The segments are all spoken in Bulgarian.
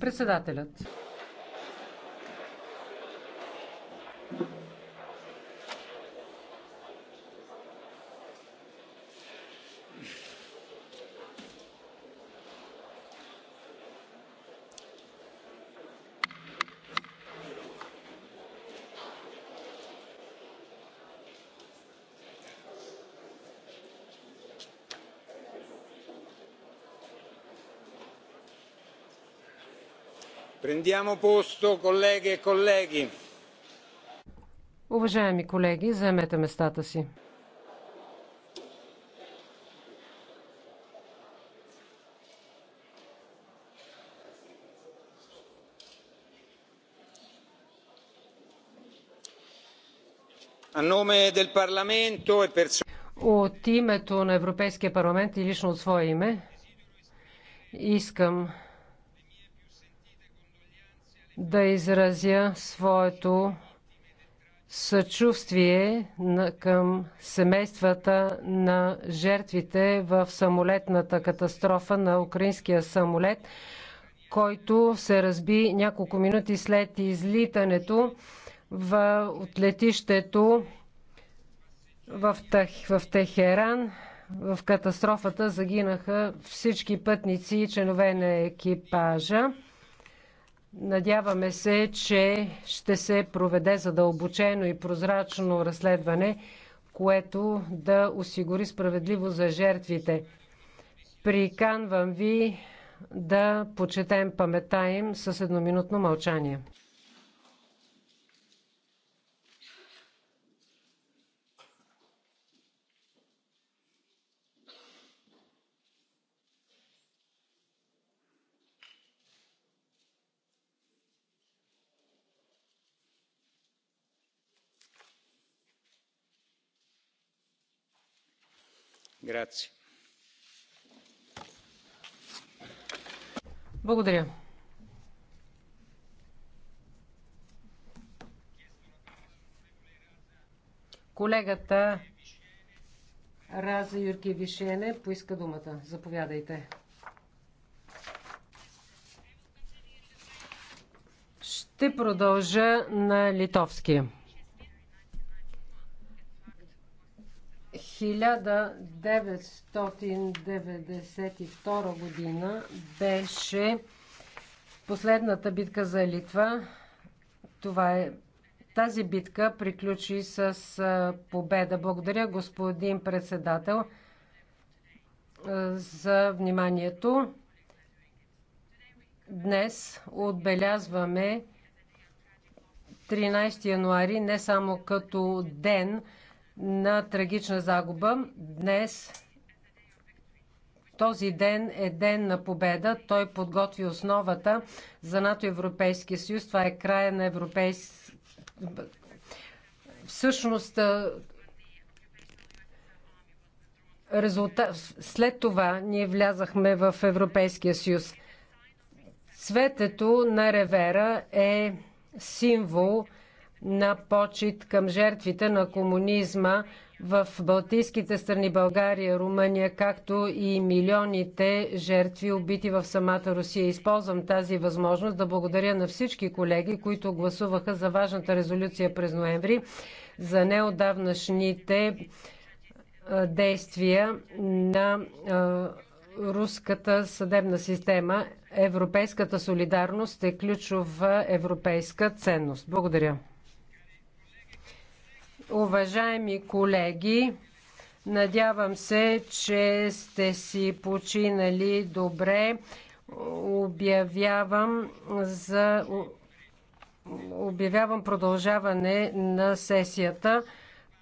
Председателят Prendiamo posto, колеги и колеги. Уважаеми колеги, заемете местата си. A nome del Parlamento e per... От името на Европейския парламент и лично от свое име искам да изразя своето съчувствие към семействата на жертвите в самолетната катастрофа на украинския самолет, който се разби няколко минути след излитането в, от летището в, в Техеран. В катастрофата загинаха всички пътници и членове на екипажа. Надяваме се, че ще се проведе задълбочено и прозрачно разследване, което да осигури справедливо за жертвите. Приканвам ви да почетем паметта им с едноминутно мълчание. Грация. Благодаря. Колегата Раза Юрки Вишене поиска думата. Заповядайте. Ще продължа на литовския. 1992 година беше последната битка за Литва. Това е, тази битка приключи с победа. Благодаря, господин председател, за вниманието. Днес отбелязваме 13 януари не само като ден, на трагична загуба. Днес този ден е ден на победа. Той подготви основата за НАТО Европейския съюз. Това е края на Европейския. Всъщност, резултат... след това ние влязахме в Европейския съюз. Цветето на ревера е символ – на почет към жертвите на комунизма в Балтийските страни България, Румъния, както и милионите жертви убити в самата Русия. Използвам тази възможност да благодаря на всички колеги, които гласуваха за важната резолюция през ноември, за неодавнашните действия на руската съдебна система. Европейската солидарност е ключова европейска ценност. Благодаря. Уважаеми колеги, надявам се, че сте си починали добре. Обявявам за обявявам продължаване на сесията,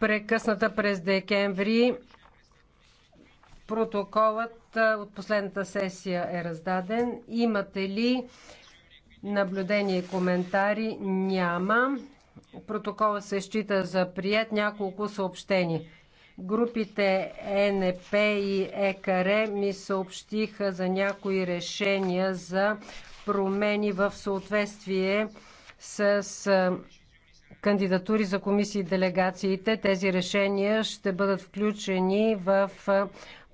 прекъсната през декември. Протоколът от последната сесия е раздаден. Имате ли наблюдение и коментари? Няма. Протокола се счита за прият няколко съобщени. Групите НП и ЕКР ми съобщиха за някои решения за промени в съответствие с кандидатури за комисии и делегациите. Тези решения ще бъдат включени в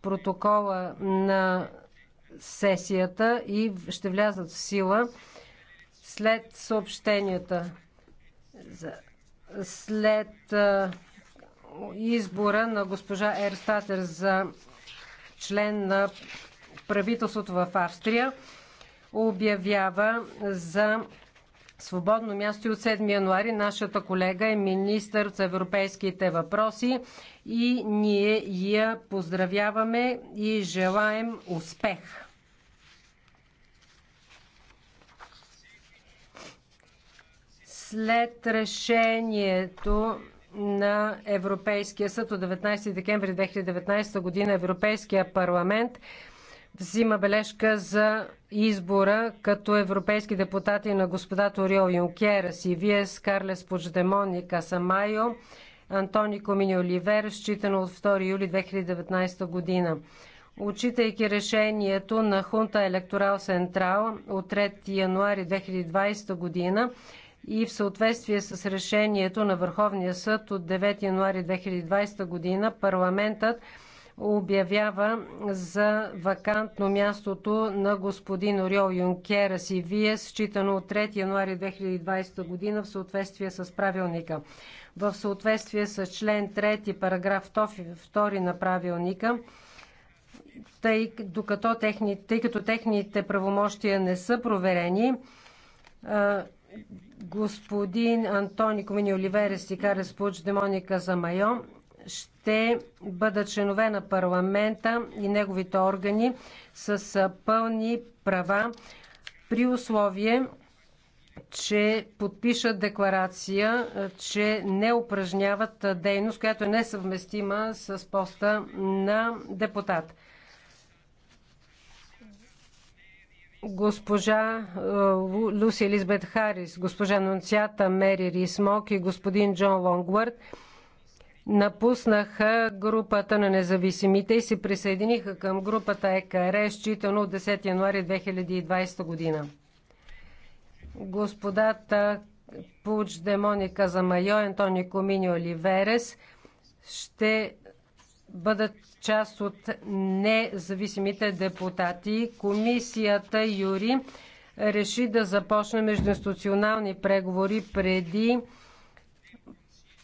протокола на сесията и ще влязат в сила след съобщенията. След избора на госпожа Ерстатер за член на правителството в Австрия, обявява за свободно място и от 7 януари. Нашата колега е министър за европейските въпроси и ние я поздравяваме и желаем успех. след решението на Европейския съд от 19 декември 2019 година Европейския парламент взима бележка за избора като европейски депутати на господа Торио Юнкерас и вие с Карлес Почдемон и Касамайо, Антони Комини Оливер, считано от 2 юли 2019 година. Отчитайки решението на Хунта Електорал Сентрал от 3 януари 2020 година, и в съответствие с решението на Върховния съд от 9 януари 2020 година парламентът обявява за вакантно мястото на господин Ориол Юнкера си вие, считано от 3 януари 2020 година в съответствие с правилника. В съответствие с член 3, параграф 2 на правилника, тъй, докато техни, тъй като техните правомощия не са проверени, господин Антони Комини Оливерес и Карес Пуч Демоника Замайо ще бъдат членове на парламента и неговите органи с пълни права при условие, че подпишат декларация, че не упражняват дейност, която е несъвместима с поста на депутат. госпожа е, Луси Елизбет Харис, госпожа Нунцията Мери Рисмок и господин Джон Лонгвард напуснаха групата на независимите и се присъединиха към групата ЕКР, считано от 10 януари 2020 година. Господата Пуч Демоника майо, Антони Комини Оливерес ще бъдат част от независимите депутати. Комисията Юри реши да започне междуинституционални преговори преди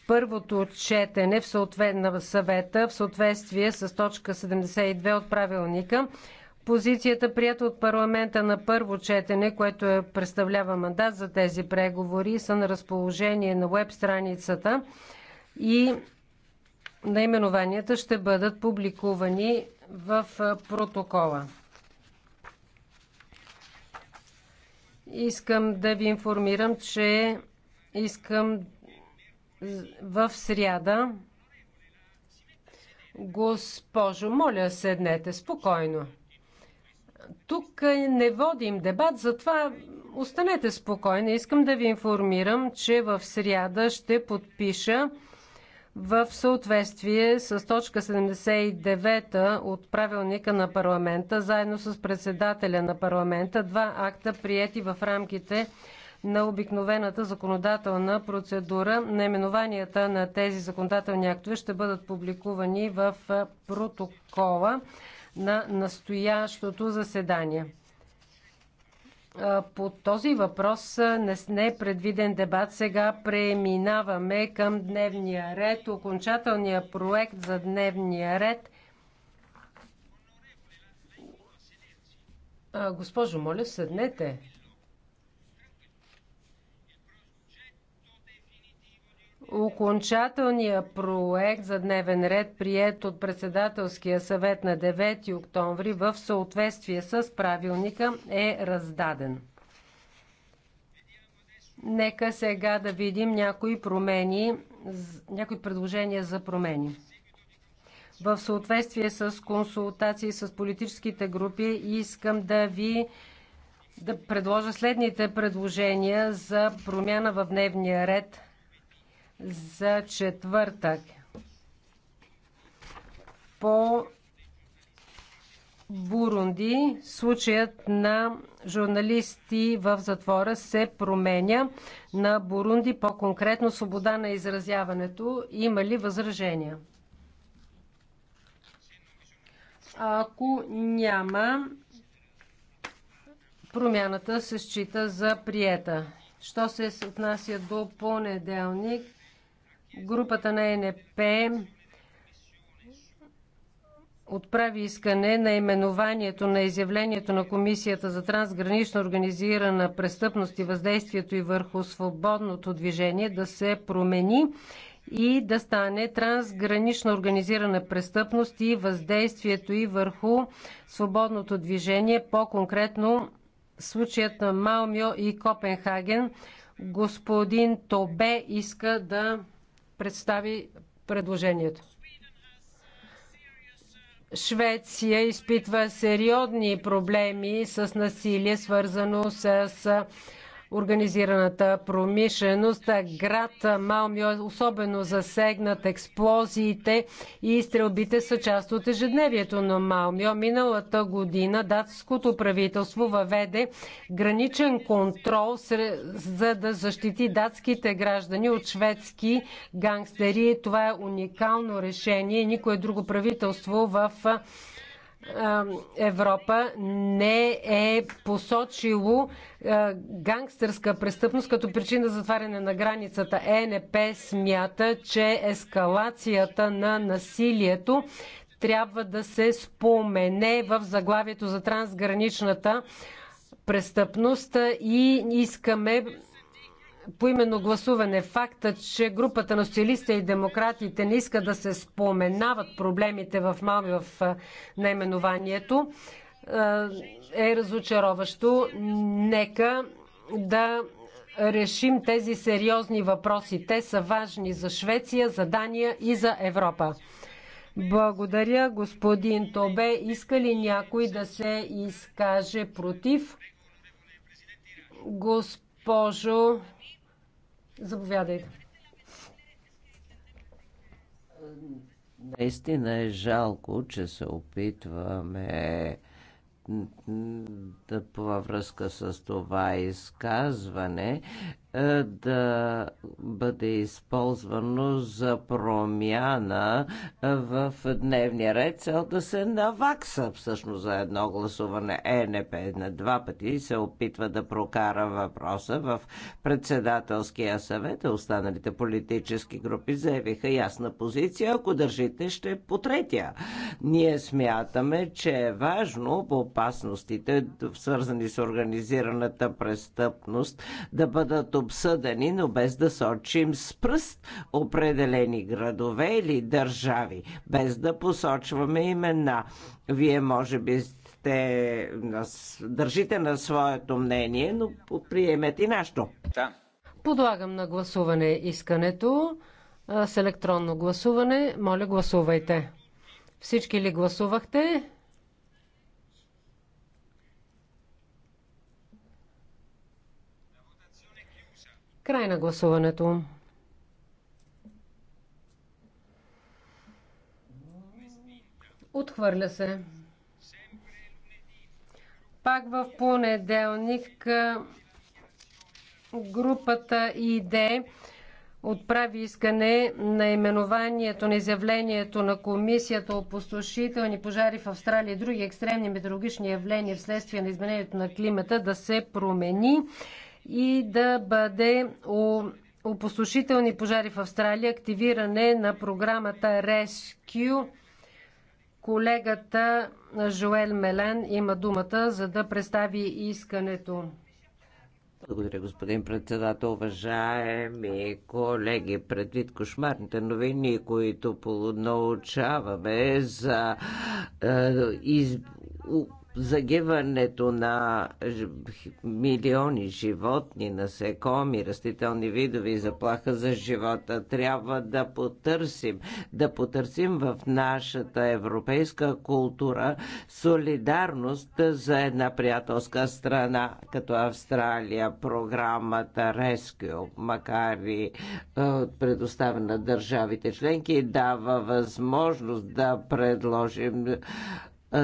първото четене в съответна съвета в съответствие с точка 72 от правилника. Позицията, прията от парламента на първо четене, което е представлява мандат за тези преговори, са на разположение на веб страницата и Наименованията ще бъдат публикувани в протокола. Искам да ви информирам, че искам в сряда. Госпожо, моля, седнете спокойно. Тук не водим дебат, затова останете спокойни. Искам да ви информирам, че в сряда ще подпиша в съответствие с точка 79 от правилника на парламента, заедно с председателя на парламента, два акта, приети в рамките на обикновената законодателна процедура. Наименованията на тези законодателни актове ще бъдат публикувани в протокола на настоящото заседание по този въпрос не е предвиден дебат. Сега преминаваме към дневния ред, окончателния проект за дневния ред. Госпожо, моля, седнете. Окончателният проект за дневен ред, прият от Председателския съвет на 9 октомври в съответствие с правилника, е раздаден. Нека сега да видим някои промени, някои предложения за промени. В съответствие с консултации с политическите групи искам да ви да предложа следните предложения за промяна в дневния ред за четвъртък по Бурунди случаят на журналисти в затвора се променя на Бурунди, по-конкретно свобода на изразяването. Има ли възражения? Ако няма, промяната се счита за приета. Що се отнася до понеделник, групата на е НП отправи искане на именованието на изявлението на Комисията за трансгранична организирана престъпност и въздействието и върху свободното движение да се промени и да стане трансгранична организирана престъпност и въздействието и върху свободното движение, по-конкретно случаят на Малмио и Копенхаген. Господин Тобе иска да представи предложението. Швеция изпитва сериозни проблеми с насилие, свързано с организираната промишленост. Град Малмио е особено засегнат. Експлозиите и стрелбите са част от ежедневието на Малмио. Миналата година датското правителство въведе граничен контрол, за да защити датските граждани от шведски гангстери. Това е уникално решение. Никое друго правителство в Европа не е посочило гангстерска престъпност като причина за затваряне на границата. Е ЕНП смята, че ескалацията на насилието трябва да се спомене в заглавието за трансграничната престъпност и искаме поименно гласуване. Факта, че групата на социалистите и демократите не иска да се споменават проблемите в Малми в наименованието, е разочароващо. Нека да решим тези сериозни въпроси. Те са важни за Швеция, за Дания и за Европа. Благодаря, господин Тобе. Иска ли някой да се изкаже против? Госпожо Заповядайте. Наистина е жалко, че се опитваме да, във връзка с това изказване е, да бъде използвано за промяна е, в дневния ред, цел да се навакса всъщност за едно гласуване. ЕНП на два пъти се опитва да прокара въпроса в председателския съвет, а останалите политически групи заявиха ясна позиция. Ако държите, ще по третия. Ние смятаме, че е важно по опасностите, свързани с организираната престъпност, да бъдат обсъдени, но без да сочим с пръст определени градове или държави, без да посочваме имена. Вие може би сте, държите на своето мнение, но приемете и нашето. Да. Подлагам на гласуване искането с електронно гласуване. Моля, гласувайте. Всички ли гласувахте? Край на гласуването. Отхвърля се. Пак в понеделник групата ИД отправи искане на именованието на изявлението на Комисията о опустошителни пожари в Австралия и други екстремни метеорологични явления вследствие на изменението на климата да се промени и да бъде опустошителни пожари в Австралия, активиране на програмата Rescue. Колегата Жоел Мелен има думата, за да представи искането. Благодаря, господин председател. Уважаеми колеги, предвид кошмарните новини, които полунаучаваме за е, из, загиването на милиони животни, насекоми, растителни видове и заплаха за живота. Трябва да потърсим, да потърсим в нашата европейска култура солидарност за една приятелска страна, като Австралия. Програмата Rescue, макар и е, предоставена държавите членки, дава възможност да предложим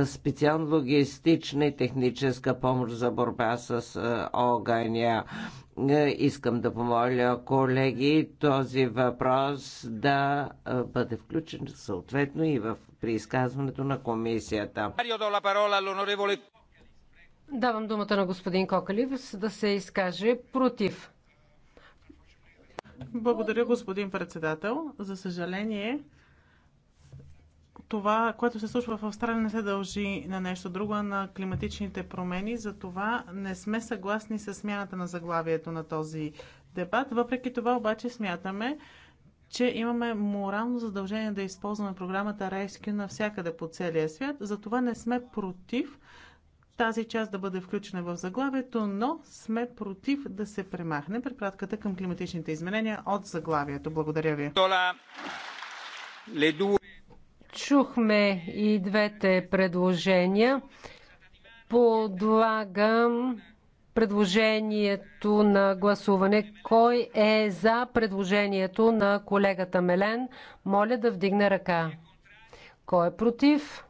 специално логистична и техническа помощ за борба с огъня. Искам да помоля колеги този въпрос да бъде включен съответно и в при изказването на комисията. Давам думата на господин Кокалив да се изкаже против. Благодаря, господин председател. За съжаление, това, което се случва в Австралия, не се дължи на нещо друго, а на климатичните промени. Затова не сме съгласни с смяната на заглавието на този дебат. Въпреки това обаче смятаме, че имаме морално задължение да използваме програмата Rescue навсякъде по целия свят. Затова не сме против тази част да бъде включена в заглавието, но сме против да се премахне препратката към климатичните изменения от заглавието. Благодаря ви. Чухме и двете предложения. Подлагам предложението на гласуване. Кой е за предложението на колегата Мелен? Моля да вдигне ръка. Кой е против?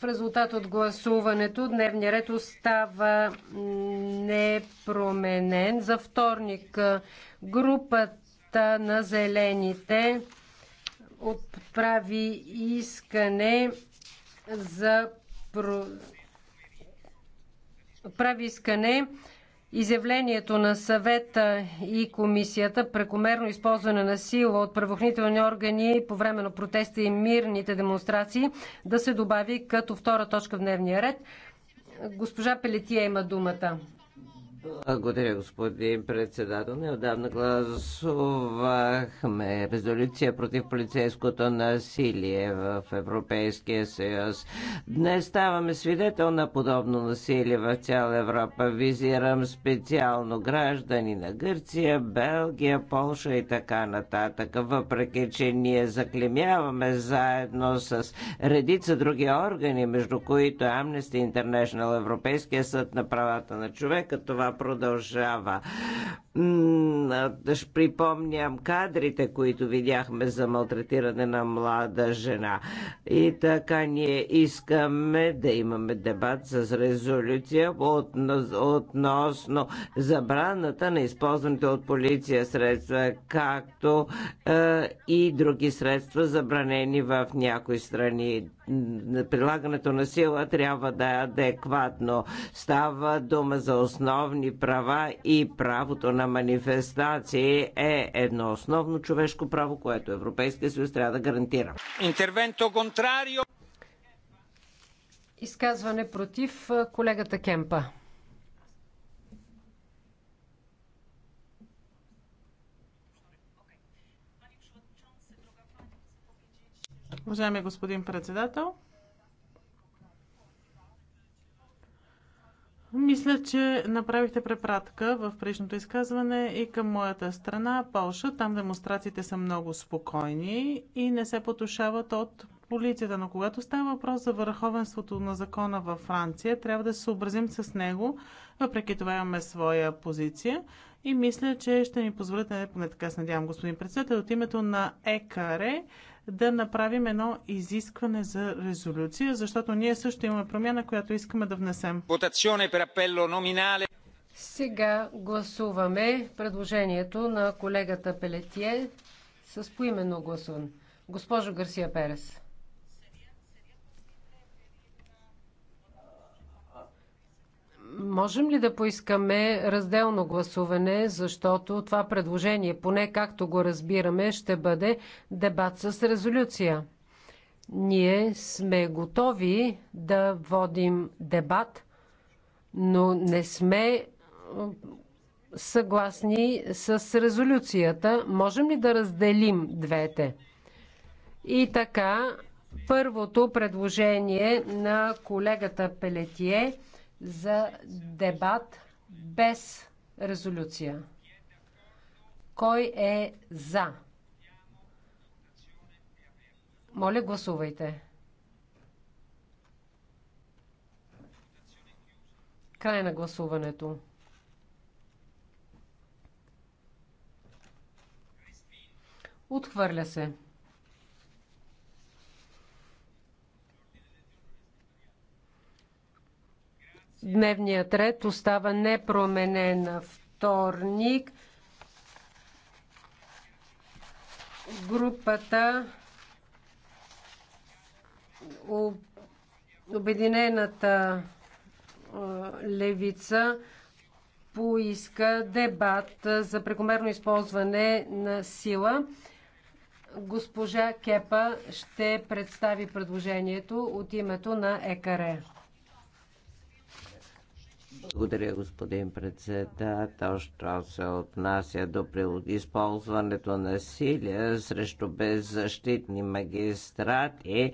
В резултат от гласуването дневния ред остава непроменен. За вторник групата на зелените отправи искане за прави искане изявлението на съвета и комисията прекомерно използване на сила от правоохранителни органи по време на протести и мирните демонстрации да се добави като втора точка в дневния ред. Госпожа Пелетия има думата. Благодаря, господин председател. Неодавна гласувахме резолюция против полицейското насилие в Европейския съюз. Днес ставаме свидетел на подобно насилие в цяла Европа. Визирам специално граждани на Гърция, Белгия, Полша и така нататък. Въпреки, че ние заклемяваме заедно с редица други органи, между които Amnesty International, Европейския съд на правата на човека, това продължава. Припомням кадрите, които видяхме за малтретиране на млада жена. И така ние искаме да имаме дебат с резолюция относно забраната на използването от полиция средства, както е, и други средства, забранени в някои страни прилагането на сила трябва да е адекватно. Става дума за основни права и правото на манифестации е едно основно човешко право, което Европейския съюз трябва да гарантира. Интервенто контрарио. Изказване против колегата Кемпа. Уважаеми господин председател, мисля, че направихте препратка в предишното изказване и към моята страна, Полша. Там демонстрациите са много спокойни и не се потушават от полицията. Но когато става въпрос за върховенството на закона във Франция, трябва да се съобразим с него. Въпреки това имаме своя позиция и мисля, че ще ми позволите, поне така се надявам, господин председател, от името на ЕКАРЕ да направим едно изискване за резолюция, защото ние също имаме промяна, която искаме да внесем. Сега гласуваме предложението на колегата Пелетие с поименно гласуване. Госпожо Гарсия Перес. Можем ли да поискаме разделно гласуване, защото това предложение, поне както го разбираме, ще бъде дебат с резолюция? Ние сме готови да водим дебат, но не сме съгласни с резолюцията. Можем ли да разделим двете? И така, първото предложение на колегата Пелетие – за дебат без резолюция. Кой е за? Моля, гласувайте. Край на гласуването. Отхвърля се. дневният ред остава непроменен вторник. Групата Обединената левица поиска дебат за прекомерно използване на сила. Госпожа Кепа ще представи предложението от името на ЕКАРЕ. Благодаря, господин председател. Що се отнася до използването на силия срещу беззащитни магистрати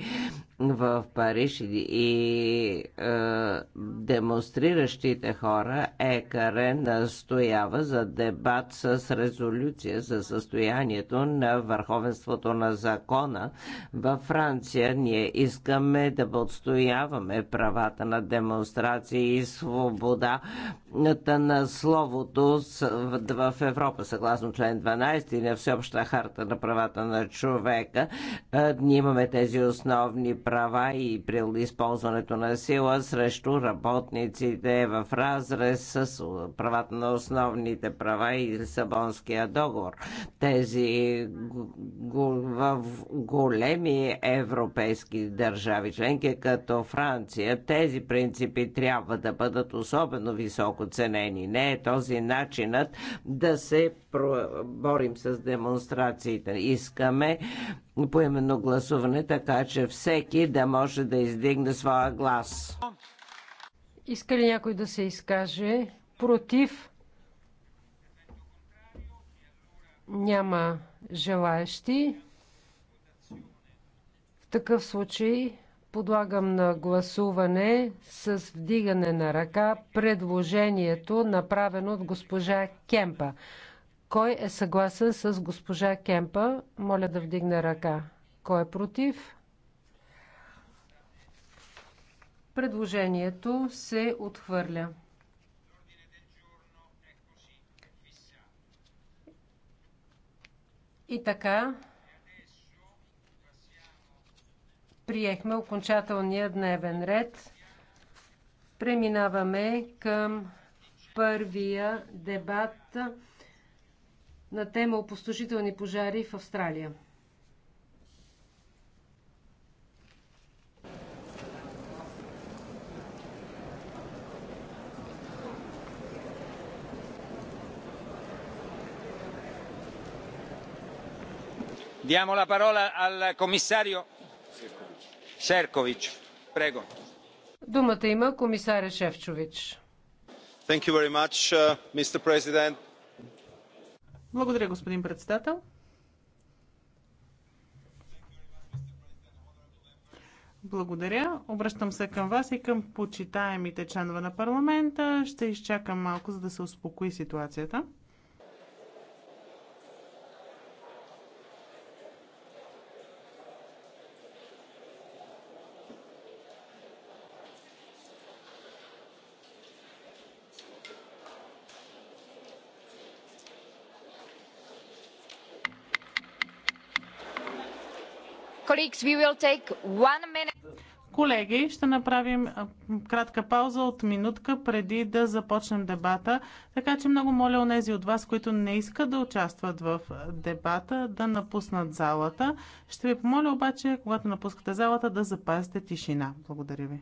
в Париж и е, демонстриращите хора, ЕКАРЕ настоява за дебат с резолюция за състоянието на върховенството на закона във Франция. Ние искаме да отстояваме правата на демонстрации и свобода свобода на словото в Европа, съгласно член 12 и на Всеобща харта на правата на човека. Е, ние имаме тези основни права и при използването на сила срещу работниците в разрез с правата на основните права и Лисабонския договор. Тези в големи европейски държави, членки като Франция, тези принципи трябва да бъдат особено високо ценени. Не е този начинът да се борим с демонстрациите. Искаме поименно гласуване, така че всеки да може да издигне своя глас. Иска ли някой да се изкаже? Против? Няма желаящи. В такъв случай Подлагам на гласуване с вдигане на ръка предложението, направено от госпожа Кемпа. Кой е съгласен с госпожа Кемпа? Моля да вдигне ръка. Кой е против? Предложението се отхвърля. И така, приехме окончателния дневен ред. Преминаваме към първия дебат на тема опустошителни пожари в Австралия. Diamo la parola al commissario Шеркович. Прего. Думата има комисаря Шефчович. Thank you very much, uh, Mr. President. Благодаря, господин председател. Благодаря. Обръщам се към вас и към почитаемите членове на парламента. Ще изчакам малко, за да се успокои ситуацията. Колеги, ще направим кратка пауза от минутка преди да започнем дебата, така че много моля онези от вас, които не искат да участват в дебата, да напуснат залата. Ще ви помоля обаче, когато напускате залата, да запазите тишина. Благодаря ви.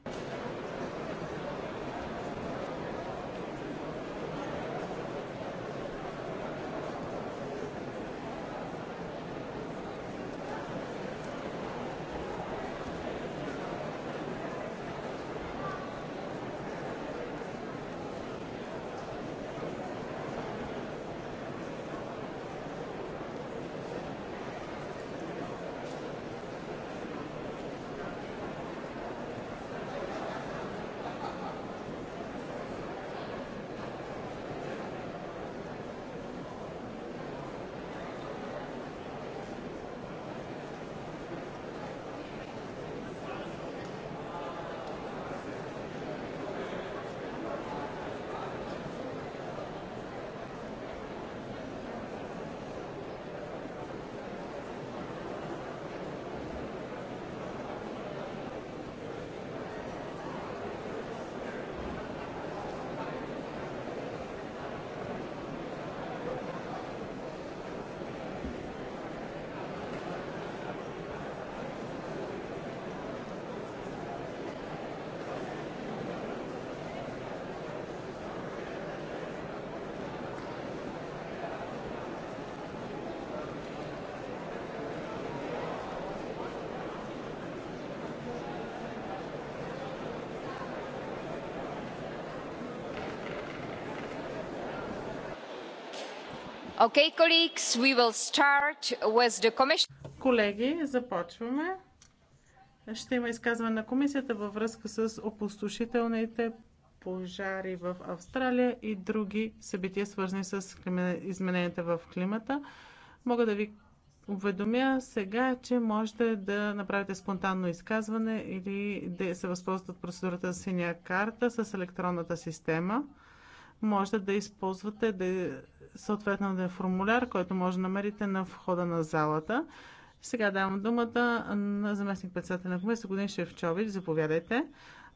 Колеги, започваме. Ще има изказване на комисията във връзка с опустошителните пожари в Австралия и други събития, свързани с измененията в климата. Мога да ви уведомя сега, че можете да направите спонтанно изказване или да се възползвате от процедурата синя карта с електронната система. Можете да използвате да Съответно е формуляр, който може да намерите на входа на залата. Сега давам думата на заместник председател на комисията, господин Шевчович. Заповядайте.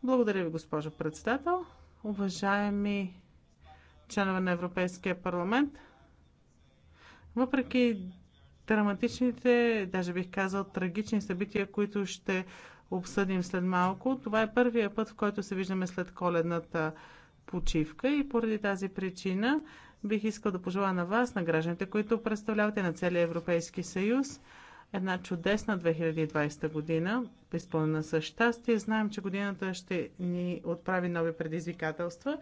Благодаря ви, госпожо председател. Уважаеми членове на Европейския парламент, въпреки драматичните, даже бих казал трагични събития, които ще обсъдим след малко, това е първия път, в който се виждаме след коледната почивка и поради тази причина Бих искал да пожелая на вас, на гражданите, които представлявате на целия Европейски съюз, една чудесна 2020 година, изпълнена с щастие. Знаем, че годината ще ни отправи нови предизвикателства.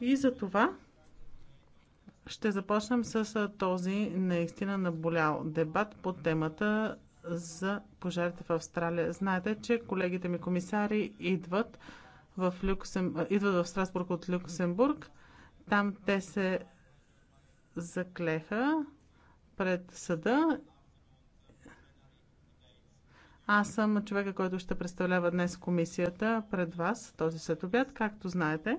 И за това ще започнем с този наистина наболял дебат по темата за пожарите в Австралия. Знаете, че колегите ми комисари идват в, Люксем... идват в Страсбург от Люксембург там те се заклеха пред съда. Аз съм човека, който ще представлява днес комисията пред вас, този следобед, както знаете.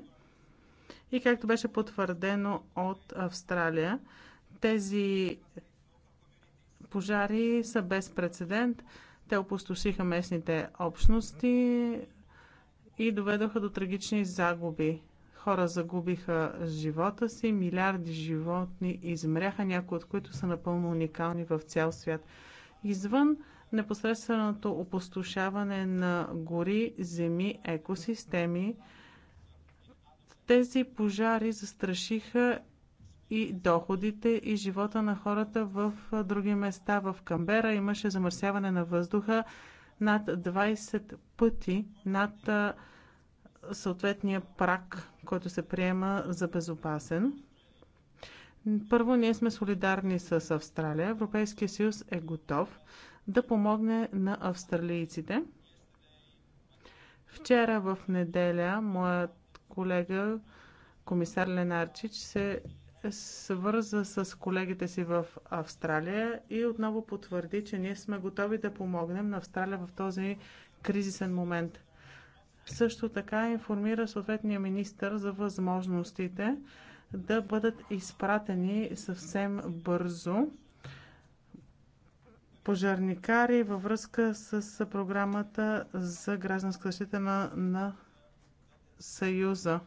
И както беше потвърдено от Австралия, тези пожари са без прецедент. Те опустошиха местните общности и доведоха до трагични загуби. Хора загубиха живота си, милиарди животни измряха, някои от които са напълно уникални в цял свят. Извън непосредственото опустошаване на гори, земи, екосистеми, тези пожари застрашиха и доходите и живота на хората в други места. В Камбера имаше замърсяване на въздуха над 20 пъти над съответния прак, който се приема за безопасен. Първо, ние сме солидарни с Австралия. Европейския съюз е готов да помогне на австралийците. Вчера в неделя моят колега комисар Ленарчич се свърза с колегите си в Австралия и отново потвърди, че ние сме готови да помогнем на Австралия в този кризисен момент. Също така информира съответния министр за възможностите да бъдат изпратени съвсем бързо пожарникари във връзка с програмата за гражданска защита на, на Съюза.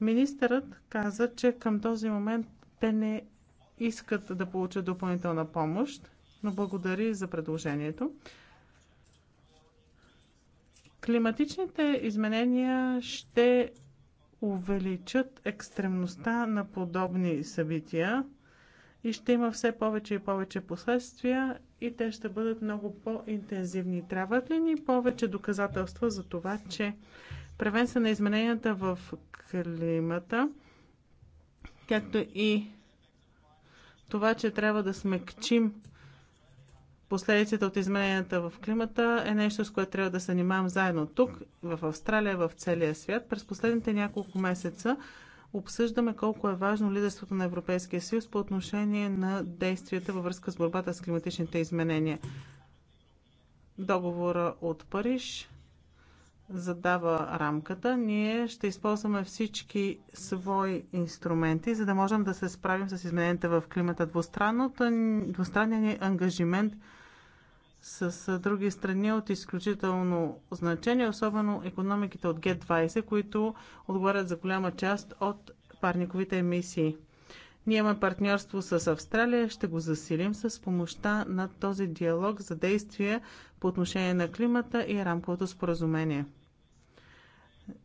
Министърът каза, че към този момент те не искат да получат допълнителна помощ, но благодари за предложението. Климатичните изменения ще увеличат екстремността на подобни събития и ще има все повече и повече последствия и те ще бъдат много по-интензивни. Трябват ли ни повече доказателства за това, че превенция на измененията в климата, както и това, че трябва да смекчим Последиците от измененията в климата е нещо, с което трябва да се занимавам заедно тук, в Австралия, в целия свят. През последните няколко месеца обсъждаме колко е важно лидерството на Европейския съюз по отношение на действията във връзка с борбата с климатичните изменения. Договора от Париж задава рамката. Ние ще използваме всички свои инструменти, за да можем да се справим с измененията в климата. Двустранният ни ангажимент – с други страни от изключително значение, особено економиките от Г20, които отговарят за голяма част от парниковите емисии. Ние имаме партньорство с Австралия, ще го засилим с помощта на този диалог за действие по отношение на климата и рамковото споразумение.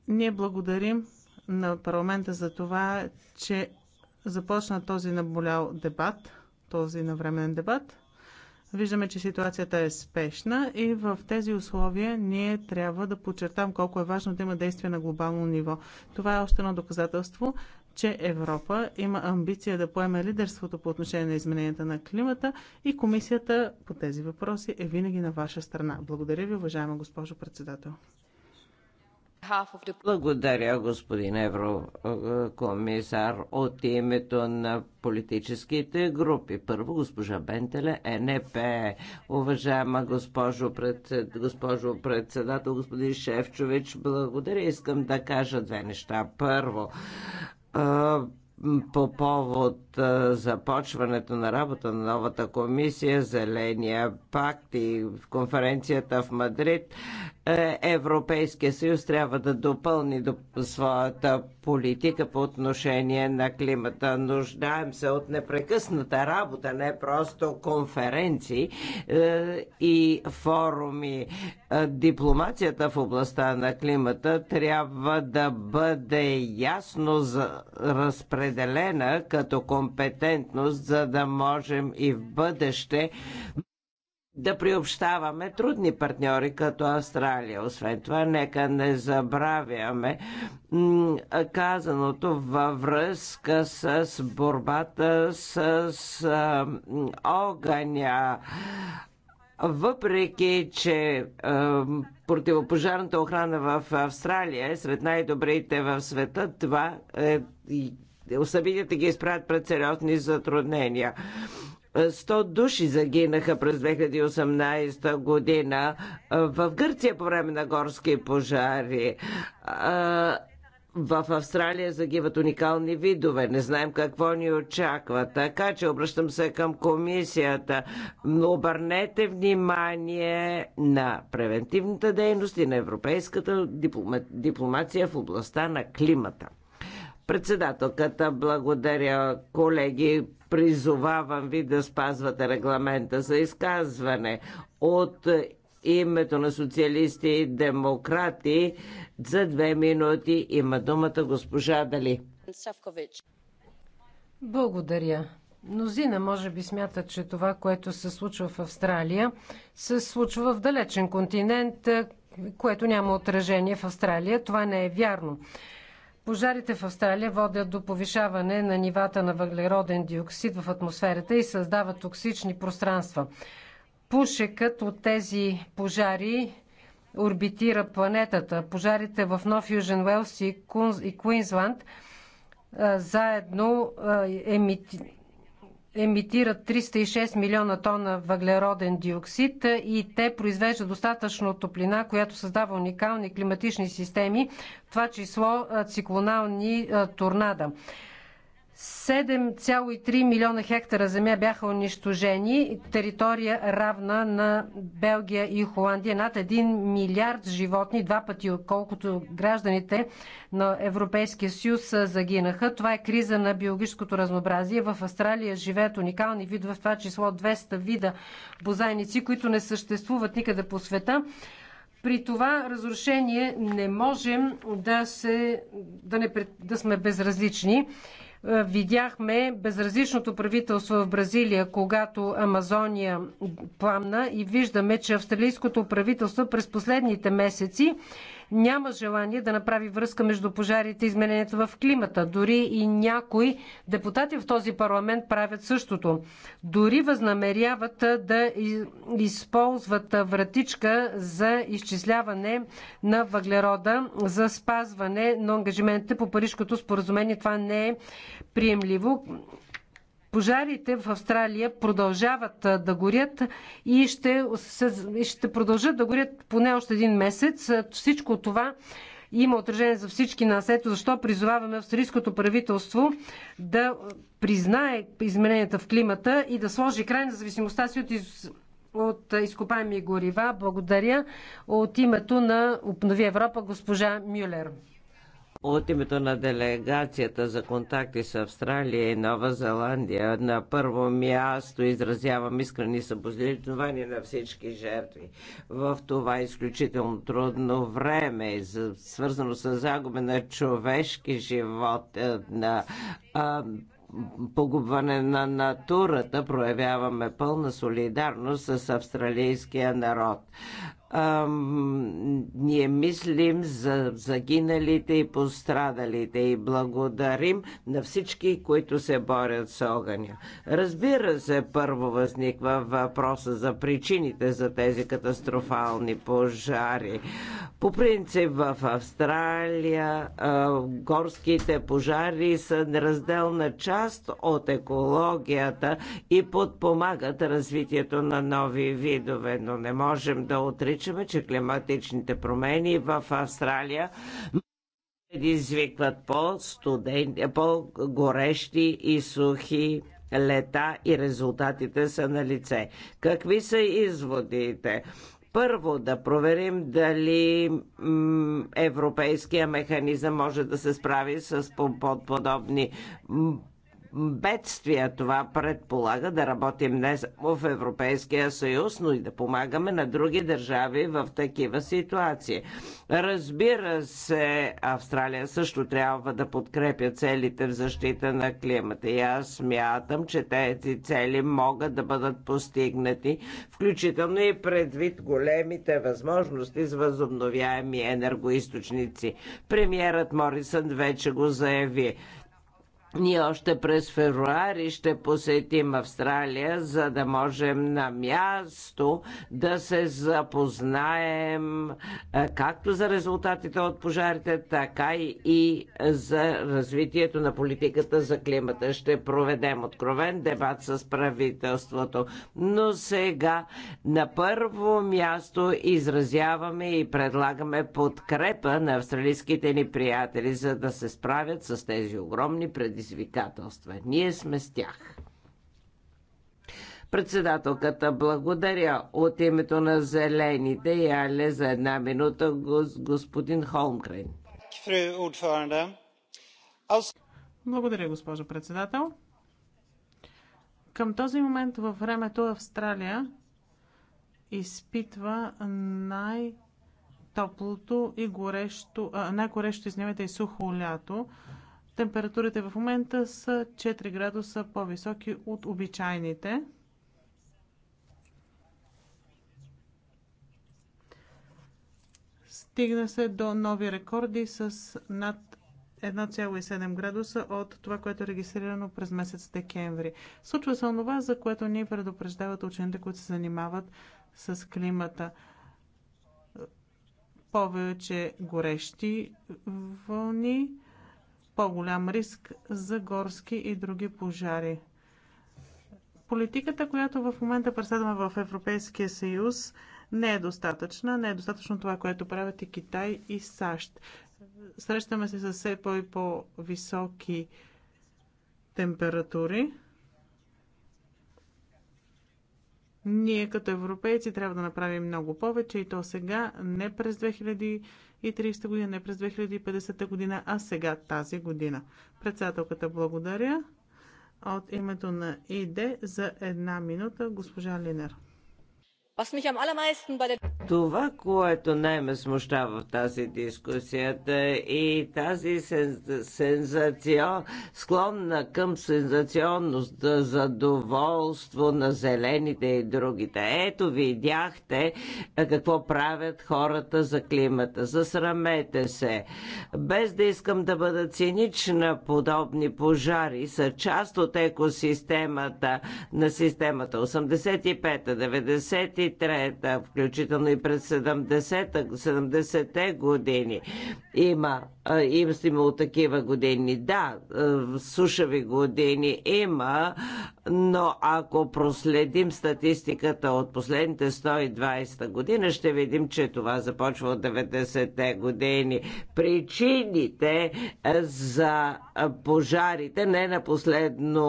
Ние благодарим на парламента за това, че започна този наболял дебат, този навременен дебат. Виждаме, че ситуацията е спешна и в тези условия ние трябва да подчертам колко е важно да има действие на глобално ниво. Това е още едно доказателство, че Европа има амбиция да поеме лидерството по отношение на измененията на климата и комисията по тези въпроси е винаги на ваша страна. Благодаря ви, уважаема госпожо председател. Благодаря, господин Еврокомисар. От името на политическите групи. Първо, госпожа Бентеле, НП. Уважаема госпожо, председ... госпожо председател, господин Шефчович, благодаря. Искам да кажа две неща. Първо, по повод започването на работа на новата комисия, Зеления пакт и конференцията в Мадрид, е, Европейския съюз трябва да допълни до своята политика по отношение на климата. Нуждаем се от непрекъсната работа, не просто конференции е, и форуми. Е, дипломацията в областта на климата трябва да бъде ясно разпределена като компетентност, за да можем и в бъдеще да приобщаваме трудни партньори като Австралия. Освен това, нека не забравяме казаното във връзка с борбата с огъня. Въпреки, че противопожарната охрана в Австралия е сред най-добрите в света, това е, събитията ги изправят пред сериозни затруднения 100 души загинаха през 2018 година в Гърция по време на горски пожари в Австралия загиват уникални видове. Не знаем какво ни очаква. Така че обръщам се към комисията. Обърнете внимание на превентивната дейност и на европейската дипломация в областта на климата. Председателката, благодаря колеги. Призовавам ви да спазвате регламента за изказване. От името на социалисти и демократи за две минути има думата госпожа Дали. Благодаря. Мнозина може би смятат, че това, което се случва в Австралия, се случва в далечен континент, което няма отражение в Австралия. Това не е вярно. Пожарите в Австралия водят до повишаване на нивата на въглероден диоксид в атмосферата и създават токсични пространства. Пушекът от тези пожари орбитира планетата. Пожарите в Нов Южен Уелс и Куинсланд заедно емити емитират 306 милиона тона въглероден диоксид и те произвеждат достатъчно топлина, която създава уникални климатични системи, в това число циклонални торнада. 7,3 милиона хектара земя бяха унищожени, територия равна на Белгия и Холандия. Над 1 милиард животни, два пъти отколкото гражданите на Европейския съюз загинаха. Това е криза на биологическото разнообразие. В Австралия живеят уникални видове, в това число 200 вида бозайници, които не съществуват никъде по света. При това разрушение не можем да, се, да, не, да сме безразлични. Е, видяхме безразличното правителство в Бразилия, когато Амазония пламна и виждаме, че австралийското правителство през последните месеци няма желание да направи връзка между пожарите и изменението в климата. Дори и някои депутати в този парламент правят същото. Дори възнамеряват да използват вратичка за изчисляване на въглерода за спазване на ангажиментите по Парижкото споразумение. Това не е приемливо. Пожарите в Австралия продължават да горят и ще, ще продължат да горят поне още един месец. Всичко това има отражение за всички нас. Ето защо призоваваме австрийското правителство да признае измененията в климата и да сложи край на зависимостта си от, из... от изкопаеми горива. Благодаря от името на Обнови Европа госпожа Мюлер. От името на делегацията за контакти с Австралия и Нова Зеландия на първо място изразявам искрени съболезнования на всички жертви. В това изключително трудно време, свързано с загуба на човешки живот, е, на погубване на натурата проявяваме пълна солидарност с австралийския народ ние мислим за загиналите и пострадалите и благодарим на всички, които се борят с огъня. Разбира се, първо възниква въпроса за причините за тези катастрофални пожари. По принцип в Австралия горските пожари са неразделна част от екологията и подпомагат развитието на нови видове, но не можем да отричаме отричаме, че климатичните промени в Австралия предизвикват по-горещи по и сухи лета и резултатите са на лице. Какви са изводите? първо да проверим дали европейския механизъм може да се справи с подобни бедствия. Това предполага да работим не само в Европейския съюз, но и да помагаме на други държави в такива ситуации. Разбира се, Австралия също трябва да подкрепя целите в защита на климата. И аз смятам, че тези цели могат да бъдат постигнати, включително и предвид големите възможности с възобновяеми енергоисточници. Премьерът Морисън вече го заяви. Ние още през февруари ще посетим Австралия, за да можем на място да се запознаем както за резултатите от пожарите, така и за развитието на политиката за климата. Ще проведем откровен дебат с правителството. Но сега на първо място изразяваме и предлагаме подкрепа на австралийските ни приятели, за да се справят с тези огромни предизвикателства предизвикателства. Ние сме с тях. Председателката благодаря от името на Зелените и Але за една минута господин Холмгрен. Благодаря, госпожо председател. Към този момент във времето Австралия изпитва най-топлото и горещо, най-горещо, извинявайте, и сухо лято Температурите в момента са 4 градуса по-високи от обичайните. Стигна се до нови рекорди с над 1,7 градуса от това, което е регистрирано през месец декември. Случва се онова, за което ни предупреждават учените, които се занимават с климата. Повече горещи вълни, по-голям риск за горски и други пожари. Политиката, която в момента преследваме в Европейския съюз, не е достатъчна. Не е достатъчно това, което правят и Китай и САЩ. Срещаме се с все по- и по-високи температури. Ние като европейци трябва да направим много повече и то сега, не през 2000 2030 година, не през 2050 година, а сега тази година. Председателката благодаря от името на ИД за една минута госпожа Линер. Това, което най-ме смущава в тази дискусията и е тази сензация, склонна към сензационност, задоволство на зелените и другите. Ето видяхте какво правят хората за климата. Засрамете се. Без да искам да бъда цинична, подобни пожари са част от екосистемата на системата 85-та, 90 73-та, включително и през 70-те 70 години. Има, има имало такива години. Да, сушави години има, но ако проследим статистиката от последните 120 година, ще видим, че това започва от 90-те години. Причините за пожарите, не на последно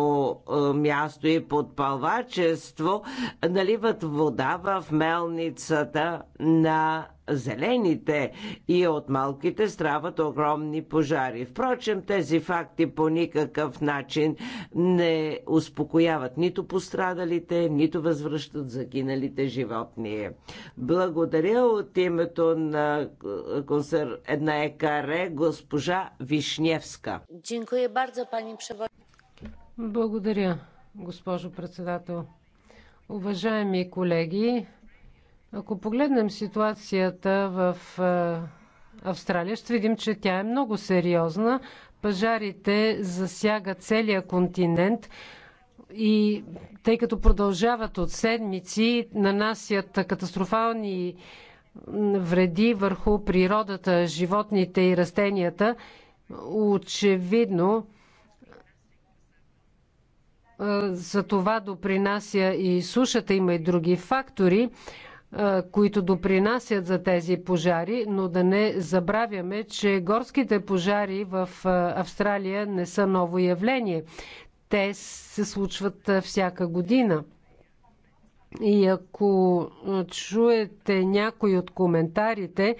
място и подпалвачество, наливат вода в мелницата на зелените и от малките страват огромни пожари. Впрочем, тези факти по никакъв начин не успокояват нито пострадалите, нито възвръщат загиналите животни. Благодаря от името на е, консер... една екаре госпожа Вишневска. Благодаря, госпожо председател. Уважаеми колеги, ако погледнем ситуацията в Австралия, ще видим, че тя е много сериозна. Пажарите засягат целия континент и тъй като продължават от седмици, нанасят катастрофални вреди върху природата, животните и растенията. Очевидно, е, за това допринася и сушата, има и други фактори, е, които допринасят за тези пожари, но да не забравяме, че горските пожари в е, Австралия не са ново явление. Те се случват всяка година. И ако чуете някой от коментарите,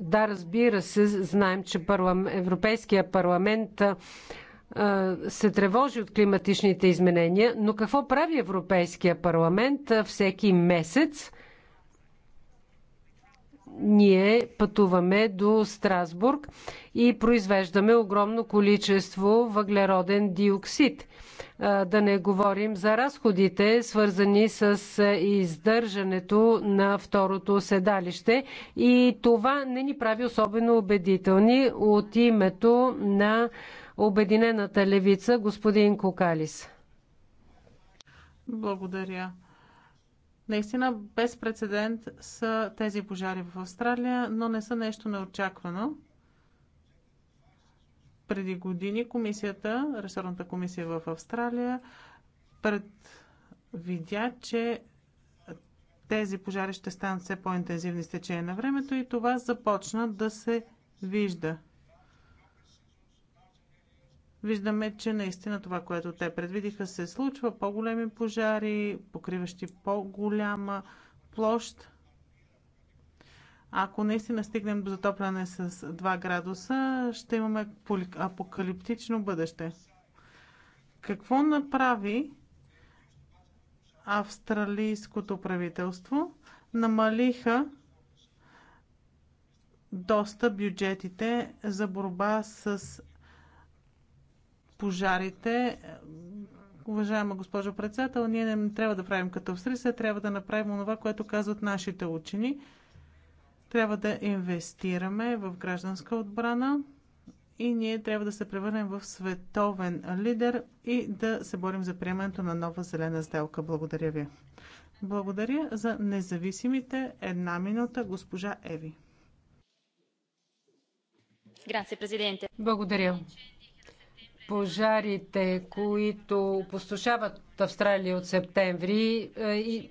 да, разбира се, знаем, че Европейския парламент се тревожи от климатичните изменения, но какво прави Европейския парламент всеки месец? Ние пътуваме до Страсбург и произвеждаме огромно количество въглероден диоксид. Да не говорим за разходите, свързани с издържането на второто седалище. И това не ни прави особено убедителни от името на Обединената левица, господин Кокалис. Благодаря. Наистина без прецедент са тези пожари в Австралия, но не са нещо неочаквано. Преди години комисията, ресорната комисия в Австралия, предвидя, че тези пожари ще станат все по-интензивни с течение на времето и това започна да се вижда виждаме, че наистина това, което те предвидиха, се случва. По-големи пожари, покриващи по-голяма площ. Ако наистина стигнем до затопляне с 2 градуса, ще имаме апокалиптично бъдеще. Какво направи австралийското правителство? Намалиха доста бюджетите за борба с пожарите. Уважаема госпожо председател, ние не трябва да правим като Австрия, трябва да направим това, което казват нашите учени. Трябва да инвестираме в гражданска отбрана и ние трябва да се превърнем в световен лидер и да се борим за приемането на нова зелена сделка. Благодаря ви. Благодаря за независимите една минута, госпожа Еви. Благодаря пожарите, които опустошават Австралия от септември, е,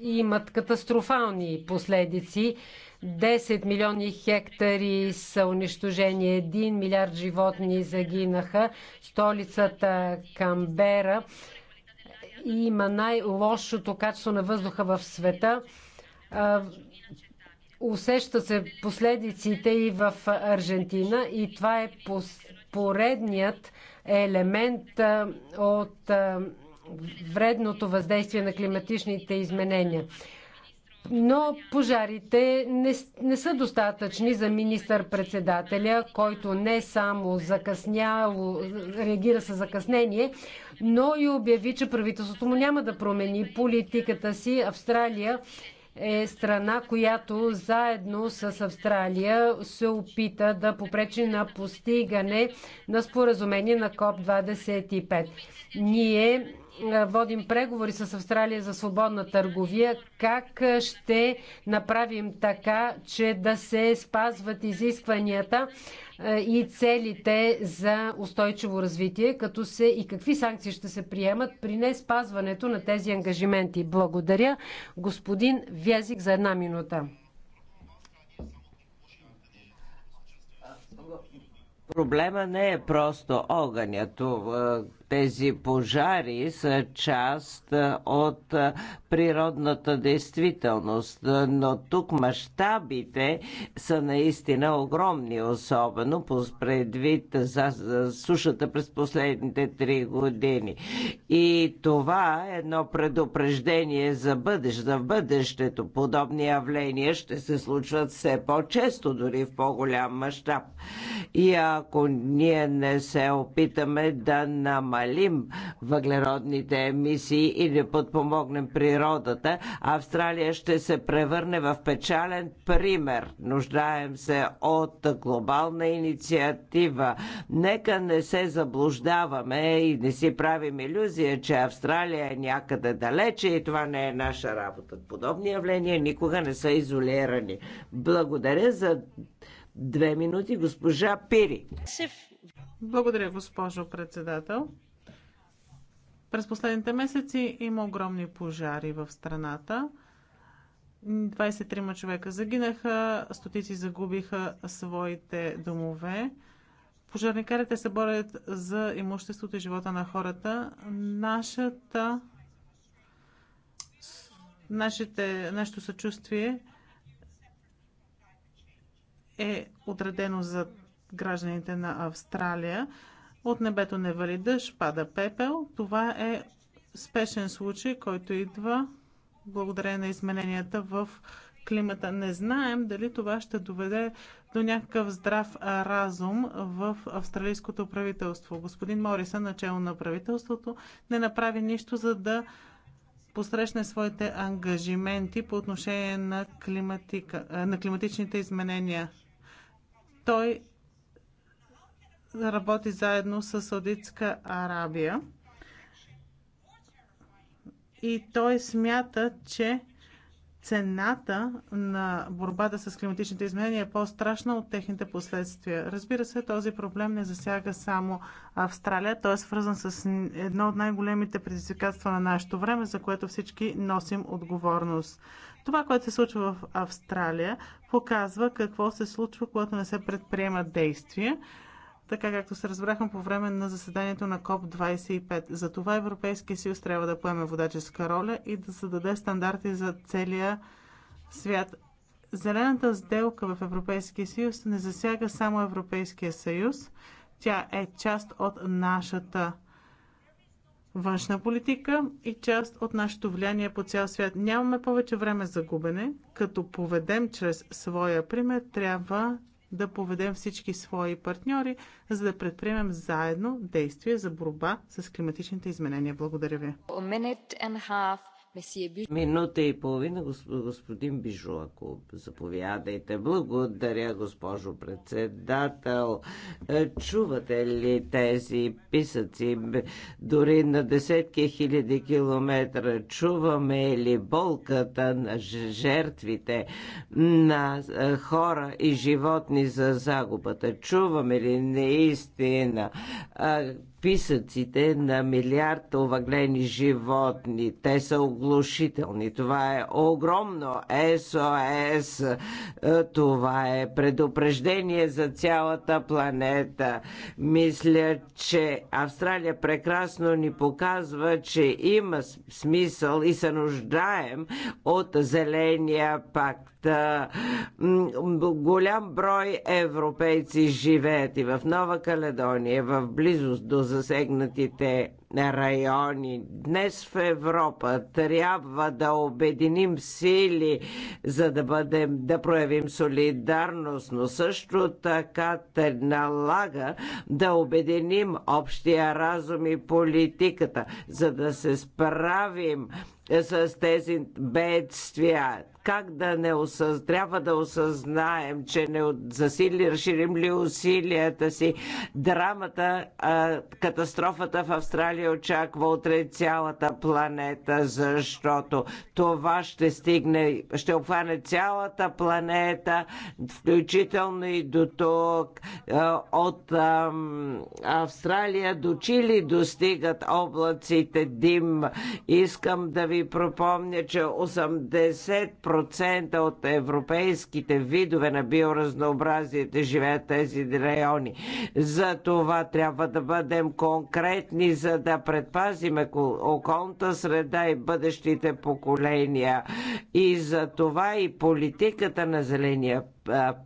имат катастрофални последици. 10 милиони хектари са унищожени, 1 милиард животни загинаха. Столицата Камбера има най-лошото качество на въздуха в света. усеща се последиците и в Аржентина и това е пос поредният елемент от вредното въздействие на климатичните изменения. Но пожарите не, не са достатъчни за министър-председателя, който не само закъсняло, реагира с закъснение, но и обяви, че правителството му няма да промени политиката си. Австралия е страна, която заедно с Австралия се опита да попречи на постигане на споразумение на КОП-25. Ние е, водим преговори с Австралия за свободна търговия, как е, ще направим така, че да се спазват изискванията е, и целите за устойчиво развитие, като се и какви санкции ще се приемат при не спазването на тези ангажименти. Благодаря. Господин Вязик за една минута. Проблема не е просто огънято. Тези пожари са част от природната действителност, но тук мащабите са наистина огромни, особено предвид за, за сушата през последните три години. И това е едно предупреждение за бъдеще, за бъдещето. Подобни явления ще се случват все по-често, дори в по-голям мащаб. И ако ние не се опитаме да намалим намалим въглеродните емисии и да подпомогнем природата, Австралия ще се превърне в печален пример. Нуждаем се от глобална инициатива. Нека не се заблуждаваме и не си правим иллюзия, че Австралия е някъде далече и това не е наша работа. Подобни явления никога не са изолирани. Благодаря за две минути, госпожа Пири. Благодаря, госпожо председател. През последните месеци има огромни пожари в страната. 23 човека загинаха, стотици загубиха своите домове. Пожарникарите се борят за имуществото и живота на хората. Нашата, нашите, нашето съчувствие е отредено за гражданите на Австралия. От небето не вали дъжд, пада пепел. Това е спешен случай, който идва благодарение на измененията в климата. Не знаем дали това ще доведе до някакъв здрав разум в австралийското правителство. Господин Мориса, начало на правителството, не направи нищо, за да посрещне своите ангажименти по отношение на, климатика, на климатичните изменения. Той работи заедно с Саудитска Арабия. И той смята, че цената на борбата с климатичните изменения е по-страшна от техните последствия. Разбира се, този проблем не засяга само Австралия. Той е свързан с едно от най-големите предизвикателства на нашето време, за което всички носим отговорност. Това, което се случва в Австралия, показва какво се случва, когато не се предприемат действия така както се разбрахме по време на заседанието на КОП-25. За това Европейския съюз трябва да поеме водаческа роля и да създаде стандарти за целия свят. Зелената сделка в Европейския съюз не засяга само Европейския съюз. Тя е част от нашата външна политика и част от нашето влияние по цял свят. Нямаме повече време за губене. Като поведем чрез своя пример, трябва да поведем всички свои партньори, за да предприемем заедно действия за борба с климатичните изменения. Благодаря ви. Минута и половина, господин Бижо, ако заповядайте. Благодаря, госпожо председател. Е, чувате ли тези писъци дори на десетки хиляди километра? Чуваме ли болката на жертвите, на е, хора и животни за загубата? Чуваме ли наистина е, списъците на милиард овъглени животни. Те са оглушителни. Това е огромно СОС. Е, това е предупреждение за цялата планета. Мисля, че Австралия прекрасно ни показва, че има смисъл и се нуждаем от Зеления пакт. Е, голям брой европейци живеят и в Нова Каледония, в близост до засегнатите райони. Днес в Европа трябва да обединим сили, за да, бъдем, да проявим солидарност, но също така те налага да обединим общия разум и политиката, за да се справим с тези бедствия. Как да не осъз... трябва да осъзнаем, че не засили, разширим ли усилията си драмата, а, катастрофата в Австралия ли очаква утре цялата планета, защото това ще стигне, ще обхване цялата планета, включително и до тук, е, от Австралия до Чили достигат облаците дим. Искам да ви пропомня, че 80% от европейските видове на биоразнообразието живеят тези райони. За това трябва да бъдем конкретни, за да да предпазиме околната среда и бъдещите поколения. И за това и политиката на Зеления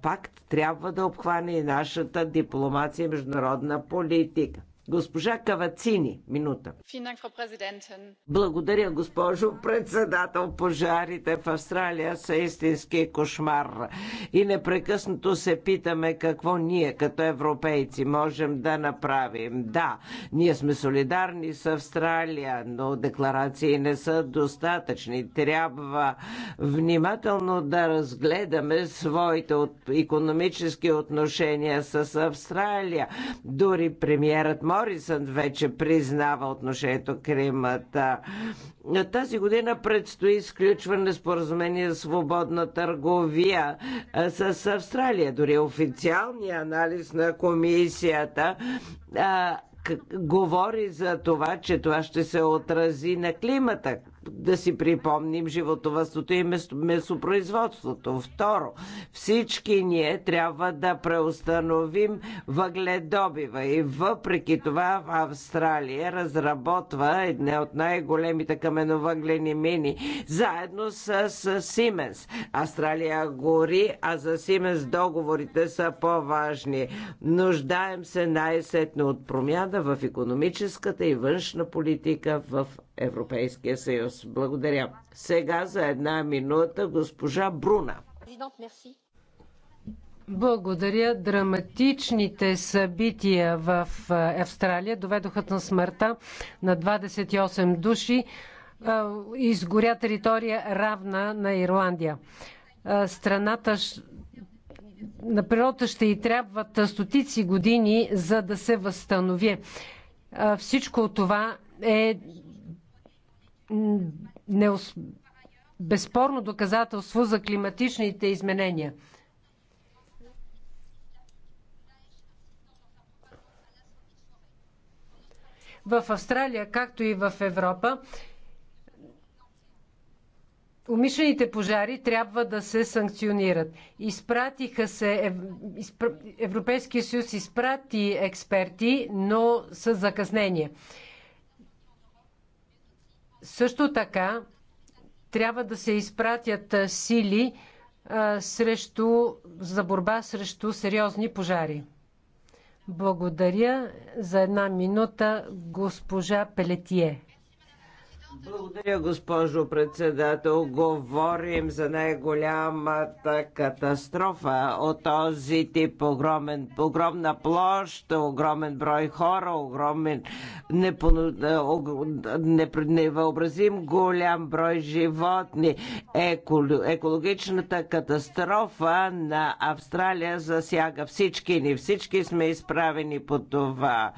пакт трябва да обхване и нашата дипломация и международна политика. Госпожа Кавацини, минута. Благодаря, госпожо председател. Пожарите в Австралия са истински кошмар. И непрекъснато се питаме какво ние, като европейци, можем да направим. Да, ние сме солидарни с Австралия, но декларации не са достатъчни. Трябва внимателно да разгледаме своите от економически отношения с Австралия. Дори премиерът може Морисън вече признава отношението Кримата. Тази година предстои изключване споразумение за свободна търговия с Австралия. Дори официалния анализ на комисията говори за това, че това ще се отрази на климата да си припомним животовъдството и месопроизводството. Второ, всички ние трябва да преустановим въгледобива и въпреки това в Австралия разработва една от най-големите каменовъглени мини заедно с, с Сименс. Австралия гори, а за Сименс договорите са по-важни. Нуждаем се най-сетно от промяна в економическата и външна политика в Европейския съюз. Благодаря. Сега за една минута госпожа Бруна. Благодаря. Драматичните събития в Австралия доведоха на смъртта на 28 души. Изгоря територия равна на Ирландия. Страната на природата ще и трябват стотици години, за да се възстанови. Всичко това е неос... безспорно доказателство за климатичните изменения. В Австралия, както и в Европа, Умишлените пожари трябва да се санкционират. Изпратиха се, Европейския съюз изпрати експерти, но с закъснение. Също така трябва да се изпратят сили а, срещу, за борба срещу сериозни пожари. Благодаря за една минута госпожа Пелетие. Благодаря, госпожо председател. Говорим за най-голямата катастрофа от този тип. Огромен, огромна площ, огромен брой хора, огромен невъобразим голям брой животни. Еко, екологичната катастрофа на Австралия засяга всички ни. Всички сме изправени по това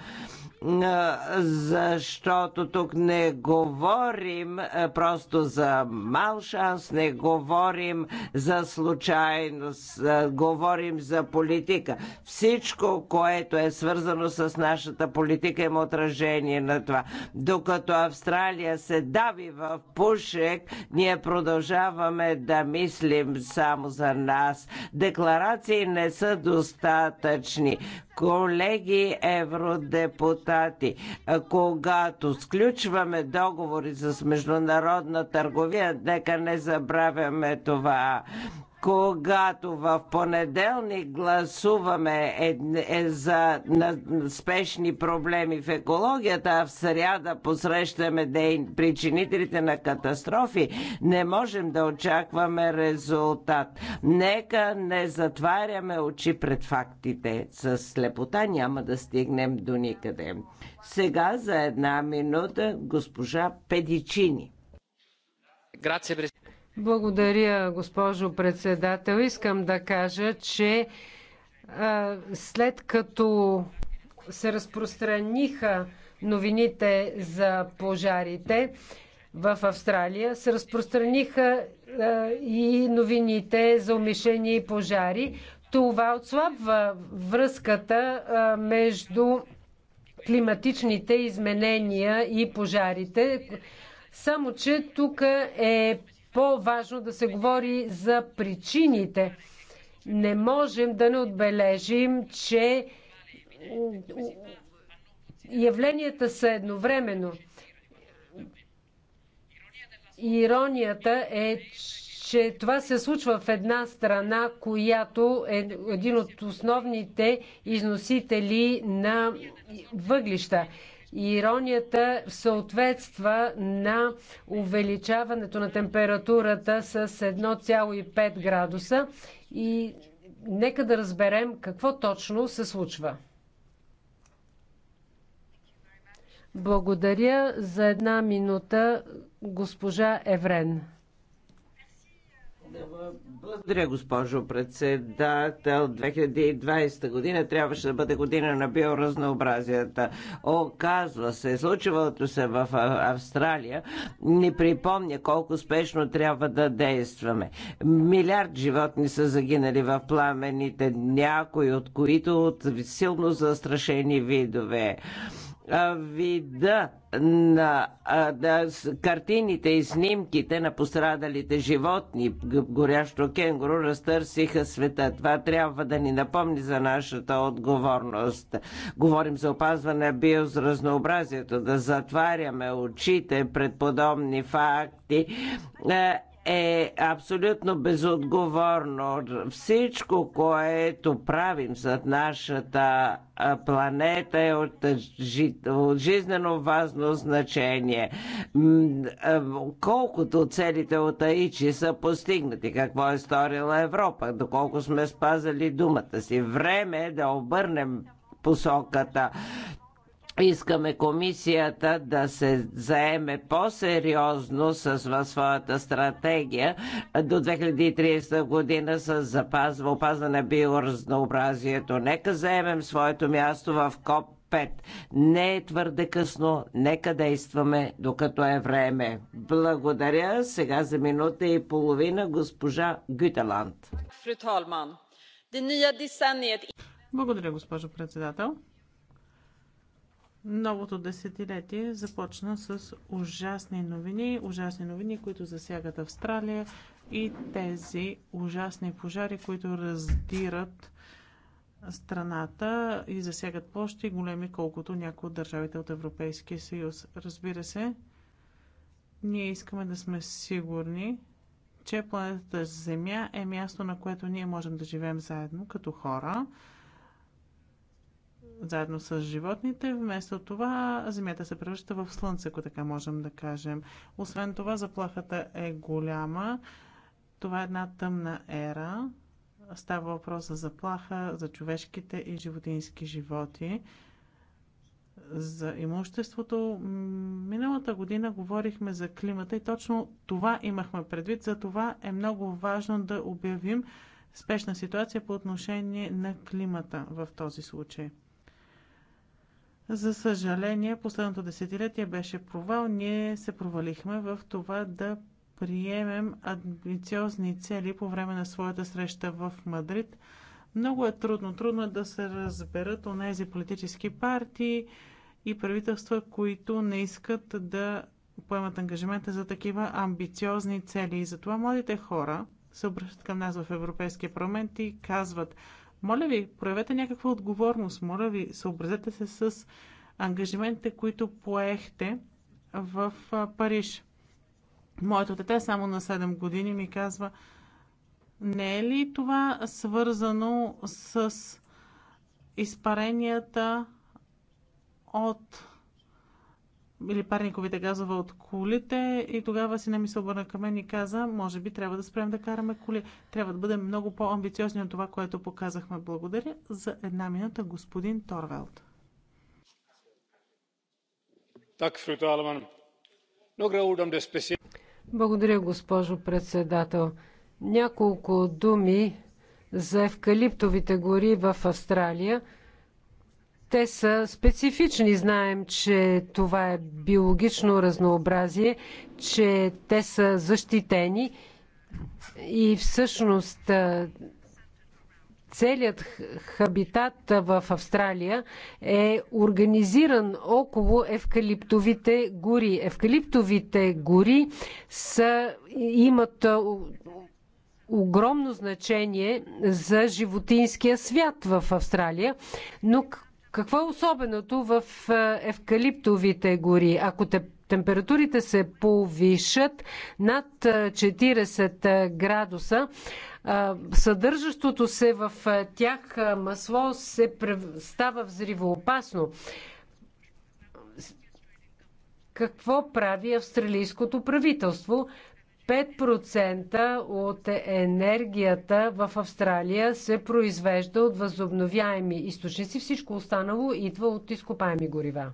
защото тук не говорим просто за мал шанс, не говорим за случайност, говорим за политика. Всичко, което е свързано с нашата политика, има отражение на това. Докато Австралия се дави в пушек, ние продължаваме да мислим само за нас. Декларации не са достатъчни. Колеги евродепутати, когато сключваме договори с международна търговия, нека не забравяме това когато в понеделник гласуваме е за на, спешни проблеми в екологията, а в сряда посрещаме дей, причинителите на катастрофи, не можем да очакваме резултат. Нека не затваряме очи пред фактите. С слепота няма да стигнем до никъде. Сега за една минута госпожа Педичини. Благодаря, госпожо председател. Искам да кажа, че след като се разпространиха новините за пожарите в Австралия, се разпространиха и новините за умишени пожари. Това отслабва връзката между климатичните изменения и пожарите. Само, че тук е по-важно да се говори за причините. Не можем да не отбележим, че явленията са едновременно. Иронията е, че това се случва в една страна, която е един от основните износители на въглища. Иронията съответства на увеличаването на температурата с 1,5 градуса и нека да разберем какво точно се случва. Благодаря за една минута госпожа Еврен. Благодаря, госпожо председател. 2020 година трябваше да бъде година на биоразнообразията. Оказва се, случвалото се в Австралия ни припомня колко спешно трябва да действаме. Милиард животни са загинали в пламените, някои от които от силно застрашени видове вида на да, картините и снимките на пострадалите животни, горящо кенгуру, разтърсиха света. Това трябва да ни напомни за нашата отговорност. Говорим за опазване на биоразнообразието, да затваряме очите пред подобни факти е, е абсолютно безотговорно. Всичко, което правим за нашата планета е от, от жизнено важно значение. Колкото целите от Аичи са постигнати, какво е сторила Европа, доколко сме спазали думата си. Време е да обърнем посоката. Искаме комисията да се заеме по-сериозно с своята стратегия до 2030 година с запазва, опазване на биоразнообразието. Нека заемем своето място в КОП 5. Не е твърде късно, нека действаме докато е време. Благодаря. Сега за минута и половина госпожа Гютеланд. Благодаря, госпожо председател. Новото десетилетие започна с ужасни новини, ужасни новини, които засягат Австралия и тези ужасни пожари, които раздират страната и засягат площи големи, колкото някои от държавите от Европейския съюз. Разбира се, ние искаме да сме сигурни, че планетата Земя е място, на което ние можем да живеем заедно като хора – заедно с животните. Вместо това земята се превръща в слънце, ако така можем да кажем. Освен това, заплахата е голяма. Това е една тъмна ера. Става въпрос за заплаха за човешките и животински животи. За имуществото. Миналата година говорихме за климата и точно това имахме предвид. За това е много важно да обявим спешна ситуация по отношение на климата в този случай. За съжаление, последното десетилетие беше провал. Ние се провалихме в това да приемем амбициозни цели по време на своята среща в Мадрид. Много е трудно. Трудно е да се разберат нези политически партии и правителства, които не искат да поемат ангажимента за такива амбициозни цели. И затова младите хора се обръщат към нас в Европейския парламент и казват – моля ви, проявете някаква отговорност. Моля ви, съобразете се с ангажиментите, които поехте в Париж. Моето дете само на 7 години ми казва, не е ли това свързано с изпаренията от или парниковите газове от колите и тогава си не ми се обърна към мен и каза, може би трябва да спрем да караме коли. Трябва да бъдем много по-амбициозни от това, което показахме. Благодаря за една минута, господин Торвелд. Благодаря, госпожо председател. Няколко думи за евкалиптовите гори в Австралия – те са специфични. Знаем, че това е биологично разнообразие, че те са защитени и всъщност целият хабитат в Австралия е организиран около евкалиптовите гори. Евкалиптовите гори са, имат огромно значение за животинския свят в Австралия, но какво е особеното в е, евкалиптовите гори? Ако те температурите се повишат над 40 е, е, градуса, съдържащото се в тях масло се става взривоопасно. Какво прави австралийското правителство? 5% от енергията в Австралия се произвежда от възобновяеми източници. Всичко останало идва от изкопаеми горива.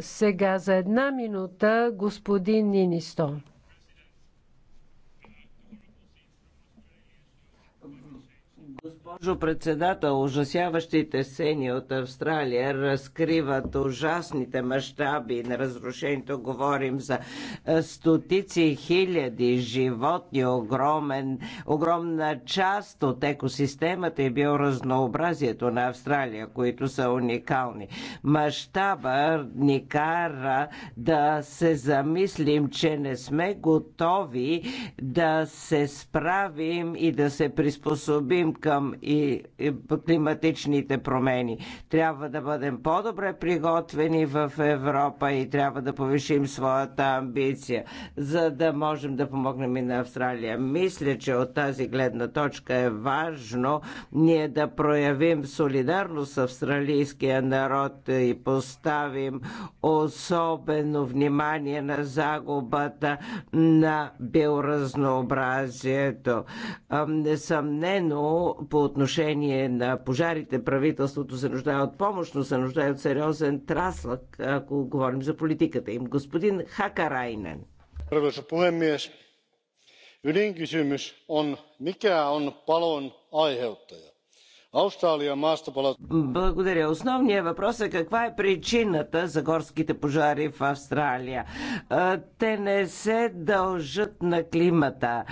Сега за една минута господин Нинисто. Госпожо председател, ужасяващите сцени от Австралия разкриват ужасните мащаби на разрушението. Говорим за е, стотици хиляди животни, огромен, огромна част от екосистемата и е биоразнообразието на Австралия, които са уникални. Мащаба ни кара да се замислим, че не сме готови да се справим и да се приспособим към и, климатичните промени. Трябва да бъдем по-добре приготвени в Европа и трябва да повишим своята амбиция, за да можем да помогнем и на Австралия. Мисля, че от тази гледна точка е важно ние да проявим солидарност с австралийския народ и поставим особено внимание на загубата на биоразнообразието. Несъмнено, по отношение на пожарите правителството се нуждае от помощ, но се нуждае от сериозен траслък, ако говорим за политиката им. Господин Хакарайнен. Arvoisa puhemies, ydinkysymys on, mikä on palon aiheuttaja? Благодаря. Основният въпрос е каква е причината за горските пожари в Австралия. Те не се дължат на климата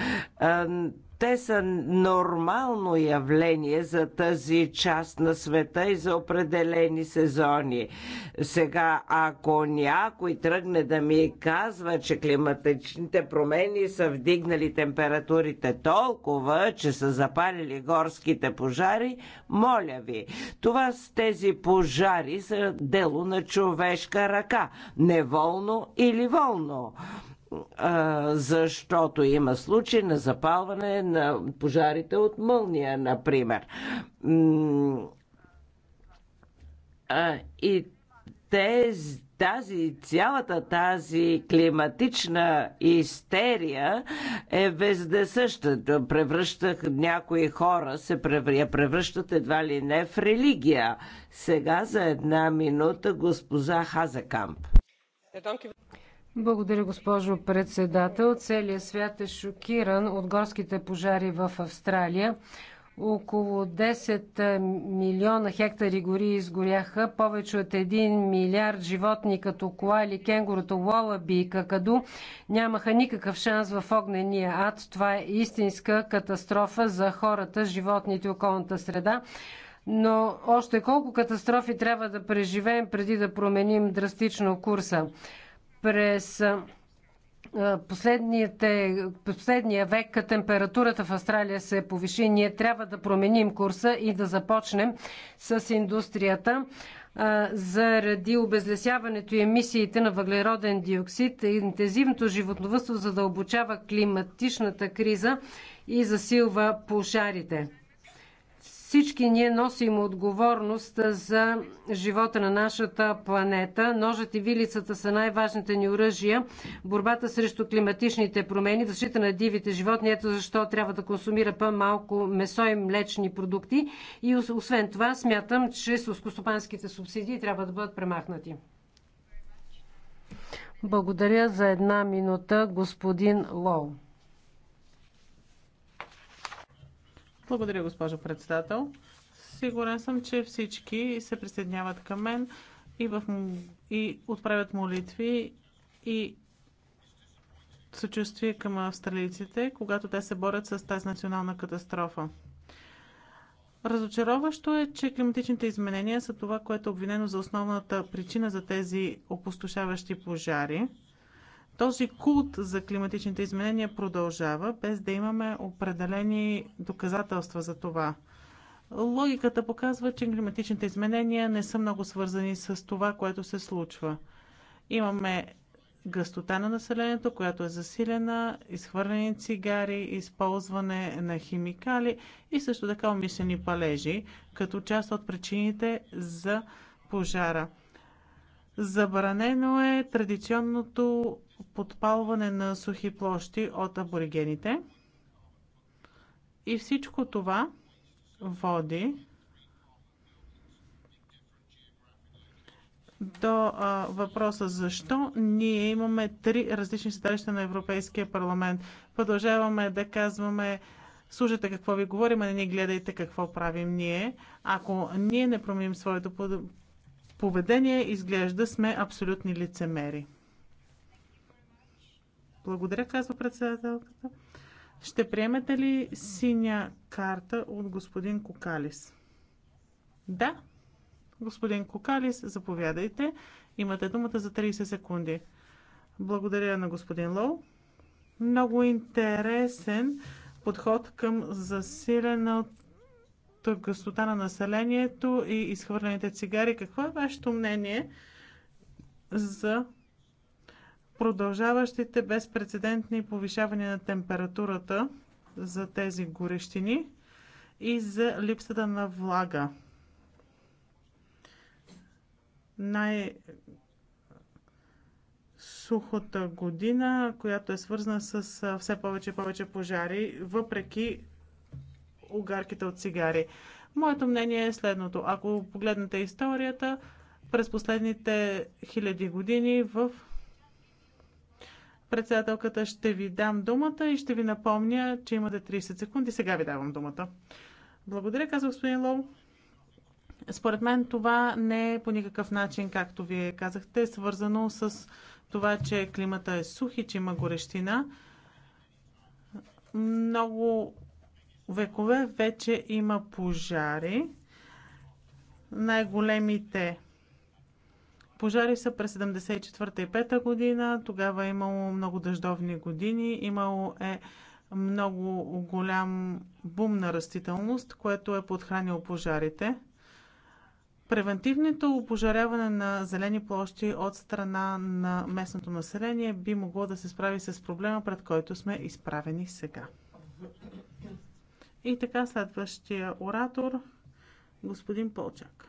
те са нормално явление за тази част на света и за определени сезони. Сега, ако някой тръгне да ми казва, че климатичните промени са вдигнали температурите толкова, че са запалили горските пожари, моля ви, това с тези пожари са дело на човешка ръка, неволно или волно защото има случаи на запалване на пожарите от мълния, например. И тези, тази, цялата тази климатична истерия е вездесъща. Превръщах някои хора, се превръщат, превръщат едва ли не в религия. Сега за една минута госпожа Хазакамп. Благодаря, госпожо председател. Целият свят е шокиран от горските пожари в Австралия. Около 10 е, милиона хектари гори изгоряха, повече от 1 милиард животни като коали, кенгурата, лолаби и какаду нямаха никакъв шанс в огнения ад. Това е истинска катастрофа за хората, животните и околната среда. Но още колко катастрофи трябва да преживеем преди да променим драстично курса. През последните, последния век температурата в Австралия се повиши. Ние трябва да променим курса и да започнем с индустрията заради обезлесяването и емисиите на въглероден диоксид. Интензивното животновътство задълбочава климатичната криза и засилва пожарите. Всички ние носим отговорност за живота на нашата планета. Ножът и вилицата са най-важните ни оръжия. Борбата срещу климатичните промени, защита на дивите животни, ето защо трябва да консумира по-малко месо и млечни продукти. И освен това, смятам, че сълскостопанските субсидии трябва да бъдат премахнати. Благодаря за една минута, господин Лоу. Благодаря, госпожо председател. Сигурен съм, че всички се присъединяват към мен и, в, и отправят молитви и съчувствие към австралийците, когато те се борят с тази национална катастрофа. Разочароващо е, че климатичните изменения са това, което е обвинено за основната причина за тези опустошаващи пожари. Този култ за климатичните изменения продължава, без да имаме определени доказателства за това. Логиката показва, че климатичните изменения не са много свързани с това, което се случва. Имаме гъстота на населението, която е засилена, изхвърлени цигари, използване на химикали и също така умишлени палежи, като част от причините за пожара. Забранено е традиционното подпалване на сухи площи от аборигените. И всичко това води до а, въпроса защо ние имаме три различни седалища на Европейския парламент. Продължаваме да казваме слушайте какво ви говорим, а не ни гледайте какво правим ние. Ако ние не променим своето поведение, изглежда сме абсолютни лицемери. Благодаря, казва председателката. Ще приемете ли синя карта от господин Кокалис? Да. Господин Кокалис, заповядайте. Имате думата за 30 секунди. Благодаря на господин Лоу. Много интересен подход към засиленото гъстота на населението и изхвърлените цигари. Какво е вашето мнение за продължаващите безпредседентни повишавания на температурата за тези горещини и за липсата на влага. Най- сухата година, която е свързана с все повече и повече пожари, въпреки угарките от цигари. Моето мнение е следното. Ако погледнете историята, през последните хиляди години в Председателката ще ви дам думата и ще ви напомня, че имате 30 секунди. Сега ви давам думата. Благодаря, каза господин Лоу. Според мен това не е по никакъв начин, както вие казахте, свързано с това, че климата е сух и че има горещина. Много векове вече има пожари. Най-големите Пожари са през 74-та и 5-та година. Тогава е имало много дъждовни години. Имало е много голям бум на растителност, което е подхранило пожарите. Превентивното опожаряване на зелени площи от страна на местното население би могло да се справи с проблема, пред който сме изправени сега. И така следващия оратор, господин Полчак.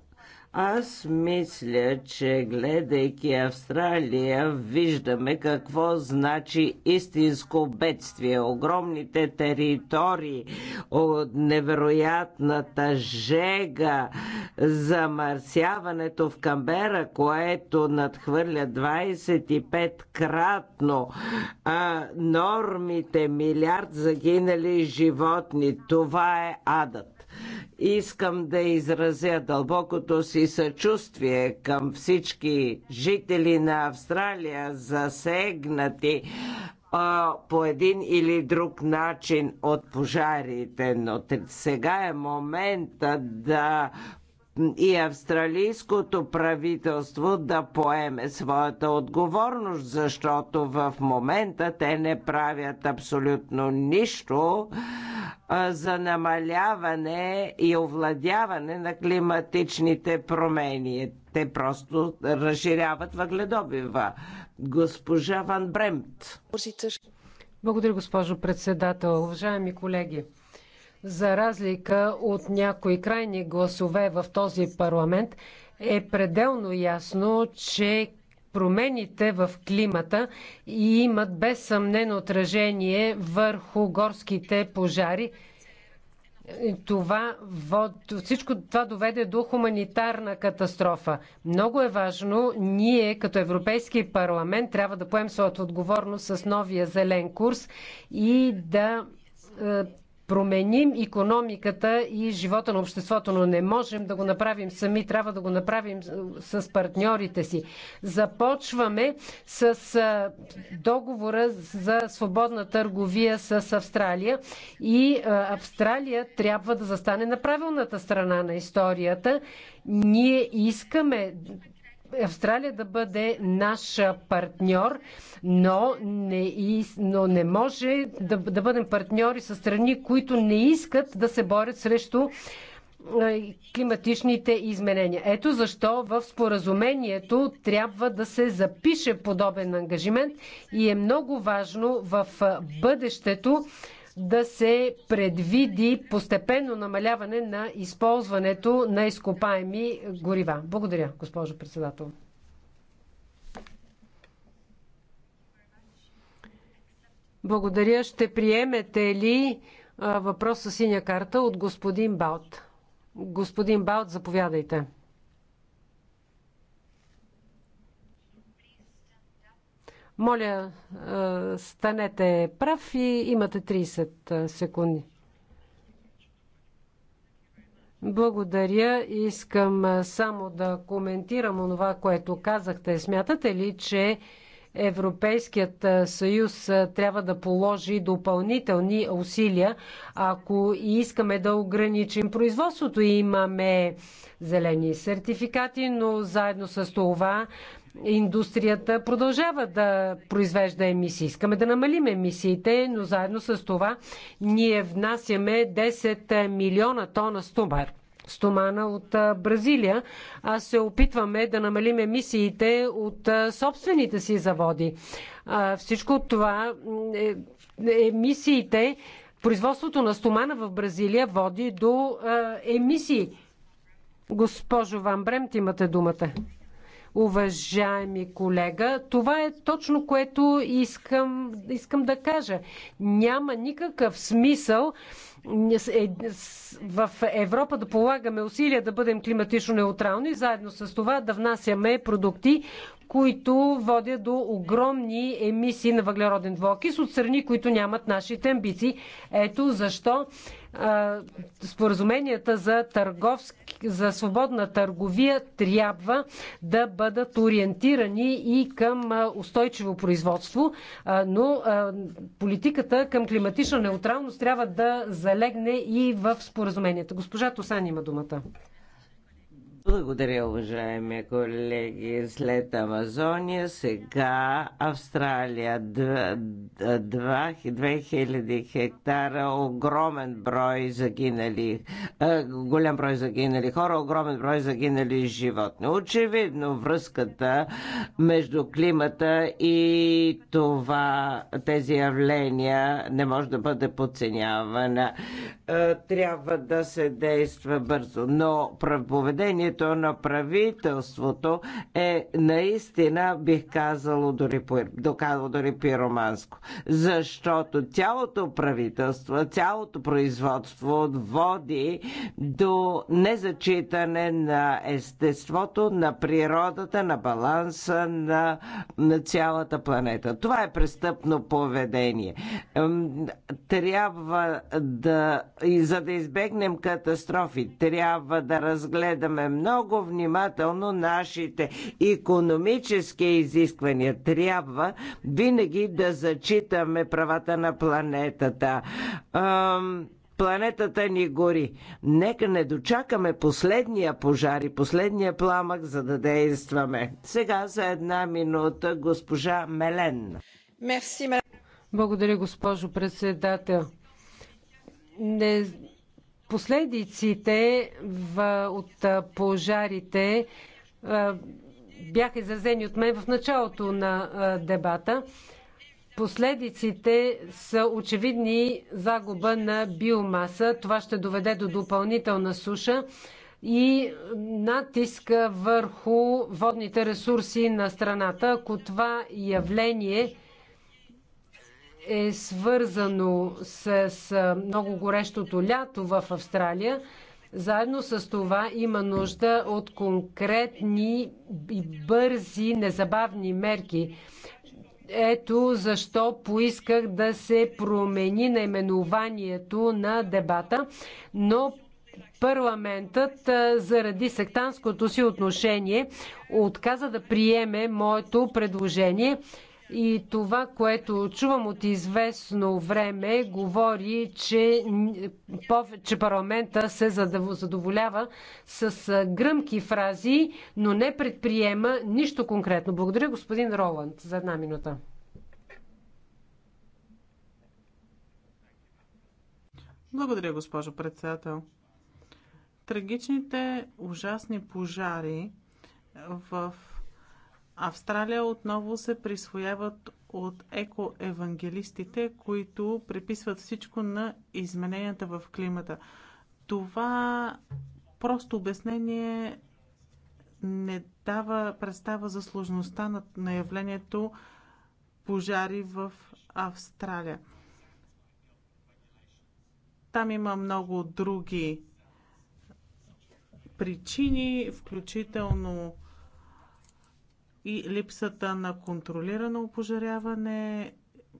Аз мисля, че гледайки Австралия, виждаме какво значи истинско бедствие. Огромните територии, от невероятната жега, замърсяването в Камбера, което надхвърля 25-кратно а, нормите, милиард загинали животни. Това е адът. Искам да изразя дълбокото си съчувствие към всички жители на Австралия, засегнати а, по един или друг начин от пожарите, но сега е момента да и австралийското правителство да поеме своята отговорност, защото в момента те не правят абсолютно нищо за намаляване и овладяване на климатичните промени. Те просто разширяват въгледобива. Госпожа Ван Бремт. Благодаря, госпожо председател. Уважаеми колеги, за разлика от някои крайни гласове в този парламент, е пределно ясно, че промените в климата имат без съмнено отражение върху горските пожари. Това, всичко това доведе до хуманитарна катастрофа. Много е важно, ние като Европейски парламент трябва да поем своята отговорност с новия зелен курс и да е, променим економиката и живота на обществото, но не можем да го направим сами, трябва да го направим с партньорите си. Започваме с договора за свободна търговия с Австралия и Австралия трябва да застане на правилната страна на историята. Ние искаме Австралия да бъде наш партньор, но не, и, но не може да, да бъдем партньори с страни, които не искат да се борят срещу климатичните изменения. Ето защо в споразумението трябва да се запише подобен ангажимент и е много важно в бъдещето да се предвиди постепенно намаляване на използването на изкопаеми горива. Благодаря, госпожо председател. Благодаря. Ще приемете ли въпрос с синя карта от господин Балт? Господин Балт, заповядайте. Моля, е, станете прав и имате 30 е, секунди. Благодаря. Искам е, само да коментирам онова, което казахте. Смятате ли, че Европейският съюз трябва да положи допълнителни усилия, ако искаме да ограничим производството. Имаме зелени сертификати, но заедно с това индустрията продължава да произвежда емисии. Искаме да намалим емисиите, но заедно с това ние внасяме 10 милиона тона стомар стомана от Бразилия, а се опитваме да намалим емисиите от собствените си заводи. Всичко това, е, емисиите, производството на стомана в Бразилия води до емисии. Госпожо Ван Бремт, имате думата уважаеми колега. Това е точно което искам, искам да кажа. Няма никакъв смисъл е, в Европа да полагаме усилия да бъдем климатично неутрални, заедно с това да внасяме продукти, които водят до огромни емисии на въглероден двуокис от страни, които нямат нашите амбиции. Ето защо споразуменията за, търговски, за свободна търговия трябва да бъдат ориентирани и към устойчиво производство, но политиката към климатична неутралност трябва да залегне и в споразуменията. Госпожа Тосан има думата. Благодаря, уважаеми колеги. След Амазония, сега Австралия. 2000 хектара, огромен брой загинали, голям брой загинали хора, огромен брой загинали животни. Очевидно, връзката между климата и това, тези явления не може да бъде подценявана. Трябва да се действа бързо, но поведението решението на правителството е наистина, бих казало, дори, доказало дори пироманско. Защото цялото правителство, цялото производство води до незачитане на естеството, на природата, на баланса на, на цялата планета. Това е престъпно поведение. Трябва да, и за да избегнем катастрофи, трябва да разгледаме много внимателно нашите економически изисквания. Трябва винаги да зачитаме правата на планетата. Ам планетата ни гори. Нека не дочакаме последния пожар и последния пламък, за да действаме. Сега за една минута госпожа Мелен. Благодаря, госпожо председател. Не, Последиците в, от пожарите бяха изразени от мен в началото на дебата. Последиците са очевидни загуба на биомаса. Това ще доведе до допълнителна суша и натиска върху водните ресурси на страната. Ако това явление е свързано с много горещото лято в Австралия. Заедно с това има нужда от конкретни и бързи, незабавни мерки. Ето защо поисках да се промени наименованието на дебата, но парламентът заради сектанското си отношение отказа да приеме моето предложение. И това, което чувам от известно време, говори, че, че парламента се задоволява с гръмки фрази, но не предприема нищо конкретно. Благодаря, господин Роланд, за една минута. Благодаря, госпожо председател. Трагичните ужасни пожари в Австралия отново се присвояват от екоевангелистите, които приписват всичко на измененията в климата. Това просто обяснение не дава представа за сложността на, на явлението пожари в Австралия. Там има много други причини, включително и липсата на контролирано опожаряване,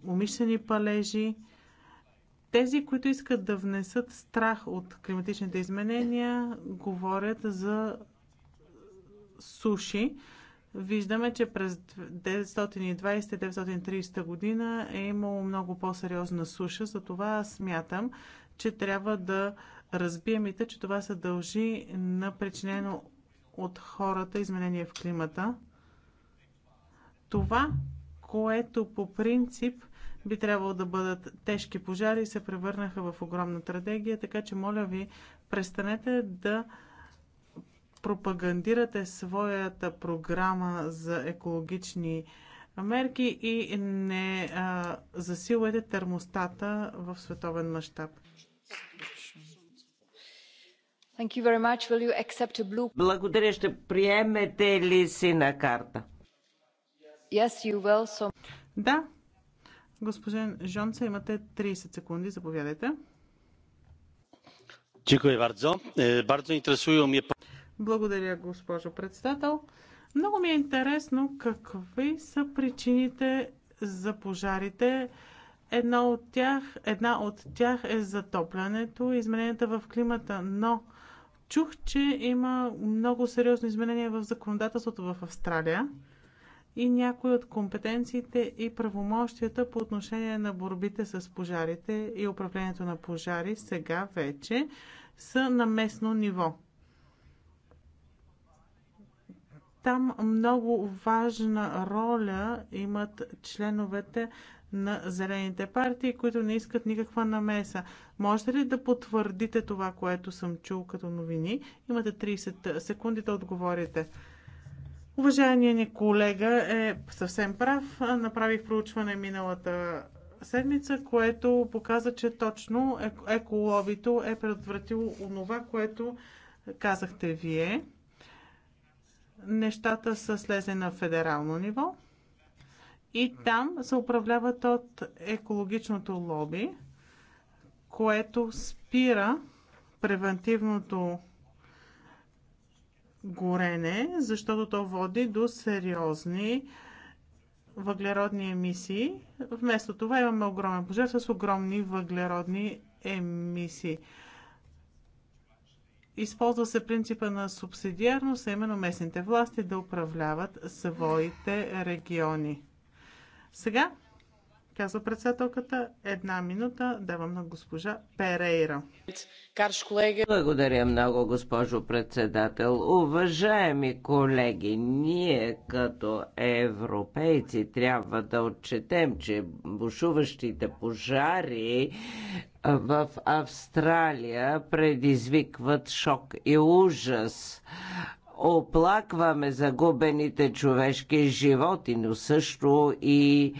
умишлени палежи. Тези, които искат да внесат страх от климатичните изменения, говорят за суши. Виждаме, че през 1920-1930 година е имало много по-сериозна суша, затова смятам, че трябва да разбием мита, че това се дължи на причинено от хората изменение в климата. Това, което по принцип би трябвало да бъдат тежки пожари, се превърнаха в огромна трагедия, така че моля ви, престанете да пропагандирате своята програма за екологични мерки и не а, засилвайте термостата в световен мащаб. Благодаря. Ще приемете ли си на карта? Да. Господин Жонца, имате 30 секунди. Заповядайте. Е, Благодаря, госпожо председател. Много ми е интересно какви са причините за пожарите. Една от тях, една от тях е затоплянето, измененията в климата, но чух, че има много сериозни изменения в законодателството в Австралия и някои от компетенциите и правомощията по отношение на борбите с пожарите и управлението на пожари сега вече са на местно ниво. Там много важна роля имат членовете на зелените партии, които не искат никаква намеса. Можете ли да потвърдите това, което съм чул като новини? Имате 30 секунди да отговорите. Уважаемият ни колега е съвсем прав. Направих проучване миналата седмица, което показа, че точно еколобито е предотвратило онова, което казахте вие. Нещата са слезе на федерално ниво и там се управляват от екологичното лоби, което спира превентивното горене, защото то води до сериозни въглеродни емисии. Вместо това имаме огромен пожар с огромни въглеродни емисии. Използва се принципа на субсидиарност, а именно местните власти да управляват своите региони. Сега казва председателката. Една минута давам на госпожа Перейра. Благодаря много, госпожо председател. Уважаеми колеги, ние като европейци трябва да отчетем, че бушуващите пожари в Австралия предизвикват шок и ужас оплакваме загубените човешки животи, но също и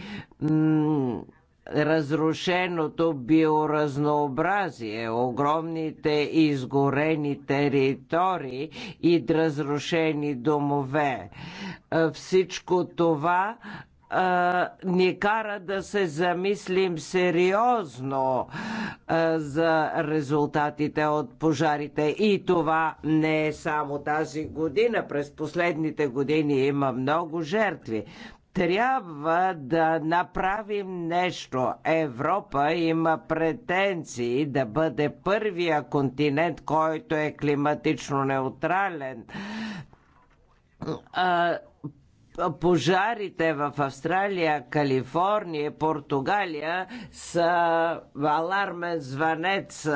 разрушеното биоразнообразие, огромните изгорени територии и разрушени домове. Всичко това а, ни кара да се замислим сериозно а, за резултатите от пожарите. И това не е само тази година. През последните години има много жертви трябва да направим нещо. Европа има претенции да бъде първия континент, който е климатично неутрален. А, пожарите в Австралия, Калифорния, Португалия са алармен звънец.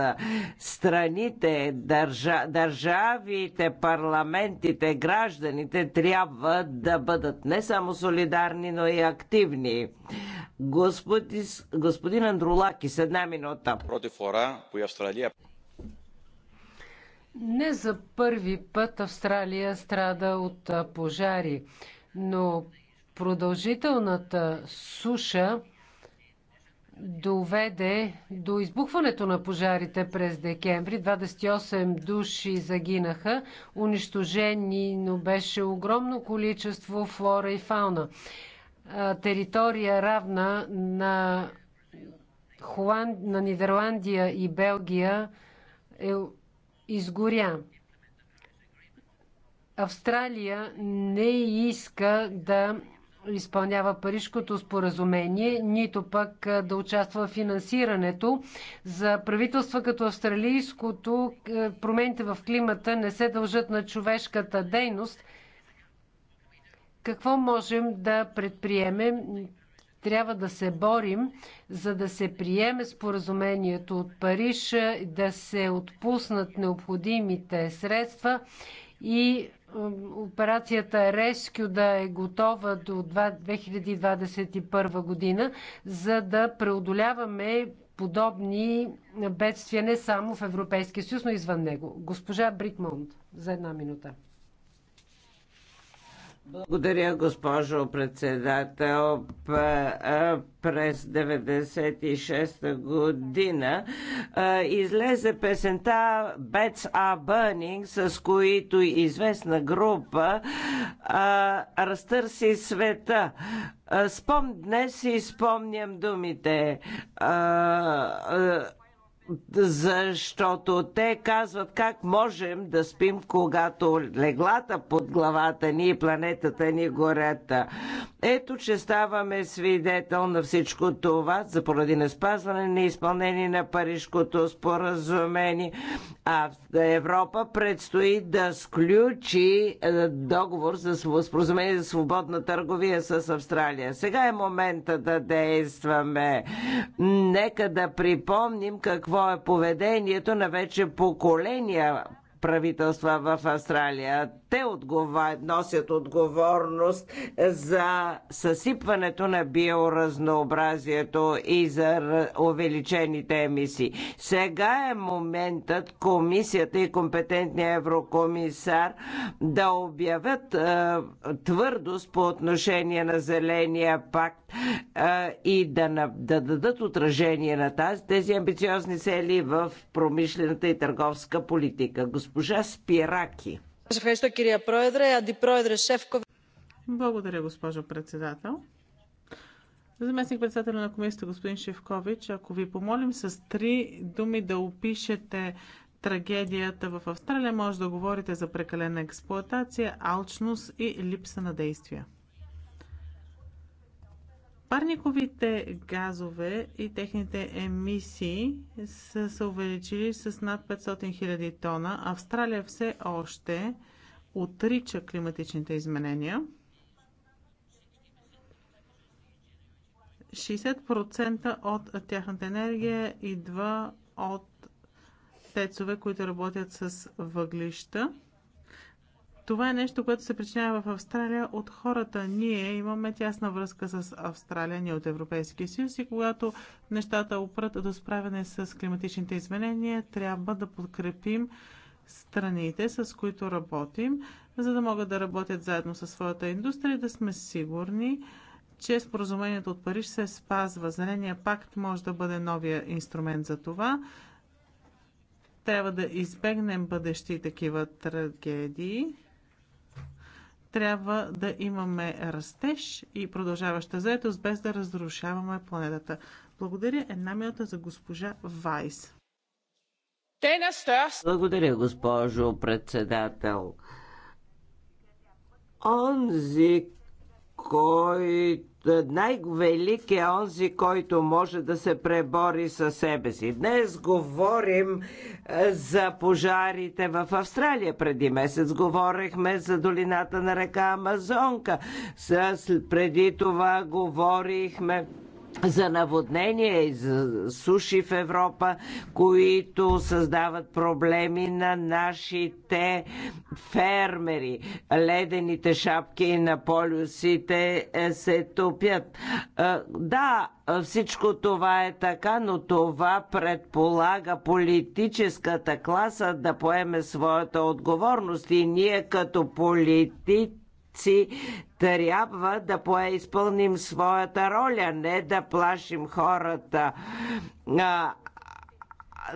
Страните, държа, държавите, парламентите, гражданите трябва да бъдат не само солидарни, но и активни. Господи, господин с една минута. Проти хора по Австралия. Не за първи път Австралия страда от пожари но продължителната суша доведе до избухването на пожарите през декември. 28 души загинаха. Унищожени, но беше огромно количество флора и фауна. Територия равна на, Холанд... на Нидерландия и Белгия е изгоря. Австралия не иска да изпълнява Парижкото споразумение, нито пък да участва в финансирането. За правителства като австралийското е, промените в климата не се дължат на човешката дейност. Какво можем да предприемем? Трябва да се борим, за да се приеме споразумението от Париж, да се отпуснат необходимите средства и операцията Rescue да е готова до 2021 година, за да преодоляваме подобни бедствия не само в Европейския съюз, но и извън него. Госпожа Брикмонт, за една минута. Благодаря, госпожо председател. През 96-та година излезе песента Bats are Burning, с които известна група разтърси света. Спом днес си спомням думите защото те казват как можем да спим, когато леглата под главата ни и планетата ни горят. Ето, че ставаме свидетел на всичко това за поради неспазване на изпълнение на Парижкото споразумение. А Европа предстои да сключи е, договор за споразумение за свободна търговия с Австралия. Сега е момента да действаме. Нека да припомним какво какво е поведението на вече поколения правителства в Австралия те отговар... носят отговорност за съсипването на биоразнообразието и за увеличените емисии. Сега е моментът комисията и компетентния еврокомисар да обявят е, твърдост по отношение на Зеления пакт е, и да, на... да дадат отражение на тази, тези амбициозни цели в промишлената и търговска политика. Госпожа Спираки. Благодаря, госпожо председател. Заместник председател на комисията господин Шевкович, ако ви помолим с три думи да опишете трагедията в Австралия, може да говорите за прекалена експлоатация, алчност и липса на действия. Парниковите газове и техните емисии са се увеличили с над 500 000 тона. Австралия все още отрича климатичните изменения. 60% от тяхната енергия идва от тецове, които работят с въглища. Това е нещо, което се причинява в Австралия от хората. Ние имаме тясна връзка с Австралия, ние от Европейския съюз и когато нещата опрат до справяне с климатичните изменения, трябва да подкрепим страните, с които работим, за да могат да работят заедно със своята индустрия и да сме сигурни, че споразумението от Париж се спазва. Зеления пакт може да бъде новия инструмент за това. Трябва да избегнем бъдещи такива трагедии трябва да имаме растеж и продължаваща заетост, без да разрушаваме планетата. Благодаря една минута за госпожа Вайс. Благодаря, госпожо председател. Онзи, който най-велик е онзи, който може да се пребори със себе си. Днес говорим е, за пожарите в Австралия. Преди месец говорихме за долината на река Амазонка. С, преди това говорихме за наводнения и за суши в Европа, които създават проблеми на нашите фермери. Ледените шапки на полюсите е, се топят. Е, да, всичко това е така, но това предполага политическата класа да поеме своята отговорност и ние като политици трябва да пое изпълним своята роля, не да плашим хората. А,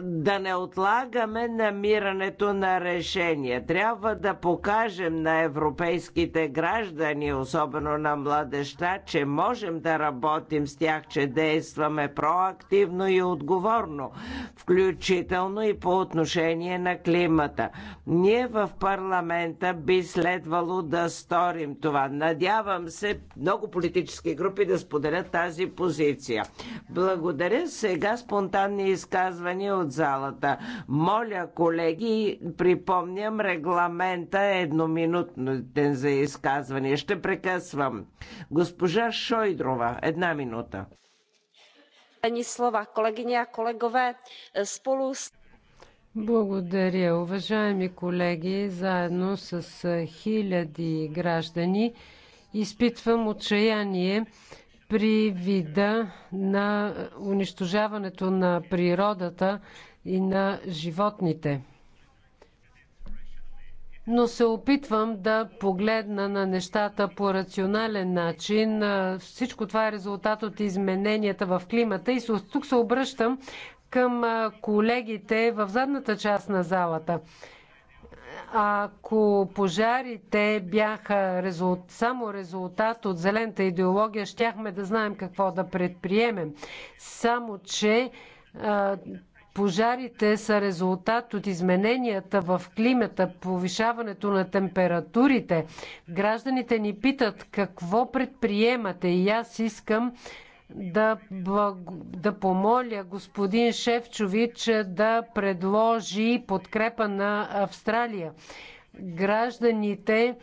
да не отлагаме намирането на решение. Трябва да покажем на европейските граждани, особено на младеща, че можем да работим с тях, че действаме проактивно и отговорно, включително и по отношение на климата. Ние в парламента би следвало да сторим това. Надявам се много политически групи да споделят тази позиция. Благодаря. Сега спонтанни изказвания от залата. Моля, колеги, припомням, регламента е ден за изказване. Ще прекъсвам. Госпожа Шойдрова, една минута. Слова, колегиня, колегове, с... Благодаря, уважаеми колеги, заедно с хиляди граждани изпитвам отчаяние при вида на унищожаването на природата и на животните. Но се опитвам да погледна на нещата по рационален начин. Всичко това е резултат от измененията в климата и тук се обръщам към колегите в задната част на залата. Ако пожарите бяха резулт, само резултат от зелената идеология, щяхме да знаем какво да предприемем. Само, че пожарите са резултат от измененията в климата, повишаването на температурите. Гражданите ни питат какво предприемате и аз искам да, благ... да помоля господин Шевчович да предложи подкрепа на Австралия. Гражданите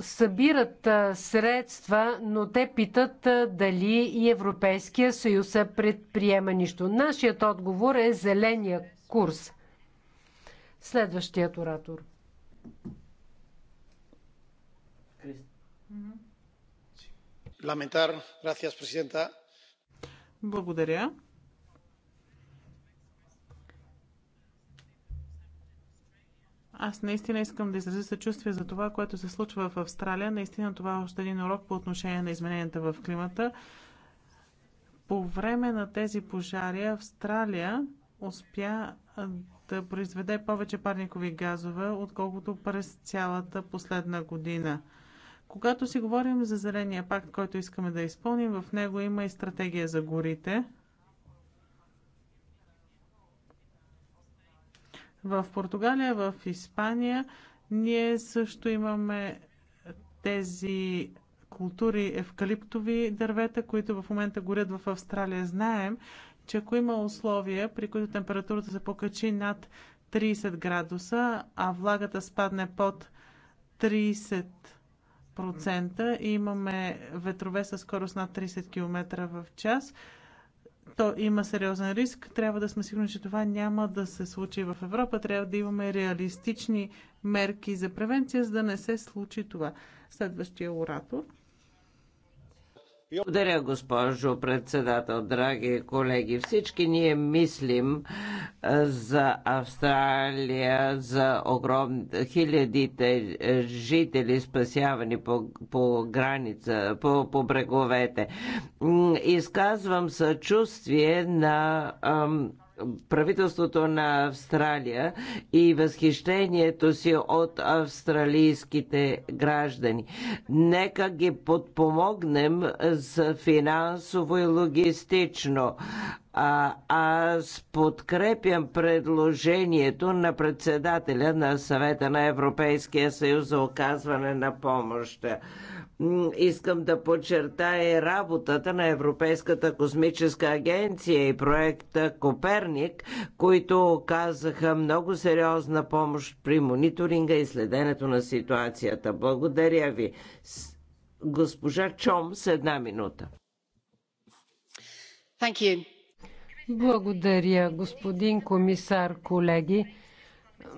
събират средства, но те питат дали и Европейския съюз предприема нищо. Нашият отговор е зеления курс. Следващият оратор. Благодаря. Аз наистина искам да изразя съчувствие за това, което се случва в Австралия. Наистина това е още един урок по отношение на измененията в климата. По време на тези пожари Австралия успя да произведе повече парникови газове, отколкото през цялата последна година. Когато си говорим за зеления пакт, който искаме да изпълним, в него има и стратегия за горите. В Португалия, в Испания ние също имаме тези култури евкалиптови дървета, които в момента горят в Австралия. Знаем, че ако има условия, при които температурата се покачи над 30 градуса, а влагата спадне под 30 процента. Имаме ветрове със скорост над 30 км в час. То има сериозен риск. Трябва да сме сигурни, че това няма да се случи в Европа. Трябва да имаме реалистични мерки за превенция, за да не се случи това. Следващия оратор. Благодаря, госпожо председател, драги колеги. Всички ние мислим за Австралия, за огром хилядите жители, спасявани по, по граница, по, по бреговете. Изказвам съчувствие на. Ам, правителството на Австралия и възхищението си от австралийските граждани. Нека ги подпомогнем с финансово и логистично. А, аз подкрепям предложението на председателя на съвета на Европейския съюз за оказване на помощ. Искам да подчертая работата на Европейската космическа агенция и проекта Коперник, които оказаха много сериозна помощ при мониторинга и следенето на ситуацията. Благодаря ви. Госпожа Чом с една минута. Благодаря, господин комисар, колеги.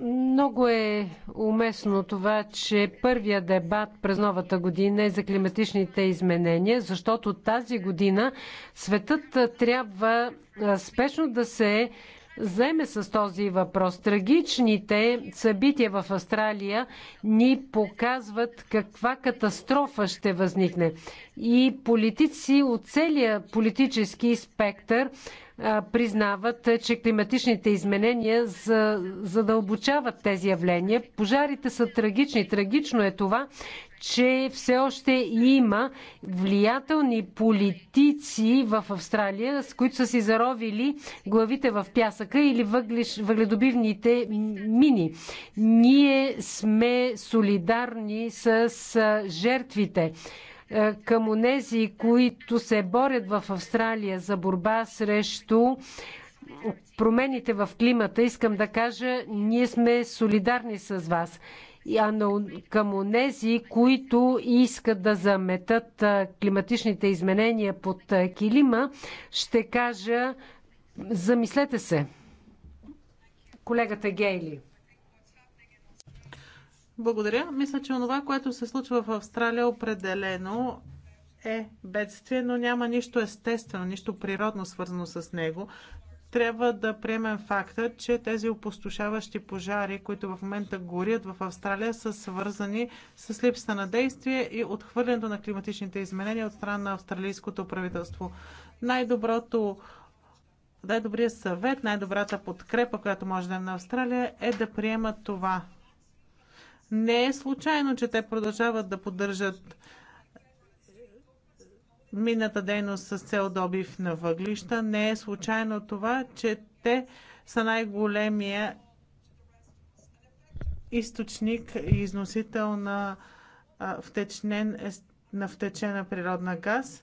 Много е уместно това, че първия дебат през новата година е за климатичните изменения, защото тази година светът трябва спешно да се заеме с този въпрос. Трагичните събития в Австралия ни показват каква катастрофа ще възникне. И политици от целия политически спектър признават, че климатичните изменения задълбочават тези явления. Пожарите са трагични. Трагично е това, че все още има влиятелни политици в Австралия, с които са си заровили главите в пясъка или въгледобивните мини. Ние сме солидарни с жертвите към онези, които се борят в Австралия за борба срещу промените в климата, искам да кажа, ние сме солидарни с вас към онези, които искат да заметат климатичните изменения под килима, ще кажа замислете се. Колегата Гейли. Благодаря. Мисля, че онова, което се случва в Австралия определено е бедствие, но няма нищо естествено, нищо природно свързано с него трябва да приемем факта, че тези опустошаващи пожари, които в момента горят в Австралия, са свързани с липса на действие и отхвърлянето на климатичните изменения от страна на австралийското правителство. Най-доброто най-добрият съвет, най-добрата подкрепа, която може да е на Австралия, е да приемат това. Не е случайно, че те продължават да поддържат минната дейност с цел добив на въглища. Не е случайно това, че те са най-големия източник и износител на, втечнен, на втечена природна газ.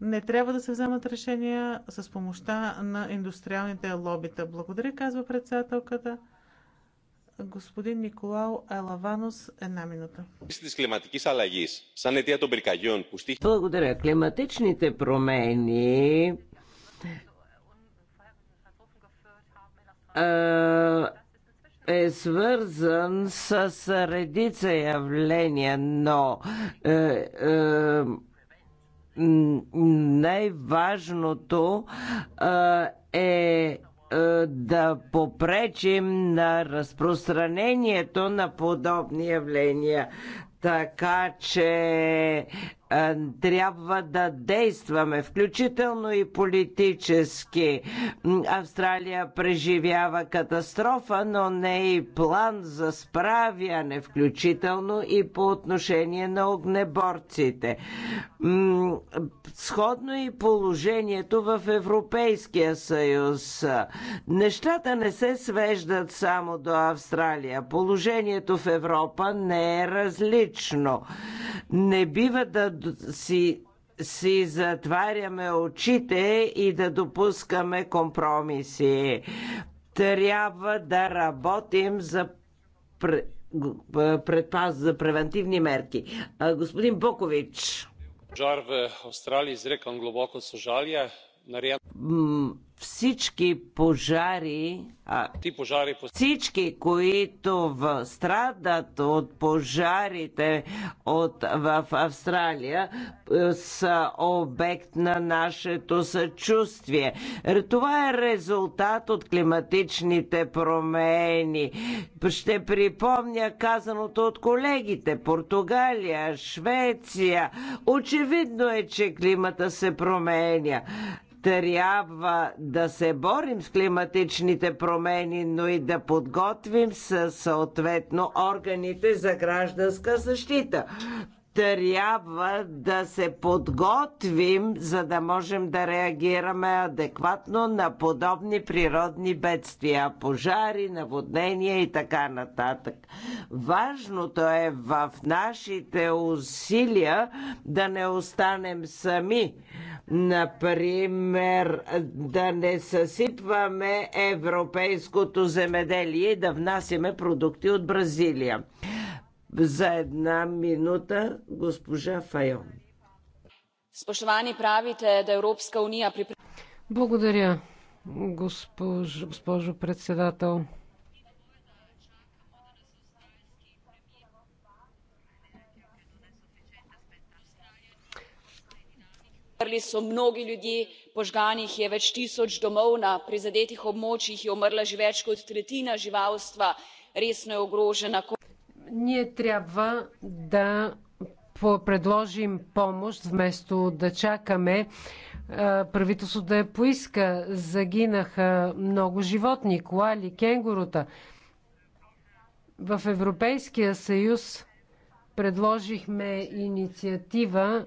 Не трябва да се вземат решения с помощта на индустриалните лобита. Благодаря, казва председателката господин Николао Елаванос, една минута. Благодаря. Климатичните промени е свързан с редица явления, но е, е, най-важното е е, да попречим на разпространението на подобни явления. Така че е, трябва да действаме, включително и политически. Австралия преживява катастрофа, но не и план за справяне, включително и по отношение на огнеборците. Сходно и положението в Европейския съюз. Нещата не се свеждат само до Австралия. Положението в Европа не е различно. Не бива да си си затваряме очите и да допускаме компромиси. Трябва да работим за предпаз за превентивни мерки. Господин Бокович. Žar v Avstraliji izrekam globoko sožalje всички пожари, а, пожари всички, които страдат от пожарите от, в Австралия, е, са обект на нашето съчувствие. Това е резултат от климатичните промени. Ще припомня казаното от колегите. Португалия, Швеция. Очевидно е, че климата се променя трябва да се борим с климатичните промени, но и да подготвим със съответно органите за гражданска защита трябва да се подготвим, за да можем да реагираме адекватно на подобни природни бедствия, пожари, наводнения и така нататък. Важното е в нашите усилия да не останем сами. Например, да не съсипваме европейското земеделие и да внасяме продукти от Бразилия. За една минута госпожа Файон. Спошtovани правите да Европска уния при... Благодаря, госпожо, госпожо председател. umrli so mnogi ljudje požganih je več tisoč domov na prizadetih območjih je umrla že več kot tretjina živalstva resno je ogrožena. Ние трябва да предложим помощ, вместо да чакаме правителството да я поиска. Загинаха много животни, коали, кенгурута. В Европейския съюз предложихме инициатива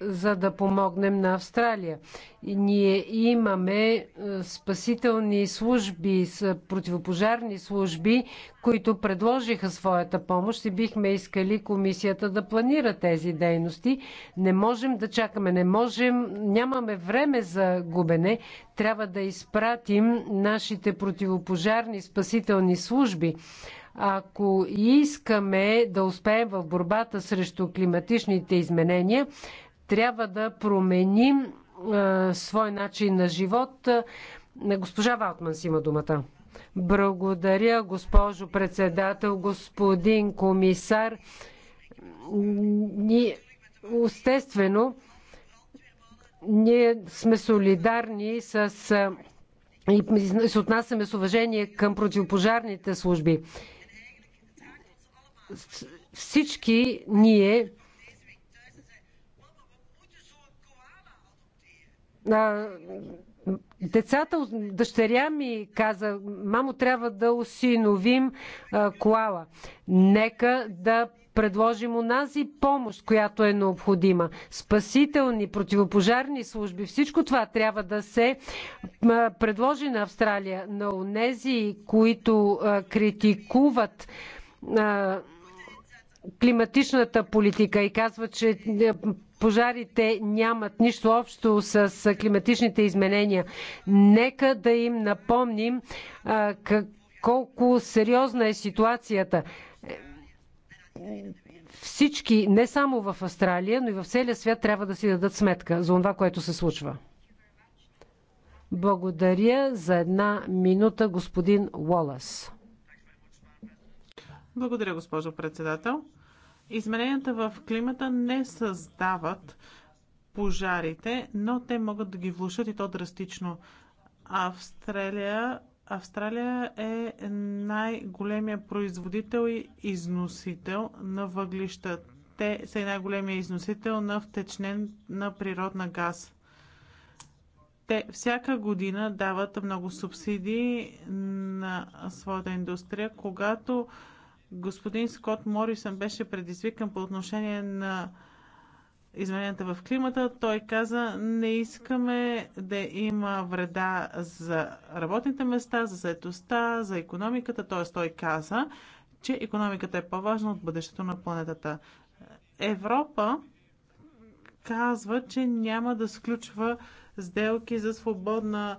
за да помогнем на Австралия. И ние имаме е, спасителни служби, противопожарни служби, които предложиха своята помощ и бихме искали комисията да планира тези дейности. Не можем да чакаме, не можем, нямаме време за губене. Трябва да изпратим нашите противопожарни спасителни служби ако искаме да успеем в борбата срещу климатичните изменения, трябва да променим а, свой начин на живот. Госпожа Валтман си има думата. Благодаря, госпожо председател, господин комисар. Ни, естествено, ние сме солидарни с и се отнасяме с уважение към противопожарните служби. Всички ние Децата, дъщеря ми каза, мамо, трябва да осиновим а, коала. Нека да предложим онази помощ, която е необходима. Спасителни, противопожарни служби, всичко това трябва да се а, предложи на Австралия, на онези, които а, критикуват. А, климатичната политика и казва, че е, пожарите нямат нищо общо с климатичните изменения. Нека да им напомним колко сериозна е ситуацията. Всички, не само в Австралия, но и в целия свят трябва да си дадат сметка за това, което се случва. Благодаря за една минута, господин Уолас. Благодаря, госпожо председател. Измененията в климата не създават пожарите, но те могат да ги влушат и то драстично. Австралия, Австралия е най-големия производител и износител на въглища. Те са и най-големия износител на втечнен на природна газ. Те всяка година дават много субсидии на своята индустрия. Когато господин Скот Морисън беше предизвикан по отношение на измененията в климата, той каза, не искаме да има вреда за работните места, за заетостта, за економиката, т.е. той каза, че економиката е по-важна от бъдещето на планетата. Европа казва, че няма да сключва сделки за свободна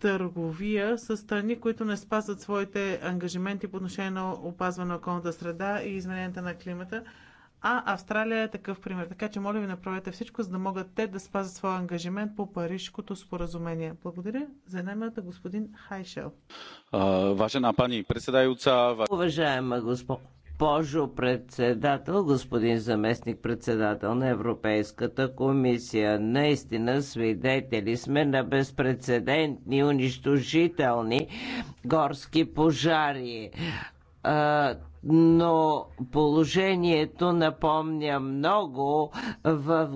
търговия с страни, които не спазват своите ангажименти по отношение на опазване на околната среда и измененията на климата. А Австралия е такъв пример. Така че, моля ви, направете всичко, за да могат те да спазят своя ангажимент по Парижското споразумение. Благодаря. За една господин Хайшел. Важена пани председаюца. Уважаема госпожо госпожо председател, господин заместник председател на Европейската комисия. Наистина свидетели сме на безпредседентни, унищожителни горски пожари но положението напомня много в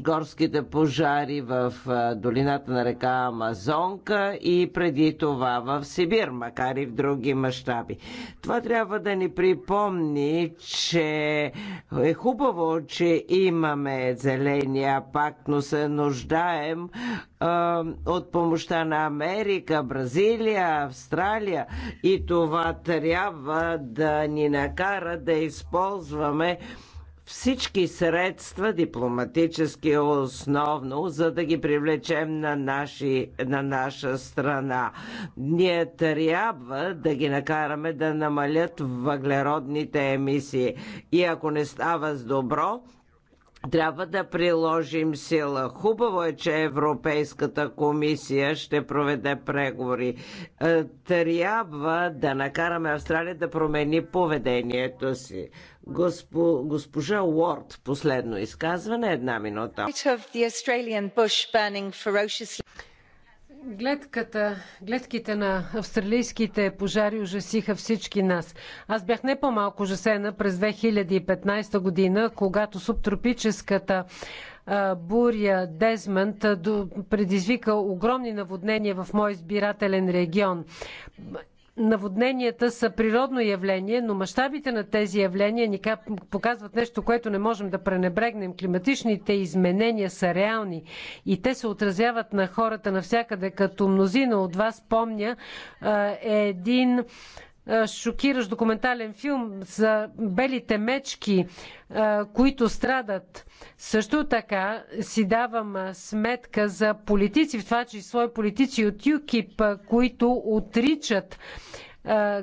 горските пожари в долината на река Амазонка и преди това в Сибир, макар и в други мащаби. Това трябва да ни припомни, че е хубаво, че имаме зеления пакт, но се нуждаем от помощта на Америка, Бразилия, Австралия и това трябва да ни накара да използваме всички средства, дипломатически основно, за да ги привлечем на, наши, на наша страна. Ние трябва да ги накараме да намалят въглеродните емисии. И ако не става с добро, трябва да приложим сила. Хубаво е, че Европейската комисия ще проведе преговори. Е, трябва да накараме Австралия да промени поведението си. Госпо, госпожа Уорд, последно изказване, една минута Гледката, гледките на австралийските пожари ужасиха всички нас. Аз бях не по-малко ужасена през 2015 година, когато субтропическата буря Дезмент предизвика огромни наводнения в мой избирателен регион наводненията са природно явление, но мащабите на тези явления ни показват нещо, което не можем да пренебрегнем. Климатичните изменения са реални и те се отразяват на хората навсякъде. Като мнозина от вас помня е един шокиращ документален филм за белите мечки, които страдат. Също така си давам сметка за политици, в това число и политици от ЮКИП, които отричат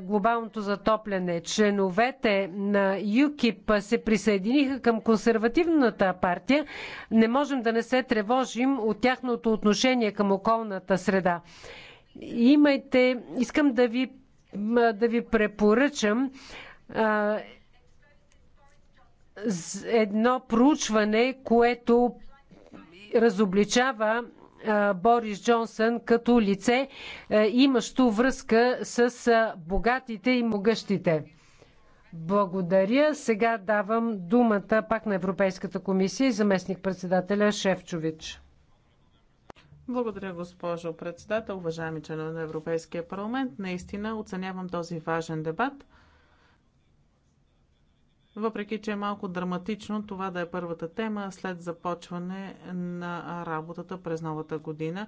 глобалното затопляне. Членовете на ЮКИП се присъединиха към консервативната партия. Не можем да не се тревожим от тяхното отношение към околната среда. Имайте, искам да ви да ви препоръчам едно проучване, което разобличава Борис Джонсън като лице, имащо връзка с богатите и могъщите. Благодаря. Сега давам думата пак на Европейската комисия и заместник председателя Шефчович. Благодаря, госпожо председател, уважаеми членове на Европейския парламент. Наистина оценявам този важен дебат. Въпреки, че е малко драматично това да е първата тема след започване на работата през новата година,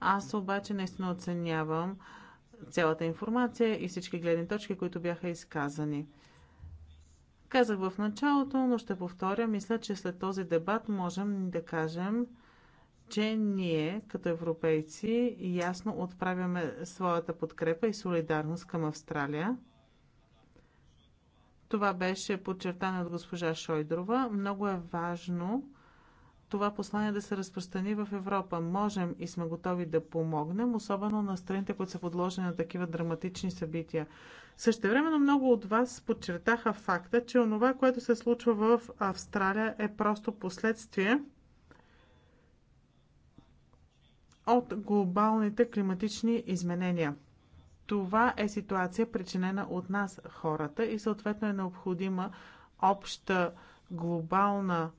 аз обаче наистина оценявам цялата информация и всички гледни точки, които бяха изказани. Казах в началото, но ще повторя, мисля, че след този дебат можем да кажем, че ние като европейци ясно отправяме своята подкрепа и солидарност към Австралия. Това беше подчертано от госпожа Шойдрова. Много е важно това послание да се разпространи в Европа. Можем и сме готови да помогнем, особено на страните, които са подложени на такива драматични събития. времено много от вас подчертаха факта, че онова, което се случва в Австралия е просто последствие – от глобалните климатични изменения. Това е ситуация причинена от нас, хората, и съответно е необходима обща глобална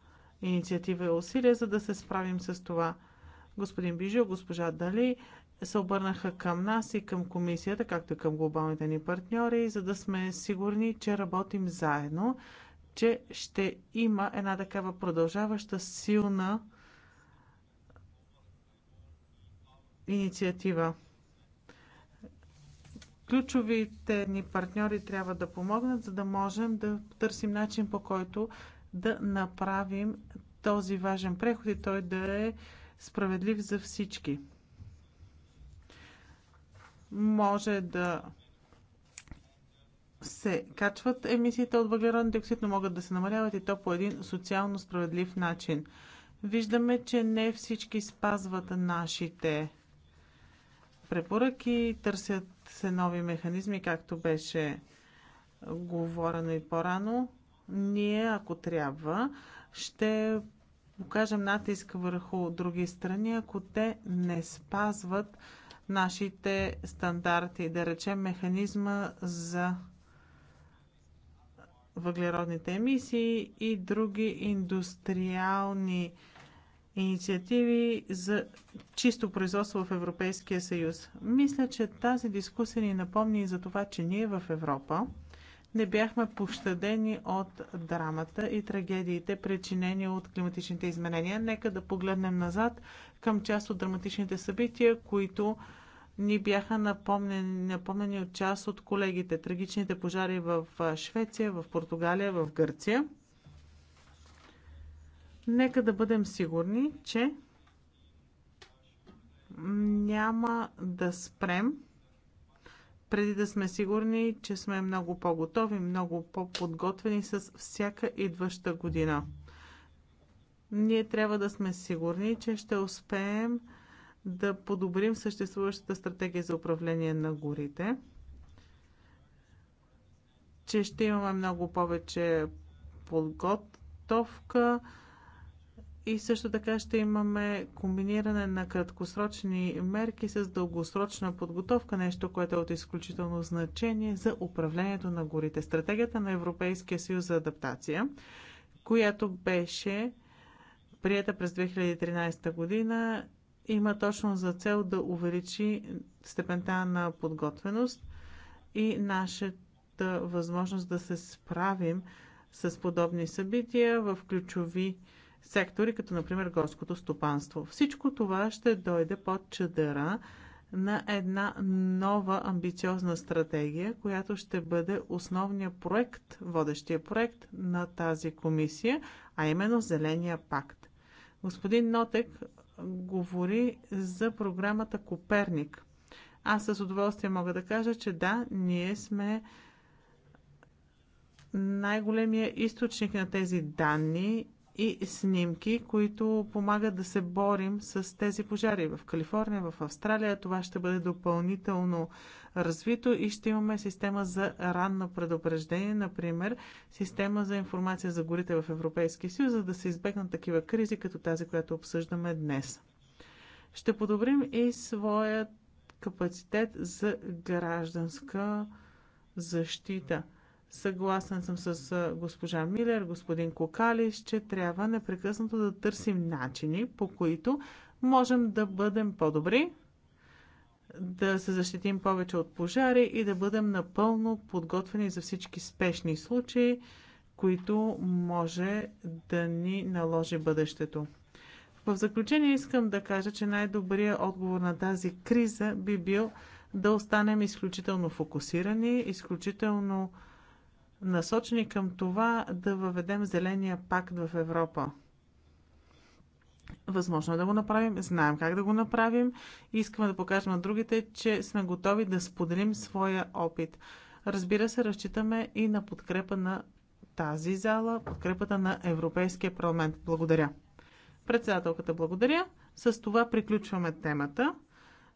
инициатива и усилия, за да се справим с това. Господин Бижо, госпожа Дали се обърнаха към нас и към комисията, както и към глобалните ни партньори, за да сме сигурни, че работим заедно, че ще има една такава продължаваща силна инициатива. Ключовите ни партньори трябва да помогнат, за да можем да търсим начин по който да направим този важен преход и той да е справедлив за всички. Може да се качват емисиите от въглероден диоксид, но могат да се намаляват и то по един социално справедлив начин. Виждаме, че не всички спазват нашите препоръки, търсят се нови механизми, както беше говорено и по-рано. Ние, ако трябва, ще покажем натиск върху други страни, ако те не спазват нашите стандарти, да речем механизма за въглеродните емисии и други индустриални инициативи за чисто производство в Европейския съюз. Мисля, че тази дискусия ни напомни и за това, че ние в Европа не бяхме пощадени от драмата и трагедиите, причинени от климатичните изменения. Нека да погледнем назад към част от драматичните събития, които ни бяха напомнени, напомнени от част от колегите. Трагичните пожари в Швеция, в Португалия, в Гърция – Нека да бъдем сигурни, че няма да спрем преди да сме сигурни, че сме много по-готови, много по-подготвени с всяка идваща година. Ние трябва да сме сигурни, че ще успеем да подобрим съществуващата стратегия за управление на горите, че ще имаме много повече подготовка, и също така ще имаме комбиниране на краткосрочни мерки с дългосрочна подготовка, нещо, което е от изключително значение за управлението на горите. Стратегията на Европейския съюз за адаптация, която беше прията през 2013 година, има точно за цел да увеличи степента на подготвеност и нашата възможност да се справим с подобни събития в ключови сектори, като например горското стопанство. Всичко това ще дойде под чадъра на една нова амбициозна стратегия, която ще бъде основният проект, водещия проект на тази комисия, а именно Зеления пакт. Господин Нотек говори за програмата Коперник. Аз с удоволствие мога да кажа, че да, ние сме най-големия източник на тези данни и снимки, които помагат да се борим с тези пожари. В Калифорния, в Австралия това ще бъде допълнително развито и ще имаме система за ранно предупреждение, например система за информация за горите в Европейския съюз, за да се избегнат такива кризи, като тази, която обсъждаме днес. Ще подобрим и своят капацитет за гражданска защита. Съгласен съм с госпожа Милер, господин Кокалис, че трябва непрекъснато да търсим начини, по които можем да бъдем по-добри, да се защитим повече от пожари и да бъдем напълно подготвени за всички спешни случаи, които може да ни наложи бъдещето. В заключение искам да кажа, че най-добрият отговор на тази криза би бил да останем изключително фокусирани, изключително насочени към това да въведем зеления пакт в Европа. Възможно е да го направим, знаем как да го направим и искаме да покажем на другите, че сме готови да споделим своя опит. Разбира се, разчитаме и на подкрепа на тази зала, подкрепата на Европейския парламент. Благодаря. Председателката благодаря. С това приключваме темата.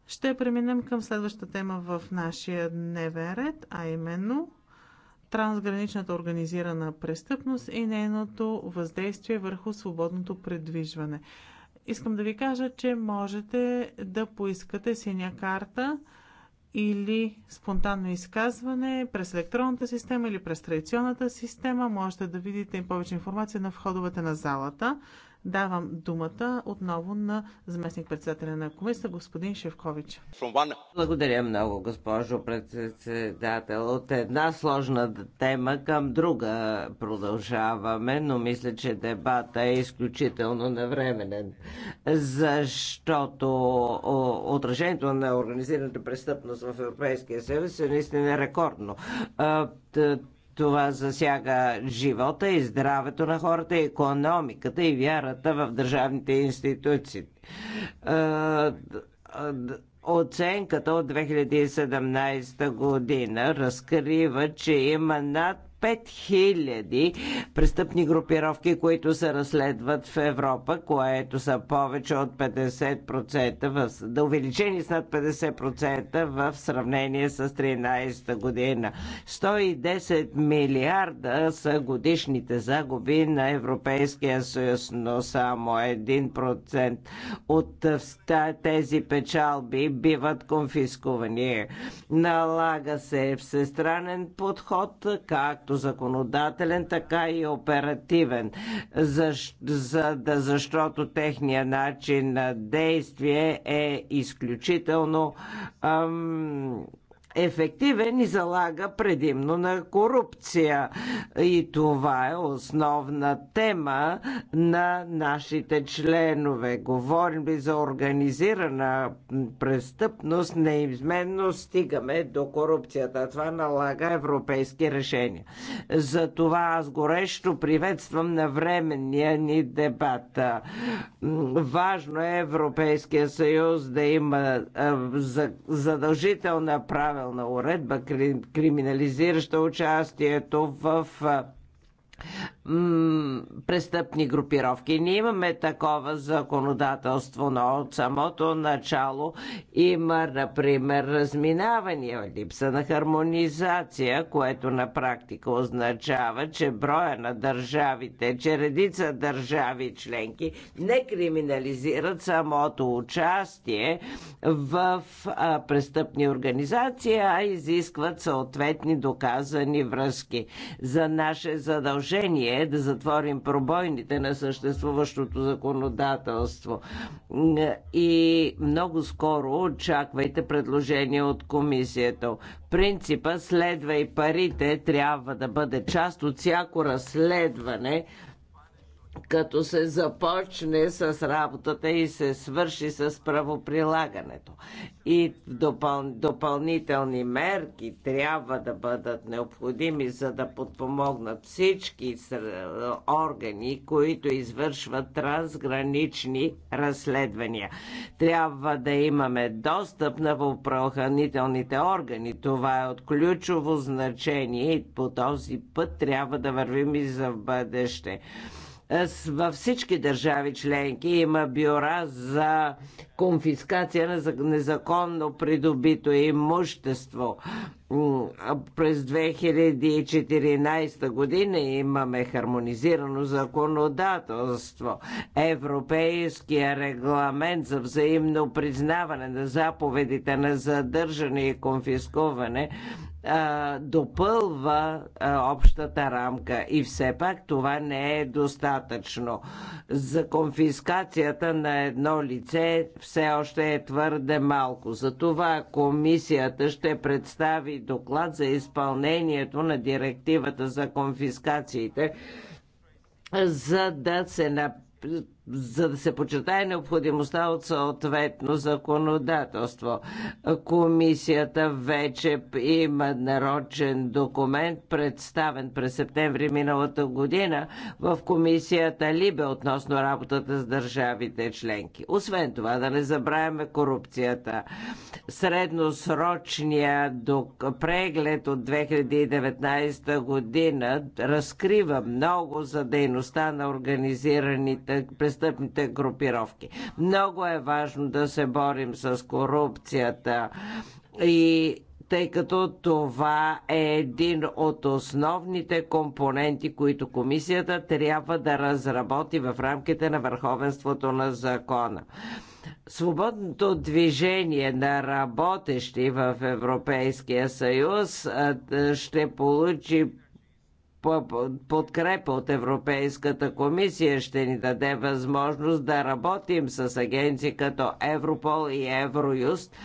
Ще преминем към следващата тема в нашия дневен ред, а именно трансграничната организирана престъпност и нейното въздействие върху свободното предвижване. Искам да ви кажа, че можете да поискате синя карта или спонтанно изказване през електронната система или през традиционната система. Можете да видите повече информация на входовете на залата. Давам думата отново на заместник-председателя на комисията, господин Шевкович. Благодаря много, госпожо председател. От една сложна тема към друга продължаваме, но мисля, че дебата е изключително навременен, защото отражението на организираната престъпност в Европейския съюз е наистина рекордно това засяга живота и здравето на хората, и економиката и вярата в държавните институции е, е, оценката от 2017 година разкрива, че има над 5000 престъпни групировки, които се разследват в Европа, което са повече от 50%, в, да увеличени с над 50% в сравнение с 13-та година. 110 милиарда са годишните загуби на Европейския съюз, но само 1% от тези печалби биват конфискувани. Налага се всестранен подход, как както законодателен, така и оперативен, за, за да, защото техният начин на действие е изключително ам, ефективен и залага предимно на корупция. И това е основна тема на нашите членове. Говорим ли за организирана престъпност, неизменно стигаме до корупцията. Това налага европейски решения. За това аз горещо приветствам на временния ни дебат. Важно е Европейския съюз да има задължителна правила специална уредба, криминализираща участието в престъпни групировки. Ние имаме такова законодателство, но от самото начало има, например, разминавания, липса на хармонизация, което на практика означава, че броя на държавите, че редица държави членки не криминализират самото участие в престъпни организации, а изискват съответни доказани връзки. За наше задължение е да затворим пробойните на съществуващото законодателство. И много скоро очаквайте предложение от комисията. Принципа следва и парите трябва да бъде част от всяко разследване като се започне с работата и се свърши с правоприлагането. И допъл... допълнителни мерки трябва да бъдат необходими, за да подпомогнат всички е, органи, които извършват трансгранични разследвания. Трябва да имаме достъп на правоохранителните органи. Това е от ключово значение и по този път трябва да вървим и за бъдеще. Във всички държави членки има бюра за конфискация на незаконно придобито имущество. През 2014 година имаме хармонизирано законодателство. Европейския регламент за взаимно признаване на заповедите на задържане и конфискуване а, допълва а, общата рамка. И все пак това не е достатъчно. За конфискацията на едно лице все още е твърде малко. Затова комисията ще представи доклад за изпълнението на директивата за конфискациите, за да се направи за да се почитае необходимостта от съответно законодателство. Комисията вече има нарочен документ, представен през септември миналата година в комисията Либе относно работата с държавите членки. Освен това, да не забравяме корупцията. Средносрочния преглед от 2019 година разкрива много за дейността на организираните през престъпните групировки. Много е важно да се борим с корупцията и тъй като това е един от основните компоненти, които комисията трябва да разработи в рамките на върховенството на закона. Свободното движение на работещи в Европейския съюз ще получи подкрепа от Европейската комисия ще ни даде възможност да работим с агенции като Европол и Евроюст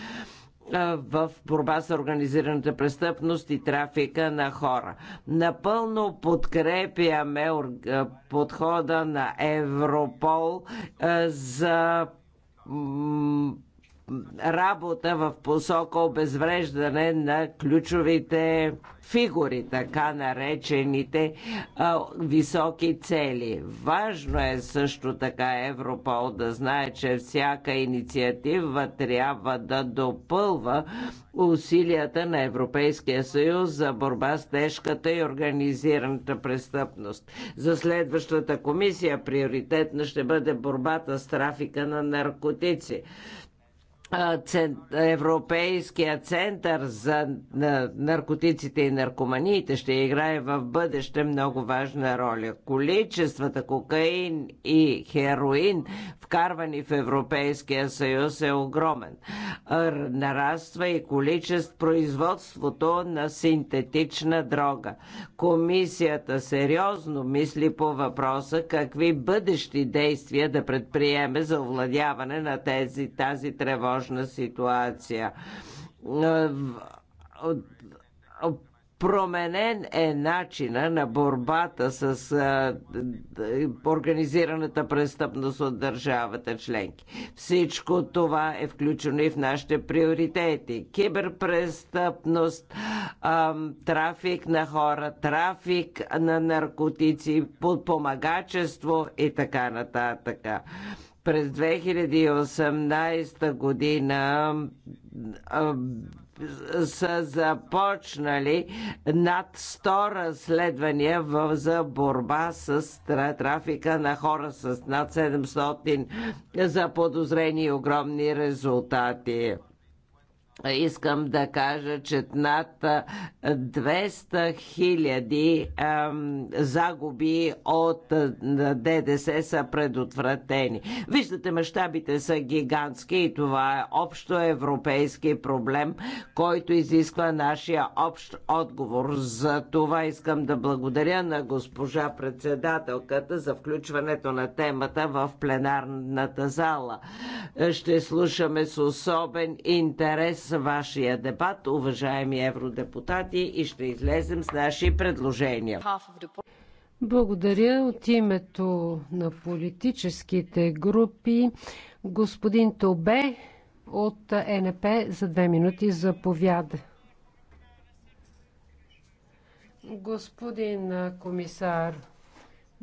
в борба с организираната престъпност и трафика на хора. Напълно подкрепяме подхода на Европол за работа в посока обезвреждане на ключовите фигури, така наречените а, високи цели. Важно е също така Европол да знае, че всяка инициатива трябва да допълва усилията на Европейския съюз за борба с тежката и организираната престъпност. За следващата комисия приоритетна ще бъде борбата с трафика на наркотици. Европейския център за наркотиците и наркоманиите ще играе в бъдеще много важна роля. Количествата кокаин и хероин, вкарвани в Европейския съюз, е огромен. Нараства и количество производството на синтетична дрога. Комисията сериозно мисли по въпроса какви бъдещи действия да предприеме за овладяване на тези, тази тревожна сложна ситуация е, променен е начина на борбата с а, е, е, организираната престъпност от държавата членки. Всичко това е включено и в нашите приоритети. Киберпрестъпност, а, трафик на хора, трафик на наркотици, подпомагачество и така нататък. През 2018 година са започнали над 100 разследвания в, за борба с трафика на хора с над 700 заподозрени и огромни резултати. Искам да кажа, че над 200 хиляди загуби от ДДС са предотвратени. Виждате, мащабите са гигантски и това е общо европейски проблем, който изисква нашия общ отговор. За това искам да благодаря на госпожа председателката за включването на темата в пленарната зала. Ще слушаме с особен интерес с вашия дебат, уважаеми евродепутати, и ще излезем с наши предложения. Благодаря от името на политическите групи. Господин Тобе от е НП за две минути заповяда. Господин комисар,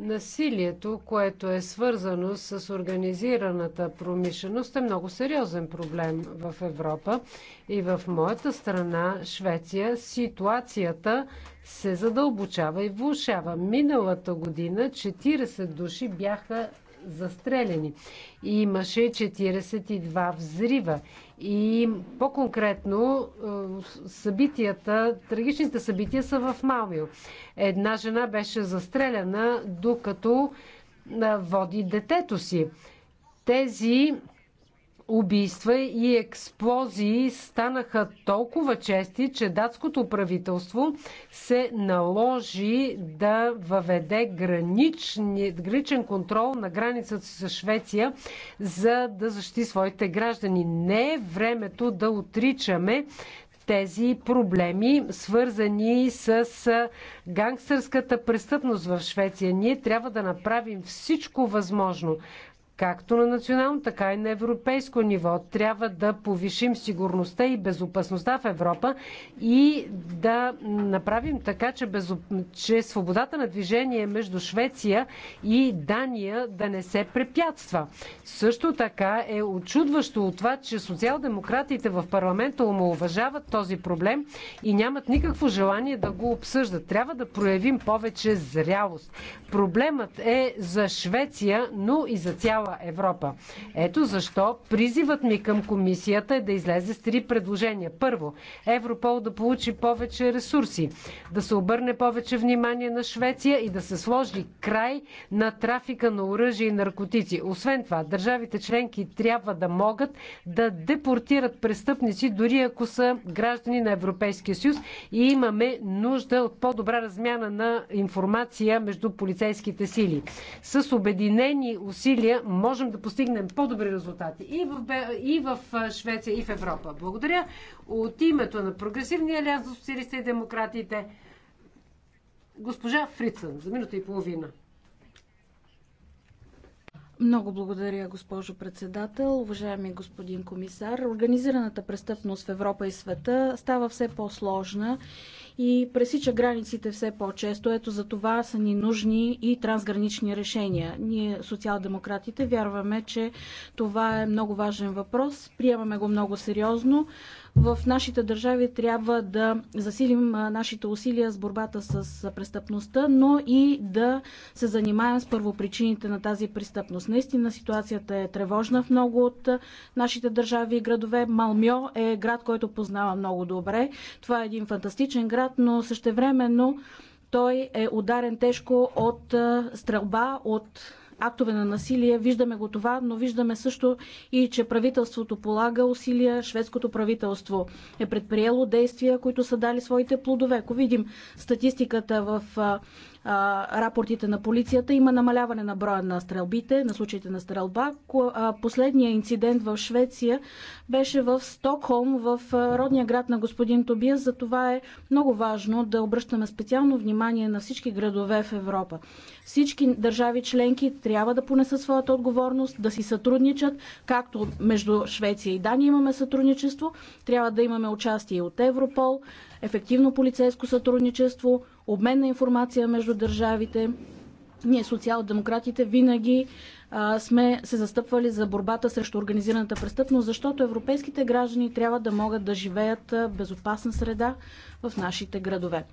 Насилието, което е свързано с организираната промишленост, е много сериозен проблем в Европа. И в моята страна, Швеция, ситуацията се задълбочава и влушава. Миналата година 40 души бяха застреляни. Имаше 42 взрива. И по-конкретно е, събитията, трагичните събития са в Малмио. Една жена беше застреляна, докато е, води детето си. Тези убийства и експлозии станаха толкова чести, че датското правителство се наложи да въведе гранични, граничен контрол на границата с Швеция, за да защити своите граждани. Не е времето да отричаме тези проблеми, свързани с гангстерската престъпност в Швеция. Ние трябва да направим всичко възможно както на национално, така и на европейско ниво. Трябва да повишим сигурността и безопасността в Европа и да направим така, че, безоп... че свободата на движение между Швеция и Дания да не се препятства. Също така е очудващо от това, че социал-демократите в парламента омалуважават този проблем и нямат никакво желание да го обсъждат. Трябва да проявим повече зрялост. Проблемът е за Швеция, но и за цяла цяла Европа. Ето защо призивът ми към комисията е да излезе с три предложения. Първо, Европол да получи повече ресурси, да се обърне повече внимание на Швеция и да се сложи край на трафика на оръжие и наркотици. Освен това, държавите членки трябва да могат да депортират престъпници, дори ако са граждани на Европейския съюз и имаме нужда от по-добра размяна на информация между полицейските сили. С обединени усилия можем да постигнем по-добри резултати и в, и в Швеция, и в Европа. Благодаря от името на Прогресивния алианс за социалистите и демократите, госпожа Фрицън, за минута и половина. Много благодаря, госпожо председател. Уважаеми господин комисар, организираната престъпност в Европа и света става все по-сложна и пресича границите все по-често. Ето за това са ни нужни и трансгранични решения. Ние, социал-демократите, вярваме, че това е много важен въпрос. Приемаме го много сериозно в нашите държави трябва да засилим нашите усилия с борбата с престъпността, но и да се занимаем с първопричините на тази престъпност. Наистина ситуацията е тревожна в много от нашите държави и градове. Малмьо е град, който познава много добре. Това е един фантастичен град, но същевременно той е ударен тежко от стрелба, от актове на насилие. Виждаме го това, но виждаме също и, че правителството полага усилия. Шведското правителство е предприело действия, които са дали своите плодове. Ако видим статистиката в а, рапортите на полицията има намаляване на броя на стрелбите, на случаите на стрелба. Последният инцидент в Швеция беше в Стокхолм, в родния град на господин Тобиас. За това е много важно да обръщаме специално внимание на всички градове в Европа. Всички държави членки трябва да понесат своята отговорност, да си сътрудничат, както между Швеция и Дания имаме сътрудничество, трябва да имаме участие от Европол, ефективно полицейско сътрудничество, обмен на информация между държавите. Ние, социал-демократите, винаги а, сме се застъпвали за борбата срещу организираната престъпност, защото европейските граждани трябва да могат да живеят в безопасна среда в нашите градове.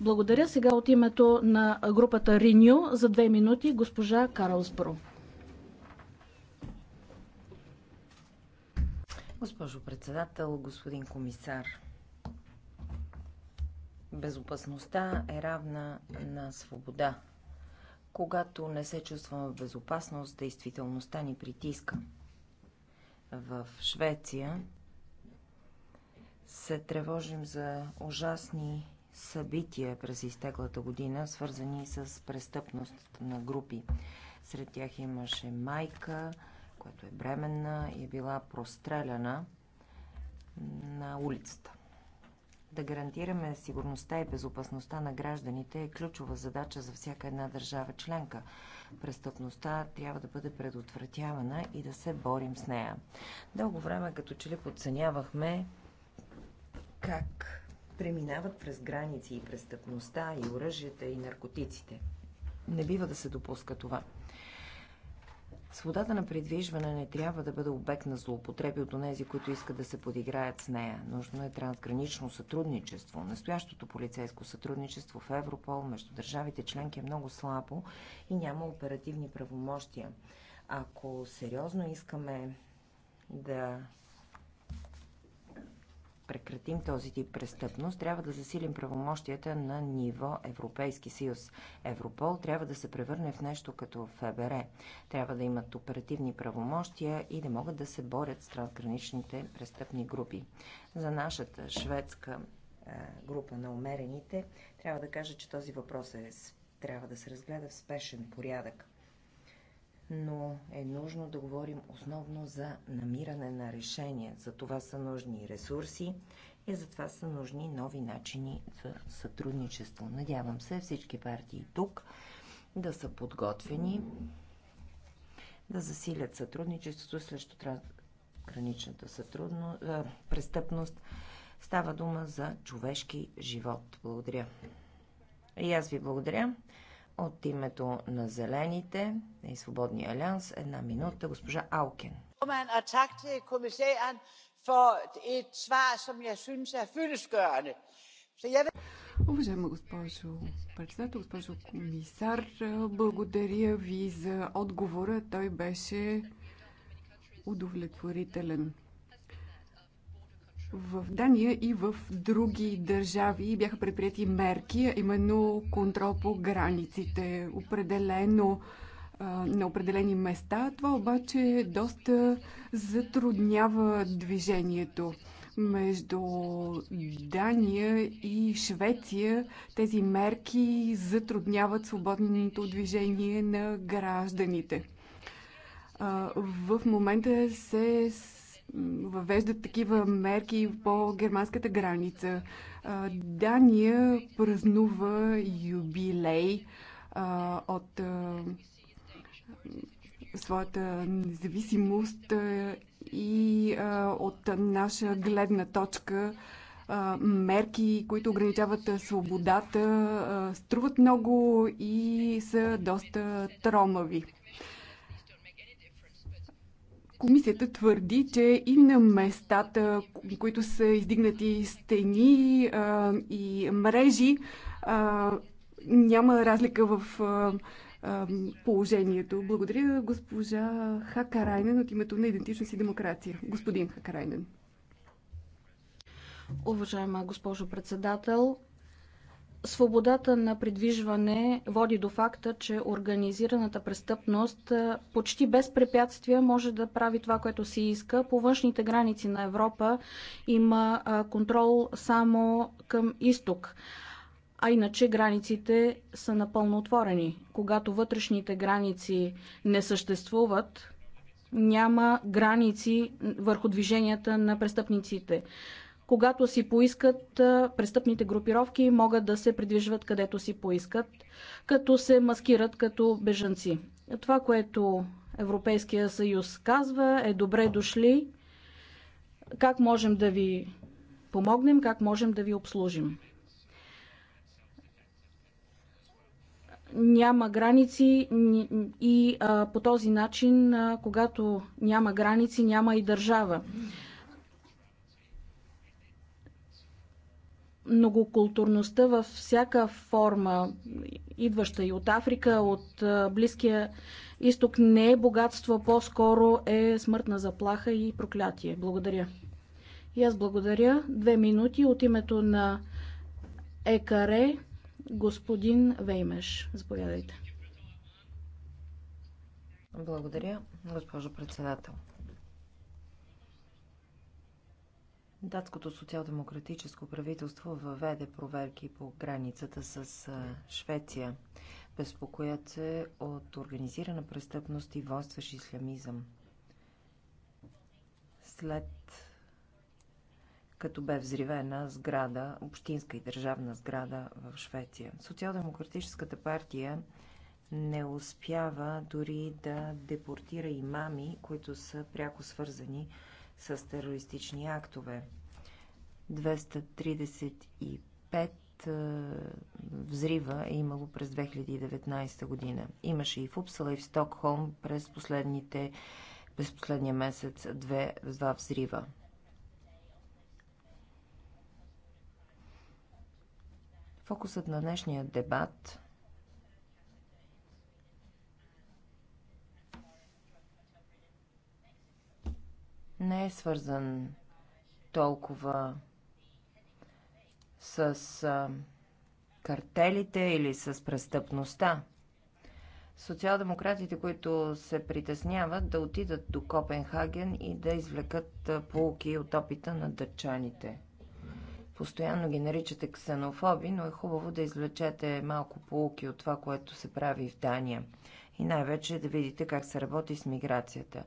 Благодаря сега от името на групата Renew за две минути госпожа Карлсбро. Госпожо председател, господин комисар, Безопасността е равна на свобода. Когато не се чувстваме в безопасност, действителността ни притиска. В Швеция се тревожим за ужасни събития през изтеклата година, свързани с престъпност на групи. Сред тях имаше майка, която е бременна и е била простреляна на улицата. Да гарантираме сигурността и безопасността на гражданите е ключова задача за всяка една държава членка. Престъпността трябва да бъде предотвратявана и да се борим с нея. Дълго време като че ли подценявахме как преминават през граници и престъпността, и оръжията, и наркотиците. Не бива да се допуска това. Свободата на придвижване не трябва да бъде обект на злоупотреби от онези, които искат да се подиграят с нея. Нужно е трансгранично сътрудничество. Настоящото полицейско сътрудничество в Европол между държавите членки е много слабо и няма оперативни правомощия. Ако сериозно искаме да прекратим този тип престъпност, трябва да засилим правомощията на ниво Европейски съюз. Европол трябва да се превърне в нещо като ФБР. Трябва да имат оперативни правомощия и да могат да се борят с трансграничните престъпни групи. За нашата шведска е, група на умерените, трябва да кажа, че този въпрос е, трябва да се разгледа в спешен порядък но е нужно да говорим основно за намиране на решения. За това са нужни ресурси и за това са нужни нови начини за сътрудничество. Надявам се всички партии тук да са подготвени да засилят сътрудничеството срещу сътрудност сътрудно... престъпност. Става дума за човешки живот. Благодаря. И аз ви благодаря. От името на Зелените и Свободния алианс, една минута, госпожа Алкен. Уважаема госпожо председател, госпожо комисар, благодаря ви за отговора. Той беше удовлетворителен. В Дания и в други държави бяха предприяти мерки, именно контрол по границите, определено на определени места. Това обаче доста затруднява движението. Между Дания и Швеция тези мерки затрудняват свободното движение на гражданите. В момента се въвеждат такива мерки по германската граница. Дания празнува юбилей от своята независимост и от наша гледна точка мерки, които ограничават свободата, струват много и са доста тромави. Комисията твърди, че и на местата, които са издигнати стени а, и мрежи, а, няма разлика в а, а, положението. Благодаря госпожа Хакарайнен от името на Идентичност и демокрация. Господин Хакарайнен. Уважаема госпожо председател, Свободата на придвижване води до факта, че организираната престъпност почти без препятствия може да прави това, което си иска. По външните граници на Европа има контрол само към изток. А иначе границите са напълно отворени. Когато вътрешните граници не съществуват, няма граници върху движенията на престъпниците когато си поискат, престъпните групировки могат да се придвижват където си поискат, като се маскират като бежанци. Това, което Европейския съюз казва е добре дошли, как можем да ви помогнем, как можем да ви обслужим. няма граници и по този начин, когато няма граници, няма и държава. многокултурността във всяка форма, идваща и от Африка, от Близкия изток, не е богатство, по-скоро е смъртна заплаха и проклятие. Благодаря. И аз благодаря. Две минути от името на ЕКАРЕ, господин Веймеш. Заповядайте. Благодаря, госпожо председател. Датското социал-демократическо правителство въведе проверки по границата с Швеция. Безпокоят се от организирана престъпност и вонстващ ислямизъм. След като бе взривена сграда, общинска и държавна сграда в Швеция. Социал-демократическата партия не успява дори да депортира имами, които са пряко свързани с с терористични актове. 235 е, взрива е имало през 2019 година. Имаше и в Упсала, и в Стокхолм през, последните, през последния месец две, два взрива. Фокусът на днешния дебат не е свързан толкова с картелите или с престъпността. Социал-демократите, които се притесняват да отидат до Копенхаген и да извлекат полуки от опита на дъчаните. Постоянно ги наричате ксенофоби, но е хубаво да извлечете малко полуки от това, което се прави в Дания. И най-вече да видите как се работи с миграцията.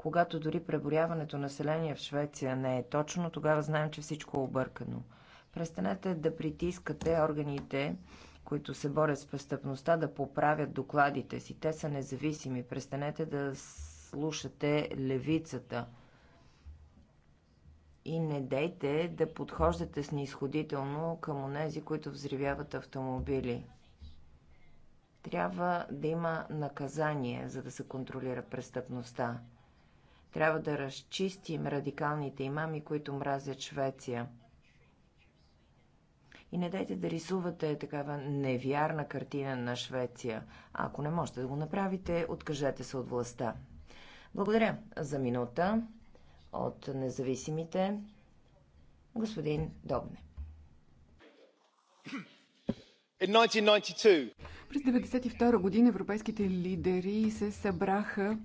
Когато дори преборяването на население в Швеция не е точно, тогава знаем, че всичко е объркано. Престанете да притискате органите, които се борят с престъпността, да поправят докладите си. Те са независими. Престанете да слушате левицата. И не дейте да подхождате снисходително към онези, които взривяват автомобили. Трябва да има наказание, за да се контролира престъпността. Трябва да разчистим радикалните имами, които мразят Швеция. И не дайте да рисувате такава невярна картина на Швеция. А ако не можете да го направите, откажете се от властта. Благодаря за минута от независимите. Господин Добне. През 1992 година европейските лидери се събраха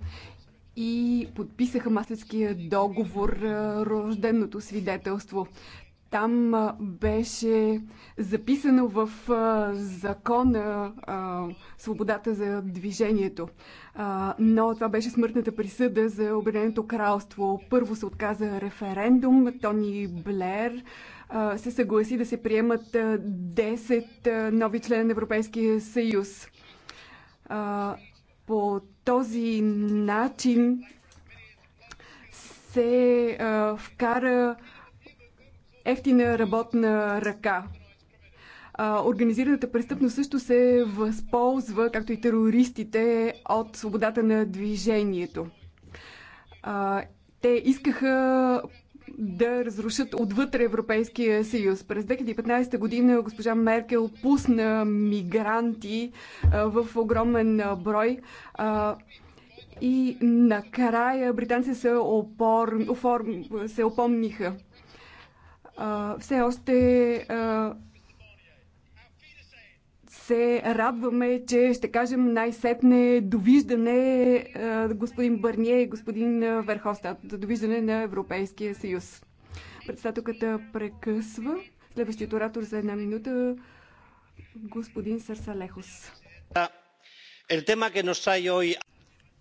и подписаха Мастерския договор, рожденото свидетелство. Там беше записано в закона свободата за движението. Но това беше смъртната присъда за Обединеното кралство. Първо се отказа референдум. Тони Блер се съгласи да се приемат 10 нови члена на Европейския съюз по този начин се а, вкара ефтина работна ръка. А, организираната престъпност също се възползва, както и терористите, от свободата на движението. А, те искаха да разрушат отвътре Европейския съюз. През 2015 година госпожа Меркел пусна мигранти в огромен брой. И накрая британци се, опор, офор... се опомниха. все още се радваме, че ще кажем най-сетне довиждане е, господин Бърние и господин Верховстат. Довиждане на Европейския съюз. Председателката прекъсва. Следващият оратор за една минута господин Сарсалехос.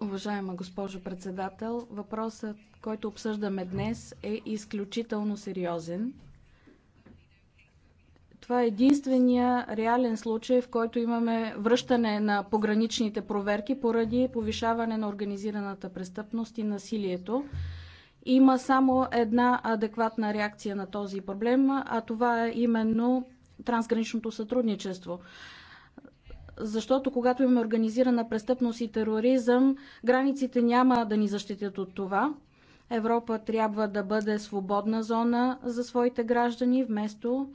Уважаема госпожо председател, въпросът, който обсъждаме днес е изключително сериозен това е единствения реален случай, в който имаме връщане на пограничните проверки поради повишаване на организираната престъпност и насилието. Има само една адекватна реакция на този проблем, а това е именно трансграничното сътрудничество защото когато имаме организирана престъпност и тероризъм, границите няма да ни защитят от това. Европа трябва да бъде свободна зона за своите граждани, вместо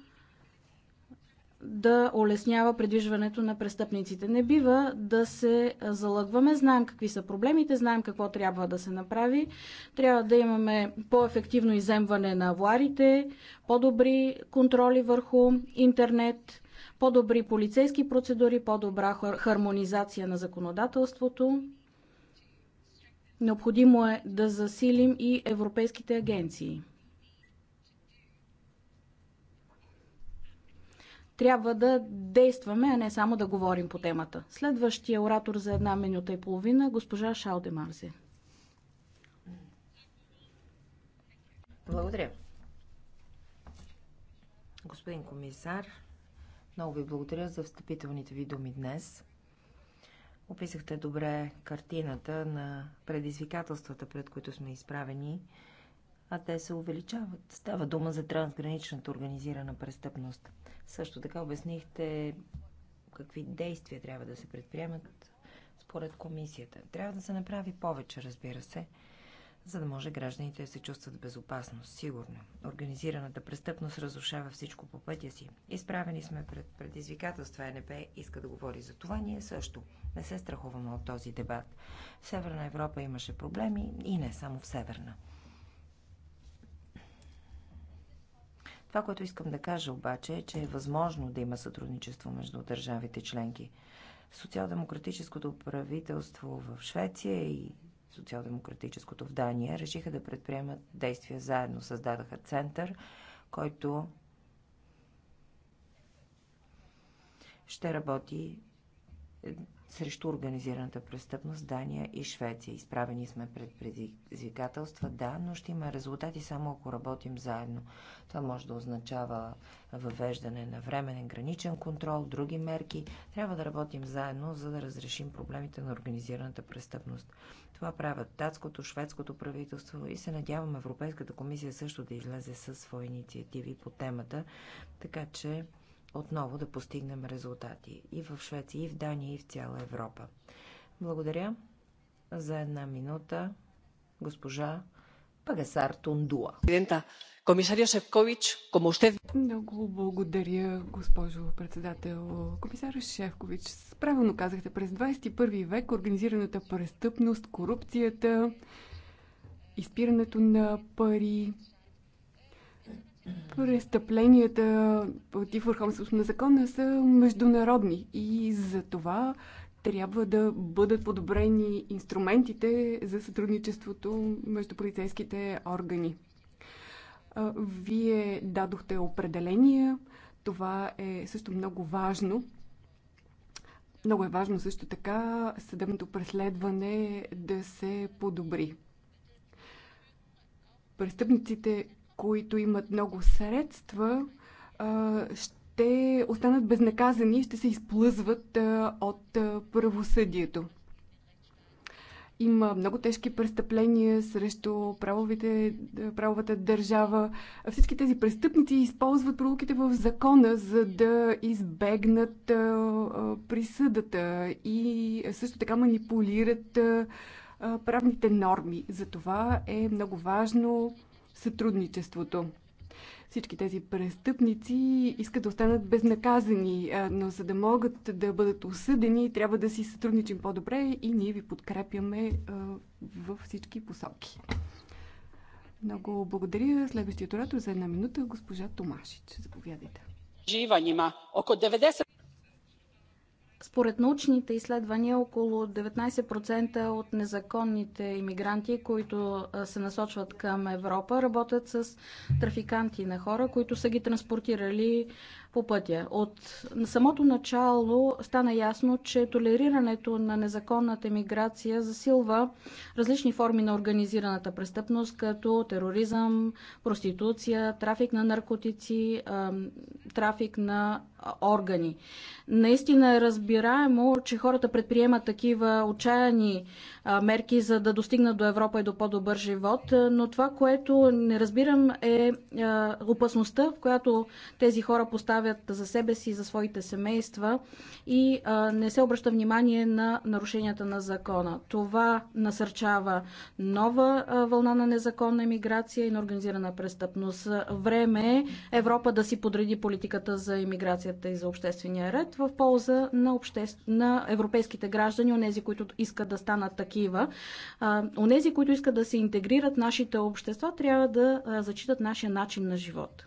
да олеснява придвижването на престъпниците. Не бива да се залъгваме. Знаем какви са проблемите, знаем какво трябва да се направи. Трябва да имаме по-ефективно иземване на аварите, по-добри контроли върху интернет, по-добри полицейски процедури, по-добра хармонизация на законодателството. Необходимо е да засилим и европейските агенции. трябва да действаме, а не само да говорим по темата. Следващия оратор за една минута и половина, госпожа Шалде Марзе. Благодаря. Господин комисар, много ви благодаря за встъпителните ви думи днес. Описахте добре картината на предизвикателствата, пред които сме изправени, а те се увеличават. Става дума за трансграничната организирана престъпност. Също така обяснихте какви действия трябва да се предприемат според комисията. Трябва да се направи повече, разбира се, за да може гражданите да се чувстват безопасно, сигурно. Организираната престъпност разрушава всичко по пътя си. Изправени сме пред предизвикателства. НП иска да говори за това. Ние също не се страхуваме от този дебат. В Северна Европа имаше проблеми и не само в Северна. Това, което искам да кажа обаче е, че е възможно да има сътрудничество между държавите членки. Социал-демократическото правителство в Швеция и социал-демократическото в Дания решиха да предприемат действия заедно. Създадаха център, който ще работи срещу организираната престъпност Дания и Швеция. Изправени сме пред предизвикателства, да, но ще има резултати само ако работим заедно. Това може да означава въвеждане на временен граничен контрол, други мерки. Трябва да работим заедно, за да разрешим проблемите на организираната престъпност. Това правят датското, шведското правителство и се надявам Европейската комисия също да излезе със свои инициативи по темата, така че отново да постигнем резултати и в Швеция, и в Дания, и в цяла Европа. Благодаря за една минута госпожа Пагасар Тундуа. Комисария Шевкович, como usted... Много благодаря, госпожо председател. Комисар Шевкович, правилно казахте, през 21 век организираната престъпност, корупцията, изпирането на пари, Престъпленията против върховенството на закона са международни и за това трябва да бъдат подобрени инструментите за сътрудничеството между полицейските органи. Вие дадохте определения. Това е също много важно. Много е важно също така съдебното преследване да се подобри. Престъпниците които имат много средства, ще останат безнаказани и ще се изплъзват от правосъдието. Има много тежки престъпления срещу правовите, правовата държава. Всички тези престъпници използват пролуките в закона, за да избегнат присъдата и също така манипулират правните норми. Затова е много важно сътрудничеството. Всички тези престъпници искат да останат безнаказани, но за да могат да бъдат осъдени, трябва да си сътрудничим по-добре и ние ви подкрепяме във всички посоки. Много благодаря. следващия оратор за една минута, госпожа Томашич. Заповядайте. Живанима. около 90... Според научните изследвания, около 19% от незаконните иммигранти, които се насочват към Европа, работят с трафиканти на хора, които са ги транспортирали по пътя. От самото начало стана ясно, че толерирането на незаконната иммиграция засилва различни форми на организираната престъпност, като тероризъм, проституция, трафик на наркотици, трафик на органи. Наистина е разбираемо, че хората предприемат такива отчаяни мерки, за да достигнат до Европа и до по-добър живот, но това, което не разбирам е опасността, в която тези хора поставят за себе си, за своите семейства и не се обръща внимание на нарушенията на закона. Това насърчава нова вълна на незаконна иммиграция и на организирана престъпност. Време е Европа да си подреди политиката за иммиграция демокрацията и за обществения ред в полза на, обще... на европейските граждани, онези, които искат да станат такива. Онези, които искат да се интегрират в нашите общества, трябва да зачитат нашия начин на живот.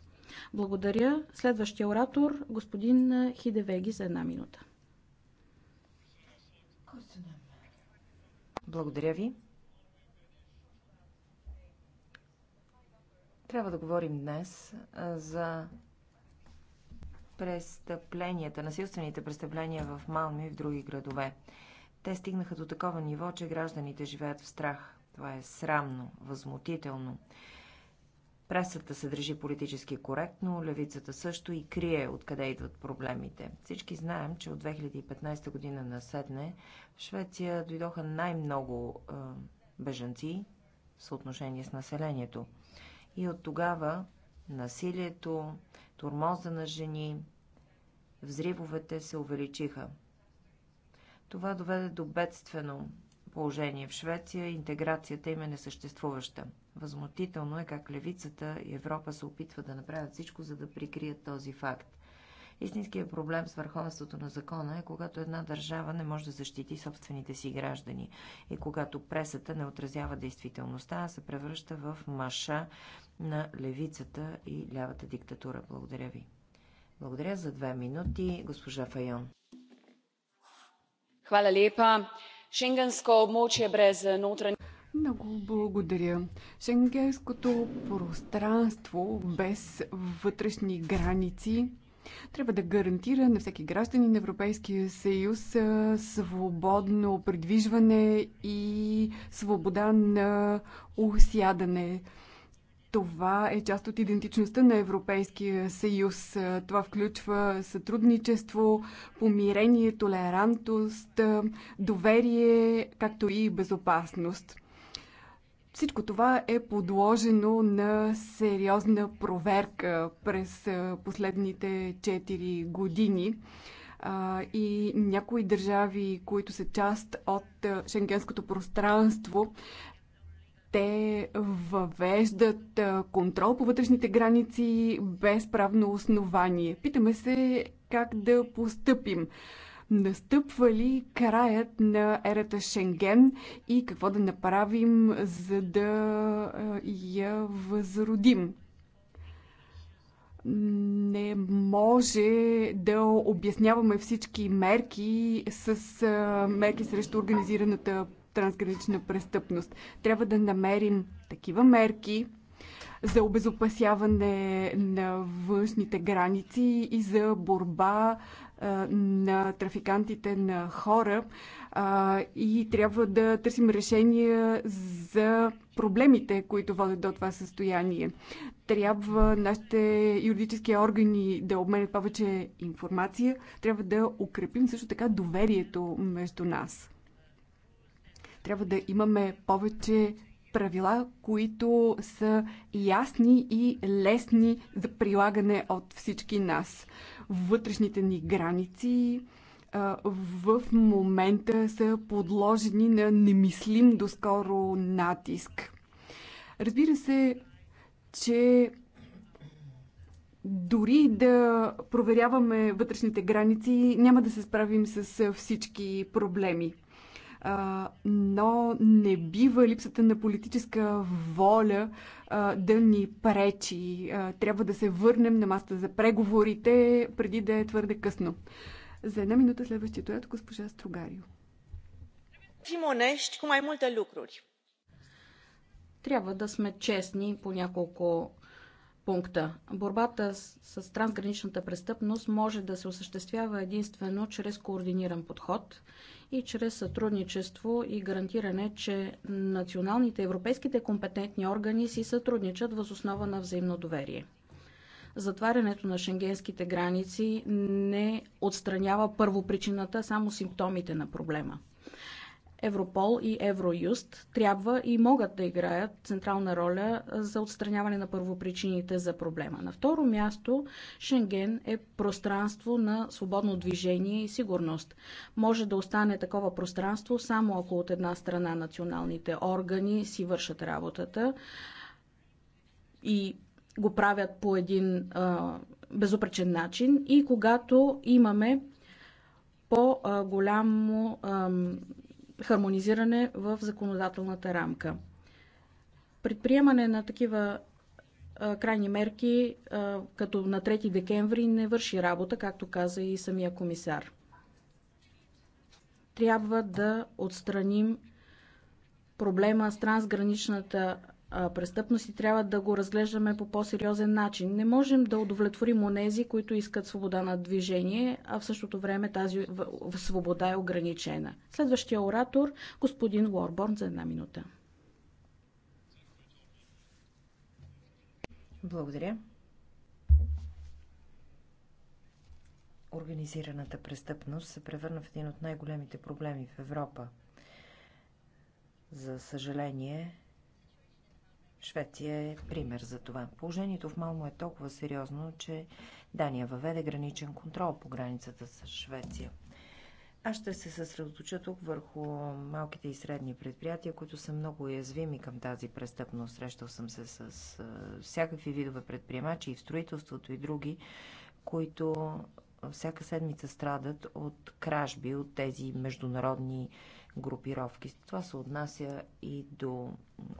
Благодаря. Следващия оратор, господин Хидевеги, за една минута. Благодаря ви. Трябва да говорим днес за престъпленията, насилствените престъпления в Малми и в други градове. Те стигнаха до такова ниво, че гражданите живеят в страх. Това е срамно, възмутително. Пресата се държи политически коректно, левицата също и крие откъде идват проблемите. Всички знаем, че от 2015 година насетне в Швеция дойдоха най-много е, бежанци в съотношение с населението. И от тогава насилието, турмоза на жени, взривовете се увеличиха. Това доведе до бедствено положение в Швеция, интеграцията им е несъществуваща. Възмутително е как левицата и Европа се опитва да направят всичко, за да прикрият този факт. Истинският проблем с върховенството на закона е когато една държава не може да защити собствените си граждани и когато пресата не отразява действителността, а се превръща в маша на левицата и лявата диктатура. Благодаря ви. Благодаря за две минути, госпожа Файон. Хвала лепа. Шенгенско обмочие без нотрен... Много благодаря. Шенгенското пространство без вътрешни граници трябва да гарантира на всеки гражданин на Европейския съюз свободно придвижване и свобода на усядане. Това е част от идентичността на Европейския съюз. Това включва сътрудничество, помирение, толерантност, доверие, както и безопасност. Всичко това е подложено на сериозна проверка през последните 4 години. И някои държави, които са част от шенгенското пространство, те въвеждат контрол по вътрешните граници без правно основание. Питаме се как да постъпим. Настъпва ли краят на ерата Шенген и какво да направим, за да я възродим? не може да обясняваме всички мерки с мерки срещу организираната трансгранична престъпност. Трябва да намерим такива мерки за обезопасяване на външните граници и за борба на трафикантите на хора а, и трябва да търсим решения за проблемите, които водят до това състояние. Трябва нашите юридически органи да обменят повече информация, трябва да укрепим също така доверието между нас. Трябва да имаме повече правила, които са ясни и лесни за прилагане от всички нас. Вътрешните ни граници в момента са подложени на немислим доскоро натиск. Разбира се, че дори да проверяваме вътрешните граници, няма да се справим с всички проблеми но не бива липсата на политическа воля да ни пречи. Трябва да се върнем на маста за преговорите, преди да е твърде късно. За една минута следващия тоят госпожа Строгарио. Трябва да сме честни по няколко пункта. Борбата с, с трансграничната престъпност може да се осъществява единствено чрез координиран подход и чрез сътрудничество и гарантиране, че националните европейските компетентни органи си сътрудничат въз основа на взаимно доверие. Затварянето на шенгенските граници не отстранява първопричината, само симптомите на проблема – Европол и Евроюст трябва и могат да играят централна роля за отстраняване на първопричините за проблема. На второ място, Шенген е пространство на свободно движение и сигурност. Може да остане такова пространство само ако от една страна националните органи си вършат работата и го правят по един а, безупречен начин и когато имаме по-голямо хармонизиране в законодателната рамка. Предприемане на такива крайни мерки, като на 3 декември, не върши работа, както каза и самия комисар. Трябва да отстраним проблема с трансграничната престъпност и трябва да го разглеждаме по по-сериозен начин. Не можем да удовлетворим онези, които искат свобода на движение, а в същото време тази свобода е ограничена. Следващия оратор, господин Уорборн, за една минута. Благодаря. Организираната престъпност се превърна в един от най-големите проблеми в Европа. За съжаление, Швеция е пример за това. Положението в Малмо е толкова сериозно, че Дания въведе граничен контрол по границата с Швеция. Аз ще се съсредоточа тук върху малките и средни предприятия, които са много уязвими към тази престъпност. Срещал съм се с всякакви видове предприемачи и в строителството и други, които всяка седмица страдат от кражби, от тези международни групировки. Това се отнася и до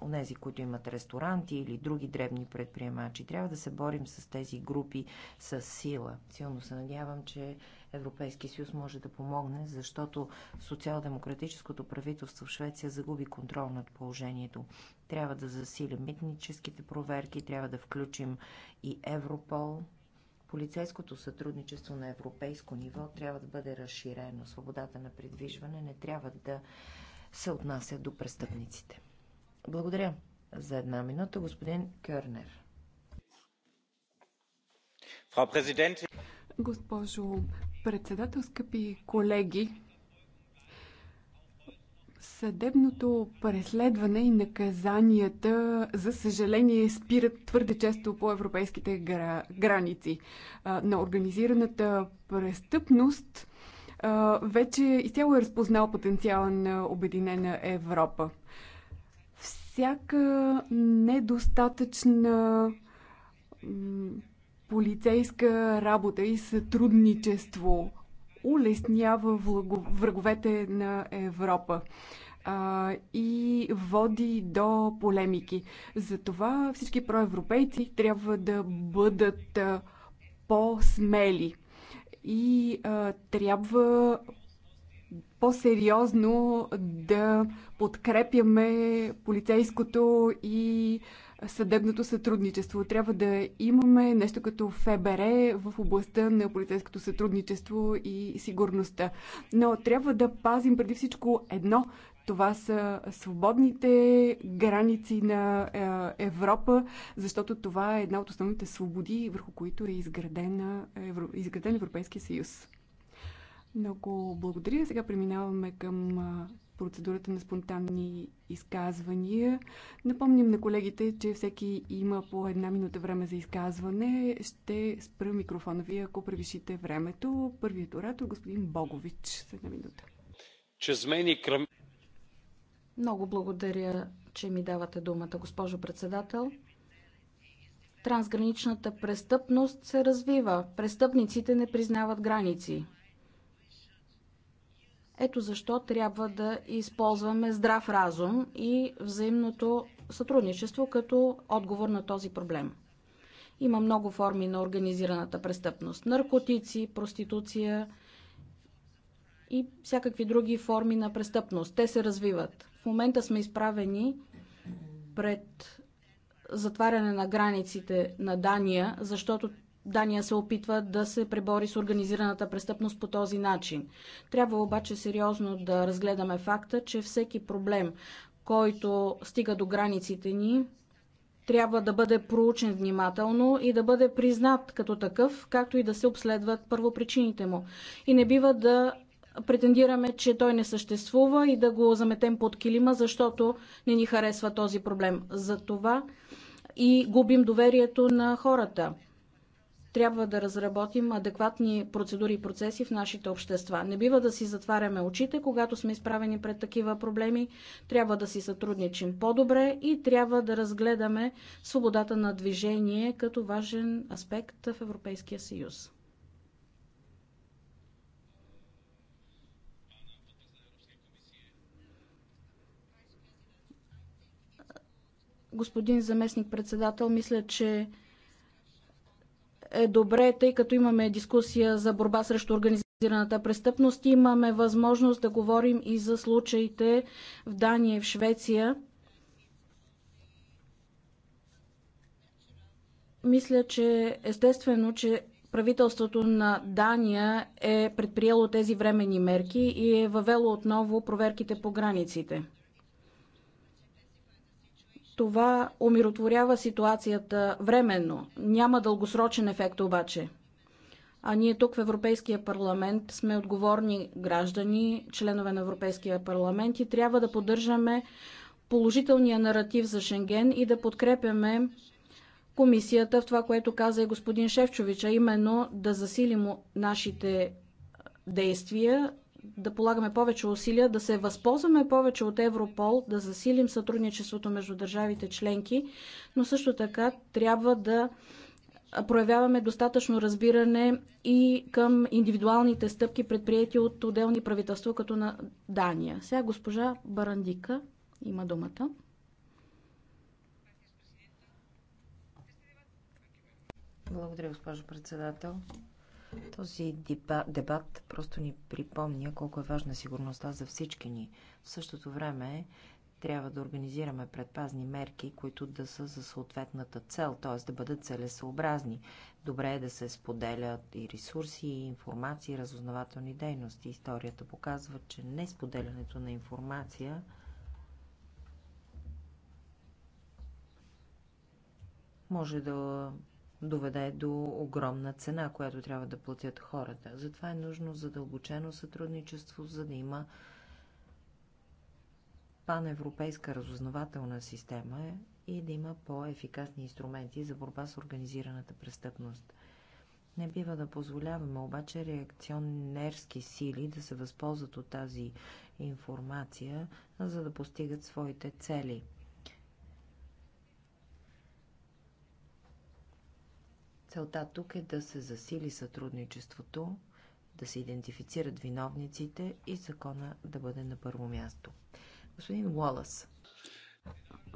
онези, които имат ресторанти или други дребни предприемачи. Трябва да се борим с тези групи с сила. Силно се надявам, че Европейски съюз може да помогне, защото социал-демократическото правителство в Швеция загуби контрол над положението. Трябва да засилим митническите проверки, трябва да включим и Европол, Полицейското сътрудничество на европейско ниво трябва да бъде разширено. Свободата на придвижване не трябва да се отнася до престъпниците. Благодаря за една минута, господин Кърнер. Госпожо председател, скъпи колеги, Съдебното преследване и наказанията, за съжаление, спират твърде често по европейските граници. На организираната престъпност вече изцяло е разпознал потенциала на Обединена Европа. Всяка недостатъчна полицейска работа и сътрудничество улеснява враговете на Европа а, и води до полемики. Затова всички проевропейци трябва да бъдат по-смели и а, трябва по-сериозно да подкрепяме полицейското и съдебното сътрудничество. Трябва да имаме нещо като ФБР в областта на полицейското сътрудничество и сигурността. Но трябва да пазим преди всичко едно. Това са свободните граници на е, Европа, защото това е една от основните свободи, върху които е изграден, е, Евро... изграден Европейския съюз. Много благодаря. Сега преминаваме към е, процедурата на спонтанни изказвания. Напомням на колегите, че всеки има по една минута време за изказване. Ще спра микрофона ви, ако превишите времето. Първият оратор, господин Богович, с една минута. Чрез мен и кръм... Много благодаря, че ми давате думата, госпожо председател. Трансграничната престъпност се развива. Престъпниците не признават граници. Ето защо трябва да използваме здрав разум и взаимното сътрудничество като отговор на този проблем. Има много форми на организираната престъпност. Наркотици, проституция и всякакви други форми на престъпност. Те се развиват. В момента сме изправени пред затваряне на границите на Дания, защото Дания се опитва да се пребори с организираната престъпност по този начин. Трябва обаче сериозно да разгледаме факта, че всеки проблем, който стига до границите ни, трябва да бъде проучен внимателно и да бъде признат като такъв, както и да се обследват първопричините му. И не бива да претендираме, че той не съществува и да го заметем под килима, защото не ни харесва този проблем. За това и губим доверието на хората трябва да разработим адекватни процедури и процеси в нашите общества. Не бива да си затваряме очите, когато сме изправени пред такива проблеми. Трябва да си сътрудничим по-добре и трябва да разгледаме свободата на движение като важен аспект в Европейския съюз. Господин заместник председател, мисля, че е добре, тъй като имаме дискусия за борба срещу организираната престъпност. Имаме възможност да говорим и за случаите в Дания и в Швеция. Мисля, че естествено, че правителството на Дания е предприело тези временни мерки и е въвело отново проверките по границите. Това умиротворява ситуацията временно. Няма дългосрочен ефект обаче. А ние тук в Европейския парламент сме отговорни граждани, членове на Европейския парламент и трябва да поддържаме положителния наратив за Шенген и да подкрепяме комисията в това, което каза и господин Шевчович, а именно да засилим нашите действия да полагаме повече усилия, да се възползваме повече от Европол, да засилим сътрудничеството между държавите членки, но също така трябва да проявяваме достатъчно разбиране и към индивидуалните стъпки, предприяти от отделни правителства, като на Дания. Сега госпожа Барандика има думата. Благодаря, госпожо председател. Този дебат просто ни припомня колко е важна сигурността за всички ни. В същото време трябва да организираме предпазни мерки, които да са за съответната цел, т.е. да бъдат целесообразни. Добре е да се споделят и ресурси, и информации, и разузнавателни дейности. Историята показва, че не споделянето на информация може да доведе до огромна цена, която трябва да платят хората. Затова е нужно задълбочено сътрудничество, за да има паневропейска разузнавателна система и да има по-ефикасни инструменти за борба с организираната престъпност. Не бива да позволяваме обаче реакционерски сили да се възползват от тази информация, за да постигат своите цели – Целта тук е да се засили сътрудничеството, да се идентифицират виновниците и закона да бъде на първо място. Господин Уолас.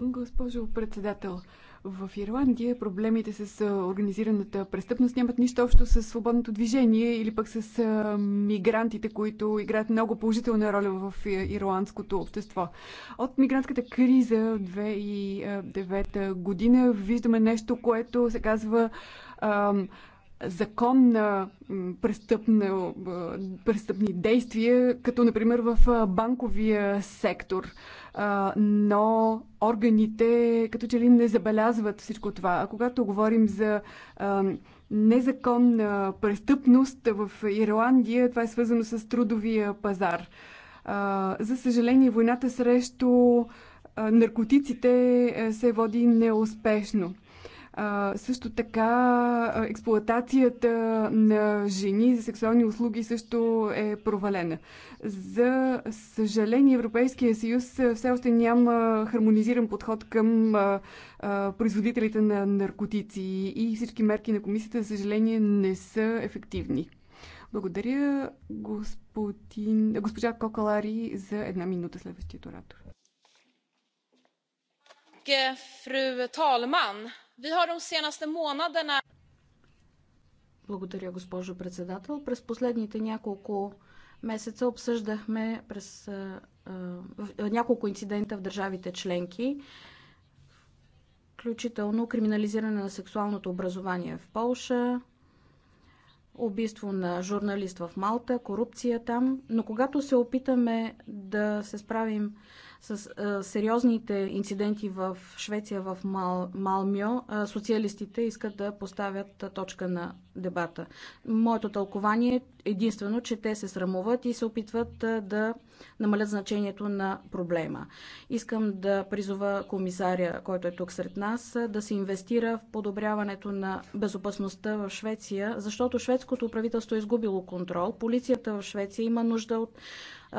Госпожо председател, в Ирландия проблемите с организираната престъпност нямат нищо общо с свободното движение или пък с мигрантите, които играят много положителна роля в ирландското общество. От мигрантската криза 2009 година виждаме нещо, което се казва законна престъпна, престъпни действия, като например в банковия сектор. Но органите като че ли не забелязват всичко това. А когато говорим за незаконна престъпност в Ирландия, това е свързано с трудовия пазар. За съжаление, войната срещу наркотиците е, се води неуспешно а, също така експлоатацията на жени за сексуални услуги също е провалена. За съжаление, Европейския съюз все още няма хармонизиран подход към а, а, производителите на наркотици и всички мерки на комисията, за съжаление, не са ефективни. Благодаря господин, госпожа Кокалари за една минута следващият оратор. Фру Талман, благодаря, госпожо председател. През последните няколко месеца обсъждахме през а, а, няколко инцидента в държавите членки, включително криминализиране на сексуалното образование в Полша, убийство на журналист в Малта, корупция там. Но когато се опитаме да се справим с а, е, сериозните инциденти в Швеция, в Мал, Малмио, а, е, социалистите искат да поставят а, е, точка на дебата. Моето тълкование е единствено, че те се срамуват и се опитват а, да намалят значението на проблема. Искам да призова комисаря, който е тук сред нас, да се инвестира в подобряването на безопасността в Швеция, защото шведското правителство е изгубило контрол. Полицията в Швеция има нужда от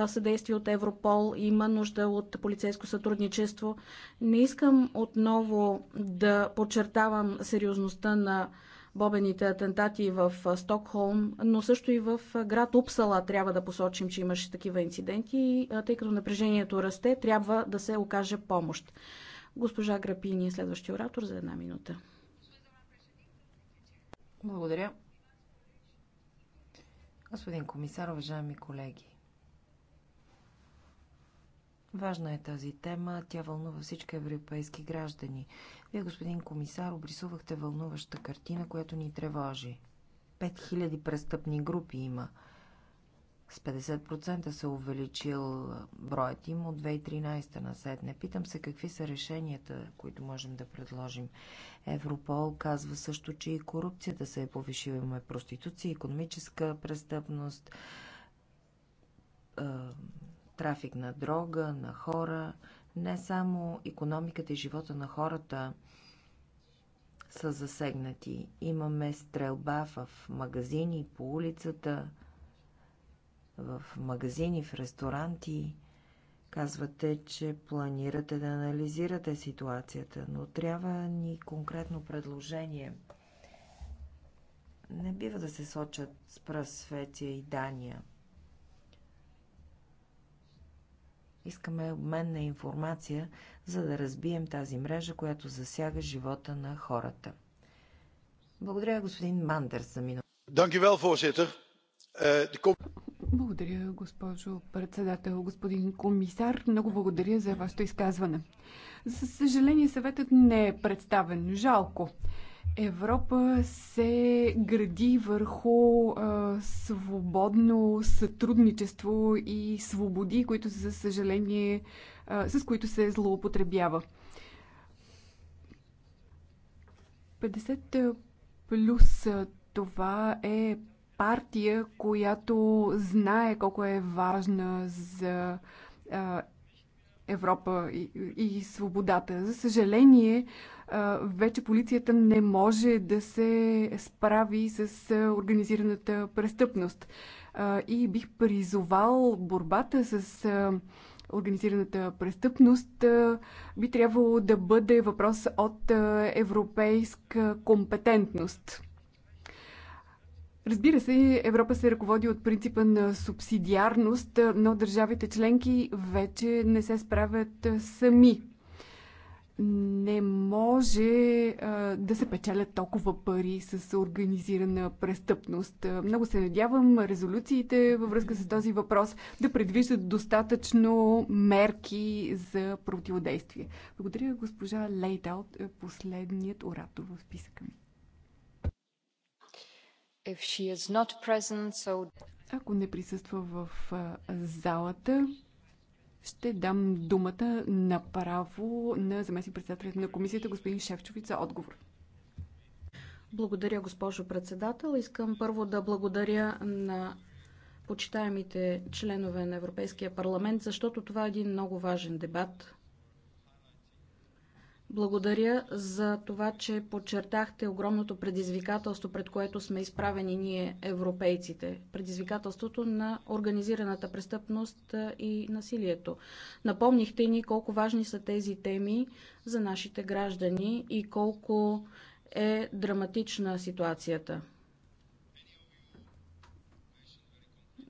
съдействие от Европол, има нужда от полицейско сътрудничество. Не искам отново да подчертавам сериозността на бобените атентати в Стокхолм, но също и в град Упсала трябва да посочим, че имаше такива инциденти и тъй като напрежението расте, трябва да се окаже помощ. Госпожа Грапини, е следващия оратор за една минута. Благодаря. Господин комисар, уважаеми колеги, Важна е тази тема, тя вълнува всички европейски граждани. Вие, господин комисар, обрисувахте вълнуваща картина, която ни тревожи. 5000 престъпни групи има. С 50% се увеличил броят им от 2013 на седне. Питам се какви са решенията, които можем да предложим. Европол казва също, че и корупцията се е повишила. Имаме проституция, економическа престъпност, Трафик на дрога, на хора, не само економиката и живота на хората са засегнати. Имаме стрелба в магазини, по улицата, в магазини, в ресторанти. Казвате, че планирате да анализирате ситуацията, но трябва ни конкретно предложение. Не бива да се сочат с пръст Светия и Дания – Искаме обмен на информация, за да разбием тази мрежа, която засяга живота на хората. Благодаря, господин Мандърс, за минута. Eh, благодаря, госпожо председател, господин комисар. Много благодаря за вашето изказване. За съжаление, съветът не е представен. Жалко. Европа се гради върху а, свободно сътрудничество и свободи, които за съжаление, а, с които се злоупотребява. 50 плюс това е партия, която знае колко е важна за а, Европа и, и свободата. За съжаление, вече полицията не може да се справи с организираната престъпност. И бих призовал борбата с организираната престъпност би трябвало да бъде въпрос от европейска компетентност. Разбира се, Европа се ръководи от принципа на субсидиарност, но държавите членки вече не се справят сами. Не може а, да се печелят толкова пари с организирана престъпност. Много се надявам резолюциите във връзка с този въпрос да предвиждат достатъчно мерки за противодействие. Благодаря, госпожа Лейтаут, е, последният оратор в списъка ми. Present, so... Ако не присъства в залата, ще дам думата направо на заместник председателят на комисията, господин Шевчовица, за отговор. Благодаря, госпожо председател. Искам първо да благодаря на почитаемите членове на Европейския парламент, защото това е един много важен дебат, благодаря за това, че подчертахте огромното предизвикателство, пред което сме изправени ние, европейците. Предизвикателството на организираната престъпност и насилието. Напомнихте ни колко важни са тези теми за нашите граждани и колко е драматична ситуацията.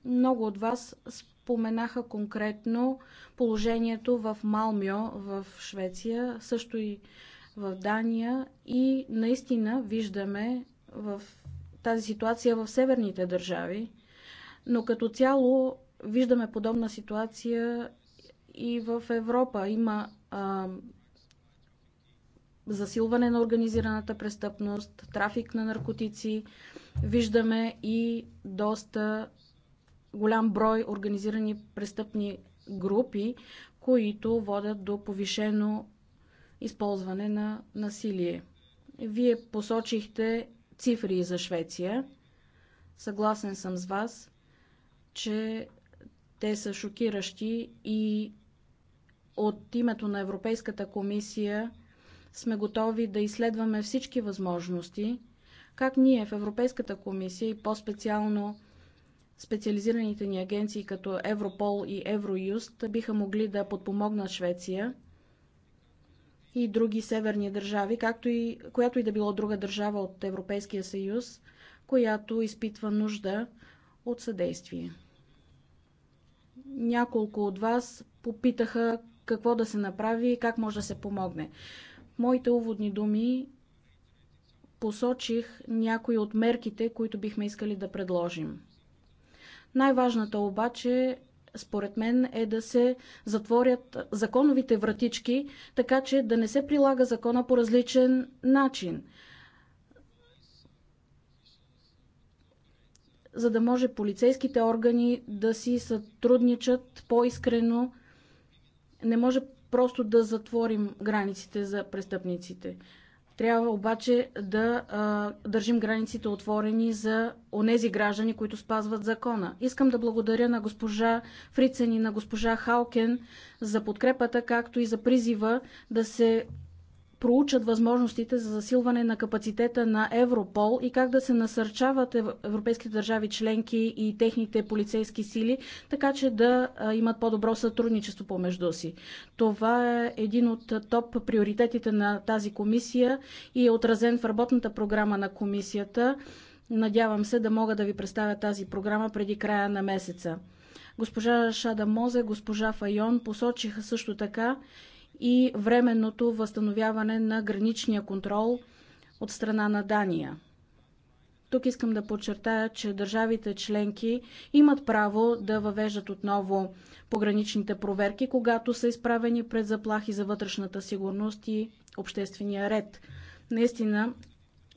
Много от вас споменаха конкретно положението в Малмио в Швеция, също и в Дания и наистина виждаме в тази ситуация в северните държави, но като цяло виждаме подобна ситуация и в Европа. Има а, засилване на организираната престъпност, трафик на наркотици. Виждаме и доста голям брой организирани престъпни групи, които водят до повишено използване на насилие. Вие посочихте цифри за Швеция. Съгласен съм с вас, че те са шокиращи и от името на Европейската комисия сме готови да изследваме всички възможности, как ние в Европейската комисия и по-специално специализираните ни агенции като Европол и Евроюст биха могли да подпомогнат Швеция и други северни държави, както и която и да било друга държава от Европейския съюз, която изпитва нужда от съдействие. Няколко от вас попитаха какво да се направи и как може да се помогне. моите уводни думи посочих някои от мерките, които бихме искали да предложим. Най-важната обаче според мен е да се затворят законовите вратички, така че да не се прилага закона по различен начин. За да може полицейските органи да си сътрудничат по-искрено, не може просто да затворим границите за престъпниците. Трябва обаче да а, държим границите отворени за онези граждани, които спазват закона. Искам да благодаря на госпожа Фрицен и на госпожа Халкен за подкрепата, както и за призива да се проучат възможностите за засилване на капацитета на Европол и как да се насърчават европейските държави членки и техните полицейски сили, така че да имат по-добро сътрудничество помежду си. Това е един от топ приоритетите на тази комисия и е отразен в работната програма на комисията. Надявам се да мога да ви представя тази програма преди края на месеца. Госпожа Шада Мозе, госпожа Файон посочиха също така и временното възстановяване на граничния контрол от страна на Дания. Тук искам да подчертая, че държавите членки имат право да въвеждат отново пограничните проверки, когато са изправени пред заплахи за вътрешната сигурност и обществения ред. Наистина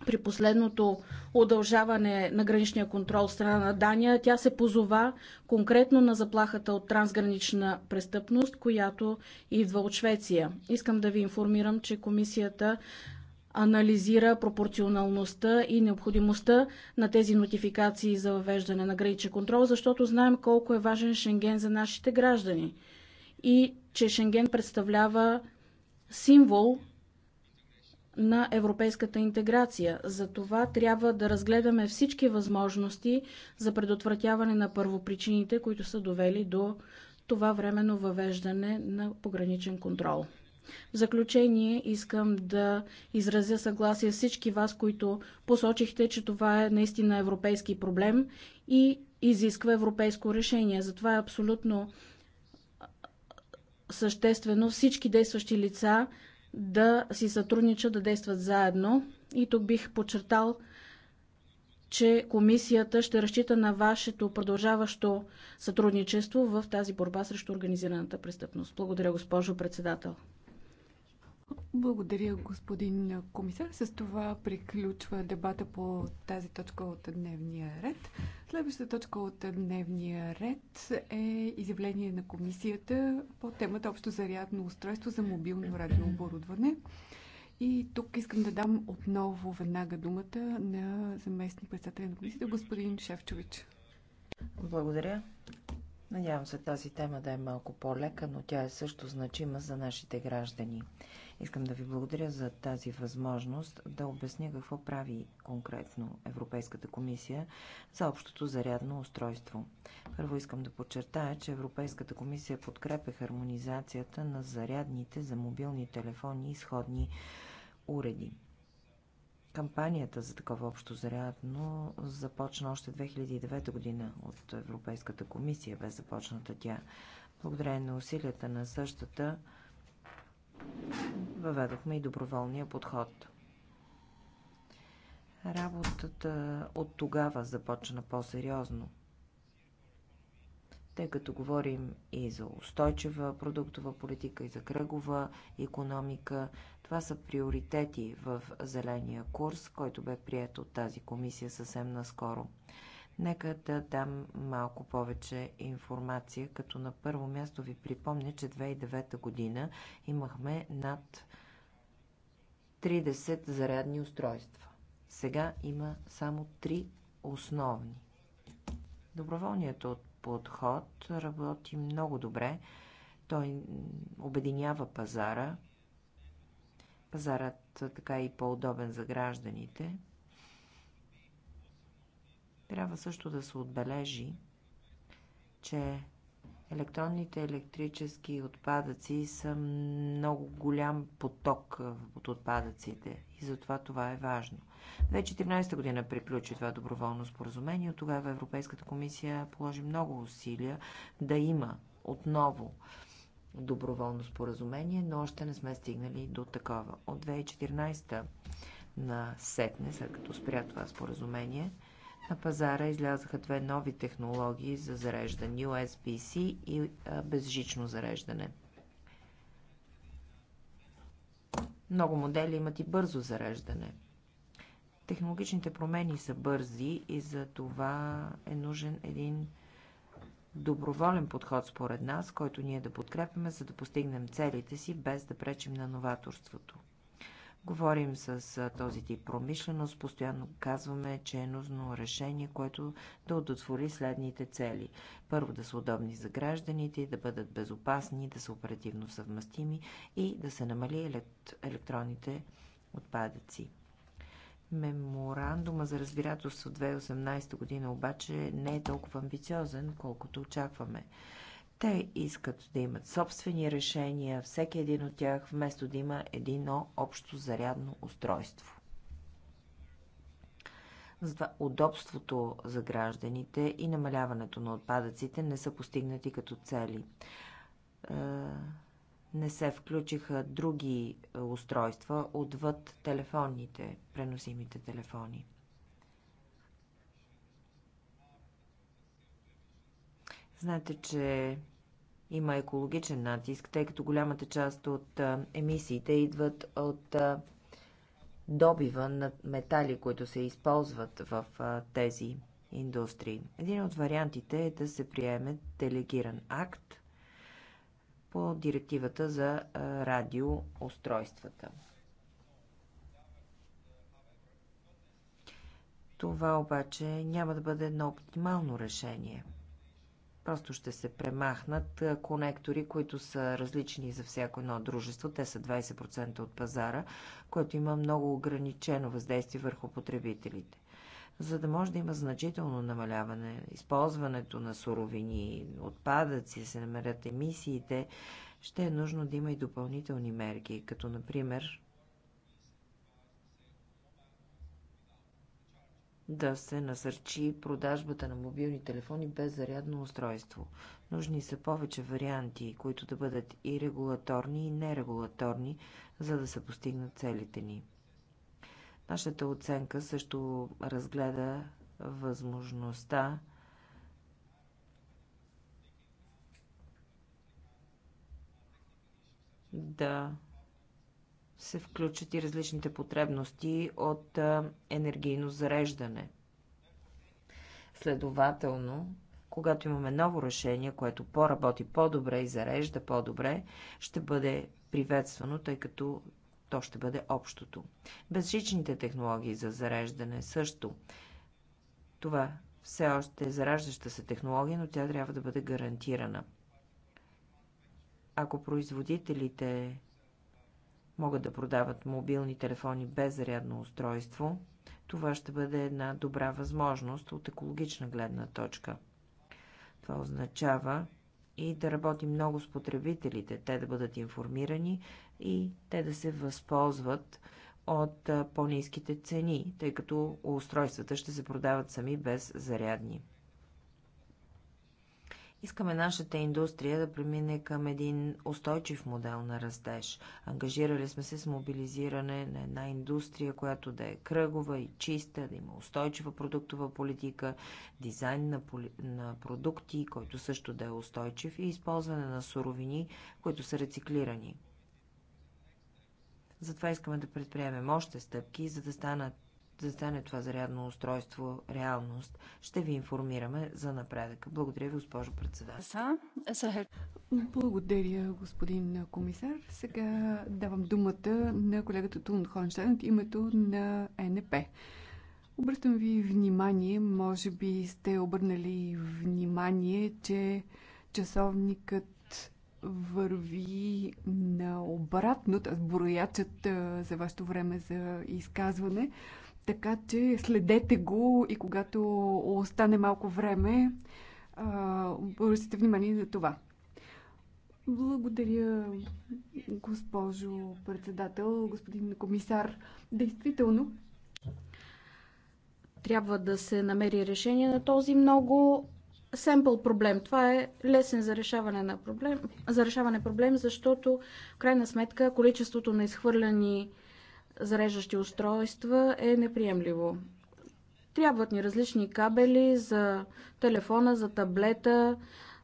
при последното удължаване на граничния контрол в страна на Дания, тя се позова конкретно на заплахата от трансгранична престъпност, която идва от Швеция. Искам да ви информирам, че комисията анализира пропорционалността и необходимостта на тези нотификации за въвеждане на граничен контрол, защото знаем колко е важен Шенген за нашите граждани и че Шенген представлява символ на европейската интеграция. За това трябва да разгледаме всички възможности за предотвратяване на първопричините, които са довели до това временно въвеждане на пограничен контрол. В заключение искам да изразя съгласие с всички вас, които посочихте, че това е наистина европейски проблем и изисква европейско решение. Затова е абсолютно съществено всички действащи лица да си сътрудничат, да действат заедно. И тук бих подчертал, че комисията ще разчита на вашето продължаващо сътрудничество в тази борба срещу организираната престъпност. Благодаря, госпожо председател. Благодаря, господин комисар. С това приключва дебата по тази точка от дневния ред. Следващата точка от дневния ред е изявление на комисията по темата Общо зарядно устройство за мобилно радиооборудване. И тук искам да дам отново веднага думата на заместник председателя на комисията, господин Шевчович. Благодаря. Надявам се тази тема да е малко по-лека, но тя е също значима за нашите граждани. Искам да ви благодаря за тази възможност да обясня какво прави конкретно Европейската комисия за общото зарядно устройство. Първо искам да подчертая, че Европейската комисия подкрепя хармонизацията на зарядните за мобилни телефони и сходни уреди. Кампанията за такова общо зарядно започна още 2009 година от Европейската комисия, бе започната тя. Благодарение на усилията на същата, Въведохме и доброволния подход. Работата от тогава започна по-сериозно. Тъй като говорим и за устойчива продуктова политика, и за кръгова економика, това са приоритети в зеления курс, който бе прият от тази комисия съвсем наскоро. Нека да дам малко повече информация, като на първо място ви припомня, че 2009 година имахме над 30 зарядни устройства. Сега има само 3 основни. Доброволният подход работи много добре. Той обединява пазара. Пазарът така е и по-удобен за гражданите – трябва също да се отбележи, че електронните електрически отпадъци са много голям поток от отпадъците и затова това е важно. 2014 година приключи това доброволно споразумение. От тогава Европейската комисия положи много усилия да има отново доброволно споразумение, но още не сме стигнали до такова. От 2014 на сетне, след като спря това споразумение, на пазара излязаха две нови технологии за зареждане – USB-C и безжично зареждане. Много модели имат и бързо зареждане. Технологичните промени са бързи и за това е нужен един доброволен подход според нас, който ние да подкрепяме, за да постигнем целите си, без да пречим на новаторството. Говорим с този тип промишленост, постоянно казваме, че е нужно решение, което да удотвори следните цели. Първо да са удобни за гражданите, да бъдат безопасни, да са оперативно съвместими и да се намали електронните отпадъци. Меморандума за разбирателство 2018 година обаче не е толкова амбициозен, колкото очакваме. Те искат да имат собствени решения, всеки един от тях, вместо да има едно общо зарядно устройство. Затова удобството за гражданите и намаляването на отпадъците не са постигнати като цели. Е, не се включиха други устройства отвъд телефонните, преносимите телефони. Знаете, че има екологичен натиск, тъй като голямата част от емисиите идват от добива на метали, които се използват в тези индустрии. Един от вариантите е да се приеме делегиран акт по директивата за радиоустройствата. Това обаче няма да бъде едно оптимално решение – Просто ще се премахнат конектори, които са различни за всяко едно дружество. Те са 20% от пазара, което има много ограничено въздействие върху потребителите. За да може да има значително намаляване, използването на суровини, отпадъци, се намерят емисиите, ще е нужно да има и допълнителни мерки, като например да се насърчи продажбата на мобилни телефони без зарядно устройство. Нужни са повече варианти, които да бъдат и регулаторни, и нерегулаторни, за да се постигнат целите ни. Нашата оценка също разгледа възможността да се включат и различните потребности от енергийно зареждане. Следователно, когато имаме ново решение, което по-работи по-добре и зарежда по-добре, ще бъде приветствано, тъй като то ще бъде общото. Безжичните технологии за зареждане също. Това все още е зараждаща се технология, но тя трябва да бъде гарантирана. Ако производителите могат да продават мобилни телефони без зарядно устройство, това ще бъде една добра възможност от екологична гледна точка. Това означава и да работи много с потребителите, те да бъдат информирани и те да се възползват от по-низките цени, тъй като устройствата ще се продават сами без зарядни. Искаме нашата индустрия да премине към един устойчив модел на растеж. Ангажирали сме се с мобилизиране на една индустрия, която да е кръгова и чиста, да има устойчива продуктова политика, дизайн на, поли... на продукти, който също да е устойчив и използване на суровини, които са рециклирани. Затова искаме да предприемем още стъпки, за да станат да стане това зарядно устройство реалност, ще ви информираме за напредъка. Благодаря ви, госпожо председател. Благодаря, господин комисар. Сега давам думата на колегата Тун Хонштайн от името на НП. Обръщам ви внимание, може би сте обърнали внимание, че часовникът върви на обратно, т.е. броячът за вашето време за изказване така че следете го и когато остане малко време, обръщате внимание за това. Благодаря, госпожо председател, господин комисар. Действително, трябва да се намери решение на този много семпъл проблем. Това е лесен за решаване на проблем, за решаване проблем, защото в крайна сметка количеството на изхвърляни зареждащи устройства е неприемливо. Трябват ни различни кабели за телефона, за таблета,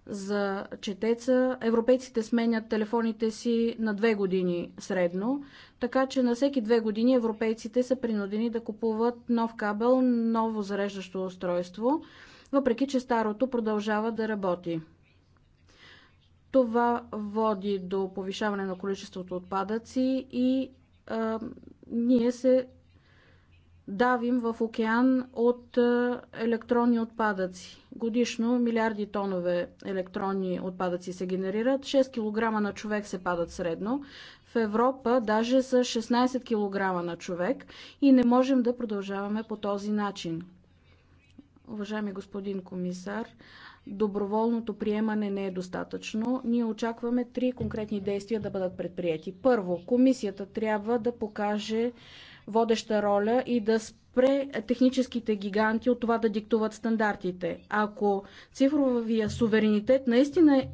за четеца. Европейците сменят телефоните си на две години средно, така че на всеки две години европейците са принудени да купуват нов кабел, ново зареждащо устройство, въпреки че старото продължава да работи. Това води до повишаване на количеството отпадъци и а, ние се давим в океан от електронни отпадъци. Годишно милиарди тонове електронни отпадъци се генерират, 6 кг на човек се падат средно. В Европа даже са 16 кг на човек и не можем да продължаваме по този начин. Уважаеми господин комисар, доброволното приемане не е достатъчно. Ние очакваме три конкретни действия да бъдат предприяти. Първо, комисията трябва да покаже водеща роля и да спре техническите гиганти от това да диктуват стандартите. Ако цифровия суверенитет наистина е,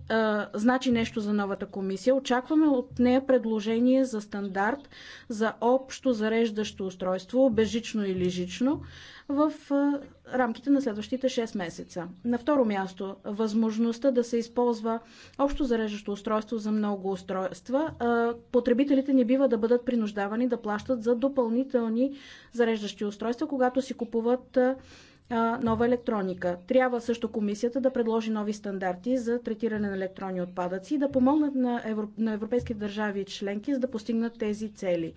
значи нещо за новата комисия, очакваме от нея предложение за стандарт за общо зареждащо устройство, бежично или жично, в рамките на следващите 6 месеца. На второ място, възможността да се използва общо зареждащо устройство за много устройства. Потребителите не бива да бъдат принуждавани да плащат за допълнителни зареждащи устройства, когато си купуват нова електроника. Трябва също комисията да предложи нови стандарти за третиране на електронни отпадъци и да помогнат на, европейските държави и членки, за да постигнат тези цели.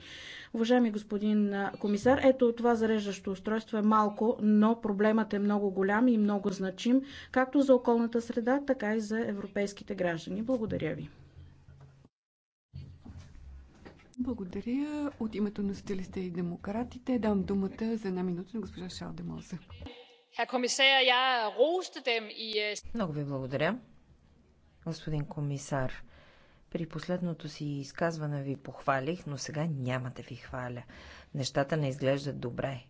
Уважаеми господин комисар, ето това зареждащо устройство е малко, но проблемът е много голям и много значим, както за околната среда, така и за европейските граждани. Благодаря ви. Благодаря. От името на стилиста и демократите дам думата за една минута на госпожа Демоза. Много ви благодаря, господин комисар. При последното си изказване ви похвалих, но сега няма да ви хваля. Нещата не изглеждат добре.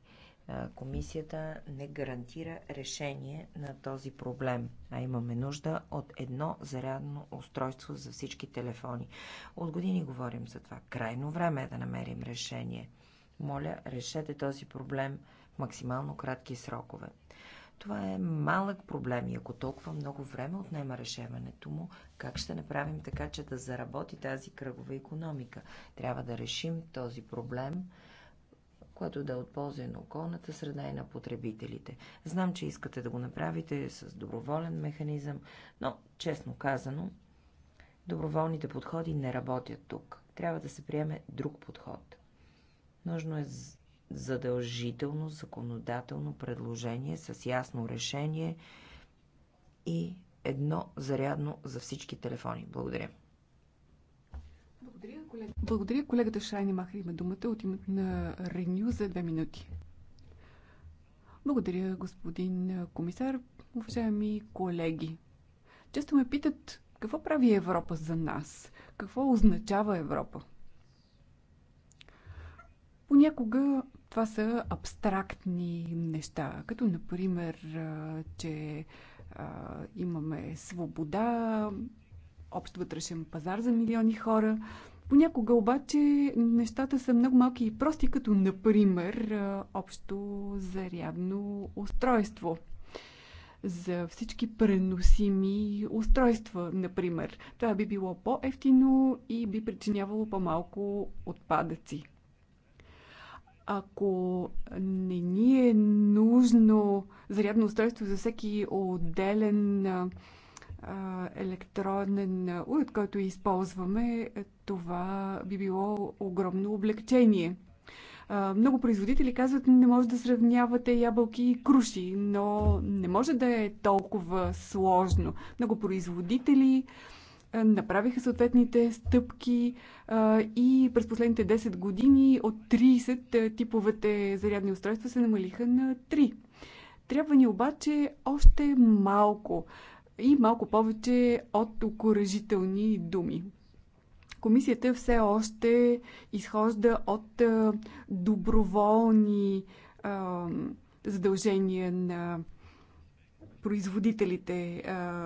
Комисията не гарантира решение на този проблем, а имаме нужда от едно зарядно устройство за всички телефони. От години говорим за това. Крайно време е да намерим решение. Моля, решете този проблем в максимално кратки срокове. Това е малък проблем и ако толкова много време отнема решаването му, как ще направим така, че да заработи тази кръгова економика? Трябва да решим този проблем което да е от полза на околната среда и на потребителите. Знам, че искате да го направите с доброволен механизъм, но, честно казано, доброволните подходи не работят тук. Трябва да се приеме друг подход. Нужно е задължително законодателно предложение с ясно решение и едно зарядно за всички телефони. Благодаря. Благодаря, колега. Благодаря колегата Шайни Махри има думата от името на Реню за две минути. Благодаря, господин комисар, уважаеми колеги. Често ме питат какво прави Европа за нас? Какво означава Европа? Понякога това са абстрактни неща, като например, че а, имаме свобода, общ вътрешен пазар за милиони хора. Понякога обаче нещата са много малки и прости, като например общо зарядно устройство за всички преносими устройства, например. Това би било по-ефтино и би причинявало по-малко отпадъци. Ако не ни е нужно зарядно устройство за всеки отделен електронен уред, който използваме, е, това би било огромно облегчение. Много производители казват, не може да сравнявате ябълки и круши, но не може да е толкова сложно. Много производители е, направиха съответните стъпки е, и през последните 10 години от 30 е, типовете зарядни устройства се намалиха на 3. Трябва ни обаче още малко и малко повече от окоръжителни думи. Комисията все още изхожда от доброволни задължения на производителите.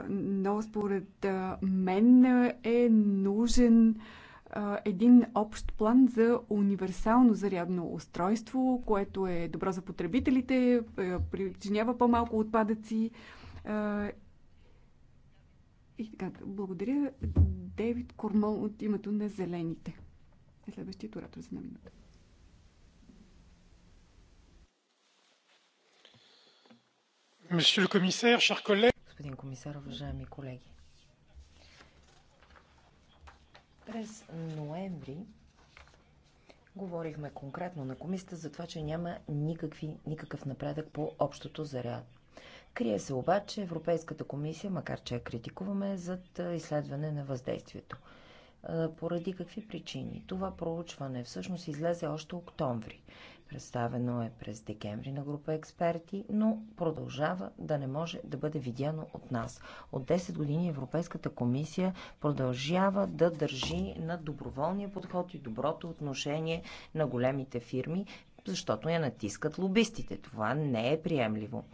Но според мен е нужен един общ план за универсално зарядно устройство, което е добро за потребителите, е, причинява по-малко отпадъци. И така, благодаря Дейвид Кормон от името на Зелените. Е следващият оратор за на минута. Господин комисар, уважаеми колеги. През ноември говорихме конкретно на комисията за това, че няма никакви, никакъв напредък по общото заряд. Крие се обаче Европейската комисия, макар че я критикуваме, за изследване на въздействието. Поради какви причини? Това проучване всъщност излезе още октомври. Представено е през декември на група експерти, но продължава да не може да бъде видяно от нас. От 10 години Европейската комисия продължава да държи на доброволния подход и доброто отношение на големите фирми, защото я натискат лобистите. Това не е приемливо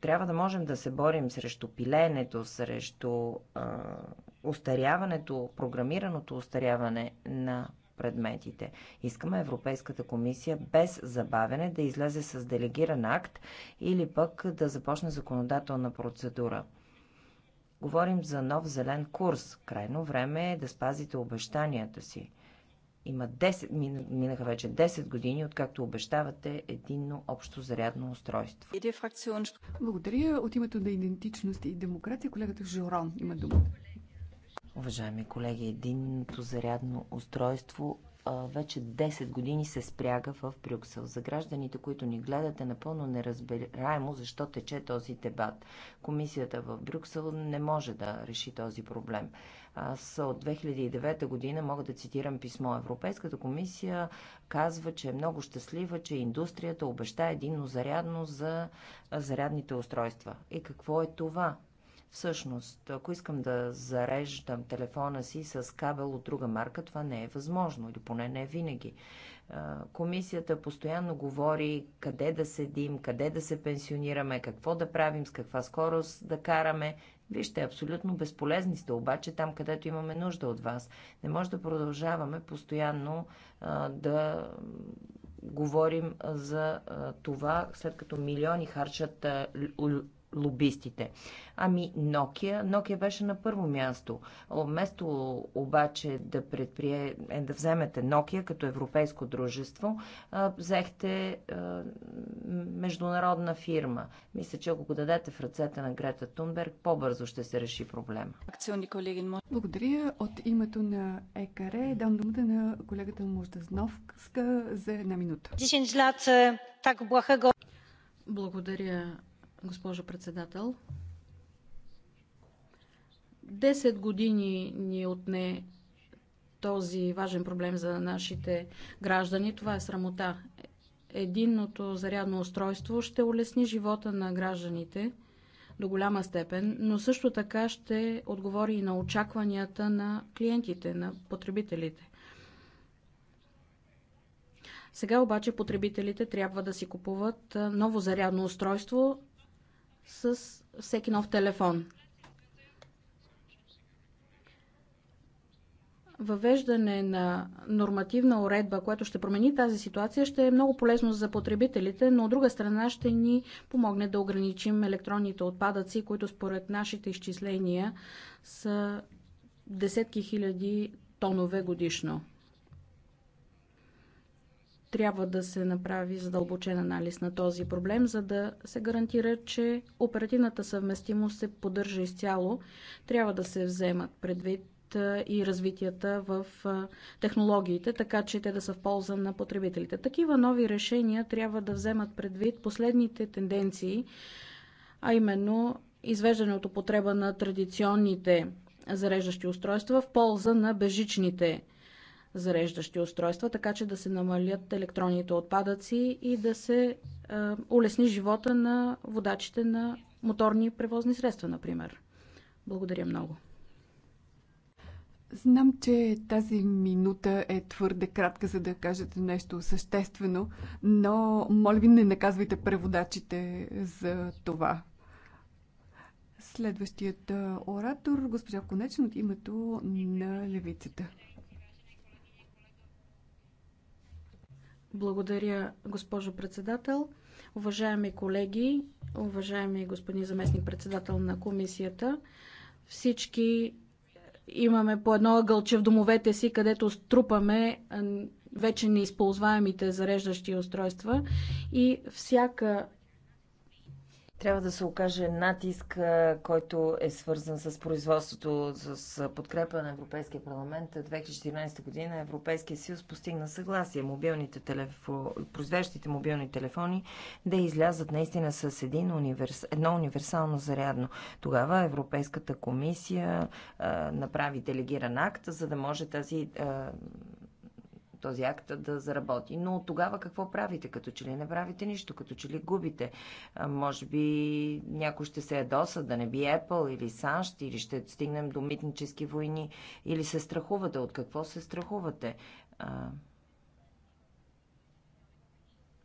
трябва да можем да се борим срещу пиленето, срещу е, устаряването, програмираното устаряване на предметите. Искаме Европейската комисия без забавене да излезе с делегиран акт или пък да започне законодателна процедура. Говорим за нов зелен курс. Крайно време е да спазите обещанията си. Има 10, минаха вече 10 години, откакто обещавате единно общо зарядно устройство. Благодаря. От името на идентичност и демокрация колегата Жорон има думата. Уважаеми колеги, единното зарядно устройство вече 10 години се спряга в Брюксел. За гражданите, които ни гледат, е напълно неразбираемо защо тече този дебат. Комисията в Брюксел не може да реши този проблем. Аз от 2009 година мога да цитирам писмо. Европейската комисия казва, че е много щастлива, че индустрията обеща единно зарядно за зарядните устройства. И какво е това? Всъщност, ако искам да зареждам телефона си с кабел от друга марка, това не е възможно, или поне не е винаги. Комисията постоянно говори къде да седим, къде да се пенсионираме, какво да правим, с каква скорост да караме. Вижте, абсолютно безполезни сте, обаче там, където имаме нужда от вас. Не може да продължаваме постоянно да говорим за това, след като милиони харчат лобистите. Ами Nokia, Nokia беше на първо място. Вместо обаче да предприе, е, да вземете Nokia като европейско дружество, взехте международна фирма. Мисля, че ако го дадете в ръцете на Грета Тунберг, по-бързо ще се реши проблема. Благодаря. От името на ЕКАРЕ дам думата на колегата Мождазновска за една минута. Е, Благодаря, госпожо председател. Десет години ни отне този важен проблем за нашите граждани. Това е срамота. Единното зарядно устройство ще улесни живота на гражданите до голяма степен, но също така ще отговори и на очакванията на клиентите, на потребителите. Сега обаче потребителите трябва да си купуват ново зарядно устройство с всеки нов телефон. Въвеждане на нормативна уредба, която ще промени тази ситуация, ще е много полезно за потребителите, но от друга страна ще ни помогне да ограничим електронните отпадъци, които според нашите изчисления са десетки хиляди тонове годишно трябва да се направи задълбочен анализ на този проблем, за да се гарантира, че оперативната съвместимост се поддържа изцяло. Трябва да се вземат предвид и развитията в технологиите, така че те да са в полза на потребителите. Такива нови решения трябва да вземат предвид последните тенденции, а именно извеждане от употреба на традиционните зареждащи устройства в полза на бежичните зареждащи устройства, така че да се намалят електронните отпадъци и да се е, улесни живота на водачите на моторни превозни средства, например. Благодаря много. Знам, че тази минута е твърде кратка, за да кажете нещо съществено, но моля ви не наказвайте преводачите за това. Следващият оратор, госпожа Конечен от името на левицата. Благодаря, госпожо председател. Уважаеми колеги, уважаеми господин заместник председател на комисията, всички имаме по едно ъгълче в домовете си, където струпаме вече неизползваемите зареждащи устройства и всяка трябва да се окаже натиск, който е свързан с производството с подкрепа на Европейския парламент. 2014 година Европейския съюз постигна съгласие мобилните телефо... произвеждащите мобилни телефони да излязат наистина с един универс... едно универсално зарядно. Тогава Европейската комисия а, направи делегиран акт, за да може тази а, този акт да заработи. Но тогава какво правите? Като че ли не правите нищо, като че ли губите. Може би някой ще се ядоса, е да не би Apple или САЩ, или ще стигнем до митнически войни, или се страхувате. От какво се страхувате?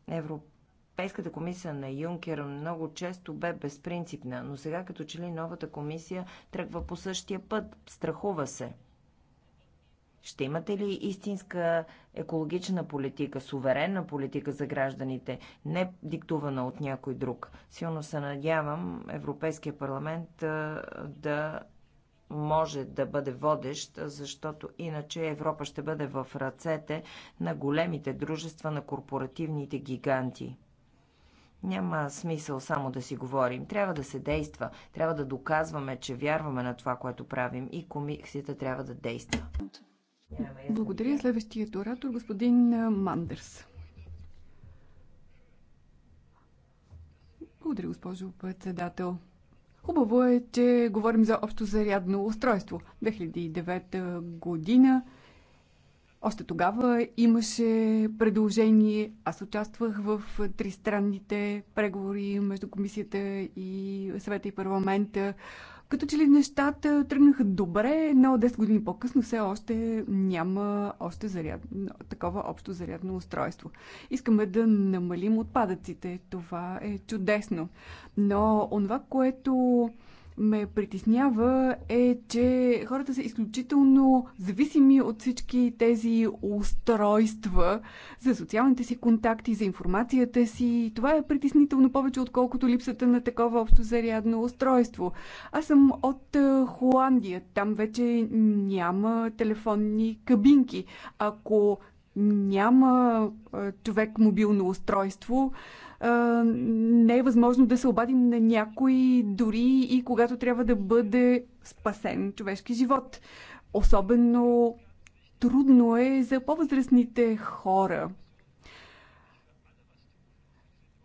Европа Европейската комисия на Юнкер много често бе безпринципна, но сега като че ли новата комисия тръгва по същия път, страхува се. Ще имате ли истинска екологична политика, суверенна политика за гражданите, не диктувана от някой друг? Силно се надявам Европейския парламент да може да бъде водещ, защото иначе Европа ще бъде в ръцете на големите дружества, на корпоративните гиганти. Няма смисъл само да си говорим. Трябва да се действа. Трябва да доказваме, че вярваме на това, което правим и комисията трябва да действа. Благодаря. Следващият оратор, господин Мандерс. Благодаря, госпожо председател. Хубаво е, че говорим за общо зарядно устройство. 2009 година още тогава имаше предложение. Аз участвах в тристранните преговори между комисията и съвета и парламента. Като че ли нещата тръгнаха добре, но 10 години по-късно все още няма още заряд, такова общо зарядно устройство. Искаме да намалим отпадъците. Това е чудесно. Но онова, което ме притеснява е, че хората са изключително зависими от всички тези устройства за социалните си контакти, за информацията си. Това е притеснително повече, отколкото липсата на такова общо зарядно устройство. Аз съм от е, Холандия. Там вече няма телефонни кабинки. Ако няма човек мобилно устройство, не е възможно да се обадим на някой, дори и когато трябва да бъде спасен човешки живот. Особено трудно е за по-възрастните хора.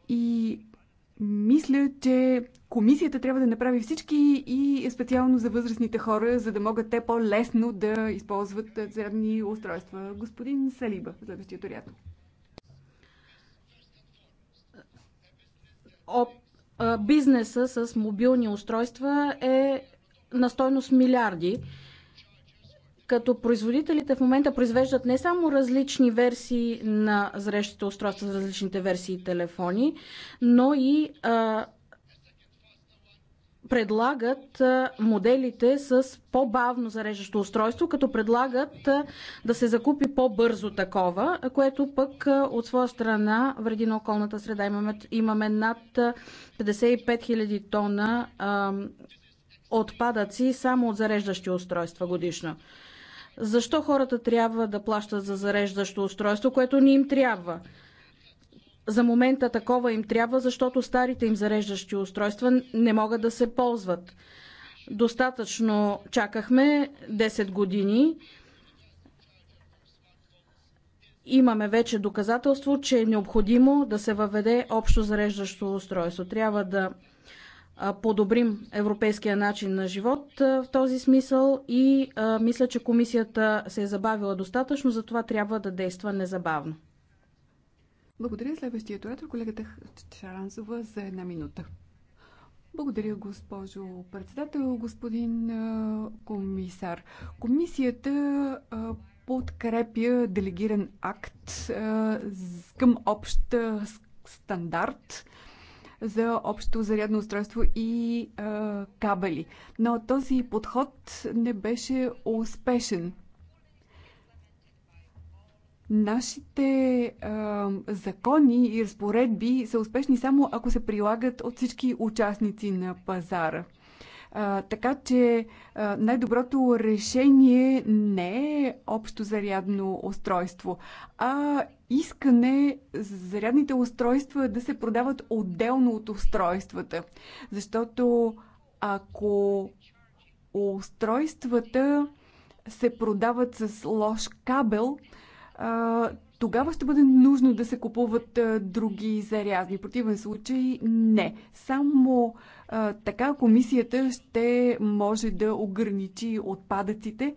И мисля, че комисията трябва да направи всички и специално за възрастните хора, за да могат те по-лесно да използват зарядни устройства. Господин Салиба, следващия ряд. Бизнеса с мобилни устройства е на стойност милиарди като производителите в момента произвеждат не само различни версии на зрещите устройства за различните версии телефони, но и а, предлагат моделите с по-бавно зареждащо устройство, като предлагат да се закупи по-бързо такова, което пък от своя страна вреди на околната среда. Имаме, имаме над 55 000 тона а, отпадъци само от зареждащи устройства годишно. Защо хората трябва да плащат за зареждащо устройство, което не им трябва? За момента такова им трябва, защото старите им зареждащи устройства не могат да се ползват. Достатъчно чакахме 10 години. Имаме вече доказателство, че е необходимо да се въведе общо зареждащо устройство. Трябва да подобрим европейския начин на живот в този смисъл и а, мисля, че комисията се е забавила достатъчно, затова трябва да действа незабавно. Благодаря. Следващия оратор, колегата Шаранзова за една минута. Благодаря, госпожо председател, господин комисар. Комисията подкрепя делегиран акт към общ стандарт за общо зарядно устройство и а, кабели. Но този подход не беше успешен. Нашите а, закони и разпоредби са успешни само ако се прилагат от всички участници на пазара – а, така че най-доброто решение не е общо зарядно устройство, а искане зарядните устройства да се продават отделно от устройствата. Защото ако устройствата се продават с лош кабел, тогава ще бъде нужно да се купуват други зарядни. В противен случай не. Само така комисията ще може да ограничи отпадъците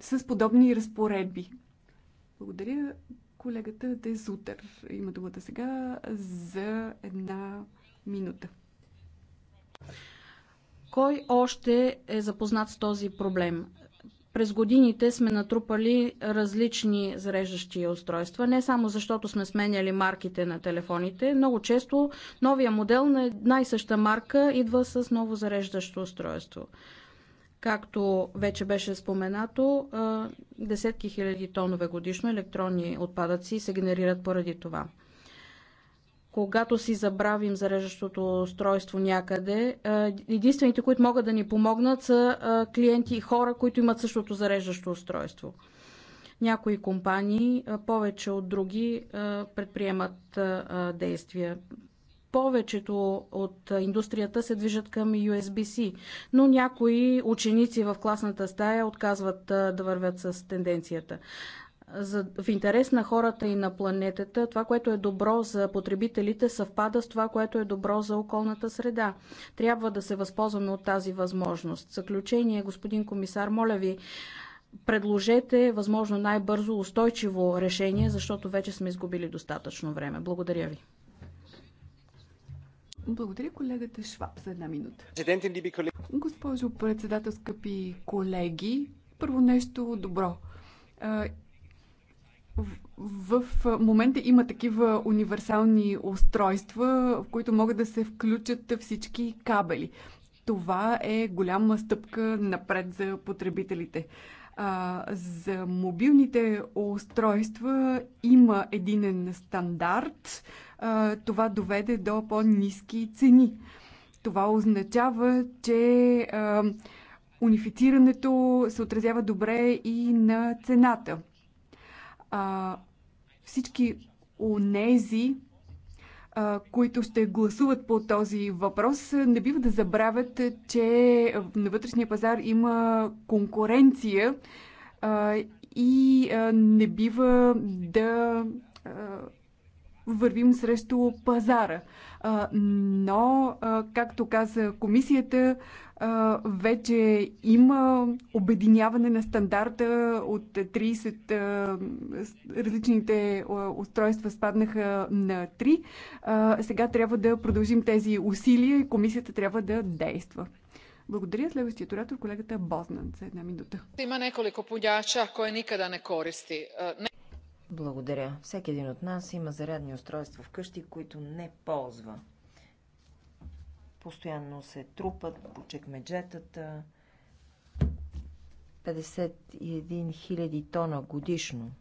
с подобни разпоредби. Благодаря колегата Дезутър. Има думата сега за една минута. Кой още е запознат с този проблем? През годините сме натрупали различни зареждащи устройства, не само защото сме сменяли марките на телефоните. Много често новия модел на една и съща марка идва с ново зареждащо устройство. Както вече беше споменато, десетки хиляди тонове годишно електронни отпадъци се генерират поради това когато си забравим зареждащото устройство някъде, единствените, които могат да ни помогнат са клиенти и хора, които имат същото зареждащо устройство. Някои компании повече от други предприемат действия. Повечето от индустрията се движат към USB-C, но някои ученици в класната стая отказват да вървят с тенденцията за, в интерес на хората и на планетата, това, което е добро за потребителите, съвпада с това, което е добро за околната среда. Трябва да се възползваме от тази възможност. В заключение, господин комисар, моля ви, предложете възможно най-бързо устойчиво решение, защото вече сме изгубили достатъчно време. Благодаря ви. Благодаря колегата Шваб за една минута. Госпожо председател, скъпи колеги, първо нещо добро в, в момента има такива универсални устройства, в които могат да се включат всички кабели. Това е голяма стъпка напред за потребителите. А, за мобилните устройства има единен стандарт. А, това доведе до по-низки цени. Това означава, че а, унифицирането се отразява добре и на цената а, всички унези, които ще гласуват по този въпрос, не бива да забравят, че на вътрешния пазар има конкуренция и не бива да вървим срещу пазара. Но, както каза комисията, вече има обединяване на стандарта от 30 различните устройства спаднаха на 3. Сега трябва да продължим тези усилия и комисията трябва да действа. Благодаря. следващия оратор, колегата Бознан, за една минута. Има неколко подяча, кое никъде не користи. Благодаря. Всеки един от нас има зарядни устройства вкъщи, които не ползва. Постоянно се трупат по чекмеджетата. 51 000 тона годишно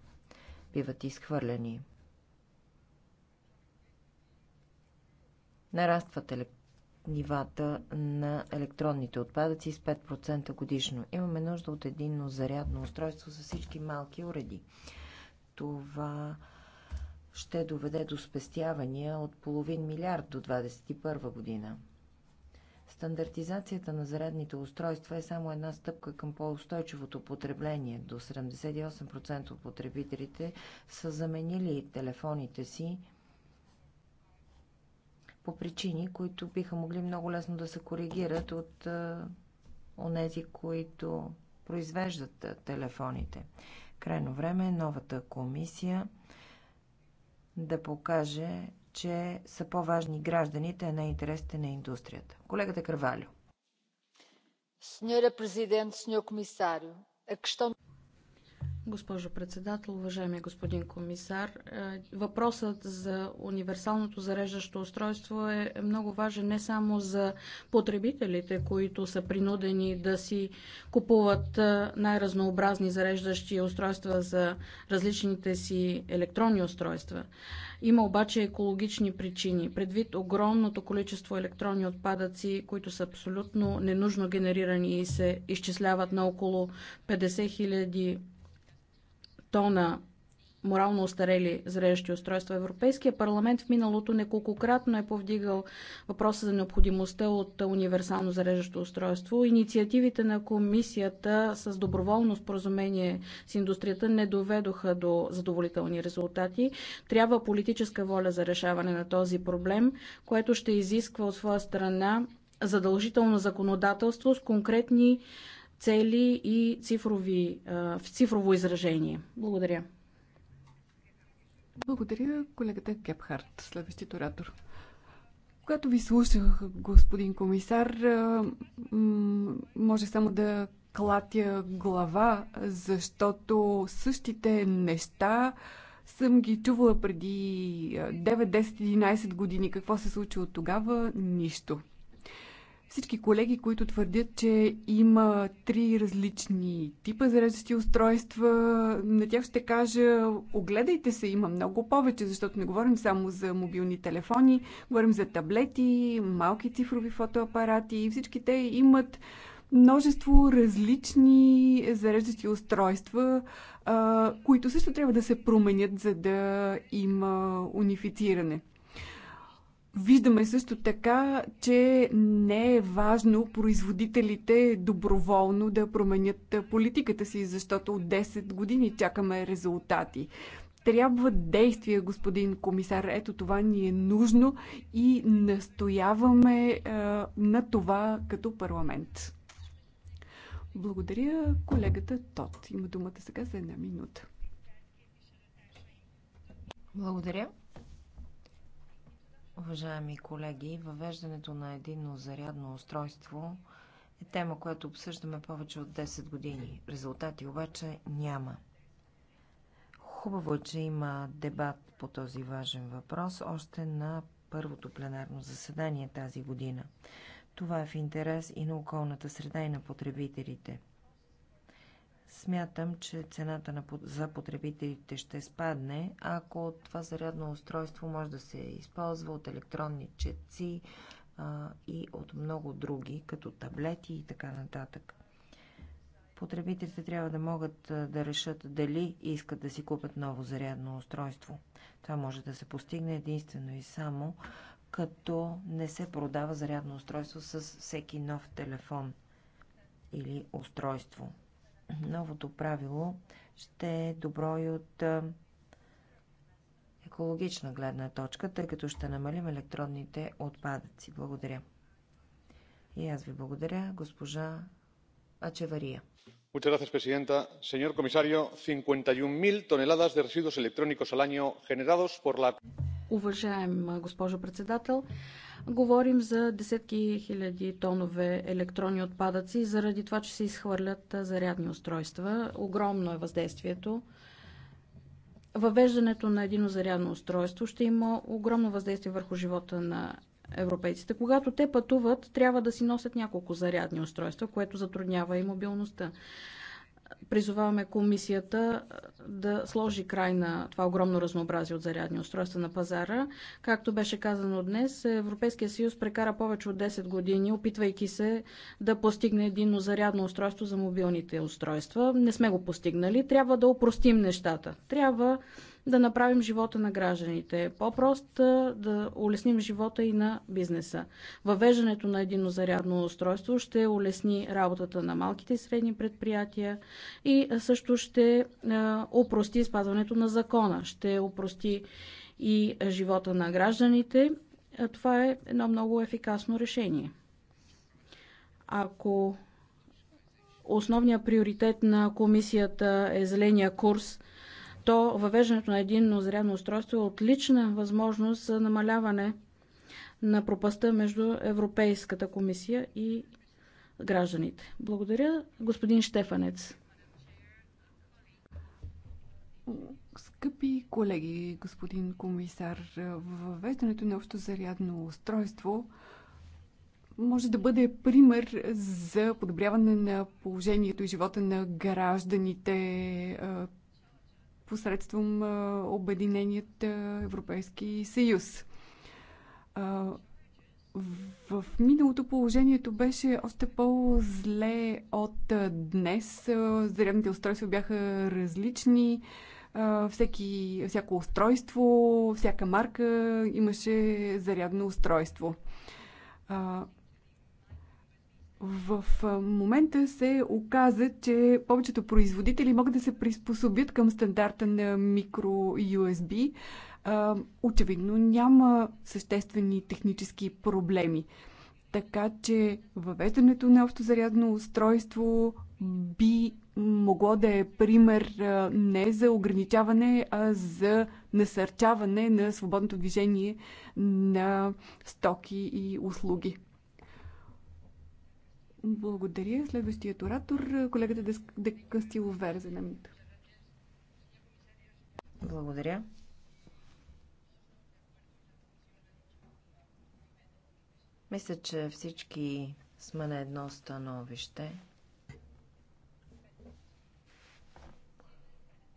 биват изхвърлени. Нарастват еле... нивата на електронните отпадъци с 5% годишно. Имаме нужда от единно зарядно устройство за всички малки уреди. Това ще доведе до спестявания от половин милиард до 2021 година. Стандартизацията на зарядните устройства е само една стъпка към по-устойчивото потребление. До 78% от потребителите са заменили телефоните си по причини, които биха могли много лесно да се коригират от онези, които произвеждат телефоните. Крайно време е новата комисия да покаже че са по-важни гражданите, а не интересите на индустрията. Колегата Карвалю. Сеньора президент, сеньор комисарио, е, Госпожо председател, уважаеми господин комисар, е, въпросът за универсалното зареждащо устройство е много важен не само за потребителите, които са принудени да си купуват е, най-разнообразни зареждащи устройства за различните си електронни устройства. Има обаче екологични причини. Предвид огромното количество електронни отпадъци, които са абсолютно ненужно генерирани и се изчисляват на около 50 000 тона морално остарели зареждащи устройства. Европейския парламент в миналото неколкократно е повдигал въпроса за необходимостта от универсално зареждащо устройство. Инициативите на комисията с доброволно споразумение с индустрията не доведоха до задоволителни резултати. Трябва политическа воля за решаване на този проблем, което ще изисква от своя страна задължително законодателство с конкретни цели и цифрови, в цифрово изражение. Благодаря. Благодаря, колегата Кепхарт, следващият оратор. Когато ви слушах, господин комисар, може само да клатя глава, защото същите неща съм ги чувала преди 9, 10, 11 години. Какво се случи от тогава? Нищо. Всички колеги, които твърдят, че има три различни типа зареждащи устройства, на тях ще кажа, огледайте се, има много повече, защото не говорим само за мобилни телефони, говорим за таблети, малки цифрови фотоапарати и всички те имат множество различни зареждащи устройства, които също трябва да се променят, за да има унифициране. Виждаме също така, че не е важно производителите доброволно да променят политиката си, защото от 10 години чакаме резултати. Трябва действие, господин комисар. Ето това ни е нужно и настояваме е, на това като парламент. Благодаря колегата Тот. Има думата сега за една минута. Благодаря. Уважаеми колеги, въвеждането на единно зарядно устройство е тема, която обсъждаме повече от 10 години. Резултати обаче няма. Хубаво е, че има дебат по този важен въпрос още на първото пленарно заседание тази година. Това е в интерес и на околната среда и на потребителите – Смятам, че цената на, за потребителите ще спадне, ако това зарядно устройство може да се използва от електронни четци а, и от много други, като таблети и така нататък. Потребителите трябва да могат да решат дали искат да си купят ново зарядно устройство. Това може да се постигне единствено и само като не се продава зарядно устройство с всеки нов телефон или устройство новото правило ще е добро и от екологична гледна точка, тъй като ще намалим електронните отпадъци. Благодаря. И аз ви благодаря, госпожа Ачевария. gracias, presidenta, señor comisario, 51.000 toneladas de residuos electrónicos al año generados por la. Уважаема госпожо председател, говорим за десетки хиляди тонове електронни отпадъци заради това, че се изхвърлят зарядни устройства. Огромно е въздействието. Въвеждането на едно зарядно устройство ще има огромно въздействие върху живота на европейците. Когато те пътуват, трябва да си носят няколко зарядни устройства, което затруднява и мобилността. Призоваваме комисията да сложи край на това огромно разнообразие от зарядни устройства на пазара. Както беше казано днес, Европейския съюз прекара повече от 10 години, опитвайки се да постигне единно зарядно устройство за мобилните устройства. Не сме го постигнали. Трябва да упростим нещата. Трябва да направим живота на гражданите по-прост, да улесним живота и на бизнеса. Въвеждането на едино зарядно устройство ще улесни работата на малките и средни предприятия и също ще опрости спазването на закона, ще опрости и живота на гражданите. Това е едно много ефикасно решение. Ако основният приоритет на комисията е зеления курс, то въвеждането на единно зарядно устройство е отлична възможност за намаляване на пропаста между Европейската комисия и гражданите. Благодаря, господин Штефанец. Скъпи колеги, господин комисар, въвеждането на общо зарядно устройство може да бъде пример за подобряване на положението и живота на гражданите, посредством Обединеният Европейски съюз. В миналото положението беше още по-зле от днес. Зарядните устройства бяха различни. Всеки, всяко устройство, всяка марка имаше зарядно устройство. В момента се оказа, че повечето производители могат да се приспособят към стандарта на микро-USB. Очевидно няма съществени технически проблеми. Така че въвеждането на общо зарядно устройство би могло да е пример не за ограничаване, а за насърчаване на свободното движение на стоки и услуги. Благодаря. Следващият оратор, колегата Декастило Вер за една Благодаря. Мисля, че всички сме на едно становище.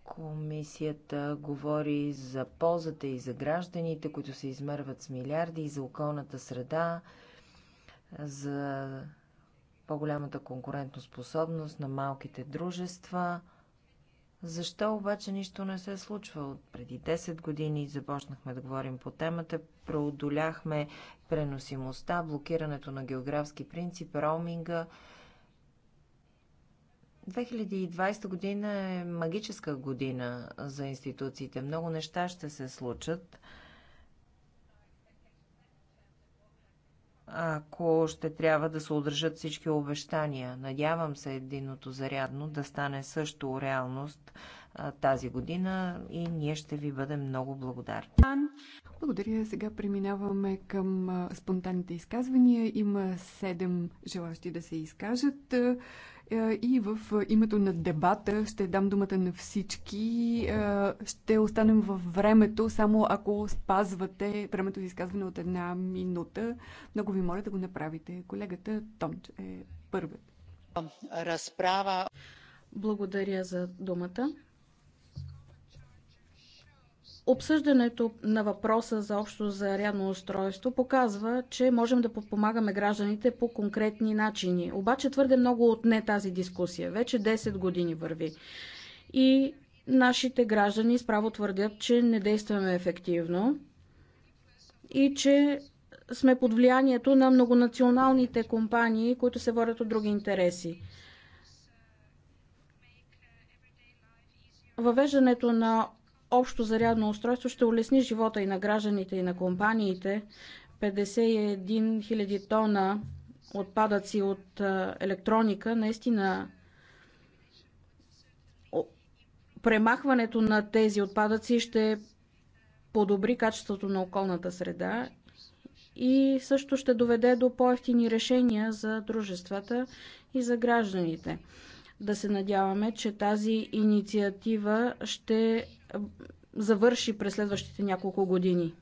Комисията говори за ползата и за гражданите, които се измерват с милиарди, и за околната среда, за по-голямата конкурентоспособност на малките дружества. Защо обаче нищо не се случва? От преди 10 години започнахме да говорим по темата, преодоляхме преносимостта, блокирането на географски принцип, роуминга. 2020 година е магическа година за институциите. Много неща ще се случат. ако ще трябва да се удържат всички обещания. Надявам се единното зарядно да стане също реалност тази година и ние ще ви бъдем много благодарни. Благодаря. Сега преминаваме към спонтанните изказвания. Има седем желащи да се изкажат. Е, и в е, името на дебата ще дам думата на всички. Е, ще останем във времето, само ако спазвате времето за изказване от една минута. Много ви моля да го направите. Колегата Томч е първият. Разправа. Благодаря за думата. Обсъждането на въпроса за общо зарядно устройство показва, че можем да подпомагаме гражданите по конкретни начини. Обаче твърде много отне тази дискусия. Вече 10 години върви. И нашите граждани справо твърдят, че не действаме ефективно и че сме под влиянието на многонационалните компании, които се водят от други интереси. Въвеждането на общо зарядно устройство ще улесни живота и на гражданите, и на компаниите. 51 000 тона отпадъци от електроника наистина премахването на тези отпадъци ще подобри качеството на околната среда и също ще доведе до по-ефтини решения за дружествата и за гражданите. Да се надяваме, че тази инициатива ще завърши през следващите няколко години.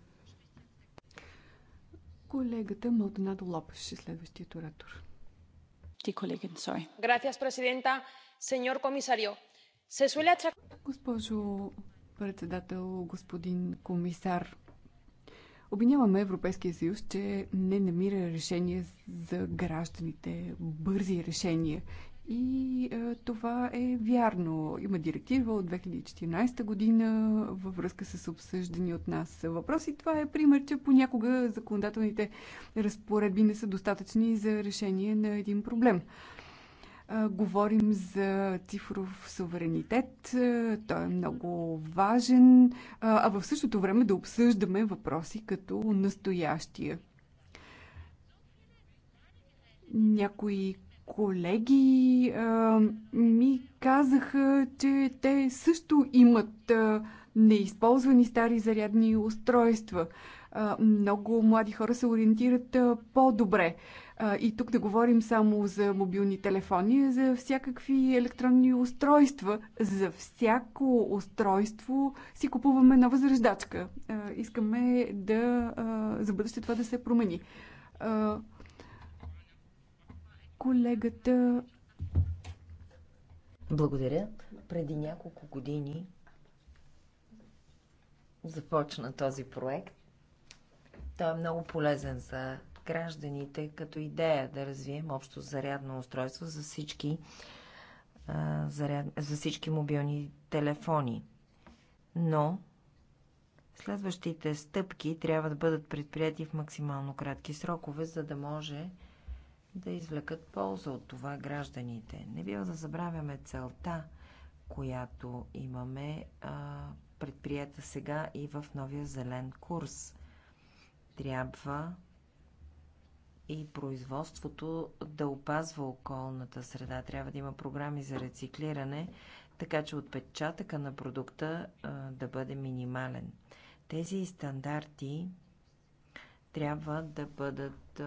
Колегата Малтонадо Лопеш е следващият оратор. Ти колегин, сори. с президента. Сеньор комисарио, се суеля... Госпожо председател, господин комисар, Обвиняваме Европейския съюз, че не намира решение за гражданите, бързи решения и е, това е вярно. Има директива от 2014 година във връзка с обсъждани от нас въпроси. Това е пример, че понякога законодателните разпоредби не са достатъчни за решение на един проблем. Е, говорим за цифров суверенитет. Е, той е много важен. Е, а в същото време да обсъждаме въпроси като настоящия. Някои колеги а, ми казаха, че те също имат а, неизползвани стари зарядни устройства. А, много млади хора се ориентират по-добре. и тук да говорим само за мобилни телефони, за всякакви електронни устройства. За всяко устройство си купуваме нова зареждачка. искаме да а, за бъдеще това да се промени Колегата. Благодаря. Преди няколко години започна този проект. Той е много полезен за гражданите като идея да развием общо зарядно устройство за всички, а, заряд... за всички мобилни телефони. Но следващите стъпки трябва да бъдат предприяти в максимално кратки срокове, за да може да извлекат полза от това гражданите. Не бива да забравяме целта, която имаме а, предприята сега и в новия зелен курс. Трябва и производството да опазва околната среда. Трябва да има програми за рециклиране, така че отпечатъка на продукта а, да бъде минимален. Тези стандарти трябва да бъдат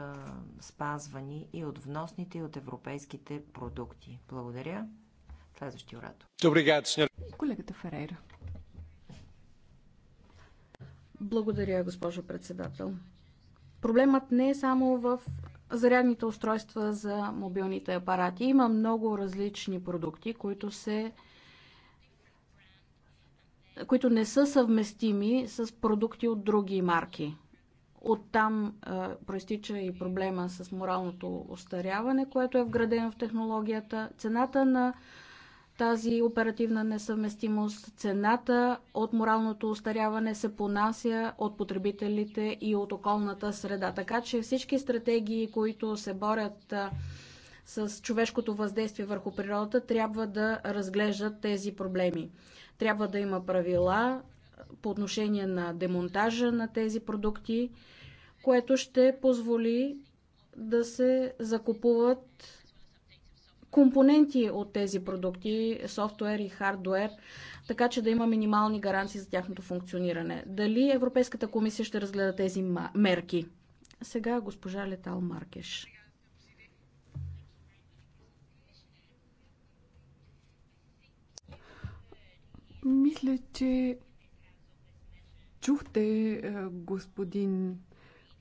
спазвани и от вносните, и от европейските продукти. Благодаря. Следващия оратор. Колегата Ферейра. Благодаря, госпожо председател. Проблемът не е само в зарядните устройства за мобилните апарати. Има много различни продукти, които се които не са съвместими с продукти от други марки. Оттам а, проистича и проблема с моралното остаряване, което е вградено в технологията. Цената на тази оперативна несъвместимост, цената от моралното устаряване се понася от потребителите и от околната среда. Така че всички стратегии, които се борят с човешкото въздействие върху природата, трябва да разглеждат тези проблеми. Трябва да има правила по отношение на демонтажа на тези продукти, което ще позволи да се закупуват компоненти от тези продукти, софтуер и хардуер, така че да има минимални гаранции за тяхното функциониране. Дали Европейската комисия ще разгледа тези мерки? Сега госпожа Летал Маркеш. Мисля, че чухте е, господин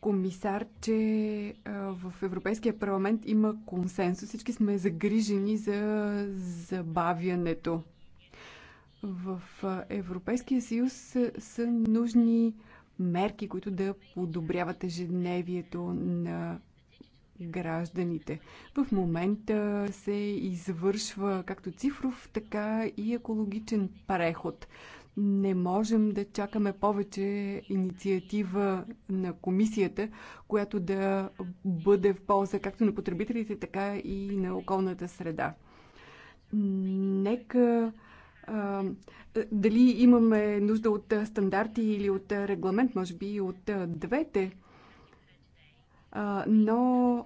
комисар, че в Европейския парламент има консенсус. Всички сме загрижени за забавянето. В Европейския съюз са нужни мерки, които да подобряват ежедневието на гражданите. В момента се извършва както цифров, така и екологичен преход. Не можем да чакаме повече инициатива на комисията, която да бъде в полза както на потребителите, така и на околната среда. Нека а, дали имаме нужда от стандарти или от регламент, може би и от двете, а, но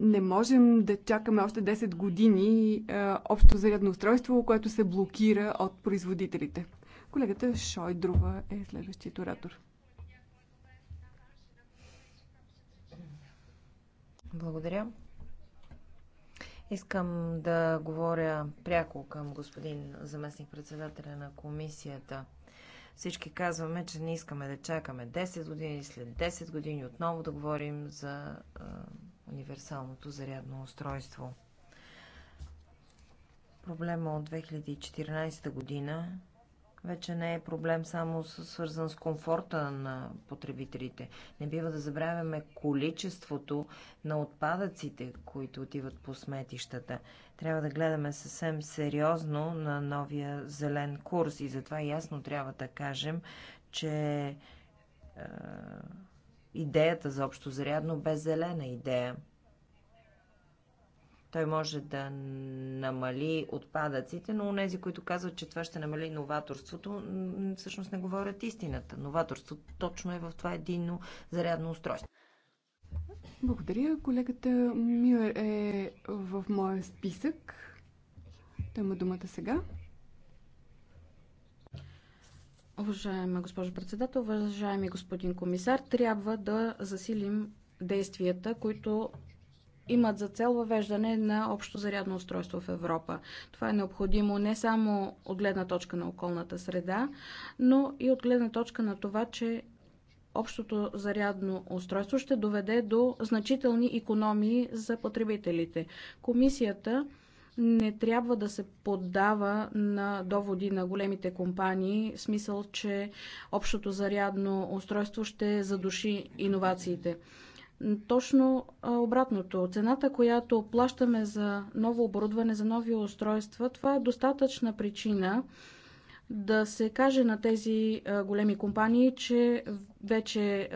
не можем да чакаме още 10 години общо зарядно устройство, което се блокира от производителите. Колегата Шойдрова е следващият оратор. Благодаря. Искам да говоря пряко към господин заместник-председателя на комисията. Всички казваме, че не искаме да чакаме 10 години, след 10 години отново да говорим за универсалното зарядно устройство. Проблема от 2014 година вече не е проблем само свързан с комфорта на потребителите. Не бива да забравяме количеството на отпадъците, които отиват по сметищата. Трябва да гледаме съвсем сериозно на новия зелен курс и затова ясно трябва да кажем, че е, идеята за общо зарядно без зелена идея. Той може да намали отпадъците, но тези, които казват, че това ще намали новаторството, всъщност не говорят истината. Новаторството точно е в това единно зарядно устройство. Благодаря. Колегата Мюер е в моя списък. Той има думата сега. Уважаема госпожо председател, уважаеми господин комисар, трябва да засилим действията, които имат за цел въвеждане на общо зарядно устройство в Европа. Това е необходимо не само от гледна точка на околната среда, но и от гледна точка на това, че общото зарядно устройство ще доведе до значителни економии за потребителите. Комисията не трябва да се поддава на доводи на големите компании, в смисъл, че общото зарядно устройство ще задуши иновациите. Точно обратното. Цената, която плащаме за ново оборудване, за нови устройства, това е достатъчна причина да се каже на тези големи компании, че вече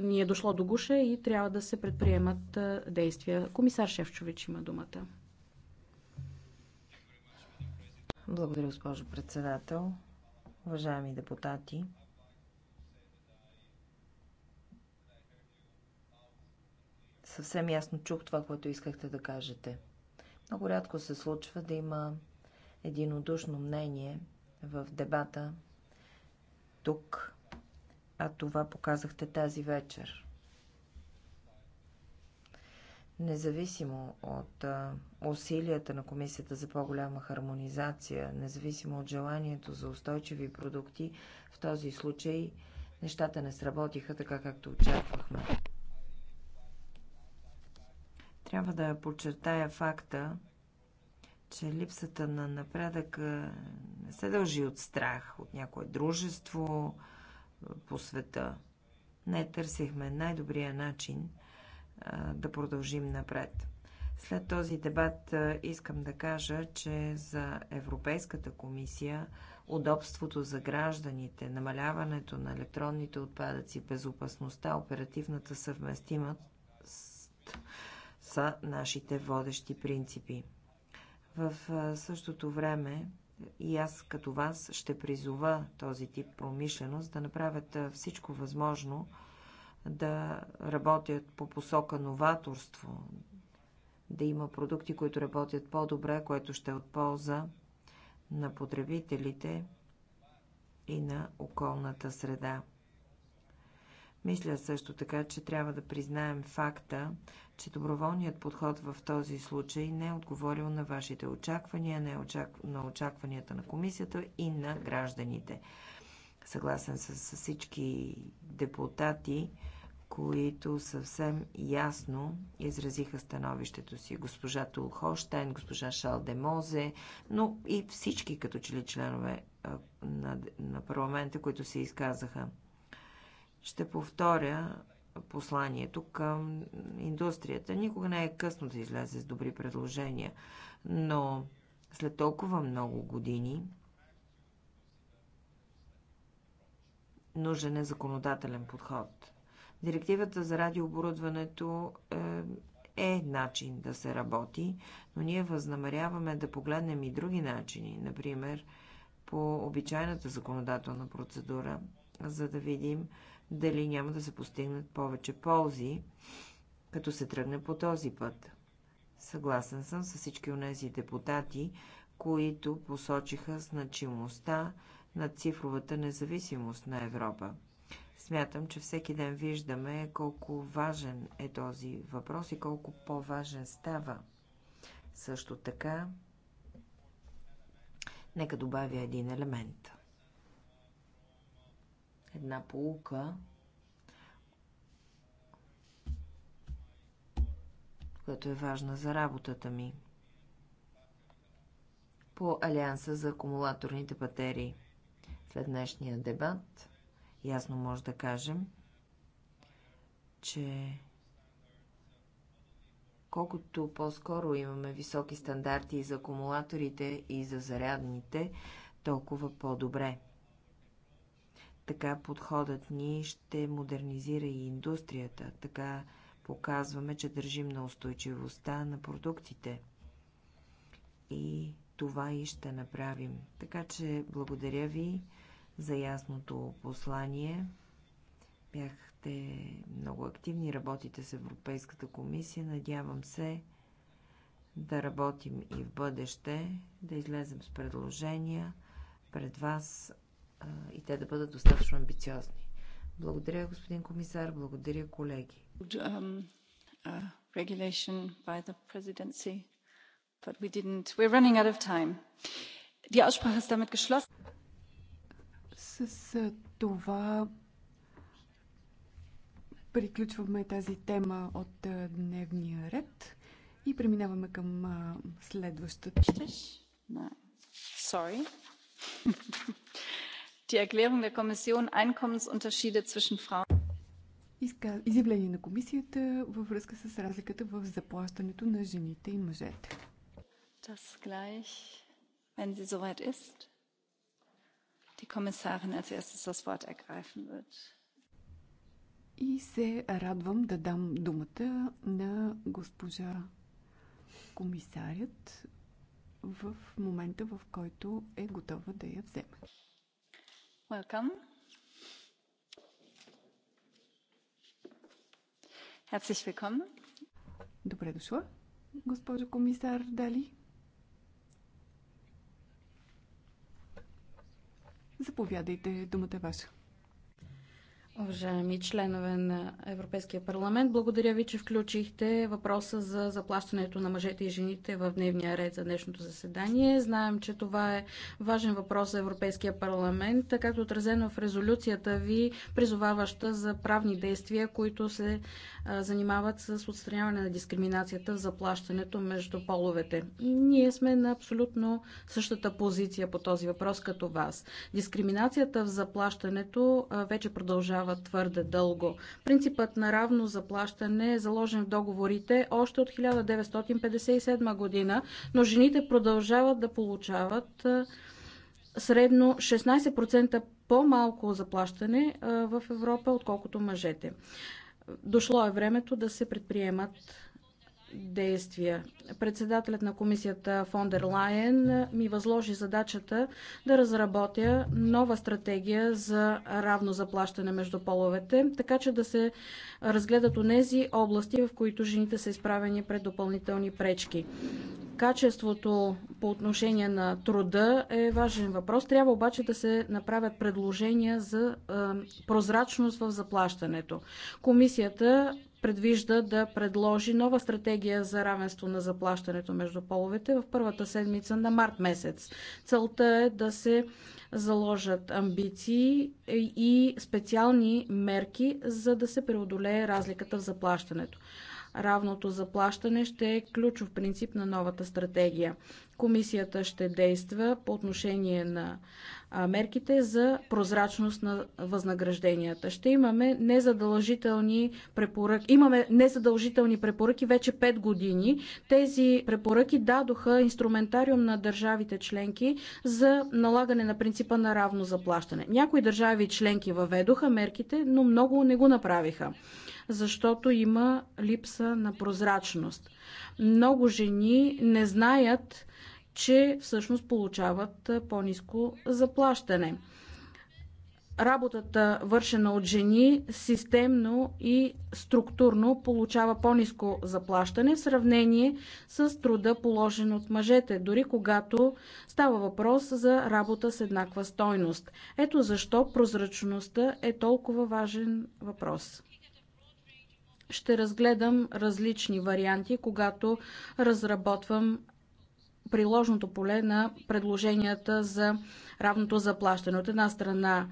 ни е дошло до гуша и трябва да се предприемат действия. Комисар Шевчович има думата. Благодаря, госпожо председател. Уважаеми депутати, съвсем ясно чух това, което искахте да кажете. Много рядко се случва да има единодушно мнение в дебата тук, а това показахте тази вечер. Независимо от усилията на Комисията за по-голяма хармонизация, независимо от желанието за устойчиви продукти, в този случай нещата не сработиха така, както очаквахме. Трябва да подчертая факта, че липсата на напредък не се дължи от страх, от някое дружество по света. Не търсихме най-добрия начин – да продължим напред. След този дебат искам да кажа, че за Европейската комисия удобството за гражданите, намаляването на електронните отпадъци, безопасността, оперативната съвместимост са нашите водещи принципи. В същото време и аз като вас ще призова този тип промишленост да направят всичко възможно, да работят по посока новаторство, да има продукти, които работят по-добре, което ще е от полза на потребителите и на околната среда. Мисля също така, че трябва да признаем факта, че доброволният подход в този случай не е отговорил на вашите очаквания, не е очак... на очакванията на комисията и на гражданите. Съгласен с всички депутати, които съвсем ясно изразиха становището си. Госпожа Тулхолштайн, госпожа Шал но и всички като че членове на, на парламента, които се изказаха. Ще повторя посланието към индустрията. Никога не е късно да излезе с добри предложения, но след толкова много години нужен е законодателен подход – Директивата за радиооборудването е, е начин да се работи, но ние възнамеряваме да погледнем и други начини, например по обичайната законодателна процедура, за да видим дали няма да се постигнат повече ползи, като се тръгне по този път. Съгласен съм с всички онези депутати, които посочиха значимостта на цифровата независимост на Европа. Смятам, че всеки ден виждаме колко важен е този въпрос и колко по-важен става. Също така, нека добавя един елемент. Една полука, която е важна за работата ми. По Алианса за акумулаторните батерии. След днешния дебат Ясно може да кажем, че колкото по-скоро имаме високи стандарти и за акумулаторите и за зарядните, толкова по-добре. Така подходът ни ще модернизира и индустрията, така показваме, че държим на устойчивостта на продуктите. И това и ще направим. Така че благодаря ви за ясното послание. Бяхте много активни, работите с Европейската комисия. Надявам се да работим и в бъдеще, да излезем с предложения пред вас а, и те да бъдат достатъчно амбициозни. Благодаря, господин комисар, благодаря, колеги. Um, uh, Die Aussprache ist damit geschlossen. С това приключваме тази тема от дневния ред и преминаваме към следващата. Sorry. Die Erklärung der Kommission Einkommensunterschiede zwischen Frauen. Изявление на комисията във връзка с разликата в заплащането на жените и мъжете. Das gleich, wenn sie soweit ist die Kommissarin als erstes das Wort ergreifen wird. И се радвам да дам думата на госпожа комисарят в момента, в който е готова да я вземе. Welcome. Herzlich willkommen. Добре дошла, госпожо комисар Дали. Заповядайте, думата е ваша. Уважаеми членове на Европейския парламент, благодаря ви, че включихте въпроса за заплащането на мъжете и жените в дневния ред за днешното заседание. Знаем, че това е важен въпрос за Европейския парламент, както отразено в резолюцията ви, призоваваща за правни действия, които се занимават с отстраняване на дискриминацията в заплащането между половете. Ние сме на абсолютно същата позиция по този въпрос като вас. Дискриминацията в заплащането вече продължава продължава твърде дълго. Принципът на равно заплащане е заложен в договорите още от 1957 година, но жените продължават да получават средно 16% по-малко заплащане в Европа, отколкото мъжете. Дошло е времето да се предприемат действия. Председателят на комисията Фондер Лайен ми възложи задачата да разработя нова стратегия за равно заплащане между половете, така че да се разгледат онези области, в които жените са изправени пред допълнителни пречки. Качеството по отношение на труда е важен въпрос. Трябва обаче да се направят предложения за прозрачност в заплащането. Комисията предвижда да предложи нова стратегия за равенство на заплащането между половете в първата седмица на март месец. Целта е да се заложат амбиции и специални мерки, за да се преодолее разликата в заплащането. Равното заплащане ще е ключов принцип на новата стратегия. Комисията ще действа по отношение на мерките за прозрачност на възнагражденията. Ще имаме незадължителни препоръки. Имаме незадължителни препоръки вече 5 години. Тези препоръки дадоха инструментариум на държавите членки за налагане на принципа на равно заплащане. Някои държави членки въведоха мерките, но много не го направиха защото има липса на прозрачност. Много жени не знаят, че всъщност получават по-низко заплащане работата, вършена от жени, системно и структурно получава по-низко заплащане в сравнение с труда, положен от мъжете, дори когато става въпрос за работа с еднаква стойност. Ето защо прозрачността е толкова важен въпрос ще разгледам различни варианти, когато разработвам приложното поле на предложенията за равното заплащане. От една страна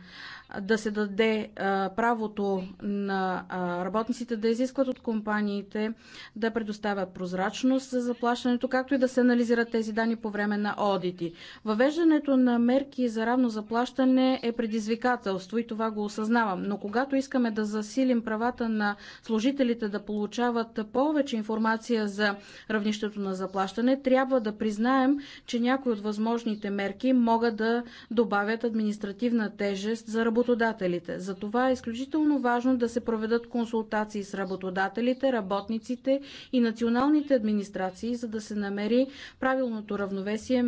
да се даде правото на работниците да изискват от компаниите да предоставят прозрачност за заплащането, както и да се анализират тези данни по време на одити. Въвеждането на мерки за равно заплащане е предизвикателство и това го осъзнавам. Но когато искаме да засилим правата на служителите да получават повече информация за равнището на заплащане, трябва да признаем, че някои от възможните мерки могат да добавят административна тежест за работодателите работодателите. Затова е изключително важно да се проведат консултации с работодателите, работниците и националните администрации, за да се намери правилното равновесие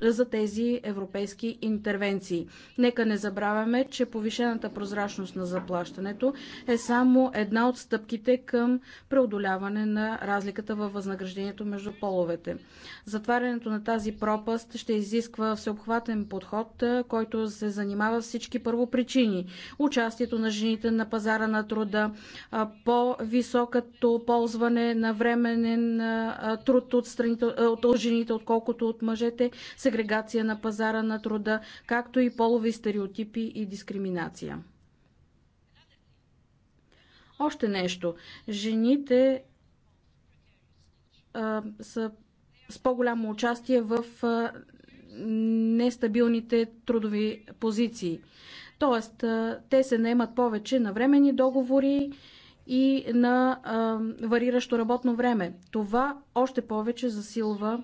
за тези европейски интервенции. Нека не забравяме, че повишената прозрачност на заплащането е само една от стъпките към преодоляване на разликата във възнаграждението между половете. Затварянето на тази пропаст ще изисква всеобхватен подход, който се занимава всички първопричини причини. Участието на жените на пазара на труда, по-високото ползване на временен труд от, страните, от жените, отколкото от мъжете, сегрегация на пазара на труда, както и полови стереотипи и дискриминация. Още нещо. Жените а, са с по-голямо участие в а, нестабилните трудови позиции. Тоест, те се наемат повече на временни договори и на а, вариращо работно време. Това още повече засилва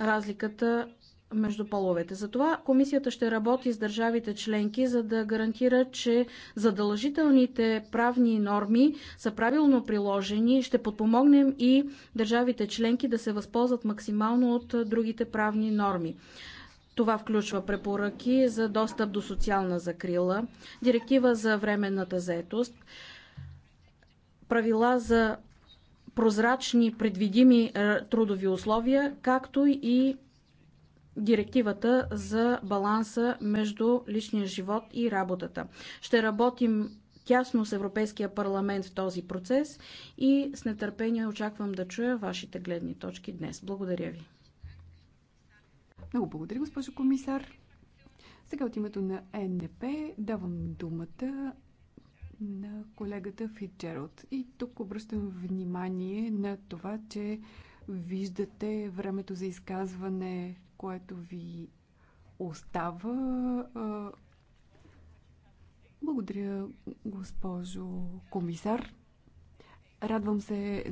разликата между половете. Затова комисията ще работи с държавите членки, за да гарантира, че задължителните правни норми са правилно приложени. Ще подпомогнем и държавите членки да се възползват максимално от другите правни норми. Това включва препоръки за достъп до социална закрила, директива за временната заетост, правила за прозрачни, предвидими е, трудови условия, както и директивата за баланса между личния живот и работата. Ще работим тясно с Европейския парламент в този процес и с нетърпение очаквам да чуя вашите гледни точки днес. Благодаря ви. Много благодаря, госпожо комисар. Сега от името на НП давам думата на колегата Фитджералд. И тук обръщам внимание на това, че виждате времето за изказване, което ви остава. Благодаря, госпожо комисар. Радвам се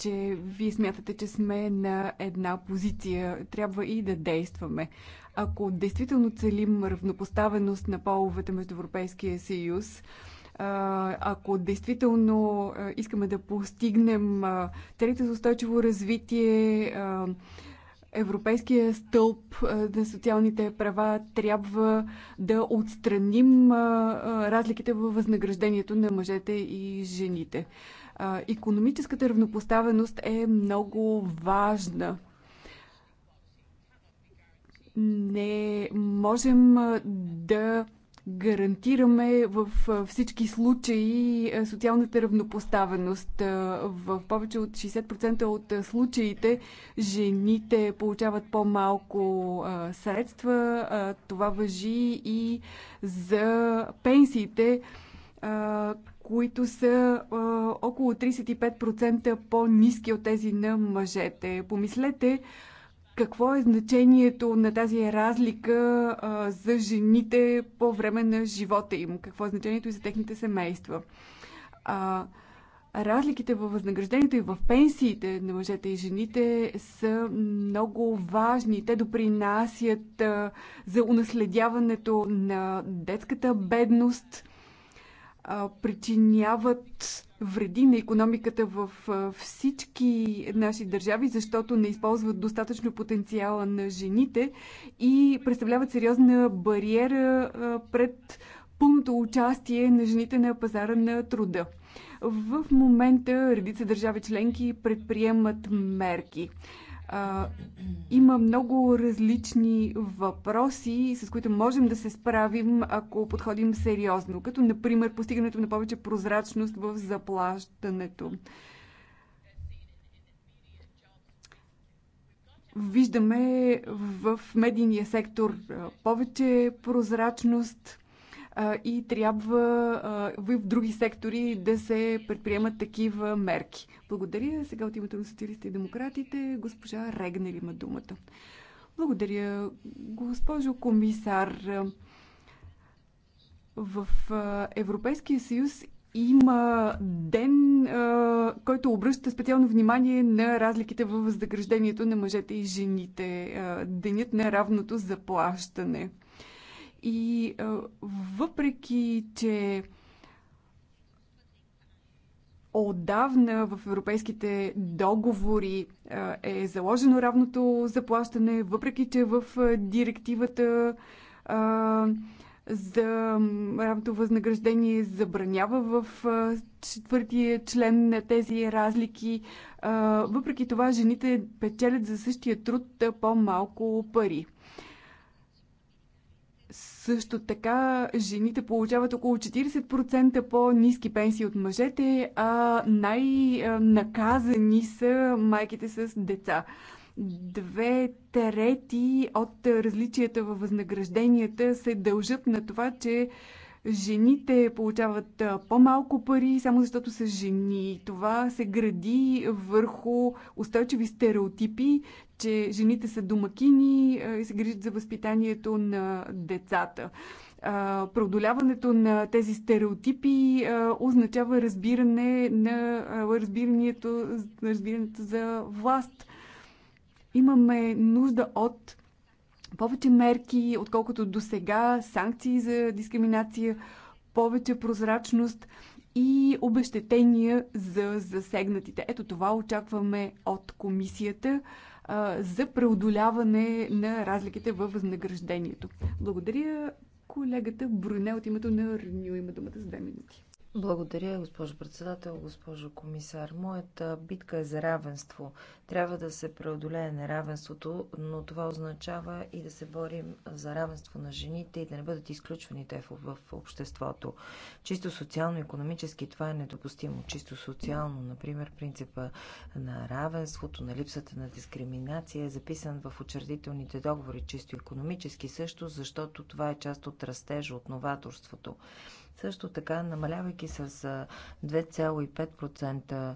че вие смятате, че сме на една позиция. Трябва и да действаме. Ако действително целим равнопоставеност на половете между Европейския съюз, ако действително искаме да постигнем целите за устойчиво развитие, Европейския стълб на социалните права трябва да отстраним разликите във възнаграждението на мъжете и жените. Економическата равнопоставеност е много важна. Не можем да гарантираме в всички случаи социалната равнопоставеност. В повече от 60% от случаите жените получават по-малко средства. Това въжи и за пенсиите, които са около 35% по-низки от тези на мъжете. Помислете какво е значението на тази разлика а, за жените по време на живота им? Какво е значението и за техните семейства? А, разликите във възнаграждението и в пенсиите на мъжете и жените са много важни. Те допринасят а, за унаследяването на детската бедност, а, причиняват вреди на економиката в всички наши държави, защото не използват достатъчно потенциала на жените и представляват сериозна бариера пред пълното участие на жените на пазара на труда. В момента редица държави членки предприемат мерки. А, има много различни въпроси, с които можем да се справим, ако подходим сериозно, като например постигането на повече прозрачност в заплащането. Виждаме в медийния сектор повече прозрачност, и трябва в други сектори да се предприемат такива мерки. Благодаря. Сега от името на социалистите и демократите госпожа Регнер има думата. Благодаря, госпожо комисар. В Европейския съюз има ден, който обръща специално внимание на разликите в възнаграждението на мъжете и жените. Денят на равното заплащане. И въпреки, че отдавна в европейските договори е заложено равното заплащане, въпреки че в директивата за равното възнаграждение забранява в четвъртия член на тези разлики. Въпреки това, жените печелят за същия труд по-малко пари. Също така, жените получават около 40% по-низки пенсии от мъжете, а най-наказани са майките с деца. Две трети от различията във възнагражденията се дължат на това, че жените получават по-малко пари, само защото са жени. Това се гради върху устойчиви стереотипи, че жените са домакини и се грижат за възпитанието на децата. Продоляването на тези стереотипи означава разбиране на разбирането, разбирането за власт. Имаме нужда от повече мерки, отколкото до сега, санкции за дискриминация, повече прозрачност и обещетения за засегнатите. Ето това очакваме от комисията за преодоляване на разликите във възнаграждението. Благодаря колегата Бруне от името на Реню има думата за две минути. Благодаря, госпожо председател, госпожо комисар. Моята битка е за равенство. Трябва да се преодолее неравенството, но това означава и да се борим за равенство на жените и да не бъдат изключвани те в, обществото. Чисто социално-економически това е недопустимо. Чисто социално, например, принципа на равенството, на липсата на дискриминация е записан в учредителните договори. Чисто економически също, защото това е част от растежа, от новаторството също така, намалявайки с 2,5%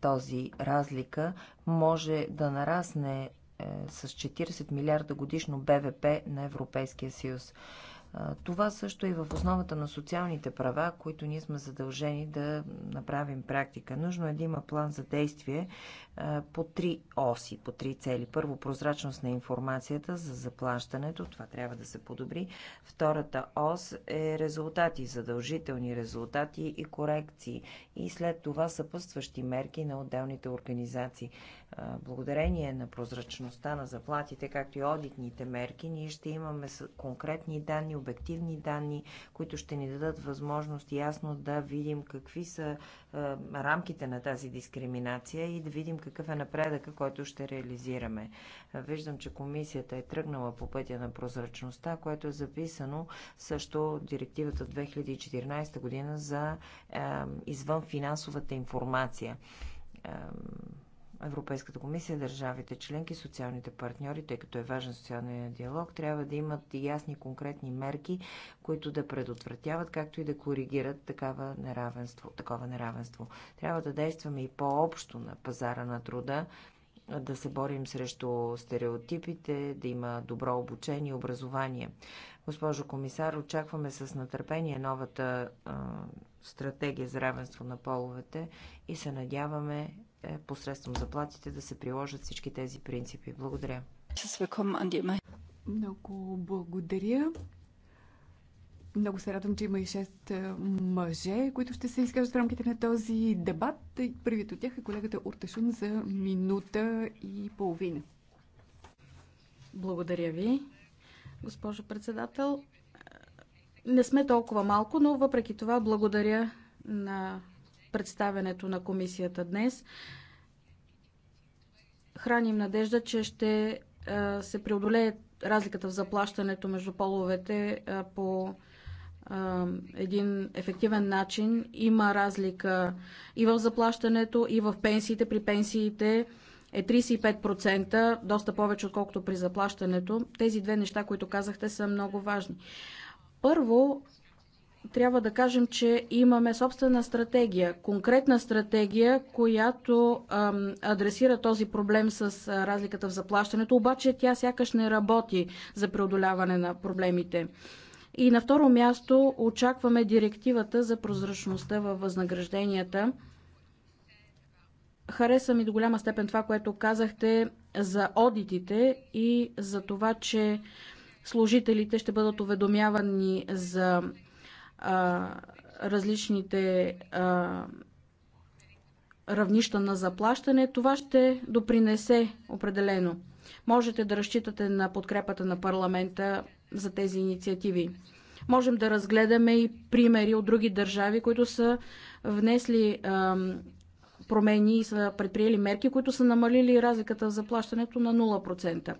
този разлика, може да нарасне е, с 40 милиарда годишно БВП на Европейския съюз. Това също е и в основата на социалните права, които ние сме задължени да направим практика. Нужно е да има план за действие по три оси, по три цели. Първо, прозрачност на информацията за заплащането. Това трябва да се подобри. Втората ос е резултати, задължителни резултати и корекции. И след това съпътстващи мерки на отделните организации благодарение на прозрачността на заплатите, както и одитните мерки, ние ще имаме конкретни данни, обективни данни, които ще ни дадат възможност ясно да видим какви са рамките на тази дискриминация и да видим какъв е напредъка, който ще реализираме. Виждам, че комисията е тръгнала по пътя на прозрачността, което е записано също директивата 2014 година за извън финансовата информация Европейската комисия, държавите членки, социалните партньори, тъй като е важен социалния диалог, трябва да имат ясни конкретни мерки, които да предотвратяват, както и да коригират такава неравенство, такова неравенство. Трябва да действаме и по-общо на пазара на труда, да се борим срещу стереотипите, да има добро обучение и образование. Госпожо комисар, очакваме с натърпение новата а, стратегия за равенство на половете и се надяваме е посредством заплатите да се приложат всички тези принципи. Благодаря. Много благодаря. Много се радвам, че има и 6 е, мъже, които ще се изкажат в рамките на този дебат. Първият от тях е колегата Урташун за минута и половина. Благодаря ви, госпожо председател. Е, не сме толкова малко, но въпреки това благодаря на представянето на комисията днес. Храним надежда, че ще се преодолее разликата в заплащането между половете по един ефективен начин. Има разлика и в заплащането, и в пенсиите. При пенсиите е 35%, доста повече отколкото при заплащането. Тези две неща, които казахте, са много важни. Първо, трябва да кажем, че имаме собствена стратегия, конкретна стратегия, която ам, адресира този проблем с а, разликата в заплащането, обаче тя сякаш не работи за преодоляване на проблемите. И на второ място очакваме директивата за прозрачността във възнагражденията. Хареса ми до голяма степен това, което казахте за одитите и за това, че служителите ще бъдат уведомявани за а, различните а, равнища на заплащане, това ще допринесе определено. Можете да разчитате на подкрепата на парламента за тези инициативи. Можем да разгледаме и примери от други държави, които са внесли а, промени и са предприели мерки, които са намалили разликата в заплащането на 0%.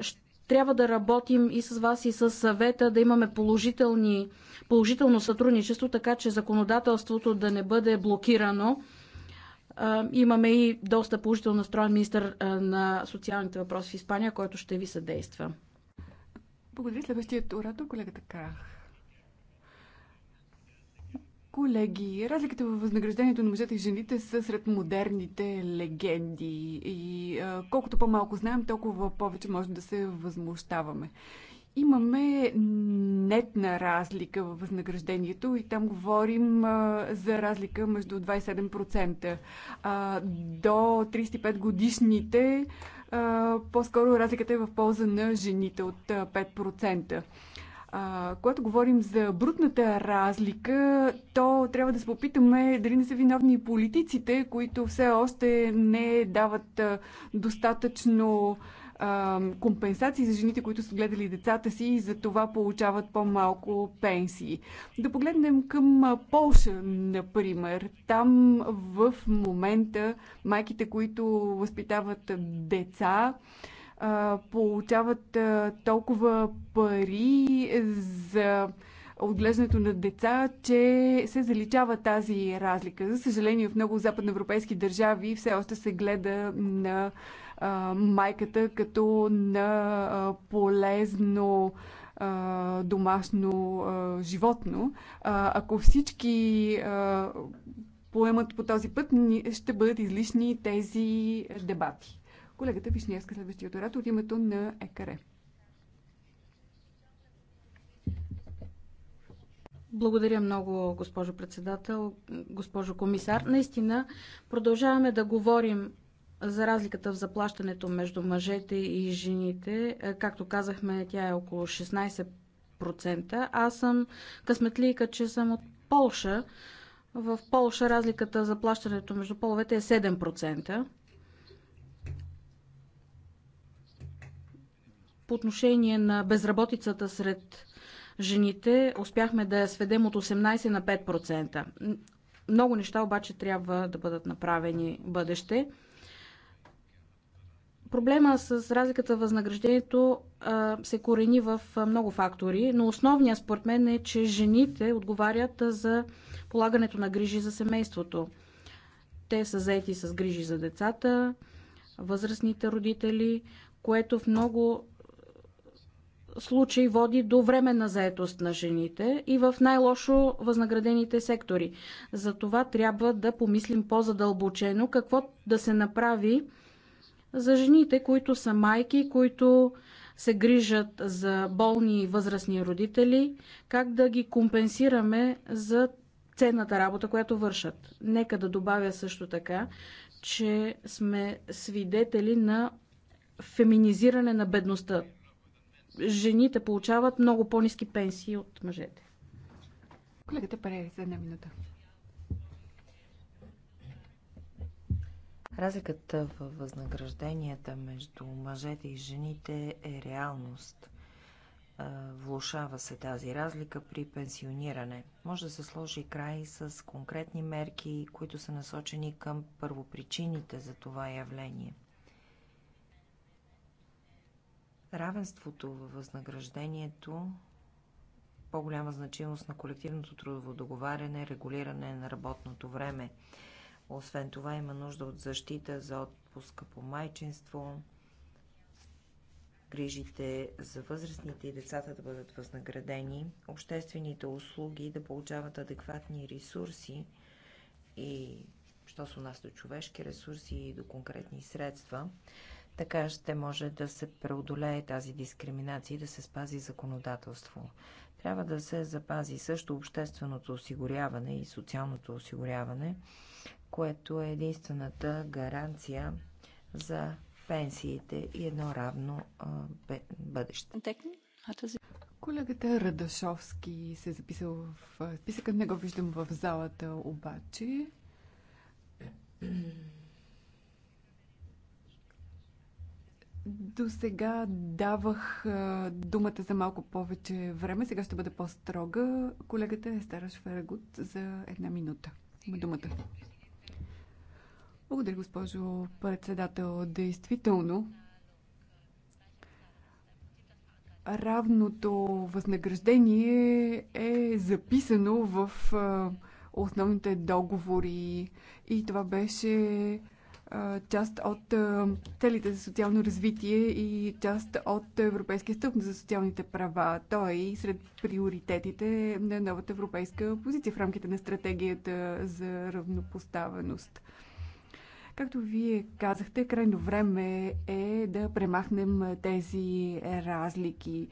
Ще трябва да работим и с вас, и с съвета, да имаме положителни, положително сътрудничество, така че законодателството да не бъде блокирано. Имаме и доста положително настроен министр на социалните въпроси в Испания, който ще ви съдейства. Благодаря следващият оратор, колегата Карах. Колеги, разликата във възнаграждението на мъжете и жените са сред модерните легенди. И а, колкото по-малко знаем, толкова повече може да се възмущаваме. Имаме нетна разлика във възнаграждението и там говорим а, за разлика между 27%. А, до 35 годишните а, по-скоро разликата е в полза на жените от 5%. А, когато говорим за брутната разлика, то трябва да се попитаме дали не са виновни и политиците, които все още не дават достатъчно а, компенсации за жените, които са гледали децата си и за това получават по-малко пенсии. Да погледнем към Полша, например. Там в момента майките, които възпитават деца, получават толкова пари за отглеждането на деца, че се заличава тази разлика. За съжаление, в много западноевропейски държави все още се гледа на а, майката като на а, полезно а, домашно а, животно. А, ако всички а, поемат по този път, ще бъдат излишни тези дебати. Колегата Вишневска, следващият оратор от името на ЕКАРЕ. Благодаря много, госпожо председател, госпожо комисар. Наистина, продължаваме да говорим за разликата в заплащането между мъжете и жените. Е, както казахме, тя е около 16%. Аз съм късметлийка, че съм от Полша. В Полша разликата в заплащането между половете е 7%. По отношение на безработицата сред жените, успяхме да я сведем от 18 на 5%. Много неща обаче трябва да бъдат направени в бъдеще. Проблема с разликата в възнаграждението се корени в много фактори, но основният според мен е, че жените отговарят за полагането на грижи за семейството. Те са заети с грижи за децата, възрастните родители, което в много случай води до временна заетост на жените и в най-лошо възнаградените сектори. За това трябва да помислим по-задълбочено какво да се направи за жените, които са майки, които се грижат за болни и възрастни родители, как да ги компенсираме за ценната работа, която вършат. Нека да добавя също така, че сме свидетели на феминизиране на бедността жените получават много по-низки пенсии от мъжете. Колегата Парери за една минута. Разликата в възнагражденията между мъжете и жените е реалност. Влушава се тази разлика при пенсиониране. Може да се сложи край с конкретни мерки, които са насочени към първопричините за това явление – Равенството във възнаграждението, по-голяма значимост на колективното трудово договаряне, регулиране на работното време. Освен това има нужда от защита за отпуска по майчинство, грижите за възрастните и децата да бъдат възнаградени, обществените услуги да получават адекватни ресурси и, що у нас до човешки ресурси и до конкретни средства, така ще може да се преодолее тази дискриминация и да се спази законодателство. Трябва да се запази също общественото осигуряване и социалното осигуряване, което е единствената гаранция за пенсиите и едно равно а, бъдеще. Колегата Радашовски се е записал в списъка. Не го виждам в залата, обаче. До сега давах думата за малко повече време. Сега ще бъде по-строга. Колегата е Стара Шферагут за една минута. Има думата. Благодаря, госпожо председател. Действително, равното възнаграждение е записано в основните договори и това беше част от целите за социално развитие и част от Европейския стълб за социалните права. Той е сред приоритетите на новата европейска позиция в рамките на стратегията за равнопоставеност. Както вие казахте, крайно време е да премахнем тези разлики.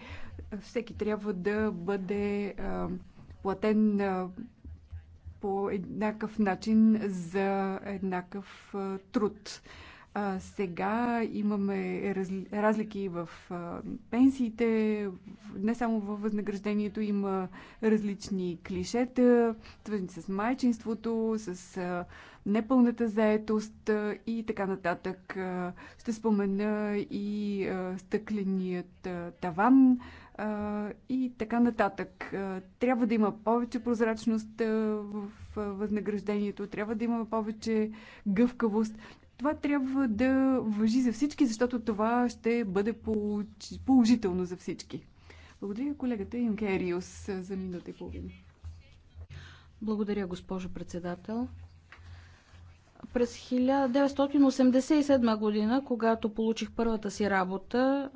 Всеки трябва да бъде платен по еднакъв начин за еднакъв труд. А, сега имаме разлики в пенсиите, не само във възнаграждението, има различни клишета, свързани с майчинството, с непълната заетост и така нататък. ще спомена и стъкленият таван и така нататък. Трябва да има повече прозрачност в възнаграждението, трябва да има повече гъвкавост. Това трябва да въжи за всички, защото това ще бъде положително за всички. Благодаря колегата Юнкериус за минута и половина. Благодаря, госпожо председател. През 1987 година, когато получих първата си работа,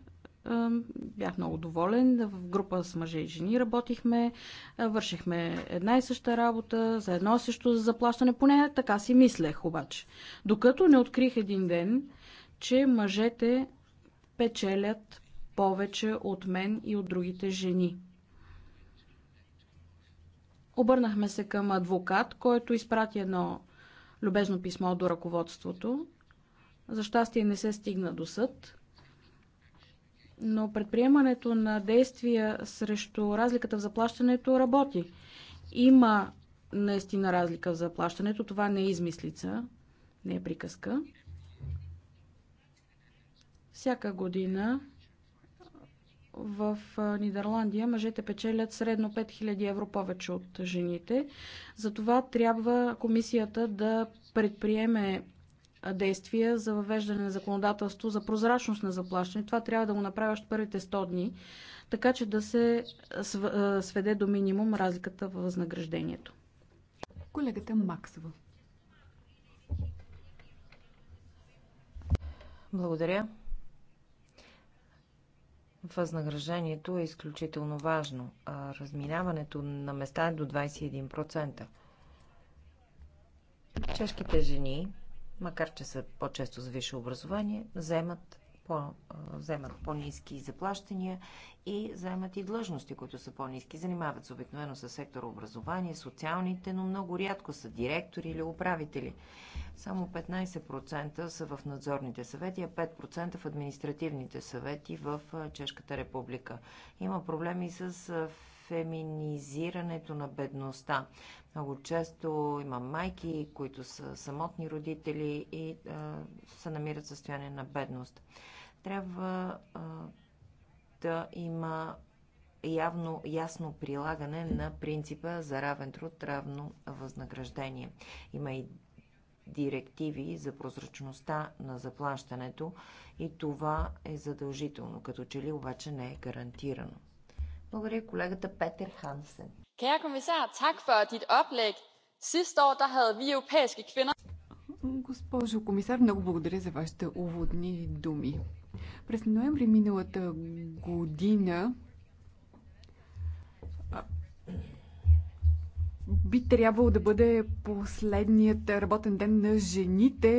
Бях много доволен. В група с мъже и жени работихме, вършихме една и съща работа, за едно и също заплащане, поне така си мислех обаче. Докато не открих един ден, че мъжете печелят повече от мен и от другите жени. Обърнахме се към адвокат, който изпрати едно любезно писмо до ръководството. За щастие не се стигна до съд, но предприемането на действия срещу разликата в заплащането работи. Има наистина разлика в заплащането. Това не е измислица, не е приказка. Всяка година в Нидерландия мъжете печелят средно 5000 евро повече от жените. Затова трябва комисията да предприеме действия за въвеждане на законодателство за прозрачност на заплащане. Това трябва да го направяш първите 100 дни, така че да се сведе до минимум разликата във възнаграждението. Колегата Максова. Благодаря. Възнаграждението е изключително важно. разминаването на места е до 21%. Чешките жени макар че са по-често за висше образование, вземат по, вземат по-низки заплащания и вземат и длъжности, които са по-низки. Занимават се обикновено с сектора образование, социалните, но много рядко са директори или управители. Само 15% са в надзорните съвети, а 5% в административните съвети в Чешката република. Има проблеми с феминизирането на бедността. Много често има майки, които са самотни родители и а, се намират в състояние на бедност. Трябва а, да има явно ясно прилагане на принципа за равен труд, равно възнаграждение. Има и директиви за прозрачността на заплащането и това е задължително, като че ли обаче не е гарантирано. Благодаря колегата Петър Хансен. Kære комисар, так for dit oplæg. Sidste år, der havde vi europæiske kvinder... Госпожо комисар, много благодаря за вашите уводни думи. През ноември миналата година би трябвало да бъде последният работен ден на жените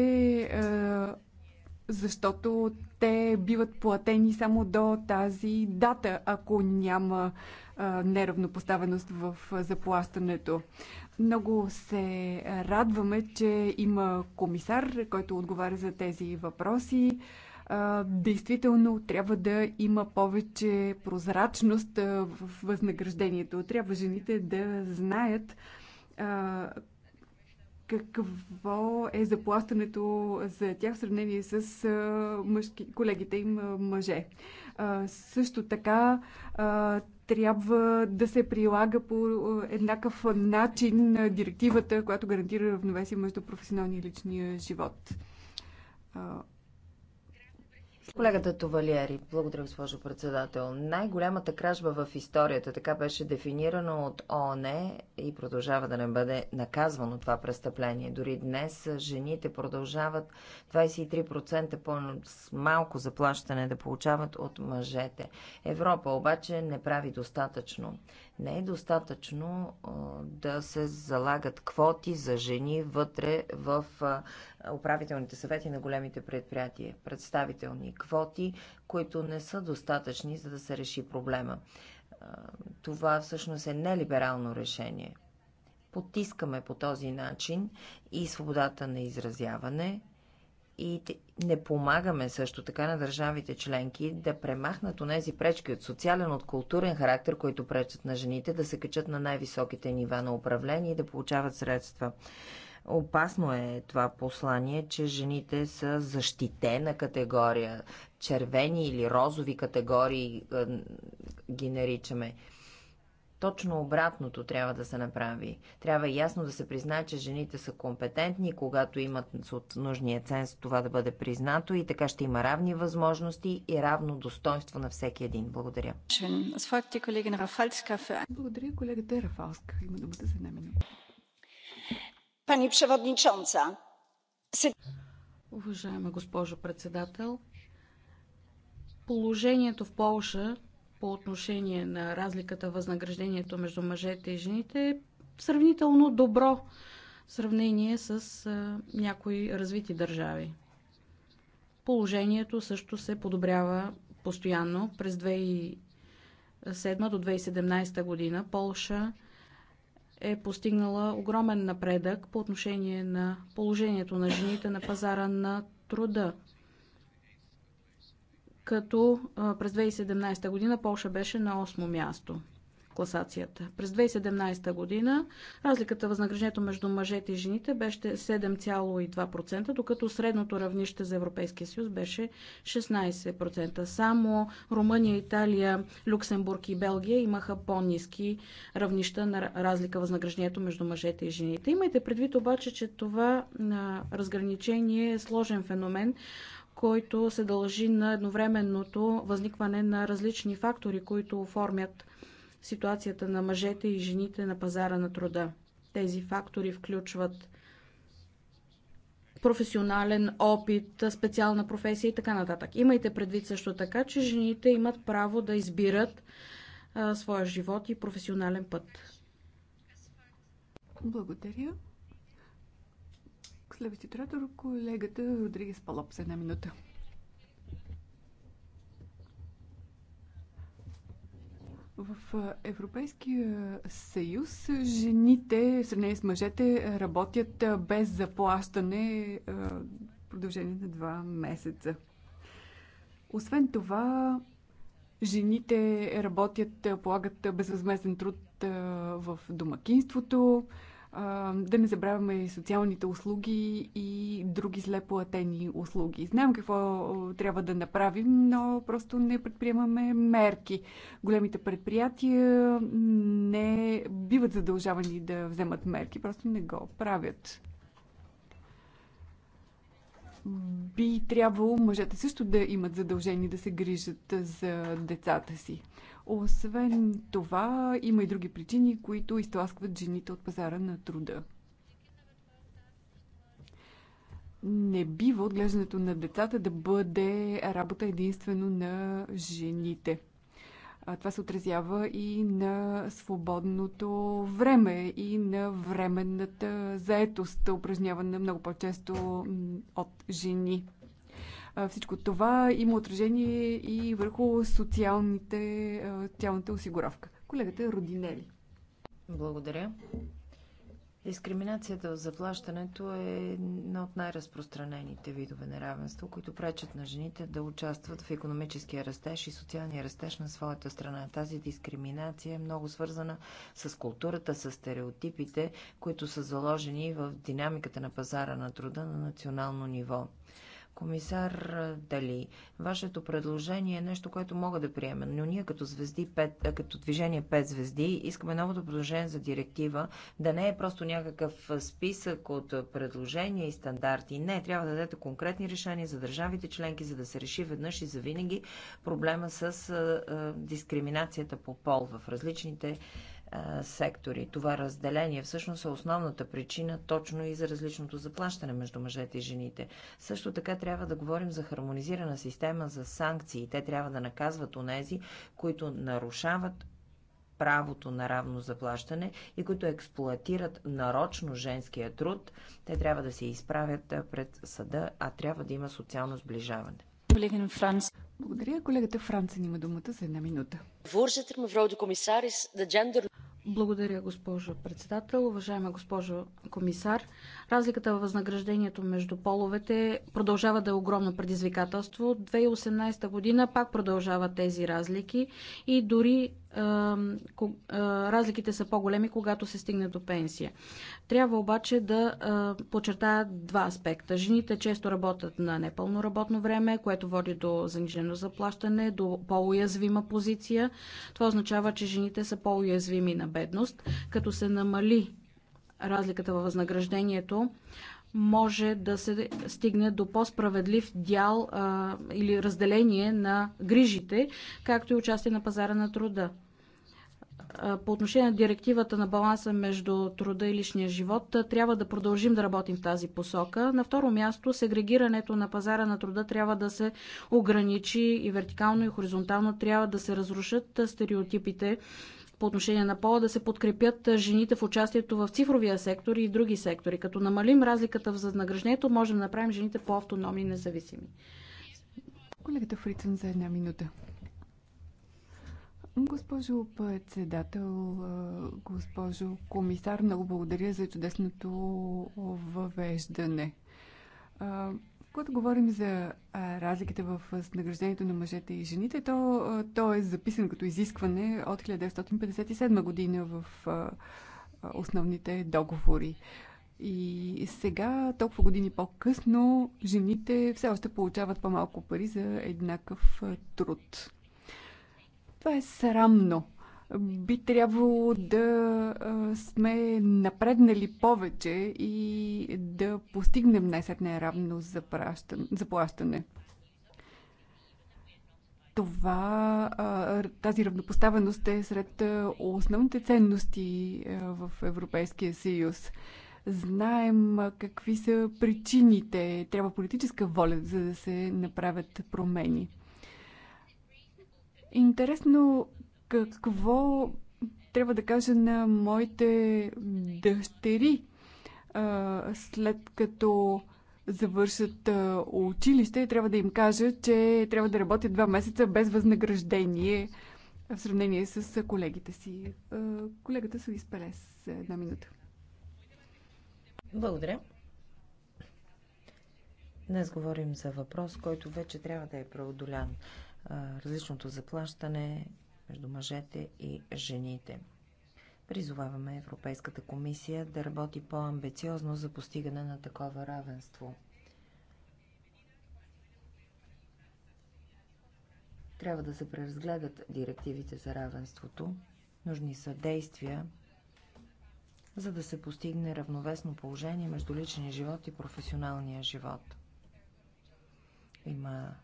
защото те биват платени само до тази дата, ако няма а, неравнопоставеност в заплащането. Много се радваме, че има комисар, който отговаря за тези въпроси. А, действително трябва да има повече прозрачност в възнаграждението. Трябва жените да знаят а, какво е заплащането за тях в сравнение с мъжки, колегите им мъже. Също така трябва да се прилага по еднакъв начин директивата, която гарантира равновесие между професионалния и личния живот. Колегата Товалиери, благодаря госпожо председател. Най-голямата кражба в историята, така беше дефинирано от ООН и продължава да не бъде наказвано това престъпление. Дори днес жените продължават 23% по-малко заплащане да получават от мъжете. Европа обаче не прави достатъчно. Не е достатъчно да се залагат квоти за жени вътре в управителните съвети на големите предприятия. Представителни квоти, които не са достатъчни, за да се реши проблема. Това всъщност е нелиберално решение. Потискаме по този начин и свободата на изразяване, и не помагаме също така на държавите членки да премахнат онези пречки от социален, от културен характер, които пречат на жените да се качат на най-високите нива на управление и да получават средства. Опасно е това послание, че жените са защитена категория, червени или розови категории ги наричаме. Точно обратното трябва да се направи. Трябва ясно да се признае, че жените са компетентни, когато имат от нужния ценз това да бъде признато и така ще има равни възможности и равно достоинство на всеки един. Благодаря. Благодаря, колегата Рафалска. Има думата за една минута. Пани Преводничонца. Уважаема госпожо председател, положението в Полша по отношение на разликата в възнаграждението между мъжете и жените е сравнително добро в сравнение с някои развити държави. Положението също се подобрява постоянно. През 2007 до 2017 година Полша е постигнала огромен напредък по отношение на положението на жените на пазара на труда като през 2017 година Полша беше на 8 място класацията. През 2017 година разликата възнаграждението между мъжете и жените беше 7,2%, докато средното равнище за Европейския съюз беше 16%. Само Румъния, Италия, Люксембург и Белгия имаха по-низки равнища на разлика възнаграждението между мъжете и жените. Имайте предвид обаче, че това разграничение е сложен феномен който се дължи на едновременното възникване на различни фактори, които оформят ситуацията на мъжете и жените на пазара на труда. Тези фактори включват професионален опит, специална професия и така нататък. Имайте предвид също така, че жените имат право да избират а, своя живот и професионален път. Благодаря. Следващият тратор колегата Родригес Палоп за една минута. В Европейския съюз жените, в сравнение с мъжете, работят без заплащане в продължение на два месеца. Освен това, жените работят, полагат безвъзмезен труд в домакинството, да не забравяме социалните услуги и други зле платени услуги. Знаем какво трябва да направим, но просто не предприемаме мерки. Големите предприятия не биват задължавани да вземат мерки, просто не го правят. Би трябвало мъжете също да имат задължение да се грижат за децата си. Освен това, има и други причини, които изтласкват жените от пазара на труда. Не бива отглеждането на децата да бъде работа единствено на жените. това се отразява и на свободното време и на временната заетост, упражнявана много по-често от жени. Всичко това има отражение и върху социалните, социалната осигуровка. Колегата Родинели. Благодаря. Дискриминацията в заплащането е една от най-разпространените видове неравенство, които пречат на жените да участват в економическия растеж и социалния растеж на своята страна. Тази дискриминация е много свързана с културата, с стереотипите, които са заложени в динамиката на пазара на труда на национално ниво. Комисар Дали, вашето предложение е нещо, което мога да приема, но ние като, звезди 5, като движение 5 звезди искаме новото предложение за директива да не е просто някакъв списък от предложения и стандарти. Не, трябва да дадете конкретни решения за държавите членки, за да се реши веднъж и завинаги проблема с дискриминацията по пол в различните сектори. Това разделение всъщност е основната причина точно и за различното заплащане между мъжете и жените. Също така трябва да говорим за хармонизирана система за санкции. Те трябва да наказват онези, които нарушават правото на равно заплащане и които експлуатират нарочно женския труд, те трябва да се изправят пред съда, а трябва да има социално сближаване. Колегин Франц. Благодаря. Колегата Франц, има думата за една минута. Voorzitter, ме вроде комисарис да джендър... Благодаря, госпожо председател. Уважаема госпожо комисар, Разликата във възнаграждението между половете продължава да е огромно предизвикателство. 2018 година пак продължават тези разлики и дори разликите са по-големи, когато се стигне до пенсия. Трябва обаче да подчертая два аспекта. Жените често работят на непълно работно време, което води до занижено заплащане, до по-уязвима позиция. Това означава, че жените са по-уязвими на бедност, като се намали разликата във възнаграждението, може да се стигне до по-справедлив дял а, или разделение на грижите, както и участие на пазара на труда. По отношение на директивата на баланса между труда и личния живот, трябва да продължим да работим в тази посока. На второ място, сегрегирането на пазара на труда трябва да се ограничи и вертикално, и хоризонтално трябва да се разрушат стереотипите по отношение на пола да се подкрепят жените в участието в цифровия сектор и в други сектори. Като намалим разликата в възнаграждението, можем да направим жените по-автономни и независими. Колегата Фрицен за една минута. Госпожо председател, госпожо комисар, много благодаря за чудесното въвеждане. Когато говорим за а, разликите в възнаграждението на мъжете и жените, то, а, то е записан като изискване от 1957 година в а, основните договори. И сега, толкова години по-късно, жените все още получават по-малко пари за еднакъв труд. Това е срамно би трябвало да сме напреднали повече и да постигнем най-сетне равно заплащане. Това, тази равнопоставеност е сред основните ценности в Европейския съюз. Знаем какви са причините. Трябва политическа воля, за да се направят промени. Интересно какво трябва да кажа на моите дъщери, след като завършат училище, трябва да им кажа, че трябва да работят два месеца без възнаграждение в сравнение с колегите си. Колегата Суис Пелес, една минута. Благодаря. Днес говорим за въпрос, който вече трябва да е преодолян. Различното заплащане, между мъжете и жените. Призоваваме Европейската комисия да работи по-амбициозно за постигане на такова равенство. Трябва да се преразгледат директивите за равенството. Нужни са действия, за да се постигне равновесно положение между личния живот и професионалния живот. Има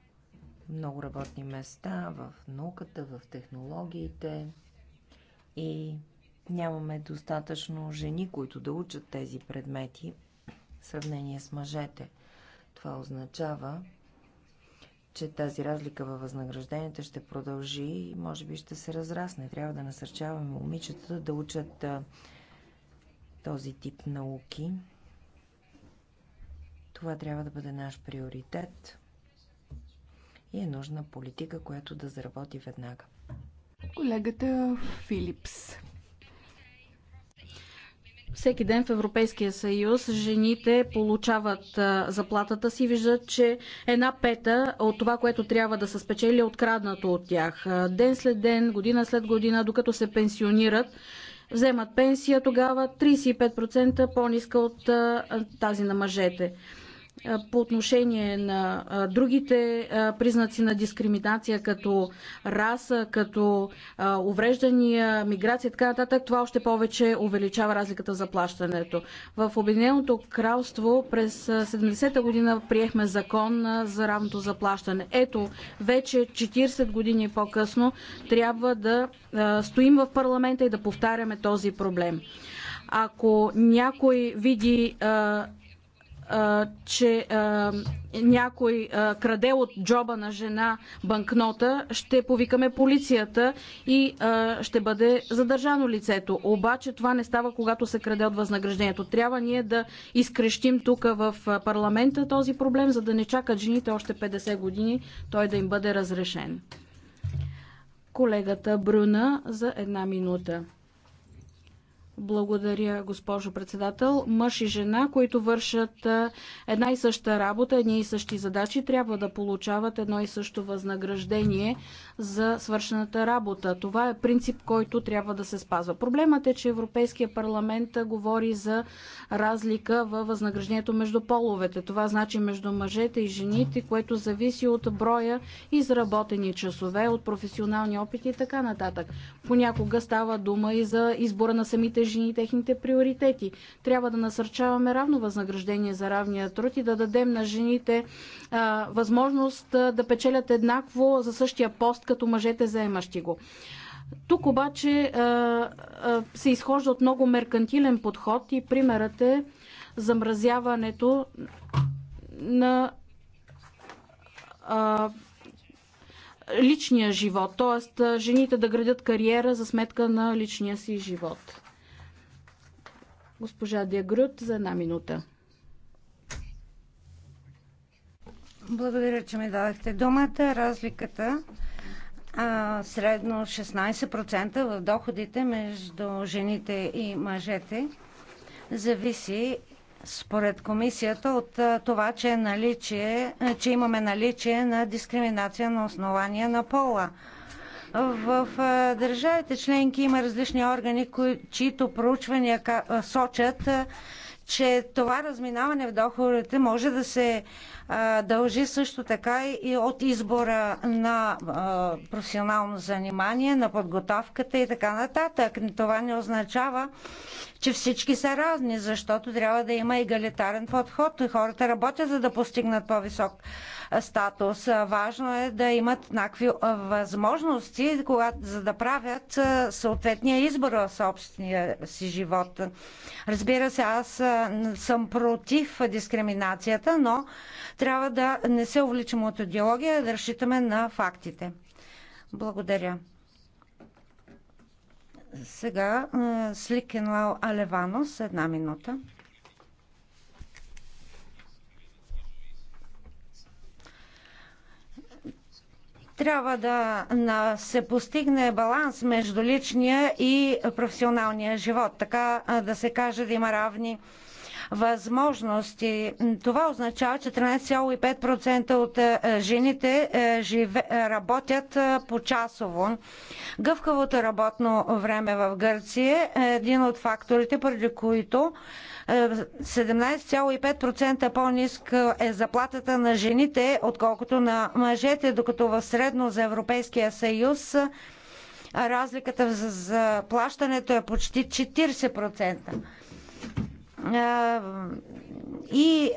много работни места в науката, в технологиите и нямаме достатъчно жени, които да учат тези предмети в сравнение с мъжете. Това означава, че тази разлика във възнагражденията ще продължи и може би ще се разрасне. Трябва да насърчаваме момичетата да учат този тип науки. Това трябва да бъде наш приоритет и е нужна политика, която да заработи веднага. Колегата Филипс. Всеки ден в Европейския съюз жените получават заплатата си, виждат, че една пета от това, което трябва да се спечели, е откраднато от тях. Ден след ден, година след година, докато се пенсионират, вземат пенсия тогава 35% по-ниска от тази на мъжете по отношение на другите признаци на дискриминация, като раса, като увреждания, миграция и така нататък, това още повече увеличава разликата за плащането. В Обединеното кралство през 70-та година приехме закон за равното заплащане. Ето, вече 40 години по-късно трябва да стоим в парламента и да повтаряме този проблем. Ако някой види че някой краде от джоба на жена банкнота, ще повикаме полицията и ще бъде задържано лицето. Обаче това не става, когато се краде от възнаграждението. Трябва ние да изкрещим тук в парламента този проблем, за да не чакат жените още 50 години той да им бъде разрешен. Колегата Бруна за една минута. Благодаря, госпожо председател. Мъж и жена, които вършат една и съща работа, едни и същи задачи, трябва да получават едно и също възнаграждение за свършената работа. Това е принцип, който трябва да се спазва. Проблемът е, че Европейския парламент говори за разлика във възнаграждението между половете. Това значи между мъжете и жените, което зависи от броя изработени часове, от професионални опити и така нататък. Понякога става дума и за избора на самите и техните приоритети. Трябва да насърчаваме равно възнаграждение за равния труд и да дадем на жените а, възможност да печелят еднакво за същия пост, като мъжете заемащи го. Тук обаче а, а, се изхожда от много меркантилен подход и примерът е замразяването на а, личния живот, т.е. жените да градят кариера за сметка на личния си живот. Госпожа Дягрут, за една минута. Благодаря, че ми дадахте думата. Разликата а, средно 16% в доходите между жените и мъжете зависи според комисията от това, че, е наличие, че имаме наличие на дискриминация на основания на пола. В държавите членки има различни органи, чието проучвания сочат, че това разминаване в доходите може да се дължи също така и от избора на професионално занимание, на подготовката и така нататък. Това не означава, че всички са разни, защото трябва да има егалитарен подход. Хората работят за да постигнат по-висок статус. Важно е да имат някакви възможности, когато, за да правят съответния избор в собствения си живот. Разбира се, аз съм против дискриминацията, но трябва да не се увличаме от идеология, да разчитаме на фактите. Благодаря. Сега Сликенлао Алеванос, една минута. трябва да на, се постигне баланс между личния и професионалния живот, така да се каже да има равни възможности. Това означава, че 13,5% от е, жените е, е, работят почасово. Гъвкавото работно време в Гърция е един от факторите, преди които 17,5% по-ниска е заплатата на жените, отколкото на мъжете, докато в средно за Европейския съюз разликата за плащането е почти 40%. И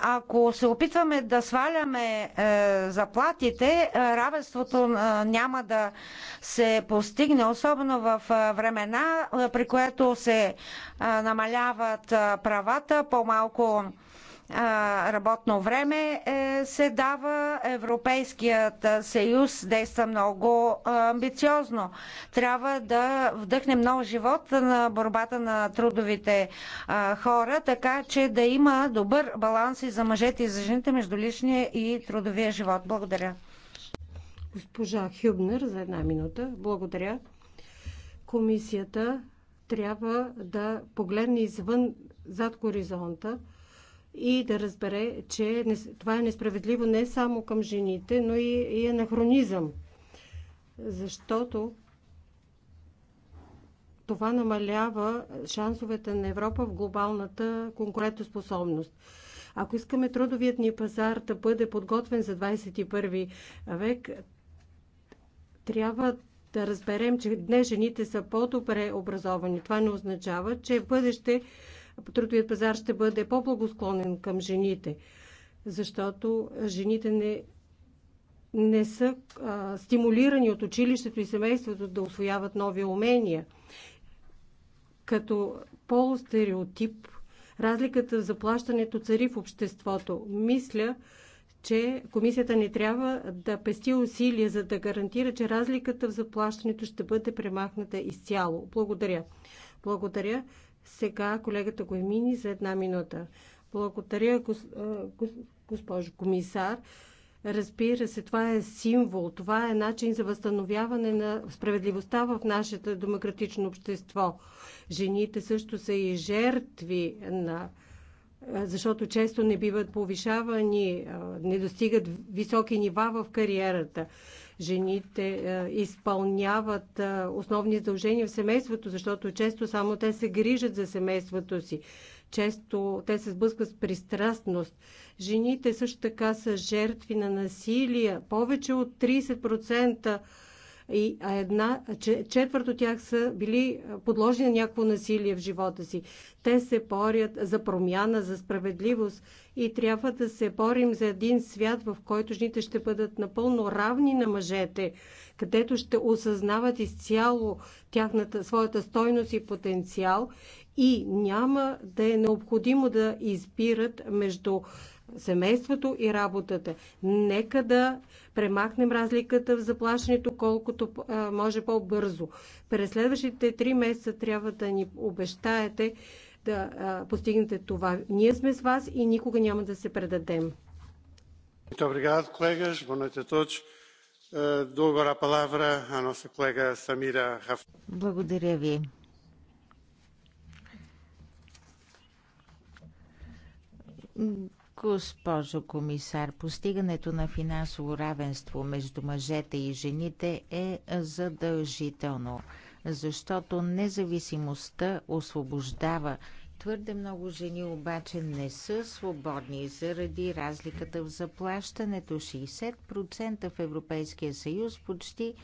ако се опитваме да сваляме е, заплатите, е, равенството е, няма да се постигне, особено в времена, при което се намаляват правата, по-малко работно време е, се дава. Европейският съюз действа много амбициозно. Трябва да вдъхне много живот на борбата на трудовите хора, така че да има добър баланс и за мъжете и за жените между личния и трудовия живот. Благодаря. Госпожа Хюбнер за една минута. Благодаря. Комисията трябва да погледне извън зад хоризонта и да разбере, че това е несправедливо не само към жените, но и, и анахронизъм. Защото това намалява шансовете на Европа в глобалната конкурентоспособност. Ако искаме трудовият ни пазар да бъде подготвен за 21 век, трябва да разберем, че днес жените са по-добре образовани. Това не означава, че в бъдеще трудовият пазар ще бъде по-благосклонен към жените, защото жените не, не са а, стимулирани от училището и семейството да освояват нови умения. Като полустереотип, разликата в заплащането цари в обществото. Мисля, че комисията не трябва да пести усилия, за да гарантира, че разликата в заплащането ще бъде премахната изцяло. Благодаря. Благодаря. Сега колегата го за една минута. Благодаря, госпожо комисар. Разбира се, това е символ, това е начин за възстановяване на справедливостта в нашето демократично общество. Жените също са и жертви на защото често не биват повишавани, не достигат високи нива в кариерата. Жените е, изпълняват е, основни задължения в семейството, защото често само те се грижат за семейството си. Често те се сблъскват с пристрастност. Жените също така са жертви на насилие. Повече от 30% и една четвърт от тях са били подложени на някакво насилие в живота си. Те се борят за промяна, за справедливост и трябва да се борим за един свят, в който жените ще бъдат напълно равни на мъжете, където ще осъзнават изцяло тяхната, своята стойност и потенциал и няма да е необходимо да избират между семейството и работата. Нека да премахнем разликата в заплащането колкото може по-бързо. През следващите три месеца трябва да ни обещаете да постигнете това. Ние сме с вас и никога няма да се предадем. Добре, колега, Boa точ. a палавра, а agora a palavra à Благодаря ви. Госпожо комисар, постигането на финансово равенство между мъжете и жените е задължително, защото независимостта освобождава. Твърде много жени обаче не са свободни заради разликата в заплащането. 60% в Европейския съюз почти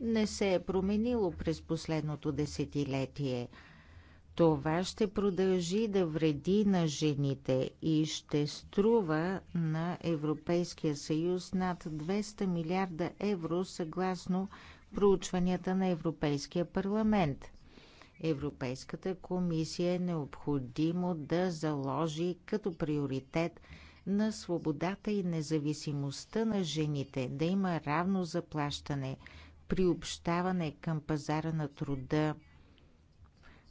не се е променило през последното десетилетие – това ще продължи да вреди на жените и ще струва на Европейския съюз над 200 милиарда евро съгласно проучванията на Европейския парламент. Европейската комисия е необходимо да заложи като приоритет на свободата и независимостта на жените, да има равно заплащане, приобщаване към пазара на труда –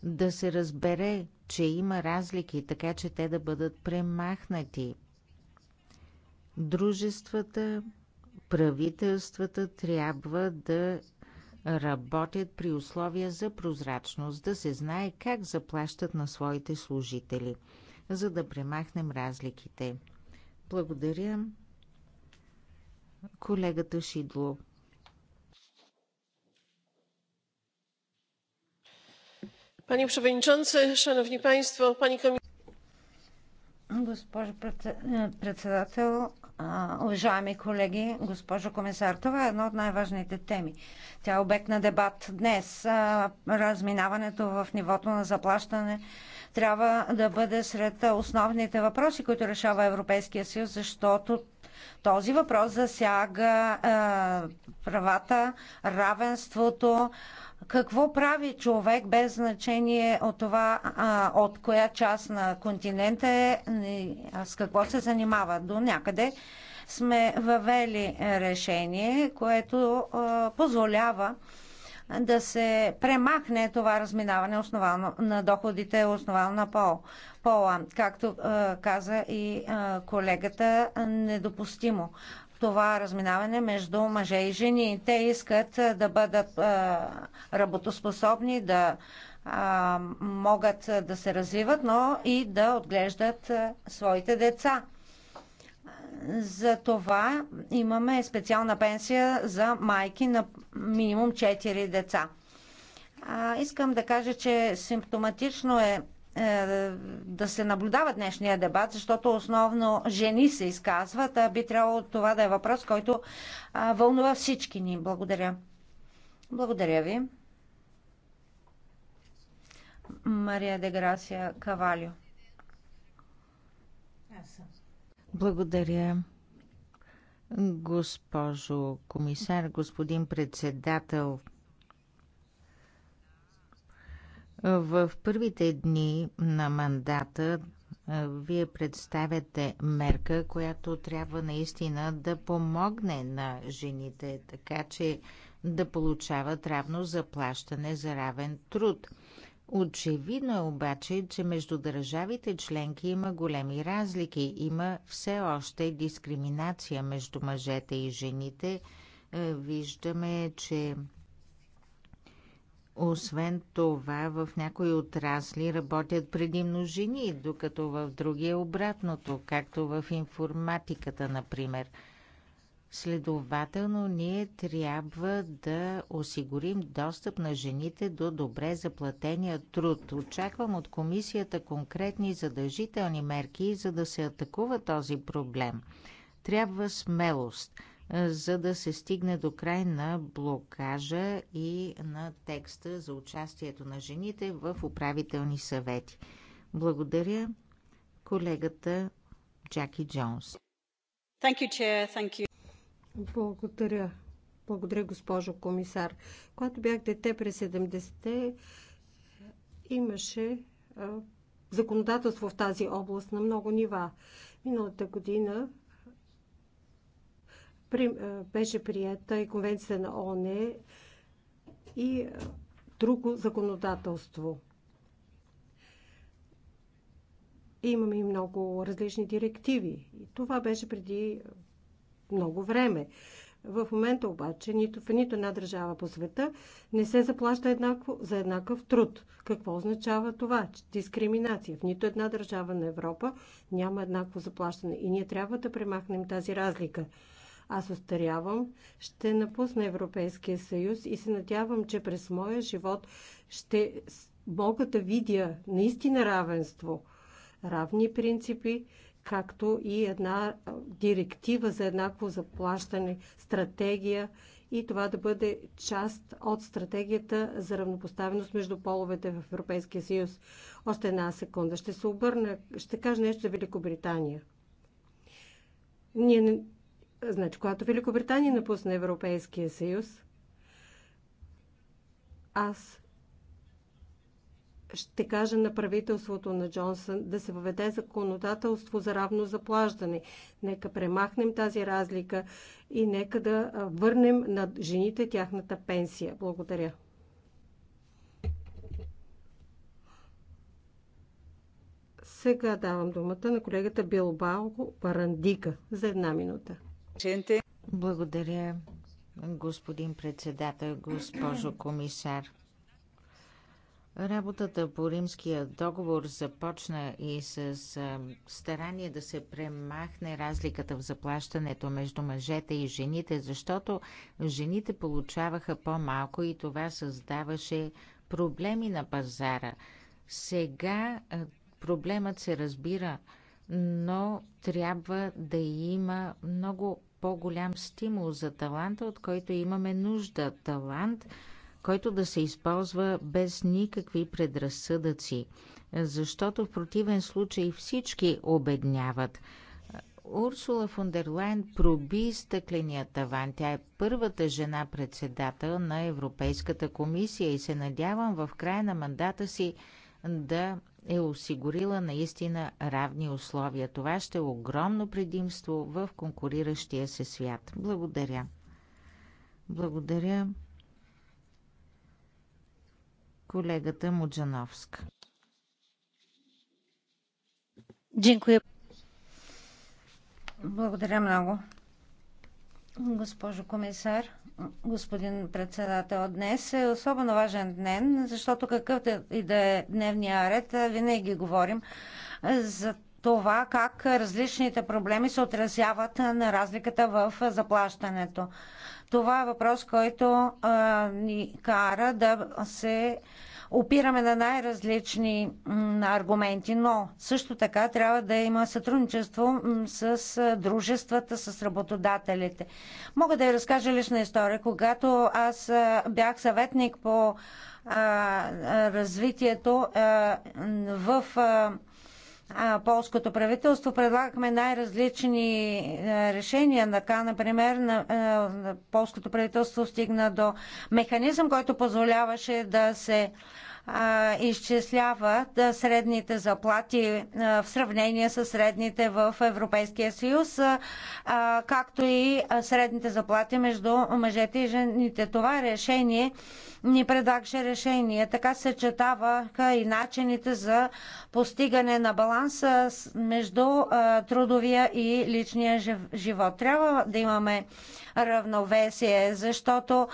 да се разбере, че има разлики, така че те да бъдат премахнати. Дружествата, правителствата трябва да работят при условия за прозрачност, да се знае как заплащат на своите служители, за да премахнем разликите. Благодаря. Колегата Шидло. Panie przewodniczący, szanowni państwo, pani komisarz. Госпожо е, председател, уважаеми колеги, госпожо комисар, това е една от най-важните теми. Тя е обект на дебат днес. Разминаването в нивото на заплащане трябва да бъде сред основните въпроси, които решава Европейския съюз, защото този въпрос засяга е, правата, равенството. Какво прави човек без значение от това а, от коя част на континента е, с какво се занимава? До някъде сме въвели решение, което а, е, позволява да се премахне това разминаване основано, на доходите, основано на пол. пола. Както а, е, каза и а, е, колегата, недопустимо това разминаване между мъже и жени. Те искат е, да бъдат а, работоспособни, да а, могат да се развиват, но и да отглеждат а, своите деца. За това имаме специална пенсия за майки на минимум 4 деца. А, искам да кажа, че симптоматично е, е да се наблюдава днешния дебат, защото основно жени се изказват, а би трябвало това да е въпрос, който а, вълнува всички ни. Благодаря. Благодаря ви. Мария Деграсия Кавалио. Благодаря. Госпожо комисар, господин председател, в първите дни на мандата вие представяте мерка, която трябва наистина да помогне на жените, така че да получават равно заплащане за равен труд. Очевидно е обаче, че между държавите членки има големи разлики. Има все още дискриминация между мъжете и жените. Е, виждаме, че освен това, в някои отрасли работят предимно жени, докато в други е обратното, както в информатиката, например – Следователно, ние трябва да осигурим достъп на жените до добре заплатения труд. Очаквам от комисията конкретни задължителни мерки, за да се атакува този проблем. Трябва смелост, за да се стигне до край на блокажа и на текста за участието на жените в управителни съвети. Благодаря колегата Джаки Джонс. Thank you, Chair. Thank you. Благодаря. Благодаря, госпожо комисар. Когато бях дете през 70-те, имаше законодателство в тази област на много нива. Миналата година беше приета и конвенция на ООН и друго законодателство. Имаме и много различни директиви. И това беше преди много време. В момента обаче нито в нито една държава по света не се заплаща еднакво за еднакъв труд. Какво означава това? Дискриминация. В нито една държава на Европа няма еднакво заплащане и ние трябва да премахнем тази разлика. Аз остарявам, ще напусна Европейския съюз и се надявам, че през моя живот ще мога да видя наистина равенство, равни принципи, както и една директива за еднакво заплащане, стратегия и това да бъде част от стратегията за равнопоставеност между половете в Европейския съюз. Още една секунда. Ще се обърна, ще кажа нещо за Великобритания. Ние не... Значи, когато Великобритания напусна Европейския съюз, аз ще каже на правителството на Джонсън да се въведе законодателство за равно заплаждане. Нека премахнем тази разлика и нека да върнем на жените тяхната пенсия. Благодаря. Сега давам думата на колегата Билбао Парандика за една минута. Благодаря, господин председател, госпожо комисар. Работата по римския договор започна и с старание да се премахне разликата в заплащането между мъжете и жените, защото жените получаваха по-малко и това създаваше проблеми на пазара. Сега проблемът се разбира, но трябва да има много по-голям стимул за таланта, от който имаме нужда. Талант – който да се използва без никакви предразсъдъци, защото в противен случай всички обедняват. Урсула фон дер Лайн проби стъкления таван. Тя е първата жена председател на Европейската комисия и се надявам в края на мандата си да е осигурила наистина равни условия. Това ще е огромно предимство в конкуриращия се свят. Благодаря. Благодаря колегата Муджановска. Благодаря много. Госпожо комисар, господин председател, днес е особено важен ден, защото какъв и да е дневния ред, винаги говорим за това как различните проблеми се отразяват на разликата в заплащането. Това е въпрос, който а, ни кара да се опираме на най-различни аргументи, но също така трябва да има сътрудничество с дружествата, с работодателите. Мога да я разкажа лична история. Когато аз бях съветник по а, развитието а, в а, полското правителство предлагахме най-различни е, решения. Така, например, на, е, на полското правителство стигна до механизъм, който позволяваше да се изчисляват средните заплати в сравнение с средните в Европейския съюз, както и средните заплати между мъжете и жените. Това решение ни предлагаше решение. Така се съчетаваха и начините за постигане на баланса между трудовия и личния живот. Трябва да имаме равновесие, защото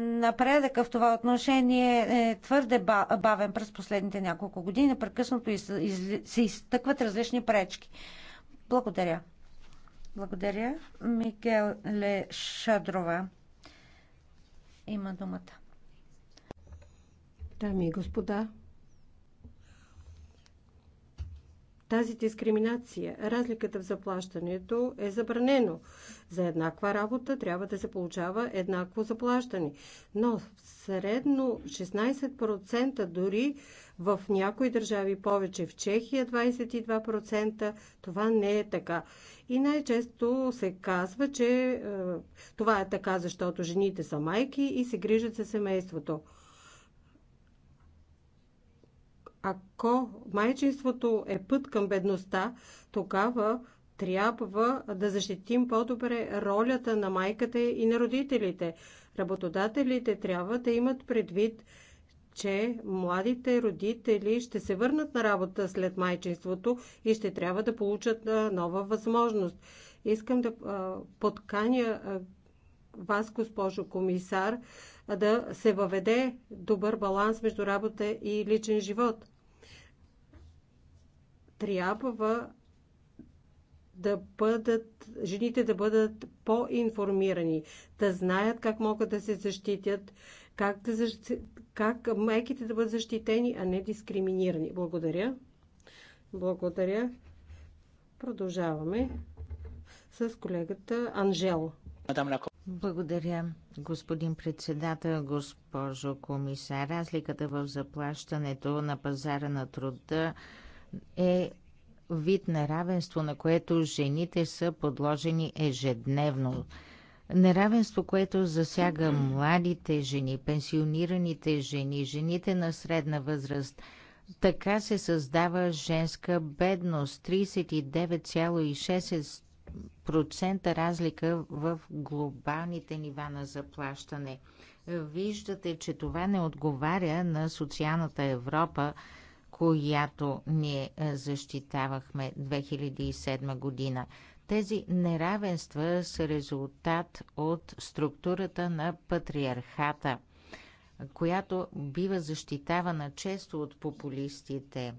напредъка в това отношение е твърде бавен през последните няколко години. Непрекъснато се изтъкват различни пречки. Благодаря. Благодаря. Микел Ле Шадрова има думата. Дами и господа, тази дискриминация. Разликата в заплащането е забранено. За еднаква работа трябва да се получава еднакво заплащане. Но средно 16% дори в някои държави повече, в Чехия 22%, това не е така. И най-често се казва, че е, това е така, защото жените са майки и се грижат за семейството. Ако майчинството е път към бедността, тогава трябва да защитим по-добре ролята на майката и на родителите. Работодателите трябва да имат предвид, че младите родители ще се върнат на работа след майчинството и ще трябва да получат нова възможност. Искам да подканя вас, госпожо комисар, да се въведе добър баланс между работа и личен живот трябва да бъдат, жените да бъдат по-информирани, да знаят как могат да се защитят, как, да защи, как майките да бъдат защитени, а не дискриминирани. Благодаря. Благодаря. Продължаваме с колегата Анжел. Благодаря, господин председател, госпожо комисар. Разликата в заплащането на пазара на труда е вид неравенство, на което жените са подложени ежедневно. Неравенство, което засяга младите жени, пенсионираните жени, жените на средна възраст. Така се създава женска бедност 39,6% разлика в глобалните нива на заплащане. Виждате, че това не отговаря на социалната Европа, която ние е, защитавахме 2007 година. Тези неравенства са резултат от структурата на патриархата, която бива защитавана често от популистите.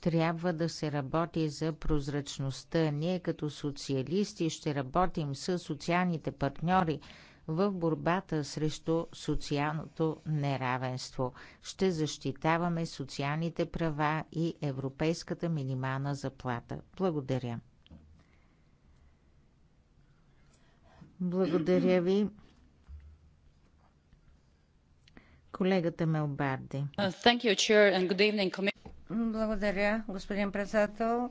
Трябва да се работи за прозрачността. Ние като социалисти ще работим с социалните партньори, в борбата срещу социалното неравенство. Ще защитаваме социалните права и европейската минимална заплата. Благодаря. Благодаря ви. Колегата Мелбарди. Благодаря, господин председател.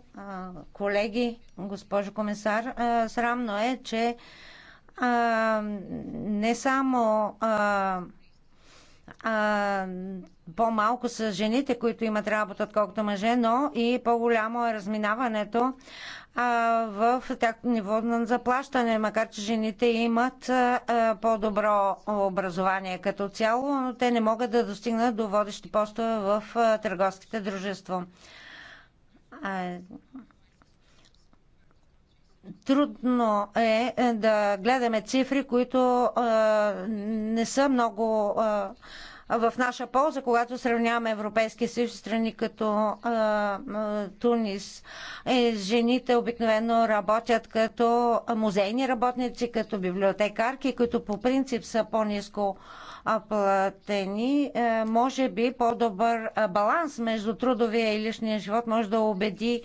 Колеги, госпожо комисар, срамно е, че а, не само а, а, по-малко са жените, които имат работа, отколкото мъже, но и по-голямо е разминаването а, в тяхното ниво на заплащане, макар че жените имат по-добро образование като цяло, но те не могат да достигнат до водещи постове в а, търговските дружества. А, Трудно е, е да гледаме цифри, които е, не са много е, в наша полза, когато сравняваме Европейския съюз страни като а, а, Тунис. Е, жените обикновено работят като музейни работници, като библиотекарки, които по принцип са по-низко платени. Е, може би по-добър баланс между трудовия и личния живот може да убеди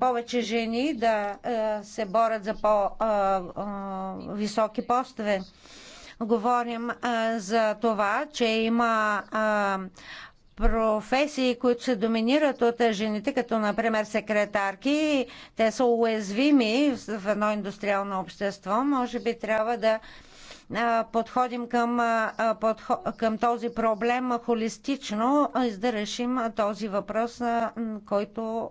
повече жени да е, се борят за по-високи постове. Говорим е, за това, че има е, професии, които се доминират от жените, като например секретарки. Те са уязвими в едно индустриално общество. Може би трябва да подходим към, подход, към този проблем холистично, за да решим този въпрос, който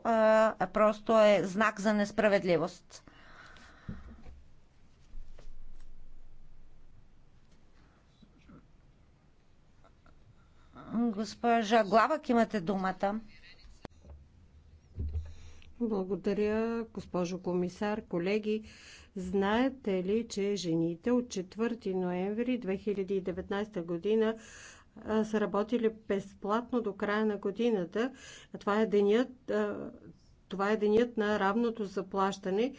просто е знак за несправедливост. Госпожа Главак, имате думата. Благодаря, госпожо комисар, колеги. Знаете ли, че жените от 4 ноември 2019 година са работили безплатно до края на годината. Това е денят, това е денят на равното заплащане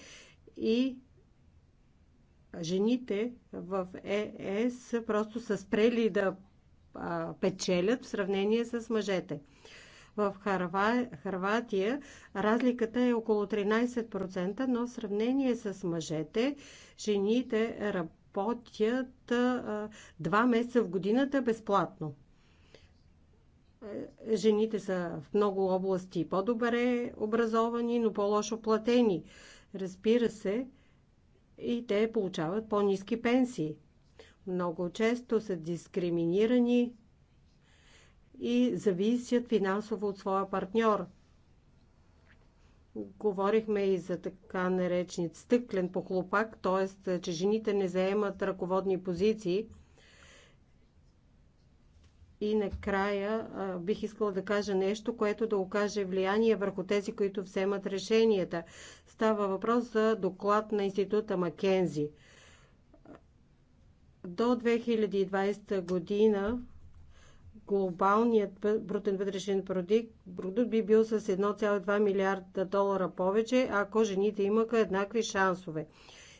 и жените в ЕС е просто са спрели да печелят в сравнение с мъжете в Харва... Харватия разликата е около 13%, но в сравнение с мъжете, жените работят два месеца в годината безплатно. Е, жените са в много области по-добре образовани, но по-лошо платени. Разбира се, и те получават по-низки пенсии. Много често са дискриминирани и зависят финансово от своя партньор. Говорихме и за така наречен стъклен похлопак, т.е. че жените не заемат ръководни позиции. И накрая бих искала да кажа нещо, което да окаже влияние върху тези, които вземат решенията. Става въпрос за доклад на института Макензи. До 2020 година глобалният брутен вътрешен продукт би бил с 1,2 милиарда долара повече, ако жените имаха еднакви шансове.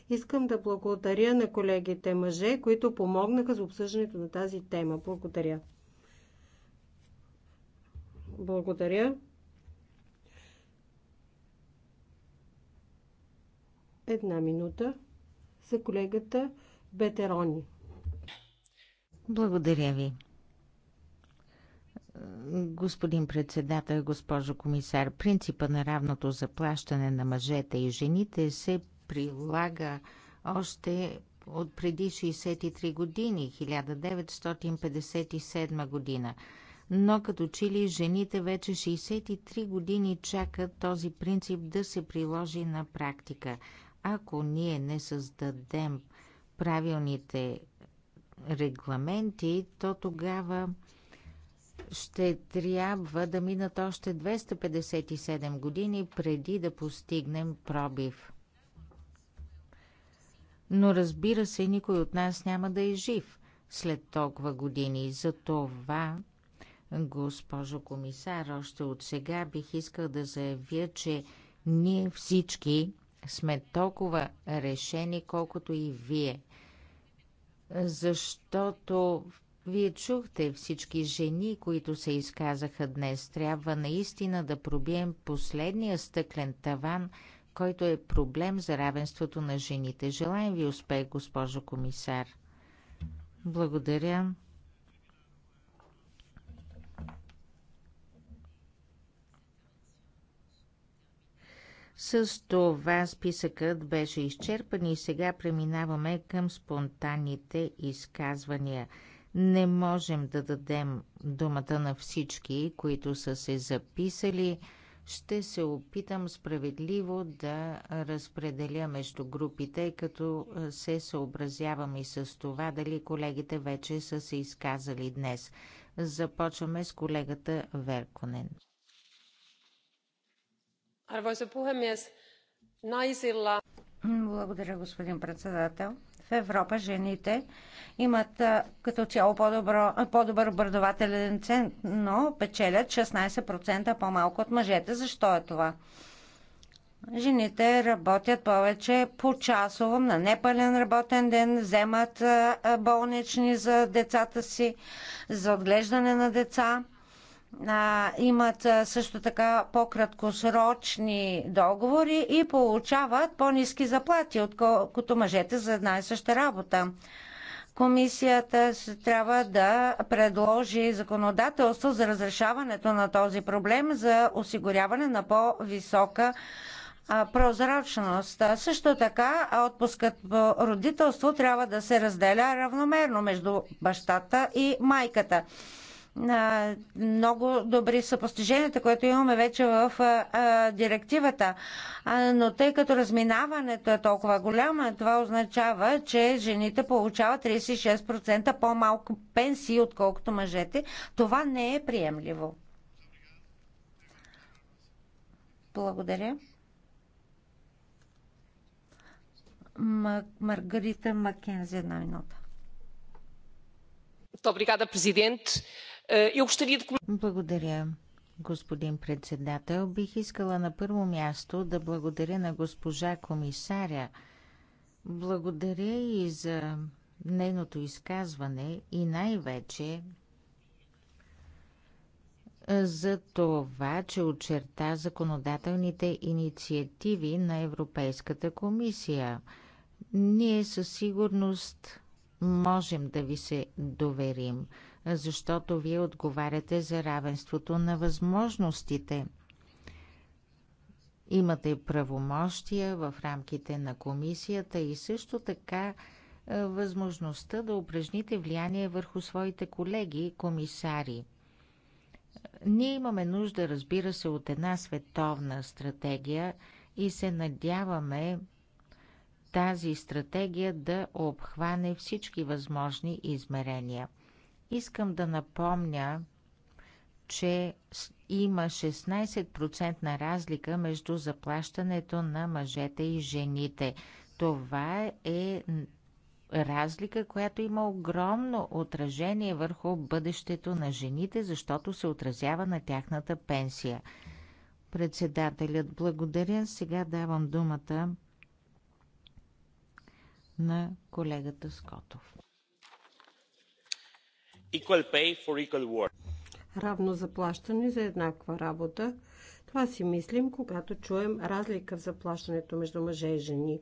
Искам да благодаря на колегите мъже, които помогнаха за обсъждането на тази тема. Благодаря. Благодаря. Една минута за колегата Бетерони. Благодаря ви. Господин председател, госпожо комисар, принципа на равното заплащане на мъжете и жените се прилага още от преди 63 години, 1957 година. Но като че ли жените вече 63 години чакат този принцип да се приложи на практика. Ако ние не създадем правилните регламенти, то тогава ще трябва да минат още 257 години преди да постигнем пробив. Но разбира се, никой от нас няма да е жив след толкова години. За това, госпожо комисар, още от сега бих искал да заявя, че ние всички сме толкова решени, колкото и вие. Защото вие чухте всички жени, които се изказаха днес. Трябва наистина да пробием последния стъклен таван, който е проблем за равенството на жените. Желаем ви успех, госпожо комисар. Благодаря. С това списъкът беше изчерпан и сега преминаваме към спонтанните изказвания – не можем да дадем думата на всички, които са се записали. Ще се опитам справедливо да разпределя между групите, като се съобразявам и с това дали колегите вече са се изказали днес. Започваме с колегата Верконен. Благодаря, господин председател. Европа жените имат като цяло по по-добър образователен цент, но печелят 16% по-малко от мъжете. Защо е това? Жените работят повече по-часово, на непълен работен ден, вземат болнични за децата си, за отглеждане на деца – а, имат също така по-краткосрочни договори и получават по-низки заплати, отколкото мъжете за една и съща работа. Комисията трябва да предложи законодателство за разрешаването на този проблем за осигуряване на по-висока прозрачност. Също така, отпускът по родителство трябва да се разделя равномерно между бащата и майката. Много добри са постиженията, които имаме вече в директивата. Но тъй като разминаването е толкова голямо, това означава, че жените получават 36% по-малко пенсии, отколкото мъжете. Това не е приемливо. Благодаря. Маргарита Маккензи, една минута. Obrigada, президент. Е, благодаря. Господин председател, бих искала на първо място да благодаря на госпожа комисаря. Благодаря и за нейното изказване и най-вече за това, че очерта законодателните инициативи на Европейската комисия. Ние със сигурност можем да ви се доверим защото вие отговаряте за равенството на възможностите. Имате правомощия в рамките на комисията и също така е, възможността да упражните влияние върху своите колеги комисари. Ние имаме нужда, разбира се, от една световна стратегия и се надяваме тази стратегия да обхване всички възможни измерения – Искам да напомня, че има 16% разлика между заплащането на мъжете и жените. Това е разлика, която има огромно отражение върху бъдещето на жените, защото се отразява на тяхната пенсия. Председателят, благодаря. Сега давам думата на колегата Скотов. Equal pay for equal work. Равно заплащане за еднаква работа. Това си мислим, когато чуем разлика в заплащането между мъже и жени.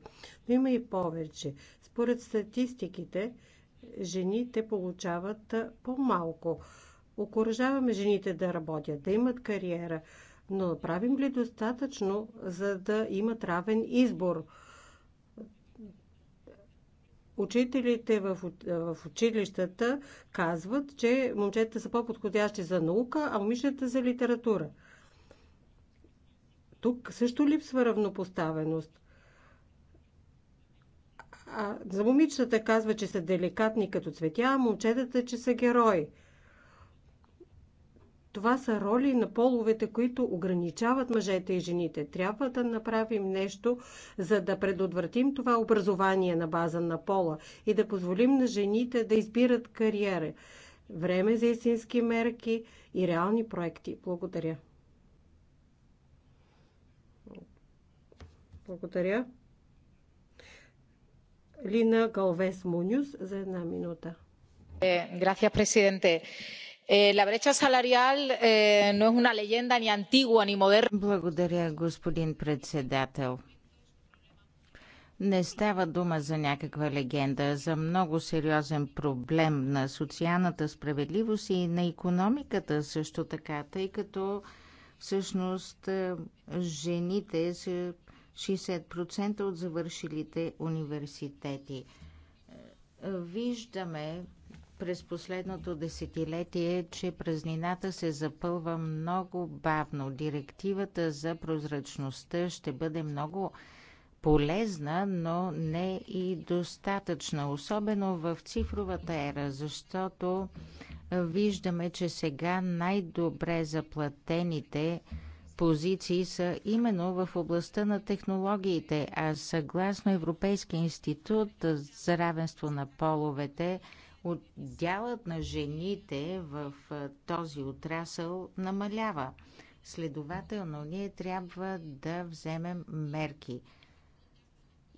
Но има и повече. Според статистиките, жените получават по-малко. Окоръжаваме жените да работят, да имат кариера, но правим ли достатъчно, за да имат равен избор? Учителите в, в училищата казват, че момчетата са по-подходящи за наука, а момичетата за литература. Тук също липсва равнопоставеност. А за момичетата казва, че са деликатни като цветя, а момчетата, че са герои. Това са роли на половете, които ограничават мъжете и жените. Трябва да направим нещо, за да предотвратим това образование на база на пола и да позволим на жените да избират кариера. Време за истински мерки и реални проекти. Благодаря. Благодаря. Лина Галвес Мунюс за една минута. Благодаря, е, президенте. Eh, la brecha salarial eh, no es una leyenda ni antigua ni moderna. Благодаря, господин председател. Не става дума за някаква легенда, за много сериозен проблем на социалната справедливост и на економиката също така, тъй като всъщност е, жените са 60% от завършилите университети. Е, виждаме през последното десетилетие, че празнината се запълва много бавно. Директивата за прозрачността ще бъде много полезна, но не и достатъчна, особено в цифровата ера, защото виждаме, че сега най-добре заплатените позиции са именно в областта на технологиите, а съгласно Европейския институт за равенство на половете – от дялът на жените в този отрасъл намалява. Следователно, ние трябва да вземем мерки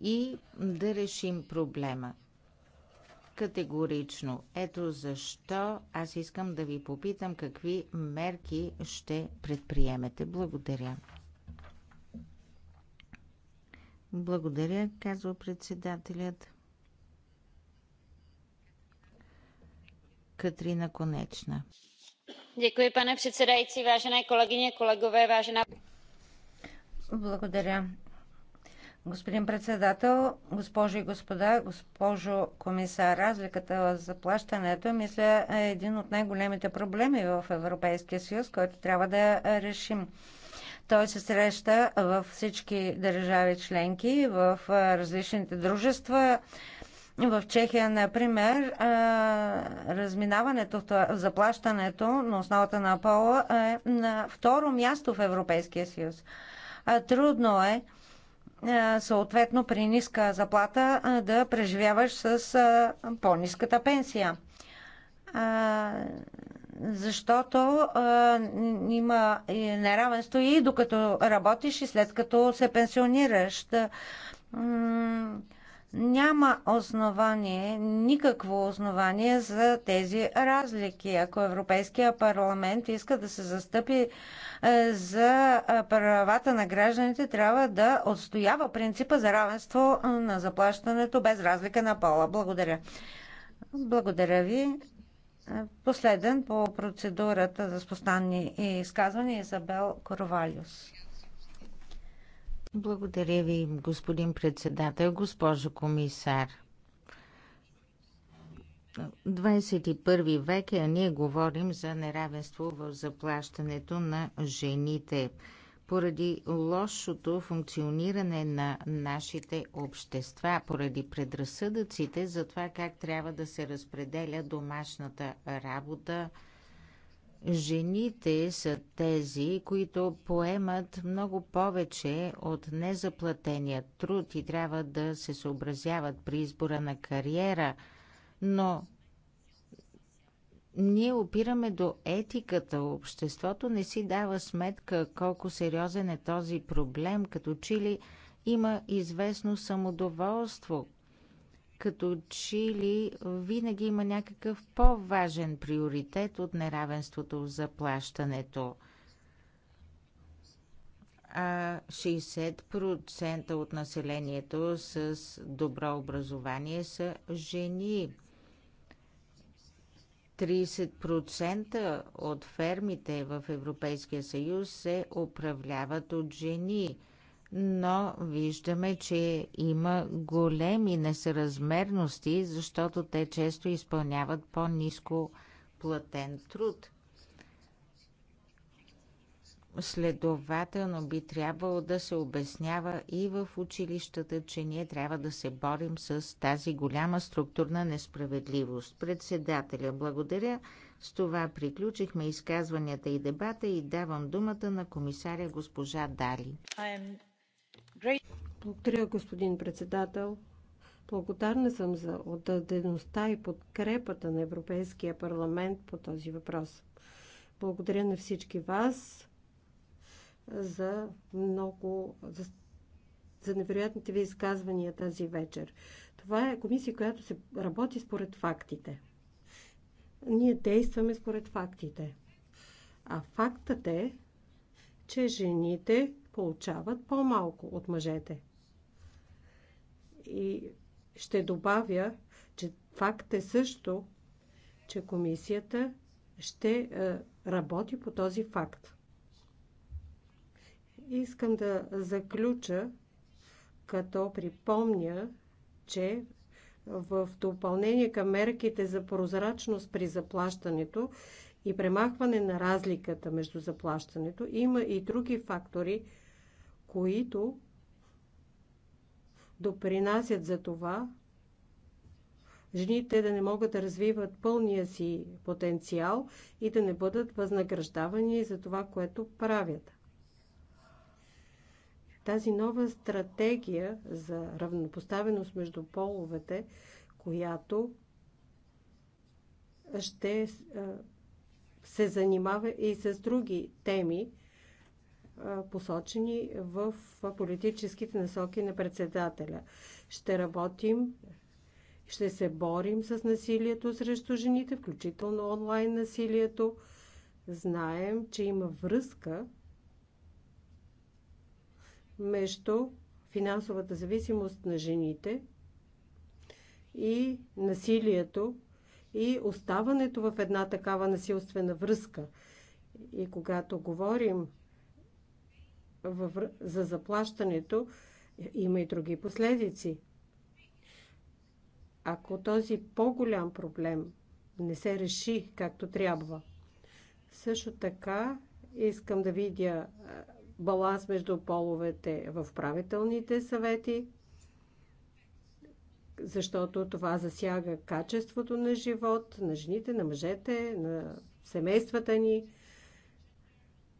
и да решим проблема. Категорично. Ето защо аз искам да ви попитам какви мерки ще предприемете. Благодаря. Благодаря, казва председателят. Katrina Konečna. Děkuji, pane předsedající, vážené kolegyně, kolegové, vážená... Благодаря. Господин председател, госпожи и господа, госпожо комисар, разликата за плащането, мисля, е един от най-големите проблеми в Европейския съюз, който трябва да решим. Той се среща във всички държави членки, в различните дружества, в Чехия, например, разминаването заплащането на основата на пола е на второ място в Европейския съюз. Трудно е съответно при ниска заплата да преживяваш с по низката пенсия. Защото има неравенство и докато работиш и след като се пенсионираш няма основание, никакво основание за тези разлики. Ако Европейския парламент иска да се застъпи е, за е, правата на гражданите, трябва да отстоява принципа за равенство е, на заплащането без разлика на пола. Благодаря. Благодаря ви. Последен по процедурата за спостанни изказвания Изабел Корвалиус. Благодаря ви, господин председател, госпожо комисар. 21 век е, а ние говорим за неравенство в заплащането на жените поради лошото функциониране на нашите общества, поради предразсъдъците за това как трябва да се разпределя домашната работа – Жените са тези, които поемат много повече от незаплатения труд и трябва да се съобразяват при избора на кариера, но ние опираме до етиката. Обществото не си дава сметка колко сериозен е този проблем, като че ли има известно самодоволство като ли винаги има някакъв по-важен приоритет от неравенството в заплащането. А 60% от населението с добро образование са жени. 30% от фермите в Европейския съюз се управляват от жени – но виждаме, че има големи несъразмерности, защото те често изпълняват по-низко платен труд. Следователно би трябвало да се обяснява и в училищата, че ние трябва да се борим с тази голяма структурна несправедливост. Председателя, благодаря. С това приключихме изказванията и дебата и давам думата на комисаря госпожа Дали. Благодаря, господин председател. Благодарна съм за отдадеността и подкрепата на Европейския парламент по този въпрос. Благодаря на всички вас за много, за, за невероятните ви изказвания тази вечер. Това е комисия, която се работи според фактите. Ние действаме според фактите. А фактът е, че жените получават по-малко от мъжете. И ще добавя, че факт е също, че комисията ще е, работи по този факт. Искам да заключа, като припомня, че в допълнение към мерките за прозрачност при заплащането и премахване на разликата между заплащането, има и други фактори, които допринасят за това жените да не могат да развиват пълния си потенциал и да не бъдат възнаграждавани за това, което правят. Тази нова стратегия за равнопоставеност между половете, която ще се занимава и с други теми, посочени в политическите насоки на председателя. Ще работим, ще се борим с насилието срещу жените, включително онлайн насилието. Знаем, че има връзка между финансовата зависимост на жените и насилието и оставането в една такава насилствена връзка. И когато говорим за заплащането има и други последици. Ако този по-голям проблем не се реши както трябва, също така искам да видя баланс между половете в правителните съвети, защото това засяга качеството на живот на жените, на мъжете, на семействата ни.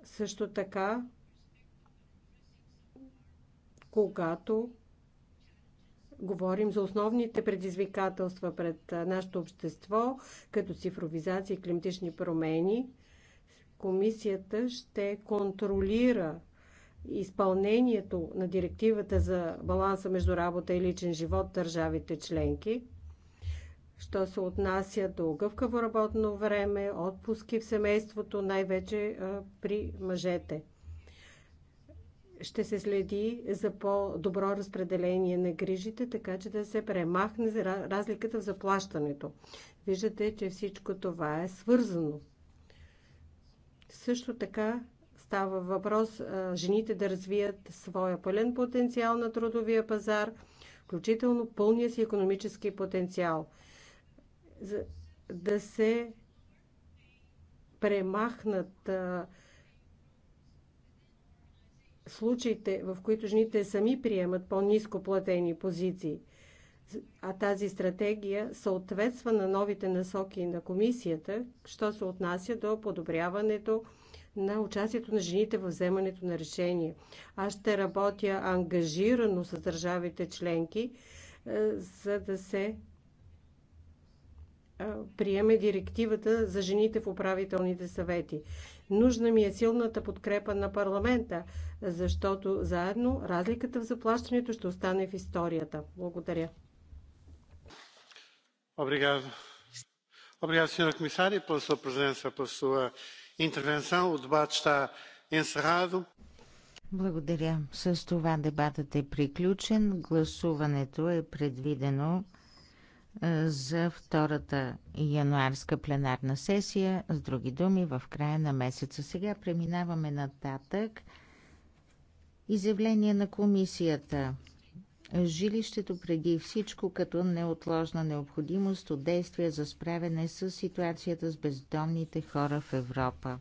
Също така когато говорим за основните предизвикателства пред нашето общество, като цифровизация и климатични промени, комисията ще контролира изпълнението на директивата за баланса между работа и личен живот в държавите членки, що се отнася до гъвкаво работно време, отпуски в семейството, най-вече при мъжете ще се следи за по-добро разпределение на грижите, така че да се премахне разликата в заплащането. Виждате, че всичко това е свързано. Също така става въпрос а, жените да развият своя пълен потенциал на трудовия пазар, включително пълния си економически потенциал. За, да се премахнат а, случаите, в които жените сами приемат по-низко платени позиции. А тази стратегия съответства на новите насоки на комисията, що се отнася до подобряването на участието на жените в вземането на решения. Аз ще работя ангажирано с държавите членки, е, за да се е, приеме директивата за жените в управителните съвети. Нужна ми е силната подкрепа на парламента, защото заедно разликата в заплащането ще остане в историята. Благодаря. Obrigado. Obrigado, Sr. по pela sua presença, pela sua intervenção. O debate está encerrado. Благодаря. С това дебатът е приключен. Гласуването е предвидено за втората януарска пленарна сесия, с други думи в края на месеца. Сега преминаваме нататък. Изявление на комисията. Жилището преди всичко като неотложна необходимост от действия за справяне с ситуацията с бездомните хора в Европа.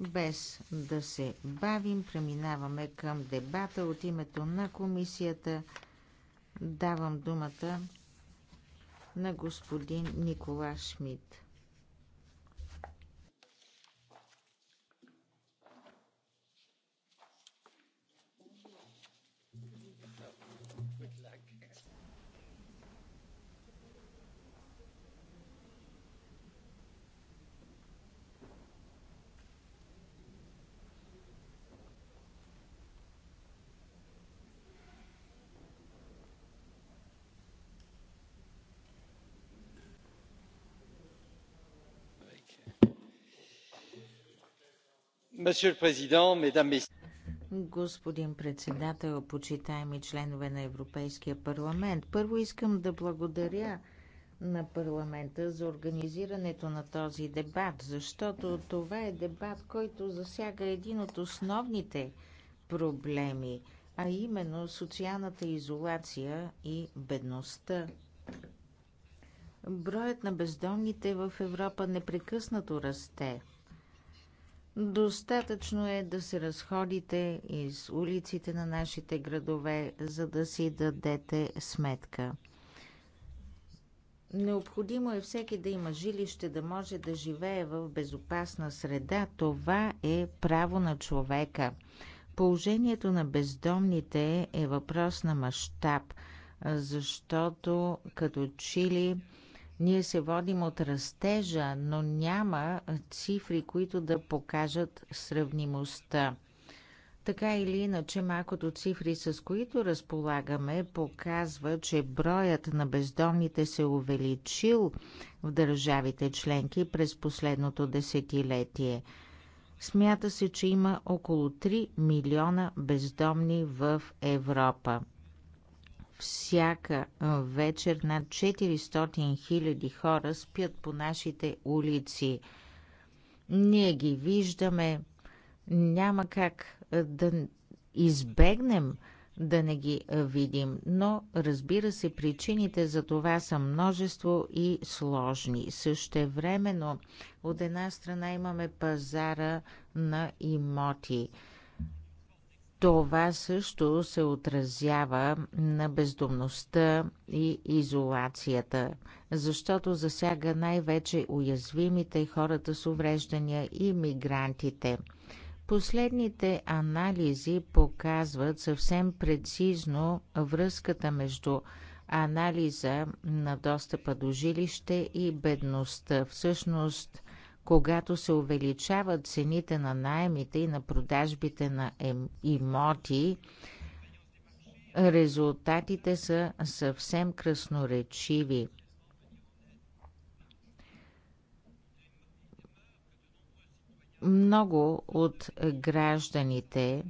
Без да се бавим, преминаваме към дебата от името на комисията – Давам думата на господин Никола Шмидт. Господин председател, почитаеми членове на Европейския парламент, първо искам да благодаря на парламента за организирането на този дебат, защото това е дебат, който засяга един от основните проблеми, а именно социалната изолация и бедността. Броят на бездомните в Европа непрекъснато расте – Достатъчно е да се разходите из улиците на нашите градове, за да си дадете сметка. Необходимо е всеки да има жилище, да може да живее в безопасна среда. Това е право на човека. Положението на бездомните е въпрос на мащаб, защото като чили ние се водим от растежа, но няма цифри, които да покажат сравнимостта. Така или иначе, малкото цифри, с които разполагаме, показва, че броят на бездомните се увеличил в държавите членки през последното десетилетие. Смята се, че има около 3 милиона бездомни в Европа. Всяка вечер над 400 000 хора спят по нашите улици. Ние ги виждаме. Няма как да избегнем да не ги видим. Но, разбира се, причините за това са множество и сложни. Същевременно, от една страна имаме пазара на имоти – това също се отразява на бездомността и изолацията, защото засяга най-вече уязвимите хората с увреждания и мигрантите. Последните анализи показват съвсем прецизно връзката между анализа на достъпа до жилище и бедността. Всъщност, когато се увеличават цените на найемите и на продажбите на имоти, резултатите са съвсем красноречиви. Много от гражданите,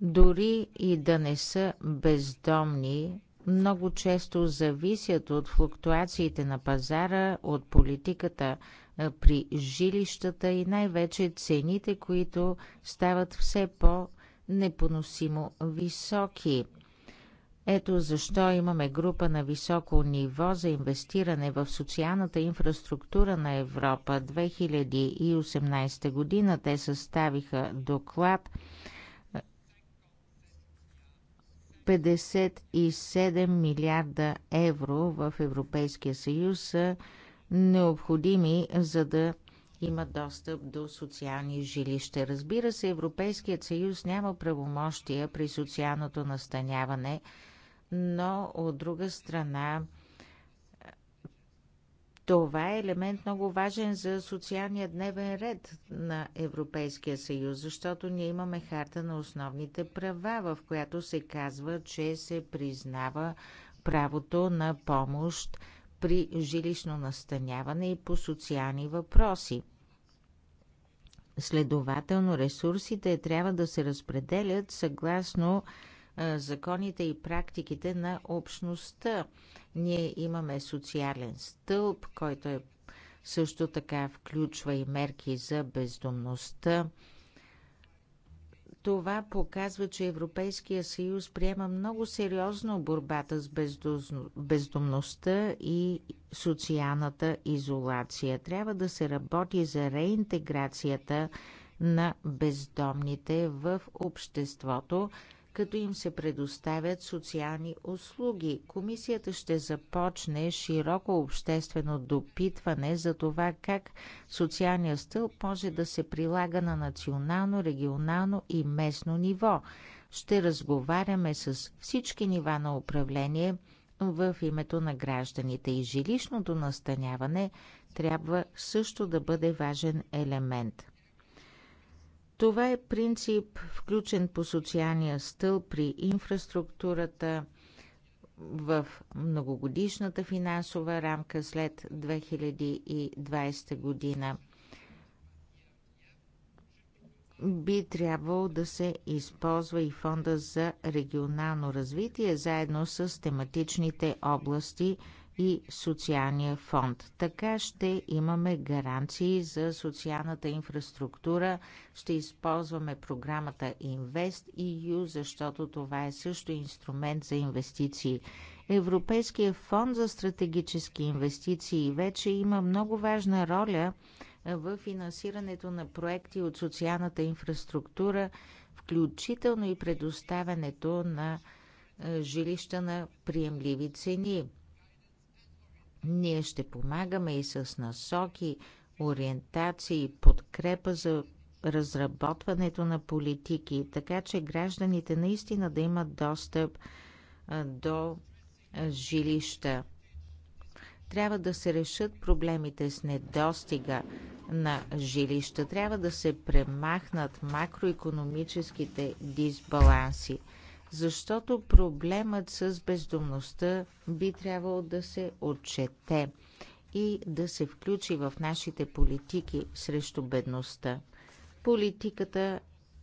дори и да не са бездомни, много често зависят от флуктуациите на пазара, от политиката при жилищата и най-вече цените, които стават все по-непоносимо високи. Ето защо имаме група на високо ниво за инвестиране в социалната инфраструктура на Европа 2018 година. Те съставиха доклад 57 милиарда евро в Европейския съюз необходими, за да има достъп до социални жилища. Разбира се, Европейският съюз няма правомощия при социалното настаняване, но от друга страна това е елемент много важен за социалния дневен ред на Европейския съюз, защото ние имаме харта на основните права, в която се казва, че се признава правото на помощ при жилищно настаняване и по социални въпроси. Следователно, ресурсите трябва да се разпределят съгласно законите и практиките на общността. Ние имаме социален стълб, който е също така включва и мерки за бездомността, това показва, че Европейския съюз приема много сериозно борбата с бездомността и социалната изолация. Трябва да се работи за реинтеграцията на бездомните в обществото като им се предоставят социални услуги. Комисията ще започне широко обществено допитване за това как социалният стълб може да се прилага на национално, регионално и местно ниво. Ще разговаряме с всички нива на управление в името на гражданите и жилищното настаняване трябва също да бъде важен елемент. Това е принцип, включен по социалния стъл при инфраструктурата в многогодишната финансова рамка след 2020 година. Би трябвало да се използва и фонда за регионално развитие заедно с тематичните области и социалния фонд. Така ще имаме гаранции за социалната инфраструктура. Ще използваме програмата Invest EU, защото това е също инструмент за инвестиции. Европейския фонд за стратегически инвестиции вече има много важна роля в финансирането на проекти от социалната инфраструктура, включително и предоставянето на е, жилища на приемливи цени. Ние ще помагаме и с насоки, ориентации, подкрепа за разработването на политики, така че гражданите наистина да имат достъп до жилища. Трябва да се решат проблемите с недостига на жилища. Трябва да се премахнат макроекономическите дисбаланси защото проблемът с бездомността би трябвало да се отчете и да се включи в нашите политики срещу бедността. Политиката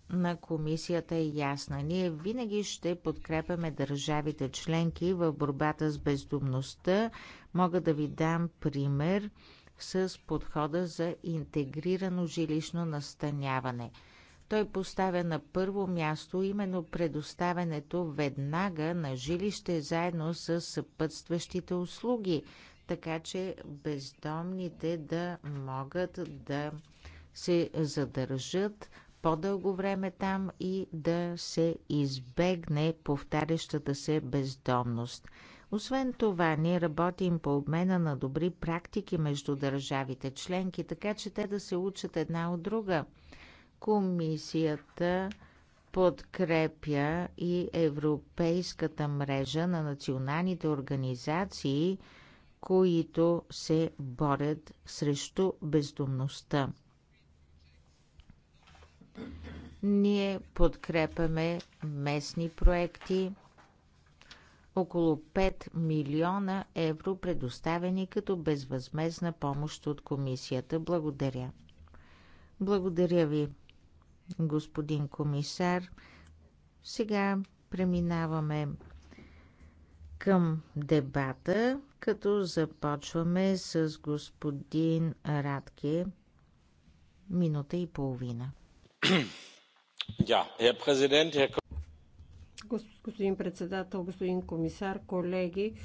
на комисията е ясна. Ние винаги ще подкрепяме държавите членки в борбата с бездомността. Мога да ви дам пример с подхода за интегрирано жилищно настаняване – той поставя на първо място именно предоставянето веднага на жилище заедно с съпътстващите услуги, така че бездомните да могат да се задържат по-дълго време там и да се избегне повтарящата се бездомност. Освен това, ние работим по обмена на добри практики между държавите членки, така че те да се учат една от друга – Комисията подкрепя и Европейската мрежа на националните организации, които се борят срещу бездомността. Ние подкрепяме местни проекти, около 5 милиона евро предоставени като безвъзмезна помощ от комисията. Благодаря. Благодаря ви господин комисар. Сега преминаваме към дебата, като започваме с господин Радке. Минута и половина. господин председател, господин комисар, колеги,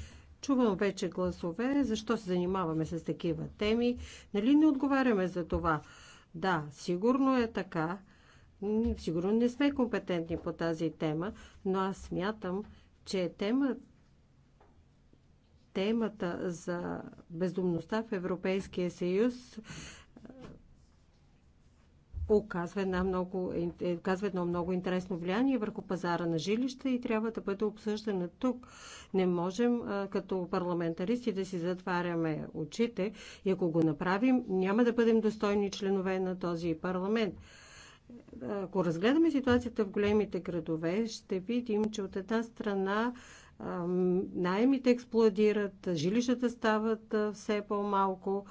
чувам вече гласове, защо се занимаваме с такива теми, нали не отговаряме за това? Да, сигурно е така, Сигурно не сме компетентни по тази тема, но аз смятам, че тема, темата за бездумността в Европейския съюз е, оказва, една много, е, оказва едно много интересно влияние върху пазара на жилища и трябва да бъде обсъждана тук. Не можем като парламентаристи да си затваряме очите и ако го направим, няма да бъдем достойни членове на този парламент. Ако разгледаме ситуацията в големите градове, ще видим, че от една страна найемите експлодират, жилищата стават все по-малко,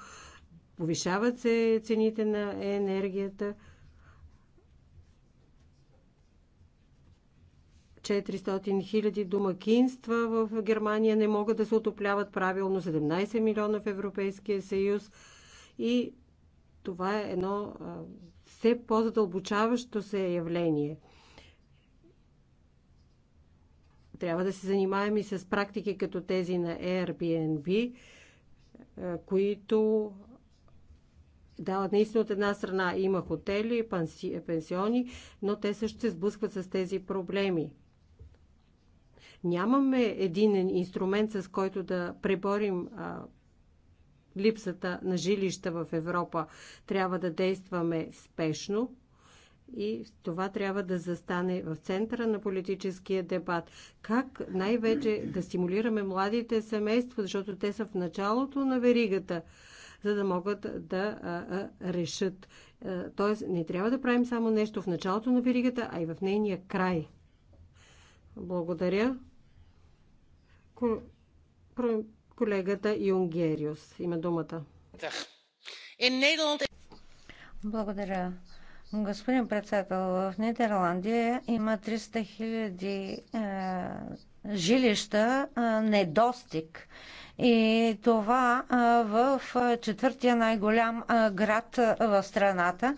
повишават се цените на енергията. 400 хиляди домакинства в Германия не могат да се отопляват правилно, 17 милиона в Европейския съюз. И това е едно все по-задълбочаващо се е явление. Трябва да се занимаем и с практики като тези на Airbnb, е, които дават наистина от една страна има хотели, пенсиони, но те също се сблъскват с тези проблеми. Нямаме един инструмент, с който да преборим а, липсата на жилища в Европа. Трябва да действаме спешно и това трябва да застане в центъра на политическия дебат. Как най-вече да стимулираме младите семейства, защото те са в началото на веригата, за да могат да а, а, решат. тоест, не трябва да правим само нещо в началото на веригата, а и в нейния край. Благодаря. Колегата Юнгериус има думата. Благодаря. Господин председател, в Нидерландия има 300 хиляди е, жилища е, недостиг. И това е, в четвъртия най-голям град в страната,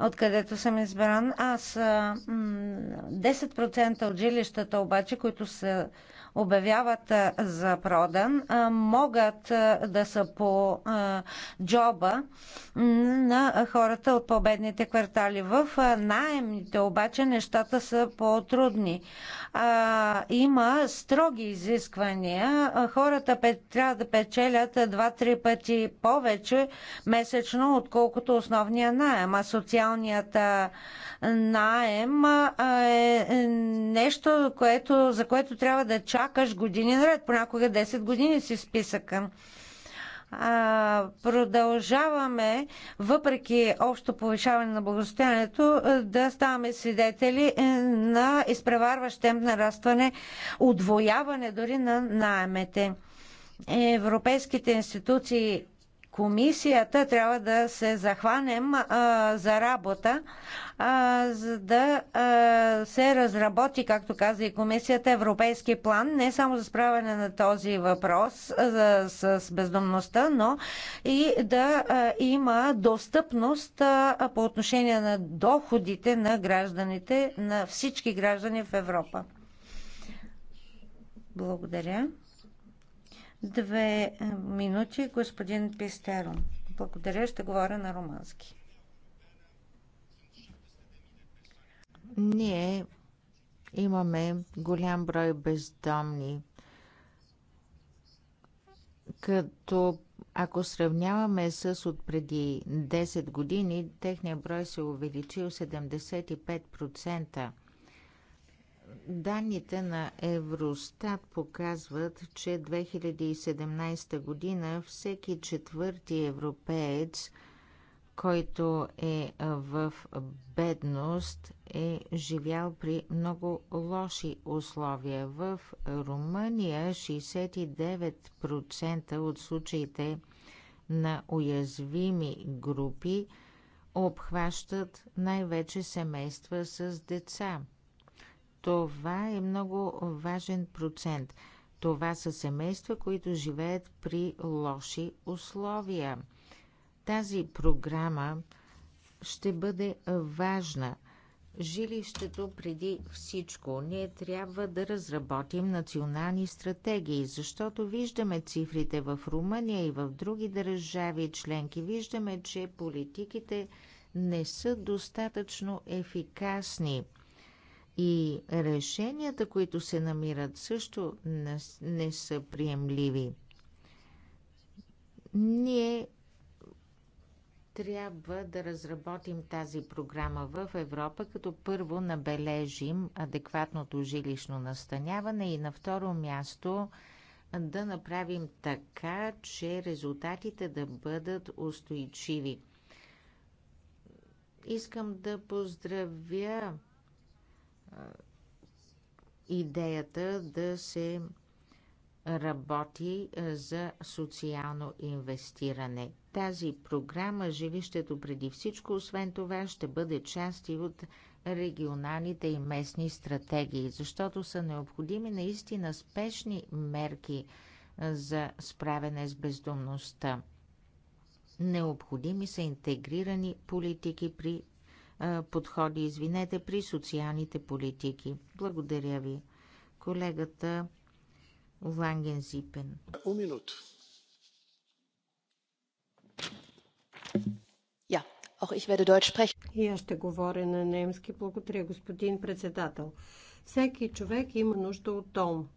откъдето съм избран. Аз 10% от жилищата обаче, които са обявяват за продан, могат да са по джоба на хората от победните квартали. В найемните обаче нещата са по-трудни. Има строги изисквания. Хората трябва да печелят 2-3 пъти повече месечно, отколкото основния найем. А социалният найем е, е нещо, което, за което трябва да чакаме чакаш години наред, понякога 10 години си в списъка продължаваме, въпреки общо повишаване на благосостоянието, е, да ставаме свидетели е, на изпреварващ темп нарастване, удвояване дори на найемете. Европейските институции комисията трябва да се захванем а, за работа, а, за да а, се разработи, както каза и комисията, европейски план, не само за справяне на този въпрос а, с бездомността, но и да а, има достъпност а, по отношение на доходите на гражданите, на всички граждани в Европа. Благодаря. Две е, минути, господин Пистеро. Благодаря, ще говоря на румънски. Ние имаме голям брой бездомни. Като ако сравняваме с от преди 10 години, техният брой се е увеличил 75%. Данните на Евростат показват, че 2017 година всеки четвърти европеец, който е в бедност, е живял при много лоши условия. В Румъния 69% от случаите на уязвими групи обхващат най-вече семейства с деца – това е много важен процент. Това са семейства, които живеят при лоши условия. Тази програма ще бъде важна. Жилището преди всичко. Ние трябва да разработим национални стратегии, защото виждаме цифрите в Румъния и в други държави членки. Виждаме, че политиките не са достатъчно ефикасни и решенията, които се намират, също не са приемливи. Ние трябва да разработим тази програма в Европа, като първо набележим адекватното жилищно настаняване и на второ място да направим така, че резултатите да бъдат устойчиви. Искам да поздравя идеята да се работи за социално инвестиране. Тази програма, жилището преди всичко, освен това, ще бъде част и от регионалните и местни стратегии, защото са необходими наистина спешни мерки за справяне с бездомността. Необходими са интегрирани политики при подходи, извинете, при социалните политики. Благодаря ви. Колегата Ванген Зипен. И аз ще говоря на немски. Благодаря, господин председател. Всеки човек има нужда от дом.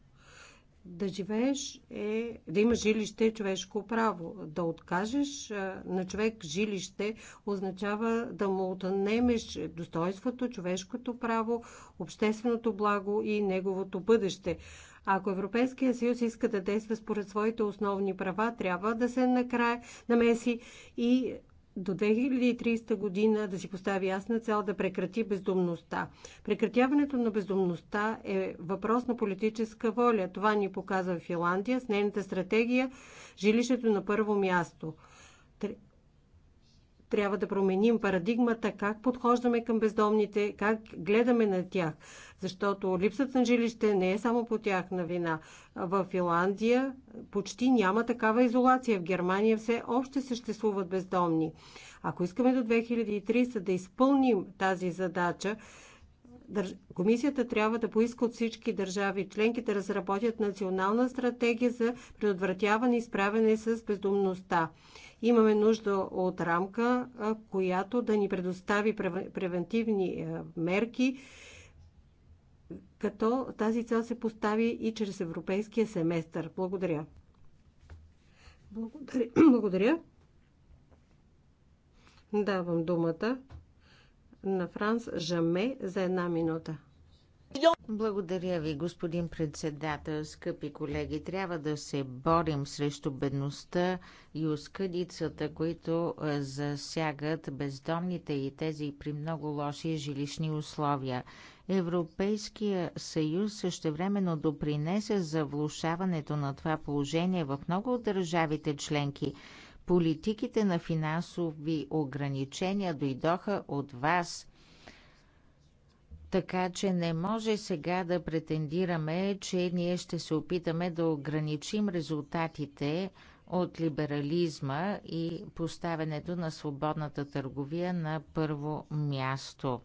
Да живееш е да имаш жилище е човешко право. Да откажеш на човек жилище означава да му отнемеш достоинството, човешкото право, общественото благо и неговото бъдеще. Ако Европейския съюз иска да действа според своите основни права, трябва да се накрая намеси и до 2030 година да си постави ясна цел да прекрати бездумността. Прекратяването на бездумността е въпрос на политическа воля. Това ни показва Финландия с нейната стратегия жилището на първо място трябва да променим парадигмата, как подхождаме към бездомните, как гледаме на тях. Защото липсата на жилище не е само по тяхна вина. В Финландия почти няма такава изолация. В Германия все още съществуват бездомни. Ако искаме до 2030 да изпълним тази задача, Комисията трябва да поиска от всички държави членки да разработят национална стратегия за предотвратяване и справяне с бездомността. Имаме нужда от рамка, която да ни предостави превентивни мерки, като тази цел се постави и чрез европейския семестър. Благодаря. Благодаря. Благодаря. Давам думата на Франс Жаме за една минута. Благодаря ви, господин председател, скъпи колеги. Трябва да се борим срещу бедността и оскъдицата, които е, засягат бездомните и тези при много лоши жилищни условия. Европейския съюз същевременно допринесе за влушаването на това положение в много от държавите членки. Политиките на финансови ограничения дойдоха от вас – така че не може сега да претендираме, че ние ще се опитаме да ограничим резултатите от либерализма и поставянето на свободната търговия на първо място.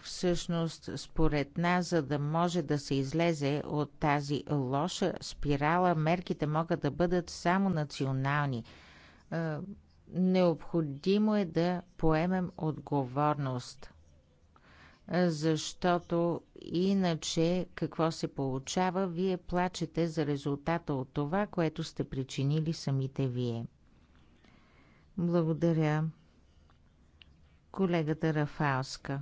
Всъщност, според нас, за да може да се излезе от тази лоша спирала, мерките могат да бъдат само национални е, Необходимо е да поемем отговорност, защото иначе какво се получава? Вие плачете за резултата от това, което сте причинили самите вие. Благодаря. Колегата Рафалска.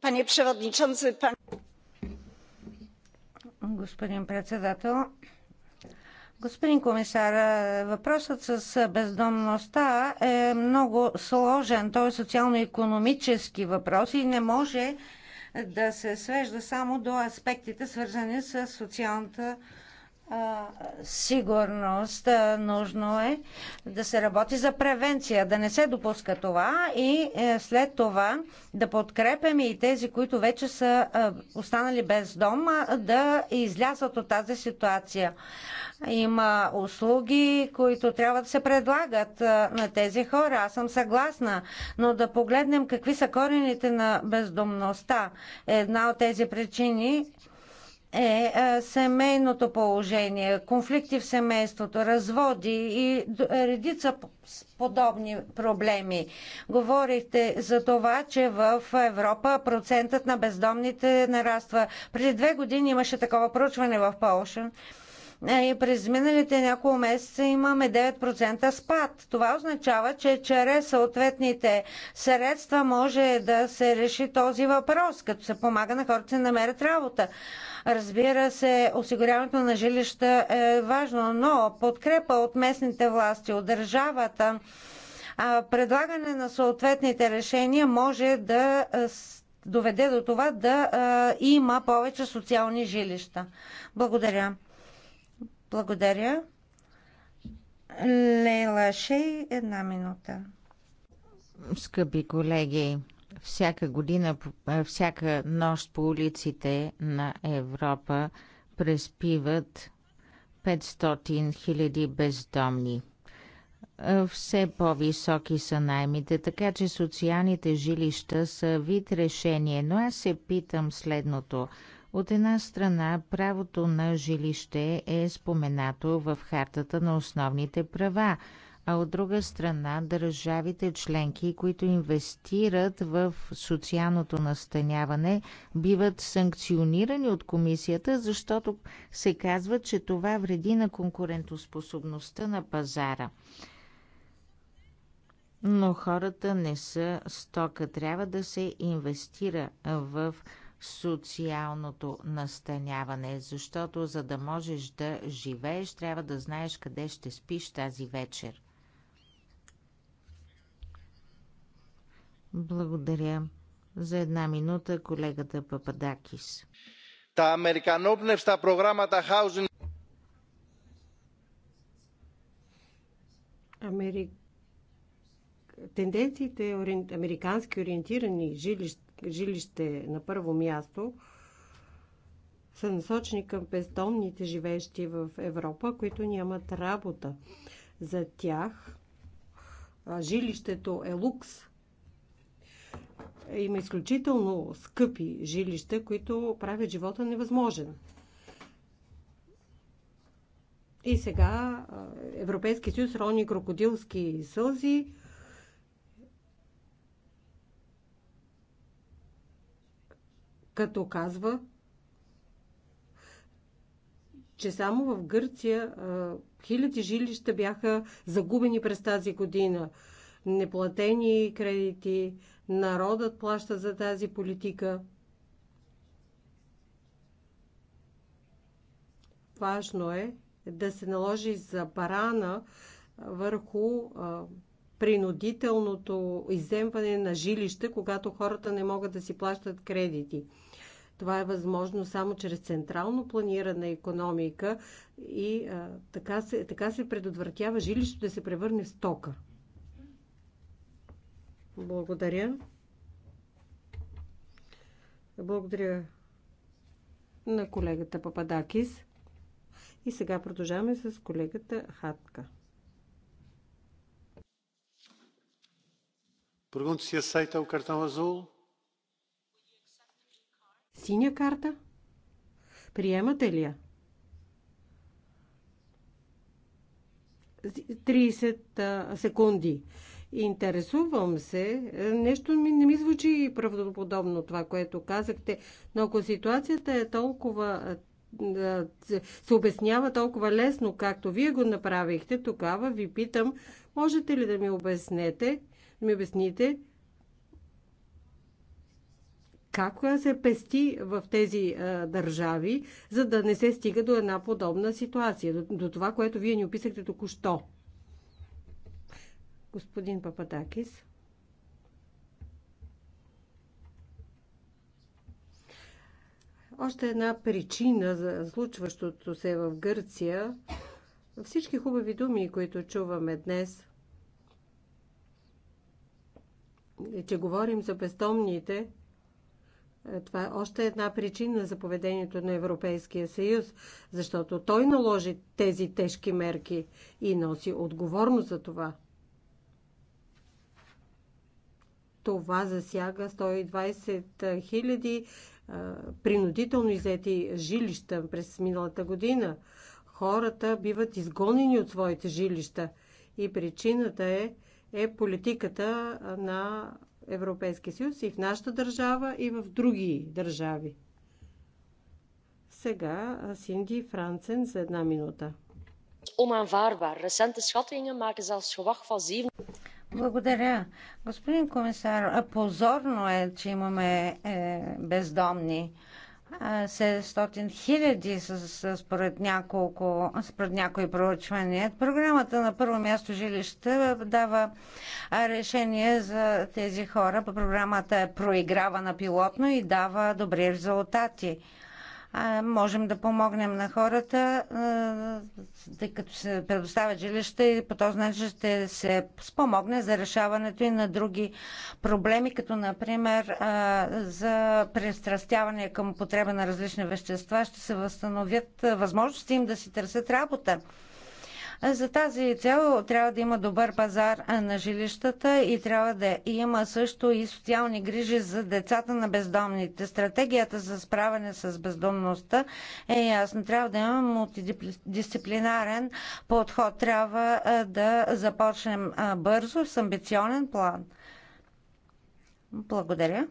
Пане przewodniczący, pan... Господин председател, Господин комисар, въпросът с бездомността е много сложен. Той е социално-економически въпрос и не може да се свежда само до аспектите, свързани с социалната сигурност. Нужно е да се работи за превенция, да не се допуска това и е, след това да подкрепяме и тези, които вече са останали без дома, да излязат от тази ситуация. Има услуги, които трябва да се предлагат на тези хора. Аз съм съгласна, но да погледнем какви са корените на бездомността. Една от тези причини е, е семейното положение, конфликти в семейството, разводи и редица подобни проблеми. Говорихте за това, че в Европа процентът на бездомните нараства. Преди две години имаше такова проучване в Полша е, и през миналите няколко месеца имаме 9% спад. Това означава, че чрез съответните средства може да се реши този въпрос, като се помага на хората да намерят работа. Разбира се, осигуряването на жилища е важно, но подкрепа от местните власти, от държавата, предлагане на съответните решения може да доведе до това да има повече социални жилища. Благодаря. Благодаря. Лейла Шей, една минута. Скъпи колеги, всяка година, всяка нощ по улиците на Европа преспиват 500 хиляди бездомни. Все по-високи са наймите, така че социалните жилища са вид решение, но аз се питам следното – от една страна, правото на жилище е споменато в Хартата на основните права, а от друга страна, държавите членки, които инвестират в социалното настаняване, биват санкционирани от комисията, защото се казва, че това вреди на конкурентоспособността на пазара. Но хората не са стока. Трябва да се инвестира в социалното настаняване, защото за да можеш да живееш, трябва да знаеш къде ще спиш тази вечер. Благодаря. За една минута колегата Пападакис. Та американόπνευστα προγράμματα housing Амери... Тенденциите американски ориентирани жилища жилище на първо място са насочени към бездомните живеещи в Европа, които нямат работа. За тях жилището е лукс. Има изключително скъпи жилища, които правят живота невъзможен. И сега Европейски съюз рони крокодилски сълзи като казва, че само в Гърция а, хиляди жилища бяха загубени през тази година. Неплатени кредити, народът плаща за тази политика. Важно е да се наложи забрана върху а, принудителното иземване на жилища, когато хората не могат да си плащат кредити. Това е възможно само чрез централно планирана економика и а, така, се, така се предотвратява жилището да се превърне в стока. Благодаря. Благодаря на колегата Пападакис. И сега продължаваме с колегата Хатка. Pergunto se aceita o cartão azul. Синя карта? Приемате ли я? 30 секунди. Интересувам се. Нещо ми не ми звучи правдоподобно това, което казахте, но ако ситуацията е толкова се обяснява толкова лесно, както вие го направихте, тогава ви питам, можете ли да ми обяснете, да ми обясните как се пести в тези държави, за да не се стига до една подобна ситуация, до, до това, което вие ни описахте току-що. Господин Пападакис, Още една причина за случващото се в Гърция. Всички хубави думи, които чуваме днес, е, че говорим за бездомните, е, това е още една причина за поведението на Европейския съюз, защото той наложи тези тежки мерки и носи отговорност за това. Това засяга 120 хиляди е, принудително изети жилища през миналата година. Хората биват изгонени от своите жилища и причината е, е политиката на Европейския съюз и в нашата държава, и в други държави. Сега Синди Францен за една минута. Onaanvaardbaar. Ресенте schattingen maken zelfs gewacht van 7. Благодаря. Господин комисар, позорно е, че имаме е, бездомни. 700 хиляди според, няколко, според някои проучвания. Програмата на първо място жилища дава решение за тези хора. Програмата е проиграва на пилотно и дава добри резултати а, можем да помогнем на хората, тъй като се предоставят жилища и по този начин ще се спомогне за решаването и на други проблеми, като например а, за престрастяване към употреба на различни вещества, ще се възстановят възможности им да си търсят работа. За тази цел трябва да има добър пазар на жилищата и трябва да има също и социални грижи за децата на бездомните. Стратегията за справяне с бездомността е ясна. Трябва да имаме мултидисциплинарен подход. Трябва да започнем бързо с амбиционен план. Благодаря.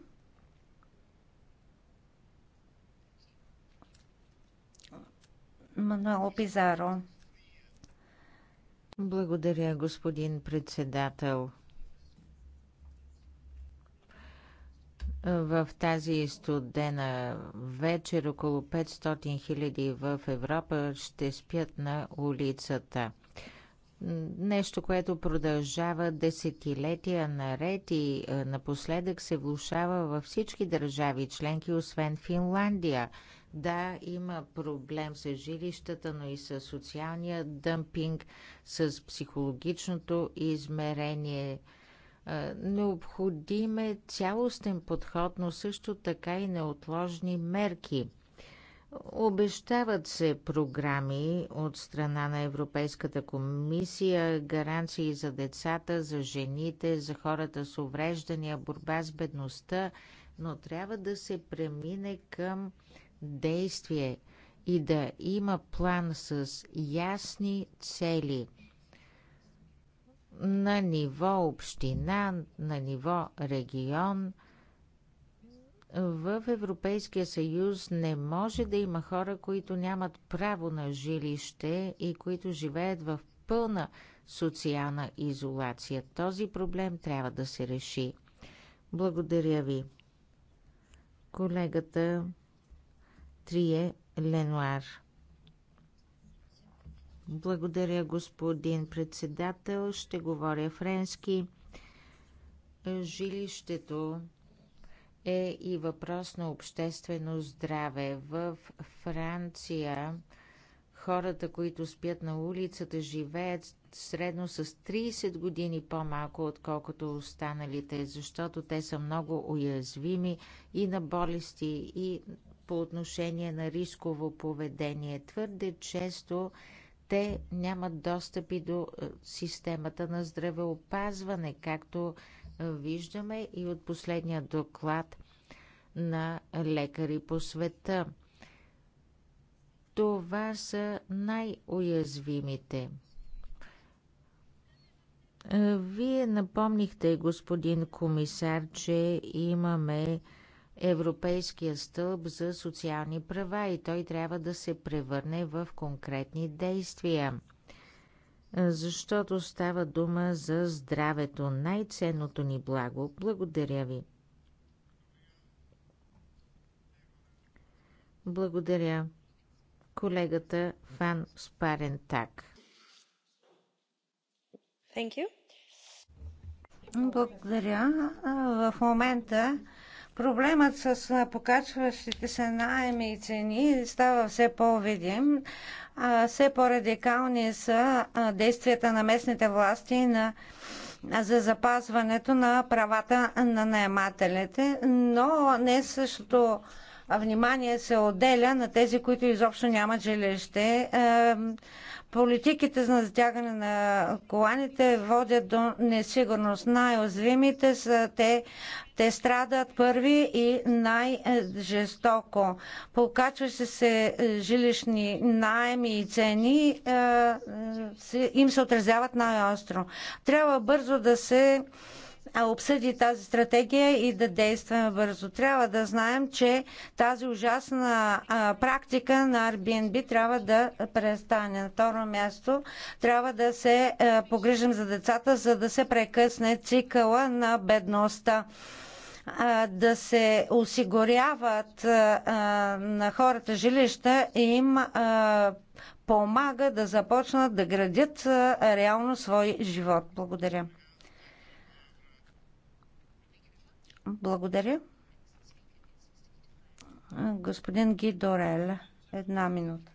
Мануело Пизаро. Благодаря, господин председател. В тази студена вечер около 500 хиляди в Европа ще спят на улицата. Нещо, което продължава десетилетия наред и е, напоследък се влушава във всички държави членки, освен Финландия – да, има проблем с жилищата, но и с социалния дъмпинг, с психологичното измерение. Необходим е цялостен подход, но също така и неотложни мерки. Обещават се програми от страна на Европейската комисия, гаранции за децата, за жените, за хората с увреждания, борба с бедността, но трябва да се премине към действие и да има план с ясни цели на ниво община, на ниво регион. В Европейския съюз не може да има хора, които нямат право на жилище и които живеят в пълна социална изолация. Този проблем трябва да се реши. Благодаря ви. Колегата Трие Ленуар. Благодаря, господин председател. Ще говоря френски. Жилището е и въпрос на обществено здраве. В Франция хората, които спят на улицата, живеят средно с 30 години по-малко, отколкото останалите, защото те са много уязвими и на болести, и по отношение на рисково поведение. Твърде често те нямат достъп и до е, системата на здравеопазване, както виждаме и от последния доклад на лекари по света. Това са най-уязвимите. Е, вие напомнихте, господин комисар, че имаме Европейския стълб за социални права и той трябва да се превърне в конкретни действия. Защото става дума за здравето, най-ценното ни благо. Благодаря ви. Благодаря колегата Фан Спарентак. Thank you. Благодаря. В момента Проблемът с покачващите се найеми и цени става все по-видим. Все по-радикални са действията на местните власти на за запазването на правата на наемателите, но не същото внимание се отделя на тези, които изобщо нямат жилище. Политиките за затягане на коланите водят до несигурност. Най-озвимите са те, те страдат първи и най-жестоко. Покачващи се жилищни найеми и цени е, им се отразяват най-остро. Трябва бързо да се обсъди тази стратегия и да действаме бързо. Трябва да знаем, че тази ужасна а, практика на Airbnb трябва да престане. На второ място трябва да се а, погрижим за децата, за да се прекъсне цикъла на бедността да се осигуряват на хората жилища и им помага да започнат да градят реално свой живот. Благодаря. Благодаря. Господин Ги Дорел, една минута.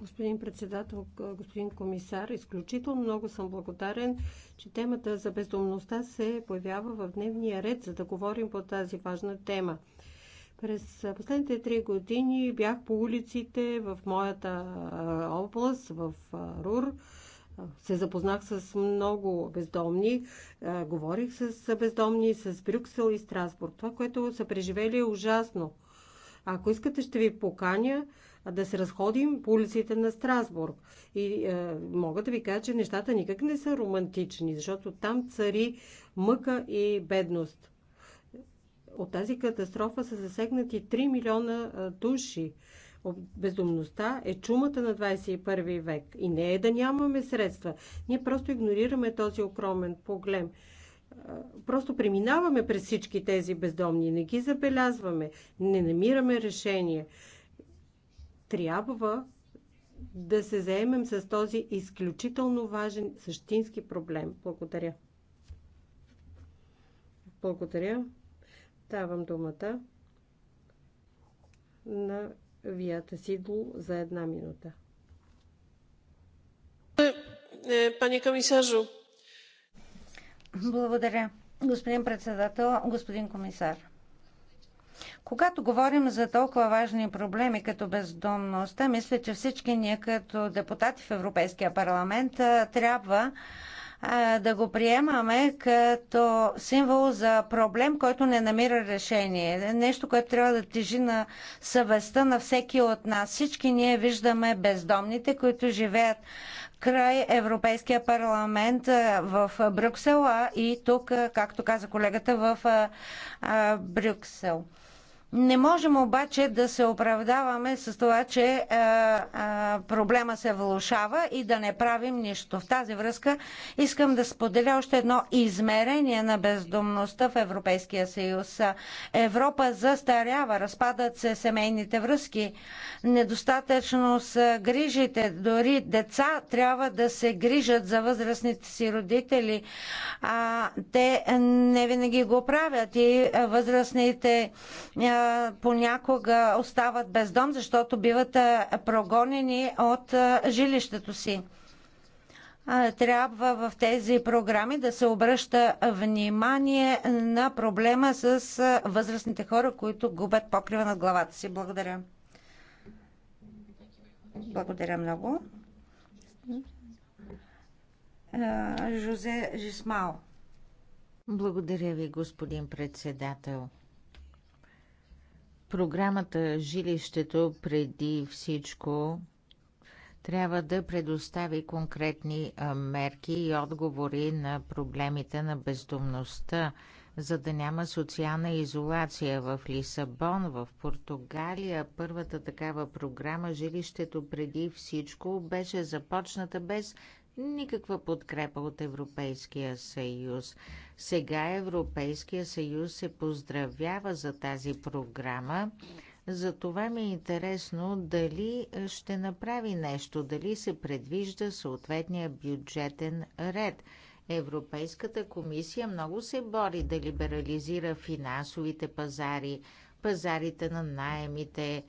Господин председател, господин комисар, изключително много съм благодарен, че темата за бездомността се появява в дневния ред, за да говорим по тази важна тема. През последните три години бях по улиците в моята област, в Рур се запознах с много бездомни, говорих с бездомни, с Брюксел и Страсбург. Това, което са преживели е ужасно. Ако искате, ще ви поканя да се разходим по улиците на Страсбург. И е, мога да ви кажа, че нещата никак не са романтични, защото там цари мъка и бедност. От тази катастрофа са засегнати 3 милиона души. Бездомността е чумата на 21 век. И не е да нямаме средства. Ние просто игнорираме този огромен поглем. Просто преминаваме през всички тези бездомни, не ги забелязваме, не намираме решение. Трябва да се заемем с този изключително важен същински проблем. Благодаря. Благодаря. Давам думата на Вията Сидло за една минута. Пане комисажу. Благодаря. Господин председател, господин комисар. Когато говорим за толкова важни проблеми като бездомността, мисля, че всички ние като депутати в Европейския парламент трябва да го приемаме като символ за проблем, който не намира решение. Нещо, което трябва да тежи на съвестта на всеки от нас. Всички ние виждаме бездомните, които живеят край Европейския парламент в Брюксел, а и тук, както каза колегата, в Брюксел. Не можем обаче да се оправдаваме с това, че а, е, а, е, проблема се влушава и да не правим нищо. В тази връзка искам да споделя още едно измерение на бездомността в Европейския съюз. Европа застарява, разпадат се семейните връзки, недостатъчно с грижите, дори деца трябва да се грижат за възрастните си родители. А, те не винаги го правят и възрастните е, понякога остават без дом, защото биват прогонени от жилището си. Трябва в тези програми да се обръща внимание на проблема с възрастните хора, които губят покрива над главата си. Благодаря. Благодаря много. Жозе Жисмао. Благодаря ви, господин председател. Програмата Жилището преди всичко трябва да предостави конкретни мерки и отговори на проблемите на бездомността, за да няма социална изолация в Лисабон, в Португалия. Първата такава програма, жилището преди всичко, беше започната без никаква подкрепа от Европейския съюз. Сега Европейския съюз се поздравява за тази програма. За това ми е интересно дали ще направи нещо, дали се предвижда съответния бюджетен ред. Европейската комисия много се бори да либерализира финансовите пазари, пазарите на найемите,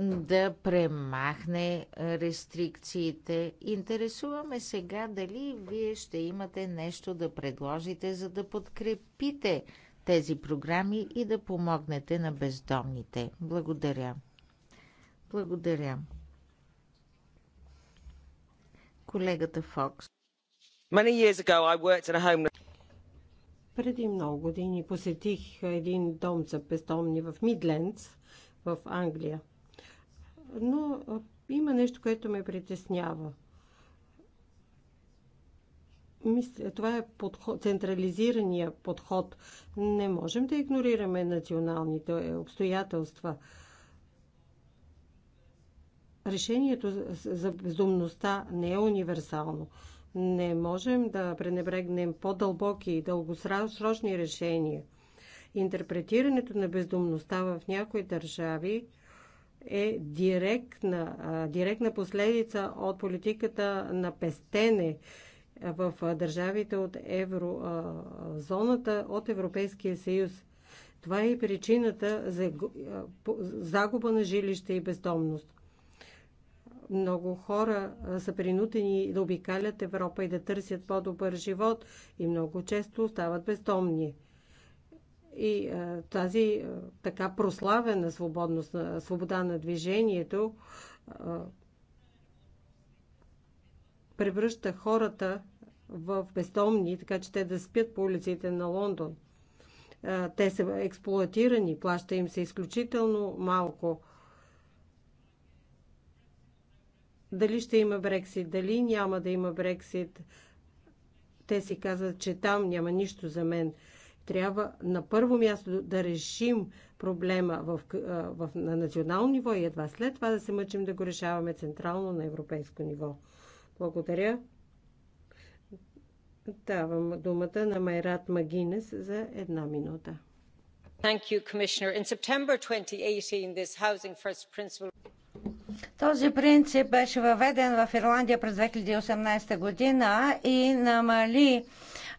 да премахне рестрикциите. Интересуваме сега дали вие ще имате нещо да предложите, за да подкрепите тези програми и да помогнете на бездомните. Благодаря. Благодаря. Колегата Фокс. Преди много години посетих един дом за бездомни в Мидлендс в Англия но има нещо, което ме притеснява. Мисля, това е подход, централизирания подход. Не можем да игнорираме националните е, обстоятелства. Решението за бездумността не е универсално. Не можем да пренебрегнем по-дълбоки и дългосрочни решения. Интерпретирането на бездумността в някои държави – е директна, директна последица от политиката на пестене в държавите от еврозоната от Европейския съюз. Това е и причината за загуба на жилище и бездомност. Много хора са принудени да обикалят Европа и да търсят по-добър живот и много често остават бездомни. И а, тази а, така прославена свободност, на, свобода на движението а, превръща хората в бездомни, така че те да спят по улиците на Лондон. А, те са експлуатирани, плаща им се изключително малко. Дали ще има Брексит, дали няма да има Брексит, те си казват, че там няма нищо за мен. Трябва на първо място да решим проблема в, в, на национално ниво и едва след това да се мъчим да го решаваме централно на европейско ниво. Благодаря. Давам думата на Майрат Магинес за една минута. Този принцип беше въведен в Ирландия през 2018 година и намали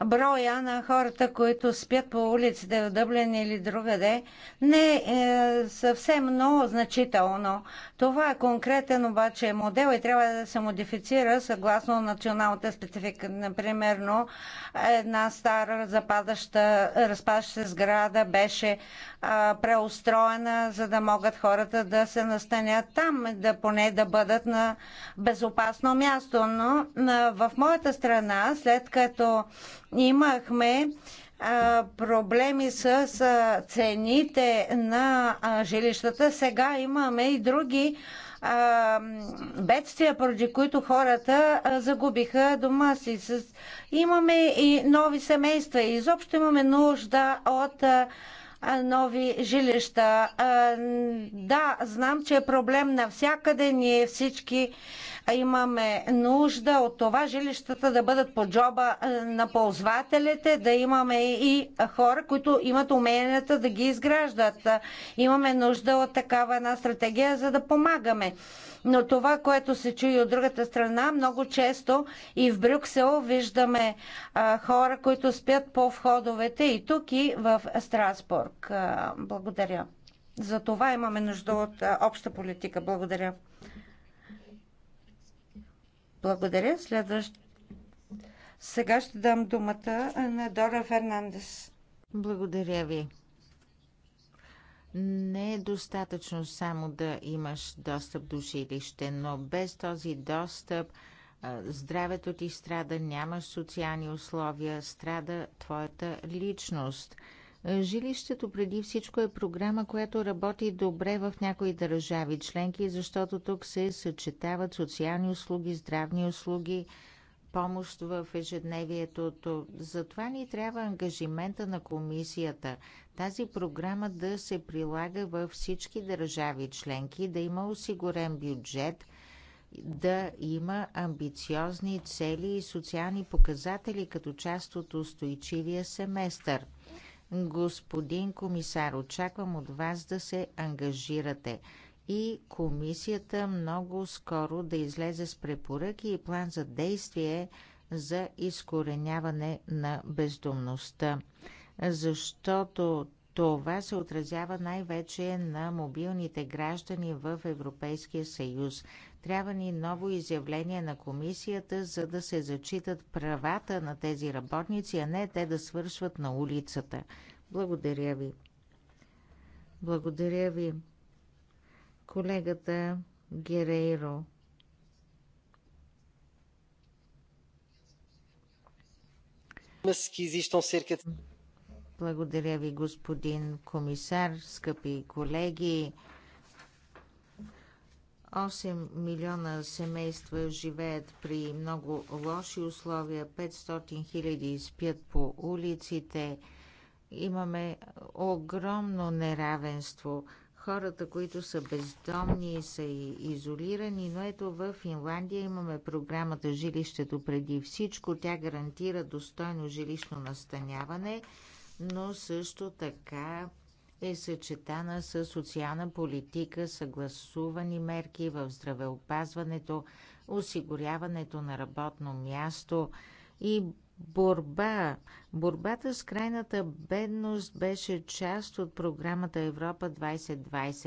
броя на хората, които спят по улиците в Дъблин или другаде, не е съвсем много значително. Това е конкретен обаче модел и трябва да се модифицира съгласно националната специфика. Например, една стара западаща, разпадаща сграда беше преустроена, за да могат хората да се настанят там, да поне да бъдат на безопасно място. Но в моята страна, след като Имахме проблеми с цените на жилищата. Сега имаме и други бедствия, поради които хората загубиха дома си. Имаме и нови семейства. Изобщо имаме нужда от нови жилища. Да, знам, че е проблем навсякъде. Ние всички Имаме нужда от това жилищата да бъдат по джоба е, на ползвателите, да имаме и хора, които имат уменията да ги изграждат. Имаме нужда от такава една стратегия, за да помагаме. Но това, което се чуи от другата страна, много често и в Брюксел виждаме а, е, хора, които спят по входовете и тук и в Страсбург. А, е, благодаря. За това имаме нужда от а, обща политика. Благодаря. Благодаря. Следващ... Сега ще дам думата на Дора Фернандес. Благодаря ви. Не е достатъчно само да имаш достъп до жилище, но без този достъп здравето ти страда, нямаш социални условия, страда твоята личност – Жилището преди всичко е програма, която работи добре в някои държави членки, защото тук се съчетават социални услуги, здравни услуги, помощ в ежедневието. Затова ни трябва ангажимента на комисията. Тази програма да се прилага във всички държави членки, да има осигурен бюджет, да има амбициозни цели и социални показатели като част от устойчивия семестър. Господин комисар, очаквам от вас да се ангажирате и комисията много скоро да излезе с препоръки и план за действие за изкореняване на бездомността. Защото това се отразява най-вече на мобилните граждани в Европейския съюз. Трябва ни ново изявление на комисията, за да се зачитат правата на тези работници, а не те да свършват на улицата. Благодаря ви. Благодаря ви, колегата Герейро. Mas que existam cerca de благодаря ви, господин комисар, скъпи колеги. 8 милиона семейства живеят при много лоши условия, 500 хиляди спят по улиците. Имаме огромно неравенство. Хората, които са бездомни, са и изолирани, но ето в Финландия имаме програмата Жилището преди всичко. Тя гарантира достойно жилищно настаняване – но също така е съчетана с социална политика, съгласувани мерки в здравеопазването, осигуряването на работно място и борба. Борбата с крайната бедност беше част от програмата Европа 2020.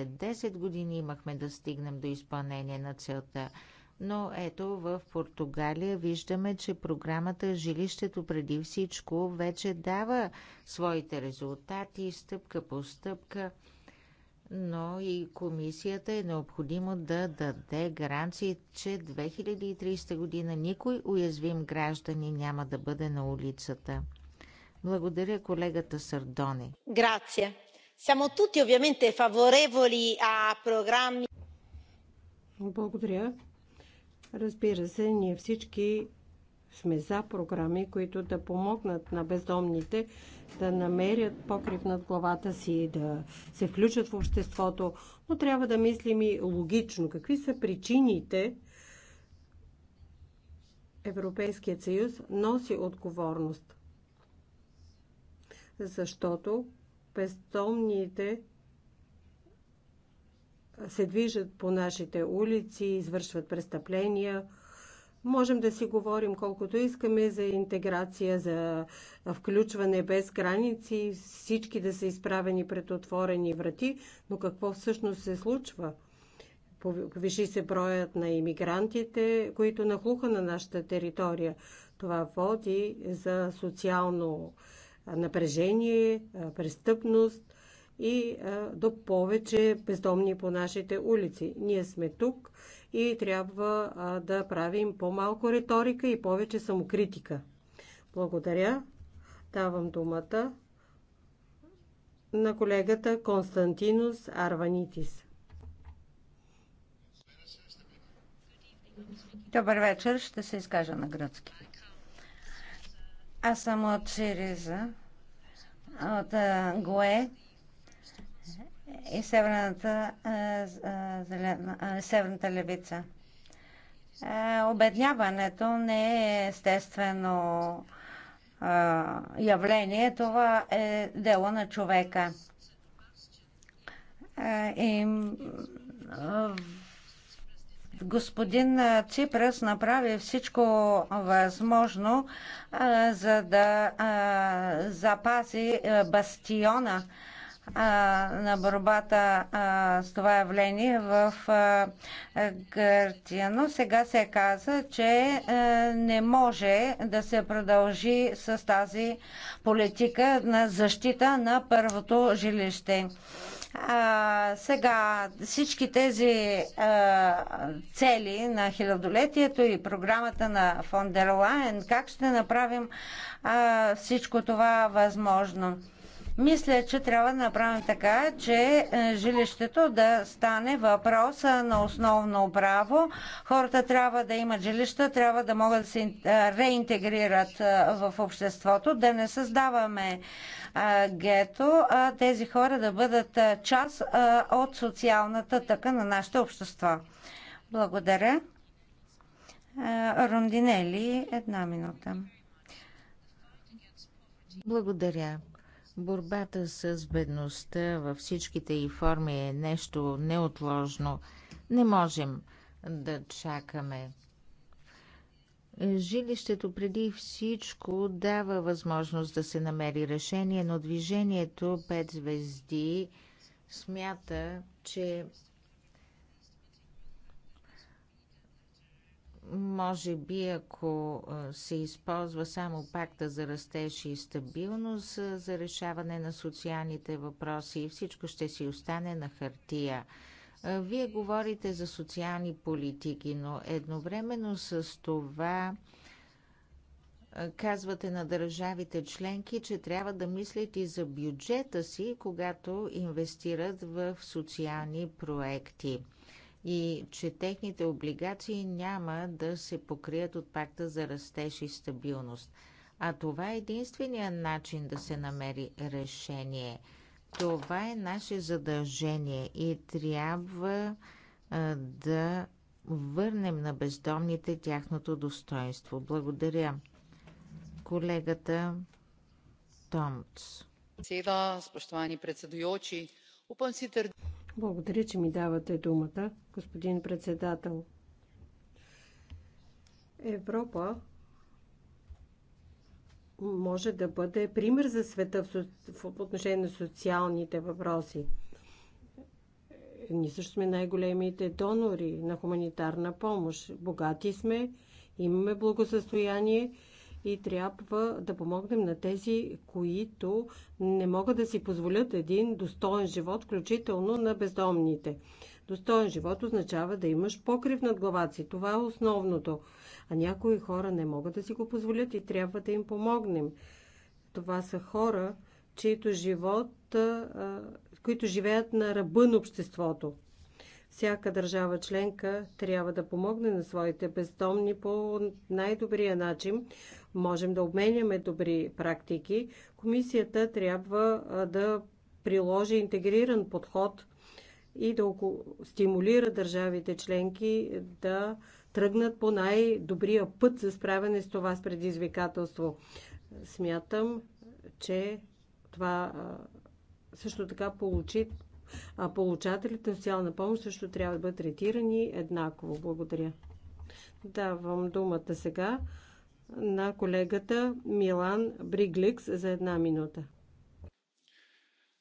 10 години имахме да стигнем до изпълнение на целта – но ето в Португалия виждаме, че програмата Жилището преди всичко вече дава своите резултати стъпка по стъпка, но и комисията е необходимо да даде гаранции, че 2030 година никой уязвим граждани няма да бъде на улицата. Благодаря колегата Сардони. Грация. тути tutti ovviamente favorevoli а програми. Благодаря. Разбира се, ние всички сме за програми, които да помогнат на бездомните да намерят покрив над главата си, да се включат в обществото, но трябва да мислим и логично. Какви са причините Европейският съюз носи отговорност? Защото бездомните се движат по нашите улици, извършват престъпления. Можем да си говорим колкото искаме за интеграция, за включване без граници, всички да са изправени пред отворени врати, но какво всъщност се случва? Повиши се броят на иммигрантите, които нахлуха на нашата територия. Това води за социално напрежение, престъпност и до повече бездомни по нашите улици. Ние сме тук и трябва да правим по-малко риторика и повече самокритика. Благодаря. Давам думата на колегата Константинус Арванитис. Добър вечер, ще се изкажа на гръцки. Аз съм от Шириза, от Гое, и Северната, зелена, северната левица. Обедняването не е естествено явление, това е дело на човека. И господин Ципрес направи всичко възможно, за да запази бастиона на борбата с това явление в Гърция. Но сега се каза, че не може да се продължи с тази политика на защита на първото жилище. А, сега всички тези а, цели на хилядолетието и програмата на Фондерлайн, как ще направим а, всичко това възможно? Мисля, че трябва да направим така, че е, жилището да стане въпрос е, на основно право. Хората трябва да имат жилища, трябва да могат да се е, реинтегрират в обществото, да не създаваме гето, а тези хора да бъдат част от социалната тъка на нашите общества. Благодаря. Рондинели, една минута. Благодаря. Борбата с бедността във всичките й форми е нещо неотложно. Не можем да чакаме. Жилището преди всичко дава възможност да се намери решение, но движението 5 звезди смята, че Може би, ако се използва само пакта за растеж и стабилност за решаване на социалните въпроси, всичко ще си остане на хартия. Вие говорите за социални политики, но едновременно с това казвате на държавите членки, че трябва да мислят и за бюджета си, когато инвестират в социални проекти и че техните облигации няма да се покрият от пакта за растеж и стабилност. А това е единствения начин да се намери решение. Това е наше задължение и трябва а, да върнем на бездомните тяхното достоинство. Благодаря. Колегата Томц. Седа, спощвани председуючи, упам си trditi благодаря, че ми давате думата, господин председател. Европа може да бъде пример за света в отношение на социалните въпроси. Ние също сме най-големите донори на хуманитарна помощ. Богати сме, имаме благосъстояние и трябва да помогнем на тези, които не могат да си позволят един достоен живот, включително на бездомните. Достоен живот означава да имаш покрив над главата си. Това е основното. А някои хора не могат да си го позволят и трябва да им помогнем. Това са хора, чието живот, които живеят на ръба на обществото. Всяка държава членка трябва да помогне на своите бездомни по най-добрия начин. Можем да обменяме добри практики. Комисията трябва да приложи интегриран подход и да стимулира държавите членки да тръгнат по най-добрия път за справяне с това с предизвикателство. Смятам, че това също така получи а получателите на социална помощ също трябва да бъдат третирани еднакво. Благодаря. Давам думата сега на колегата Милан Бригликс за една минута.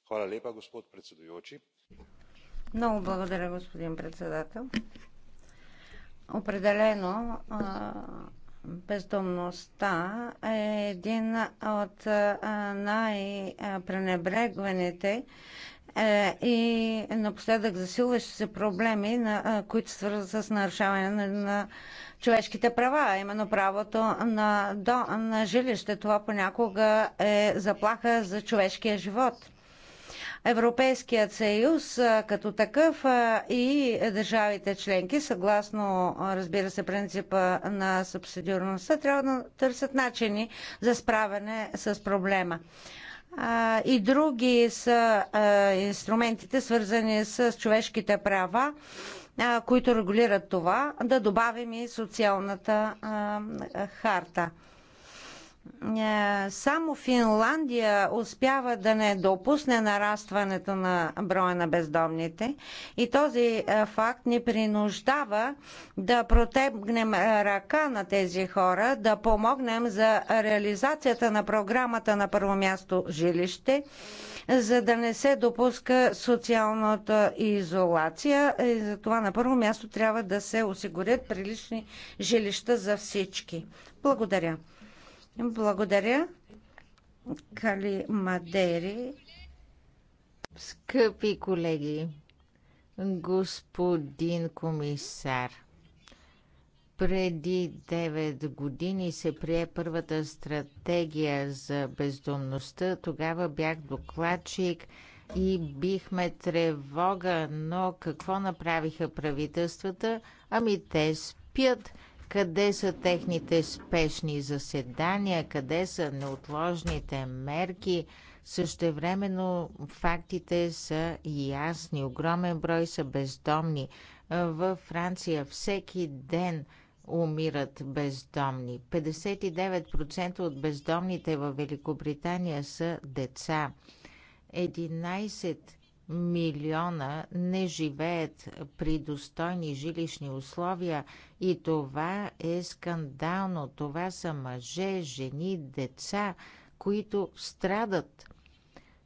Хвала лепа, господ председуючи. Много благодаря, господин председател. Определено бездомността е един от най-пренебрегваните е, и напоследък засилващи се проблеми, на, е, които свързват с нарушаване на, на човешките права, а именно правото на, до, на жилище. Това понякога е заплаха за човешкия живот. Европейският съюз е, като такъв и държавите членки, съгласно, разбира се, принципа на субсидиорността, трябва да търсят начини за справяне с проблема а, и други са а, инструментите, свързани с човешките права, а, които регулират това, да добавим и социалната а, харта. Е, само Финландия успява да не допусне нарастването на броя на бездомните и този е, факт ни принуждава да протегнем е, ръка на тези хора, да помогнем за реализацията на програмата на първо място жилище, за да не се допуска социалната изолация. И за това на първо място трябва да се осигурят прилични жилища за всички. Благодаря. Благодаря. Кали Мадери. Скъпи колеги, господин комисар, преди 9 години се прие първата стратегия за бездомността. Тогава бях докладчик и бихме тревога, но какво направиха правителствата? Ами те спят къде са техните спешни заседания, къде са неотложните мерки. Същевременно фактите са ясни. Огромен брой са бездомни. Във Франция всеки ден умират бездомни. 59% от бездомните във Великобритания са деца милиона не живеят при достойни жилищни условия и това е скандално. Това са мъже, жени, деца, които страдат.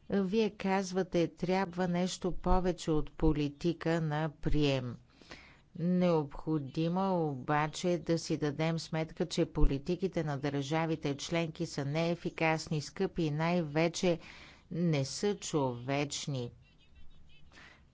Вие казвате, трябва нещо повече от политика на прием. Необходимо е обаче да си дадем сметка, че политиките на държавите членки са неефикасни, скъпи и най-вече не са човечни –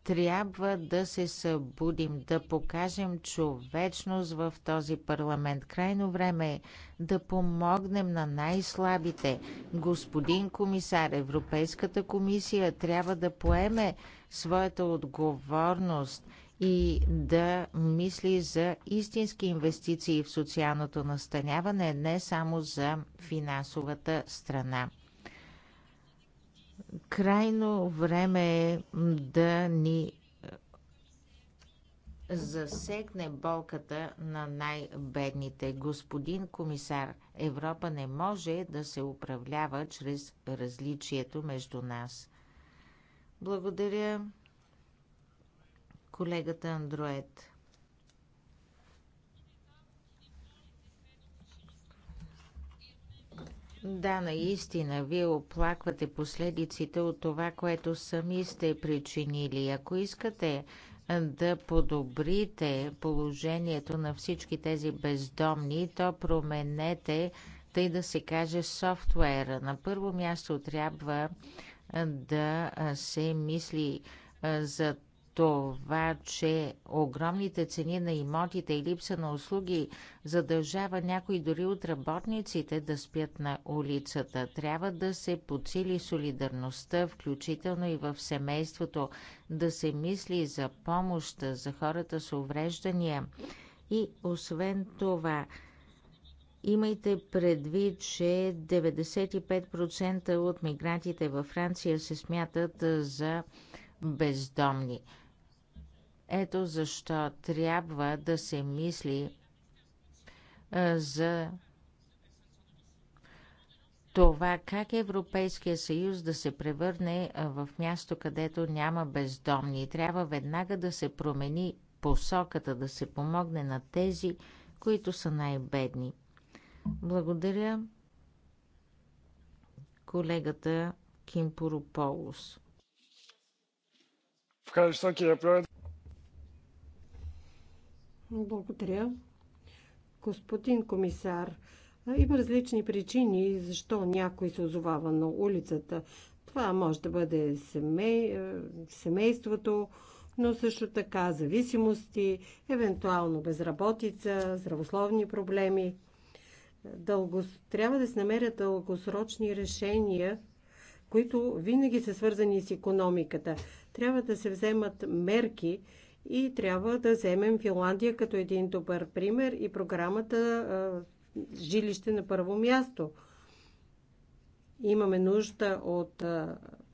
трябва да се събудим, да покажем човечност в този парламент. Крайно време е да помогнем на най-слабите. Господин комисар, Европейската комисия трябва да поеме своята отговорност и да мисли за истински инвестиции в социалното настаняване, не само за финансовата страна. Крайно време е да ни е, засегне болката на най-бедните. Господин комисар, Европа не може да се управлява чрез различието между нас. Благодаря колегата Андроет. Да, наистина, вие оплаквате последиците от това, което сами сте причинили. Ако искате да подобрите положението на всички тези бездомни, то променете, тъй да се каже, софтуера. На първо място трябва да се мисли за това, че огромните цени на имотите и липса на услуги задължава някои дори от работниците да спят на улицата. Трябва да се подсили солидарността, включително и в семейството, да се мисли за помощ за хората с увреждания. И освен това, Имайте предвид, че 95% от мигрантите във Франция се смятат за бездомни. Ето защо трябва да се мисли за това как Европейския съюз да се превърне в място, където няма бездомни. Трябва веднага да се промени посоката, да се помогне на тези, които са най-бедни. Благодаря колегата Кимпорополос. Ευχαριστώ κύριε благодаря. Господин комисар, има различни причини защо някой се озовава на улицата. Това може да бъде семей, семейството, но също така зависимости, евентуално безработица, здравословни проблеми. Дълго... Трябва да се намерят дългосрочни решения, които винаги са свързани с економиката. Трябва да се вземат мерки, и трябва да вземем Финландия като един добър пример и програмата жилище на първо място. Имаме нужда от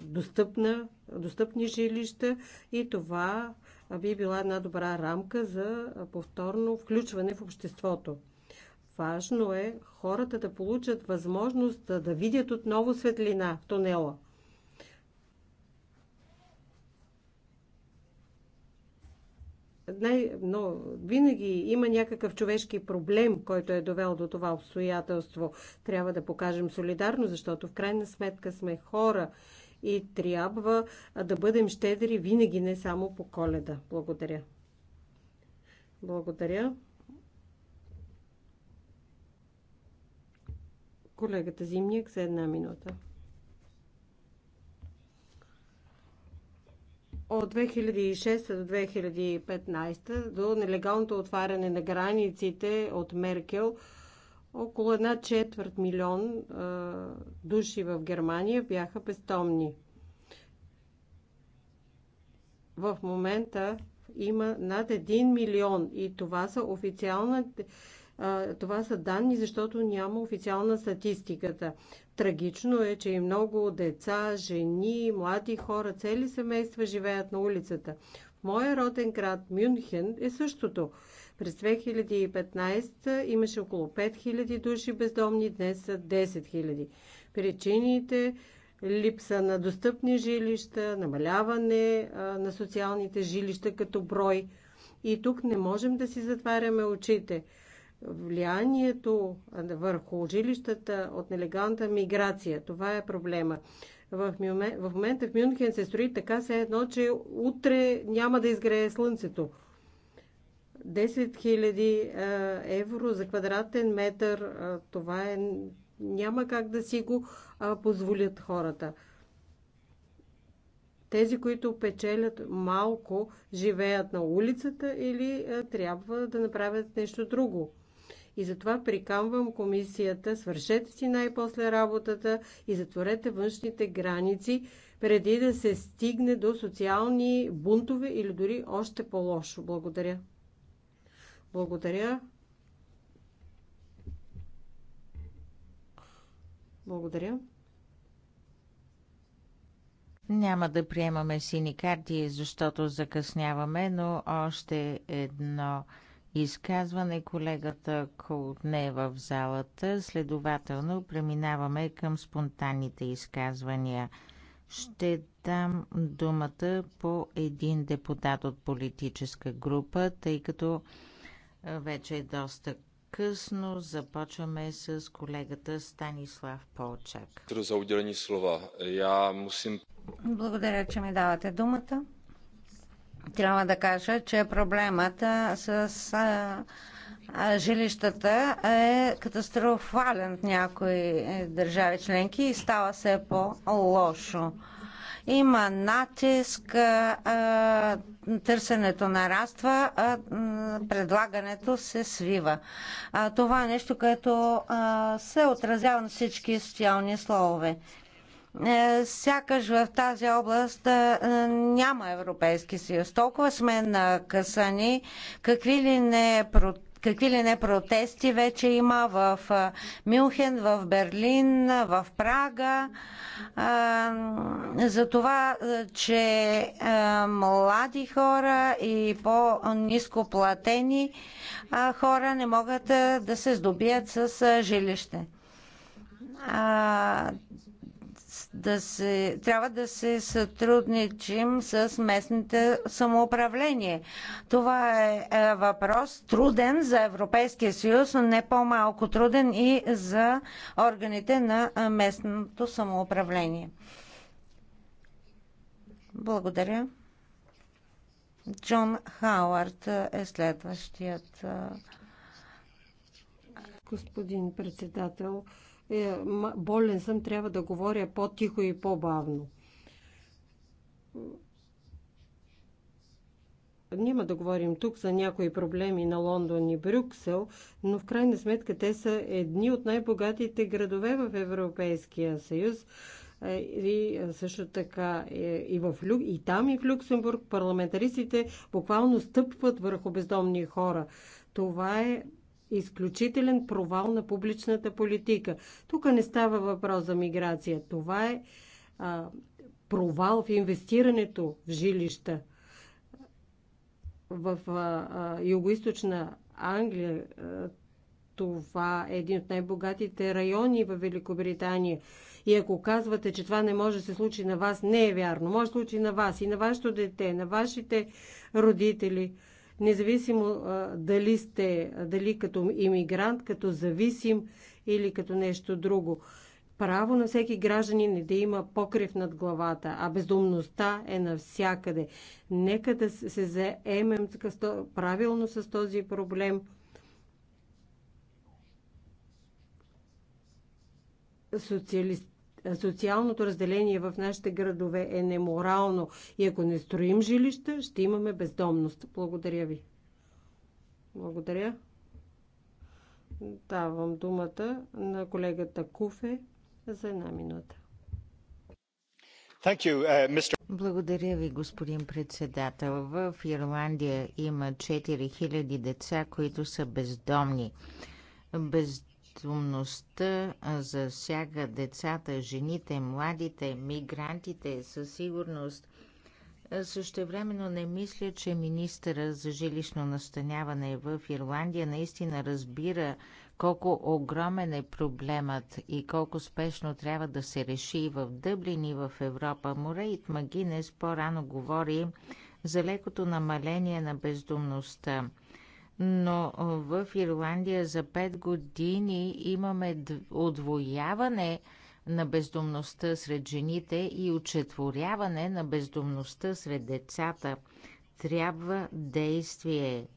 достъпна, достъпни жилища и това би била една добра рамка за повторно включване в обществото. Важно е хората да получат възможност да видят отново светлина в тунела – най- но винаги има някакъв човешки проблем, който е довел до това обстоятелство. Трябва да покажем солидарно, защото в крайна сметка сме хора и трябва да бъдем щедри винаги, не само по коледа. Благодаря. Благодаря. Колегата Зимник, за една минута. от 2006 до 2015 до нелегалното отваряне на границите от Меркел около една четвърт милион а, души в Германия бяха бездомни. В момента има над 1 милион и това са официална, а, това са данни, защото няма официална статистиката. Трагично е, че и много деца, жени, млади хора, цели семейства живеят на улицата. В моя роден град Мюнхен е същото. През 2015 имаше около 5000 души бездомни, днес са 10 000. Причините липса на достъпни жилища, намаляване на социалните жилища като брой. И тук не можем да си затваряме очите – влиянието върху жилищата от нелегалната миграция. Това е проблема. В, в момента в Мюнхен се строи така се едно, че утре няма да изгрее слънцето. 10 000 е, евро за квадратен метър, е, това е, няма как да си го позволят хората. Тези, които печелят малко, живеят на улицата или е, трябва да направят нещо друго. И затова приканвам комисията, свършете си най-после работата и затворете външните граници, преди да се стигне до социални бунтове или дори още по-лошо. Благодаря. Благодаря. Благодаря. Няма да приемаме сини карти, защото закъсняваме, но още едно изказване. Колегата ако не е в залата. Следователно преминаваме към спонтанните изказвания. Ще дам думата по един депутат от политическа група, тъй като вече е доста късно. Започваме с колегата Станислав Полчак. Благодаря, че ми давате думата трябва да кажа, че проблемата с жилищата е катастрофален в някои е, държави членки и става все по-лошо. Има натиск, търсенето нараства, а предлагането се свива. Това е нещо, което се отразява на всички социални слове. Е, сякаш в тази област е, няма Европейски съюз. Толкова сме накъсани, какви ли не протести какви ли не протести вече има в е, Мюнхен, в Берлин, в Прага, за това, че млади хора и по-низко платени хора не могат да се здобият с жилище да се, трябва да се сътрудничим с местните самоуправление. Това е, е въпрос труден за Европейския съюз, но не по-малко труден и за органите на е, местното самоуправление. Благодаря. Джон Хауарт е следващият. Е. Господин председател, е, болен съм, трябва да говоря по-тихо и по-бавно. Няма да говорим тук за някои проблеми на Лондон и Брюксел, но в крайна сметка те са едни от най-богатите градове в Европейския съюз. Е, и е, също така и, в и там, и в Люксембург парламентаристите буквално стъпват върху бездомни хора. Това е изключителен провал на публичната политика. Тук не става въпрос за миграция. Това е а, провал в инвестирането в жилища. В а, а, Юго-Источна Англия а, това е един от най-богатите райони в Великобритания. И ако казвате, че това не може да се случи на вас, не е вярно. Може да се случи на вас и на вашето дете, на вашите родители независимо дали сте, дали като иммигрант, като зависим или като нещо друго. Право на всеки гражданин е да има покрив над главата, а бездумността е навсякъде. Нека да се заемем правилно с този проблем. Социалист, социалното разделение в нашите градове е неморално и ако не строим жилища, ще имаме бездомност. Благодаря ви. Благодаря. Давам думата на колегата Куфе за една минута. Uh, Благодаря ви, господин председател. В Ирландия има 4000 деца, които са бездомни. Без престъпността засяга децата, жените, младите, мигрантите със сигурност. Същевременно не мисля, че министъра за жилищно настаняване в Ирландия наистина разбира колко огромен е проблемът и колко спешно трябва да се реши в Дъблин и в Европа. Морейт Магинес по-рано говори за лекото намаление на бездумността но в Ирландия за 5 години имаме отвояване на бездомността сред жените и учетворяване на бездомността сред децата. Трябва действие.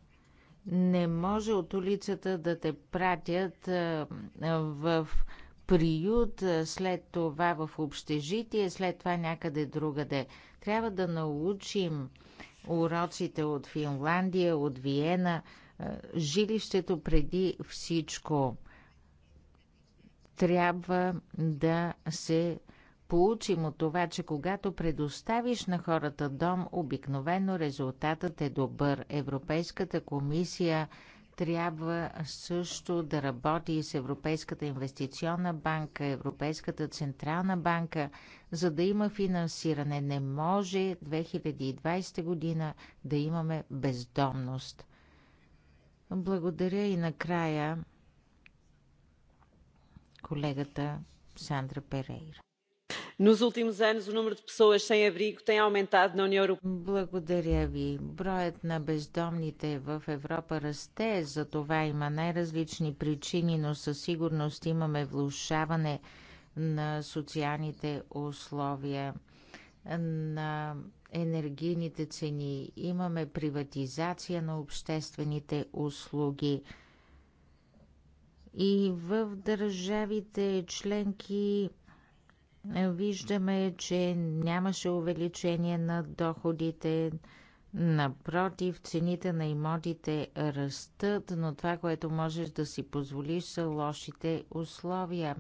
Не може от улицата да те пратят в приют, след това в общежитие, след това някъде другаде. Трябва да научим уроците от Финландия, от Виена – е, жилището преди всичко трябва да се получим от това, че когато предоставиш на хората дом, обикновено резултатът е добър. Европейската комисия трябва също да работи с Европейската инвестиционна банка, Европейската централна банка, за да има финансиране. Не може 2020 година да имаме бездомност. Благодаря и накрая колегата Сандра Перейра. Nos últimos anos, o número de pessoas sem abrigo tem aumentado na União Europeia. Благодаря ви. Броят на бездомните в Европа расте, за това има най-различни причини, но със сигурност имаме влушаване на социалните условия, на енергийните цени, имаме приватизация на обществените услуги. И в държавите членки виждаме, че нямаше увеличение на доходите. Напротив, цените на имотите растат, но това, което можеш да си позволиш, са лошите условия.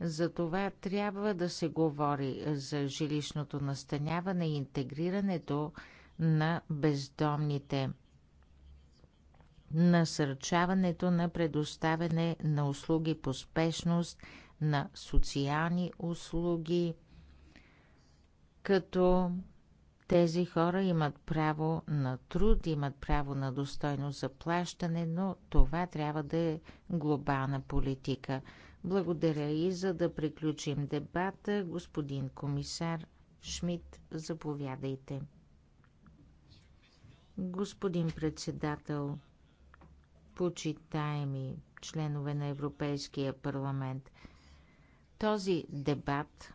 Затова трябва да се говори за жилищното настаняване и интегрирането на бездомните. Насърчаването на предоставяне на услуги по спешност, на социални услуги, като тези хора имат право на труд, имат право на достойно заплащане, но това трябва да е глобална политика – благодаря и за да приключим дебата, господин комисар Шмидт, заповядайте. Господин председател, почитаеми членове на Европейския парламент, този дебат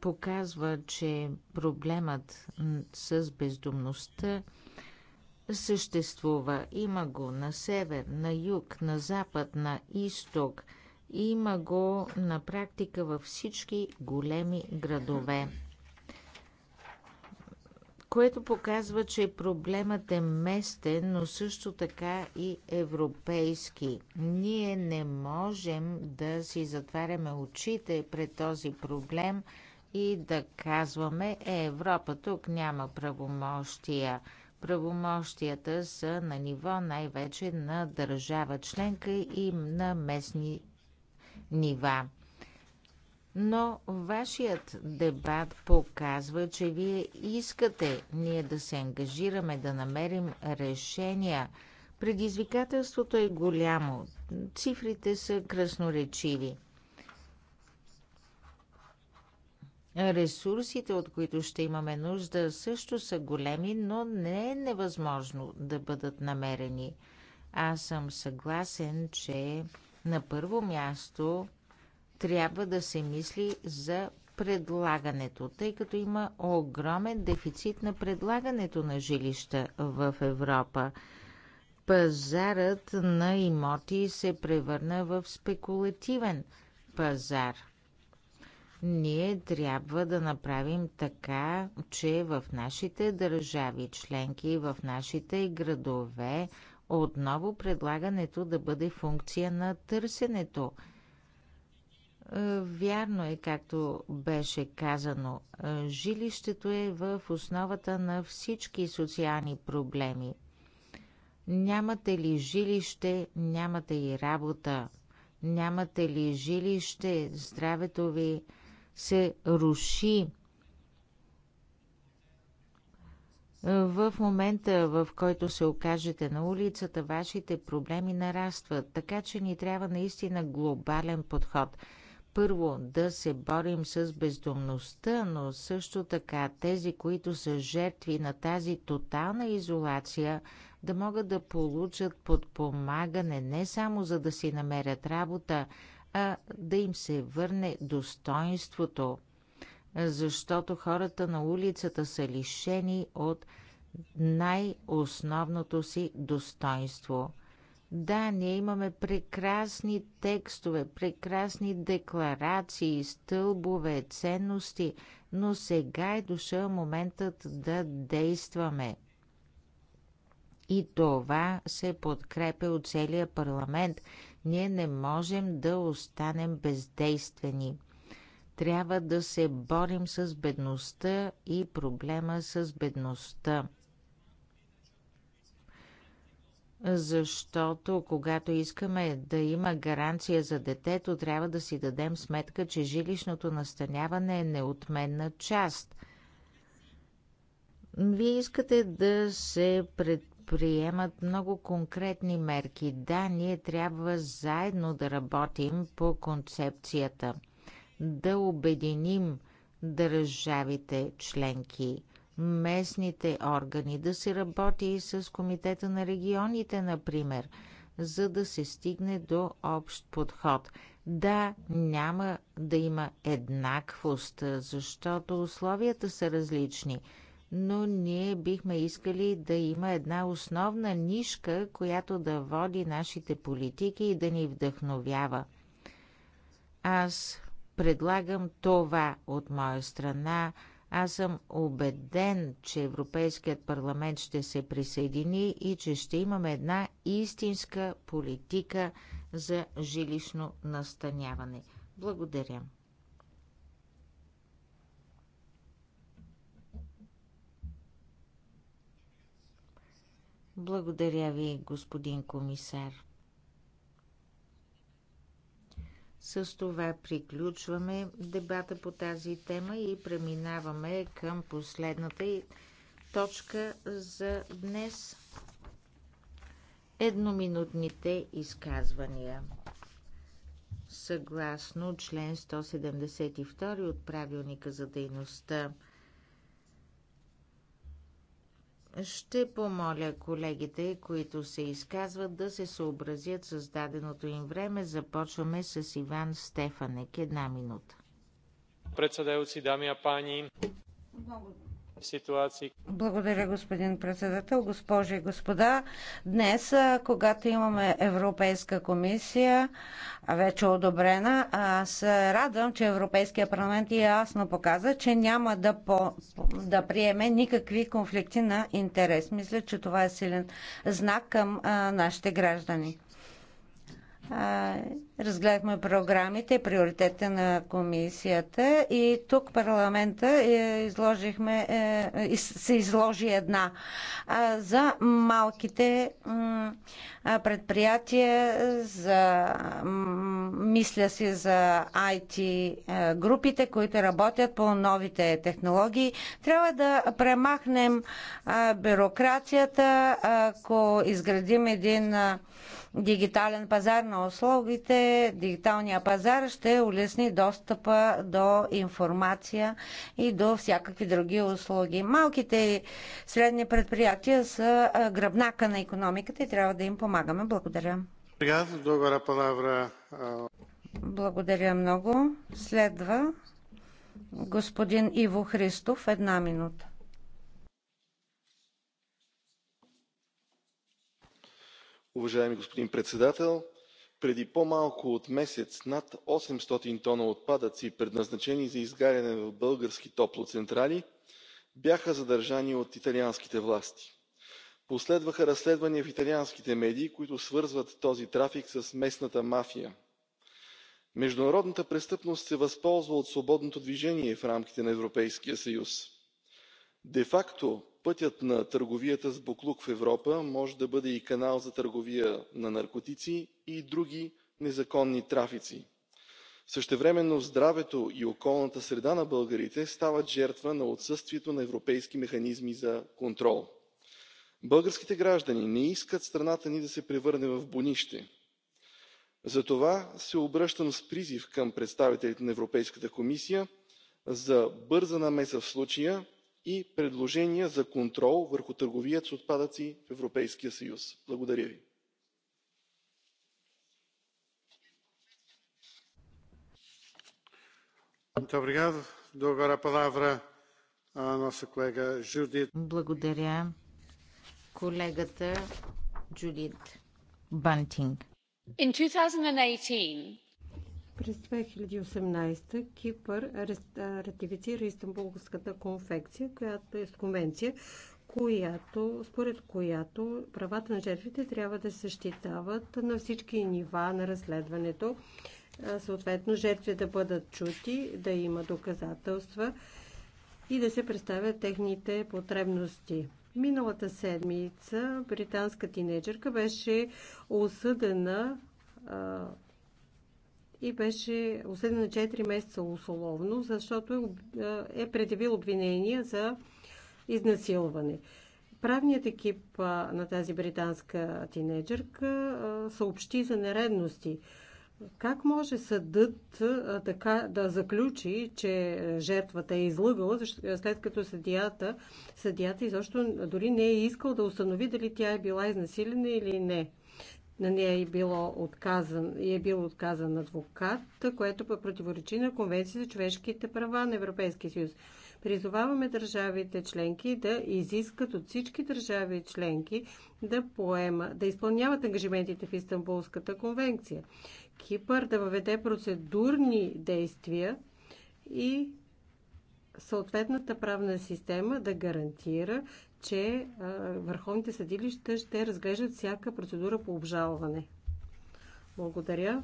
показва, че проблемът с бездомността съществува. Има го на север, на юг, на запад, на изток – има го на практика във всички големи градове, което показва, че проблемът е местен, но също така и европейски. Ние не можем да си затваряме очите пред този проблем и да казваме, е, Европа тук няма правомощия. Правомощията са на ниво най-вече на държава членка и на местни нива. Но вашият дебат показва, че вие искате ние да се ангажираме, да намерим решения. Предизвикателството е голямо. Цифрите са красноречиви. Ресурсите, от които ще имаме нужда, също са големи, но не е невъзможно да бъдат намерени. Аз съм съгласен, че на първо място трябва да се мисли за предлагането, тъй като има огромен дефицит на предлагането на жилища в Европа. Пазарът на имоти се превърна в спекулативен пазар. Ние трябва да направим така, че в нашите държави членки, в нашите градове, отново предлагането да бъде функция на търсенето. Е, вярно е, както беше казано, е, жилището е в основата на всички социални проблеми. Нямате ли жилище, нямате и работа. Нямате ли жилище, здравето ви се руши. В момента, в който се окажете на улицата, вашите проблеми нарастват, така че ни трябва наистина глобален подход. Първо, да се борим с бездомността, но също така тези, които са жертви на тази тотална изолация, да могат да получат подпомагане не само за да си намерят работа, а да им се върне достоинството – защото хората на улицата са лишени от най-основното си достоинство. Да, ние имаме прекрасни текстове, прекрасни декларации, стълбове, ценности, но сега е дошъл моментът да действаме. И това се подкрепя от целия парламент. Ние не можем да останем бездействени. Трябва да се борим с бедността и проблема с бедността. Защото когато искаме да има гаранция за детето, трябва да си дадем сметка, че жилищното настаняване е неотменна част. Вие искате да се предприемат много конкретни мерки. Да, ние трябва заедно да работим по концепцията – да обединим държавите членки, местните органи, да се работи и с Комитета на регионите, например, за да се стигне до общ подход. Да, няма да има еднаквост, защото условията са различни, но ние бихме искали да има една основна нишка, която да води нашите политики и да ни вдъхновява. Аз предлагам това от моя страна. Аз съм убеден, че Европейският парламент ще се присъедини и че ще имаме една истинска политика за жилищно настаняване. Благодаря. Благодаря ви, господин комисар. С това приключваме дебата по тази тема и преминаваме към последната точка за днес. Едноминутните изказвания. Съгласно член 172 от правилника за дейността ще помоля колегите, които се изказват, да се съобразят с даденото им време. Започваме с Иван Стефанек. Една минута. Председател, дами и пани. Благодаря. Благодаря, господин председател. Госпожи и господа, днес, когато имаме Европейска комисия, вече одобрена, се радвам, че Европейския парламент ясно показа, че няма да, по, да приеме никакви конфликти на интерес. Мисля, че това е силен знак към а, нашите граждани. А, Разгледахме програмите, приоритетите на комисията и тук парламента е, изложихме, е, е, се изложи една за малките предприятия, за, мисля си за IT групите, които работят по новите технологии. Трябва да премахнем бюрокрацията, ако изградим един дигитален пазар на услугите, дигиталния пазар ще улесни достъпа до информация и до всякакви други услуги. Малките и средни предприятия са гръбнака на економиката и трябва да им помагаме. Благодаря. Благодаря много. Следва господин Иво Христов. Една минута. Уважаеми господин председател, преди по малко от месец над осемстотин тона отпадъци предназначени за изгаряне в български топлоцентрали бяха задържани от италианските власти. последваха разследвания в италианските медии които свързват този трафик с местната мафия. международната престъпност се възползва от свободното движение в рамките на европейския съюз. де факто пътят на търговията с боклук в европа може да бъде и канал за търговия на наркотици и други незаконни трафици. същевременно здравето и околната среда на българите стават жертва на отсъствието на европейски механизми за контрол. българските граждани не искат страната ни да се превърне в бонище. затова се обръщам с призив към представителите на европейската комисия за бърза намеса в случая и предложения за контрол върху търговията с отпадъци в Европейския съюз. Благодаря ви. Благодаря. Колегата Джудит Бантинг. In 2018, през 2018 Кипър ратифицира Истанбулската конфекция, която е конвенция, която, според която правата на жертвите трябва да се защитават на всички нива на разследването. Съответно, жертви да бъдат чути, да има доказателства и да се представят техните потребности. Миналата седмица британска тинейджърка беше осъдена и беше осъден на 4 месеца условно, защото е, е предявил обвинения за изнасилване. Правният екип на тази британска тинейджърка съобщи за нередности. Как може съдът така да заключи, че жертвата е излъгала, след като съдията, съдията изобщо дори не е искал да установи дали тя е била изнасилена или не? на нея е, било отказан, е бил отказан адвокат, което пък противоречи на Конвенция за човешките права на Европейския съюз. Призоваваме държавите членки да изискат от всички държави членки да, поема, да изпълняват ангажиментите в Истанбулската конвенция. Кипър да въведе процедурни действия и съответната правна система да гарантира, че върховните съдилища ще разглеждат всяка процедура по обжалване. Благодаря.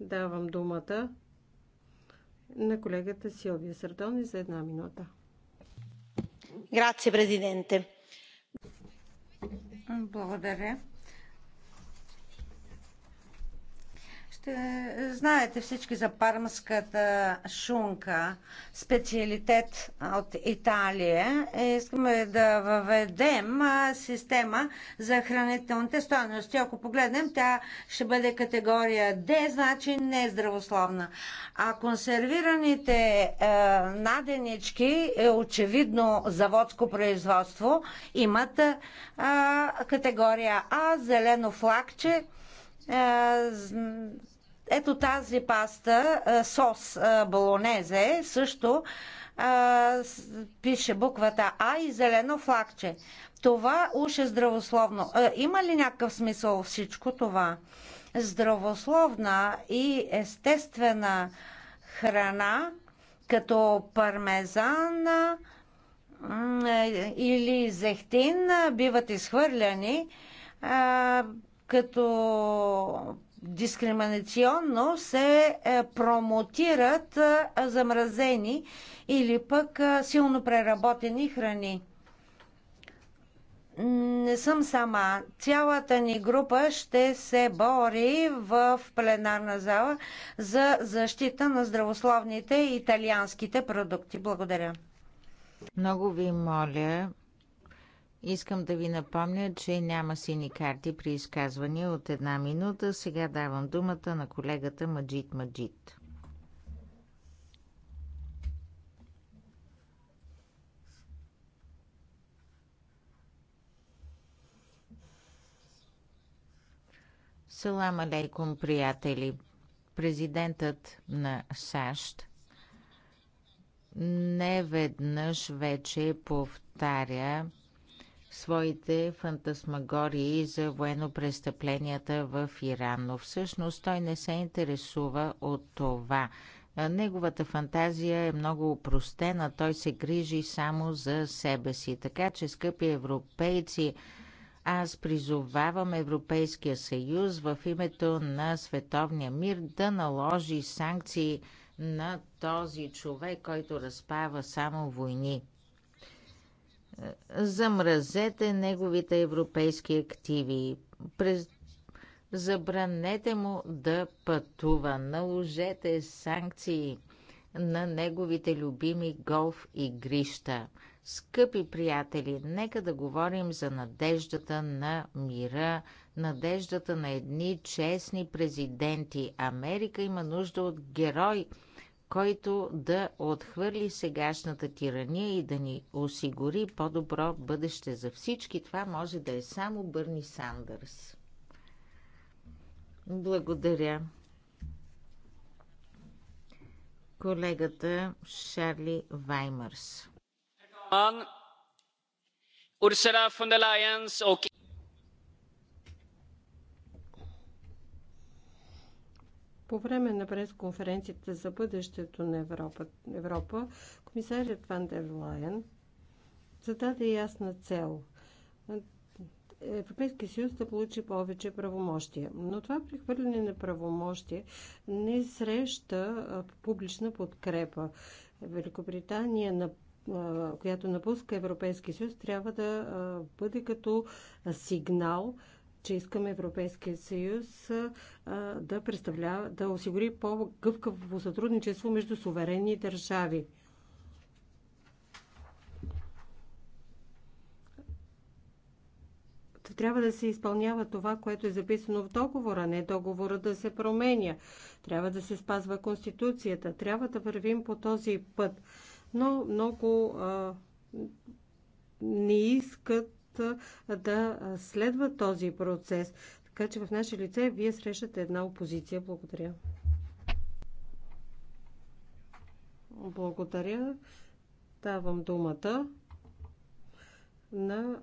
Давам думата на колегата Силвия Сардони за една минута. Грация, президенте. Благодаря. Ще е, знаете всички за пармската шунка, специалитет от Италия. Е, искаме да въведем система за хранителните стоености. Ако погледнем, тя ще бъде категория D, значи не здравословна. А консервираните е, наденички, е очевидно заводско производство, имат е, категория А, зелено флагче, е, ето тази паста, сос болонезе, също пише буквата А и зелено флагче. Това уж е здравословно. има ли някакъв смисъл всичко това? Здравословна и естествена храна, като пармезан е, или зехтин, биват изхвърляни като дискриминационно се е, промотират е, замразени или пък е, силно преработени храни. Не съм сама. Цялата ни група ще се бори в пленарна зала за защита на здравословните италианските продукти. Благодаря. Много ви моля Искам да ви напомня, че няма сини карти при изказвания от една минута. Сега давам думата на колегата Маджит Маджит. Салам алейкум, приятели! Президентът на САЩ не веднъж вече повтаря, своите фантасмагории за военно-престъпленията в Иран, но всъщност той не се интересува от това. Неговата фантазия е много упростена, той се грижи само за себе си. Така че, скъпи европейци, аз призовавам Европейския съюз в името на световния мир да наложи санкции на този човек, който разпава само войни. Замразете неговите европейски активи. През... Забранете му да пътува. Наложете санкции на неговите любими голф игрища. Скъпи приятели, нека да говорим за надеждата на мира, надеждата на едни честни президенти. Америка има нужда от герой – който да отхвърли сегашната тирания и да ни осигури по-добро бъдеще за всички. Това може да е само Бърни Сандърс. Благодаря. Колегата Шарли Ваймърс. Урсула фон дер Лайенс По време на пресконференцията за бъдещето на Европа, Европа комисарят Ван дер Лайен зададе ясна цел Европейския съюз да получи повече правомощия. Но това прехвърляне на правомощия не среща публична подкрепа. Великобритания на която напуска Европейския съюз, трябва да бъде като сигнал че искаме Европейския съюз да представлява, да осигури по-гъвкаво сътрудничество между суверенни държави. трябва да се изпълнява това, което е записано в договора, не договора да се променя. Трябва да се спазва Конституцията. Трябва да вървим по този път. Но много а, не искат да следва този процес. Така че в наше лице вие срещате една опозиция. Благодаря. Благодаря. Давам думата на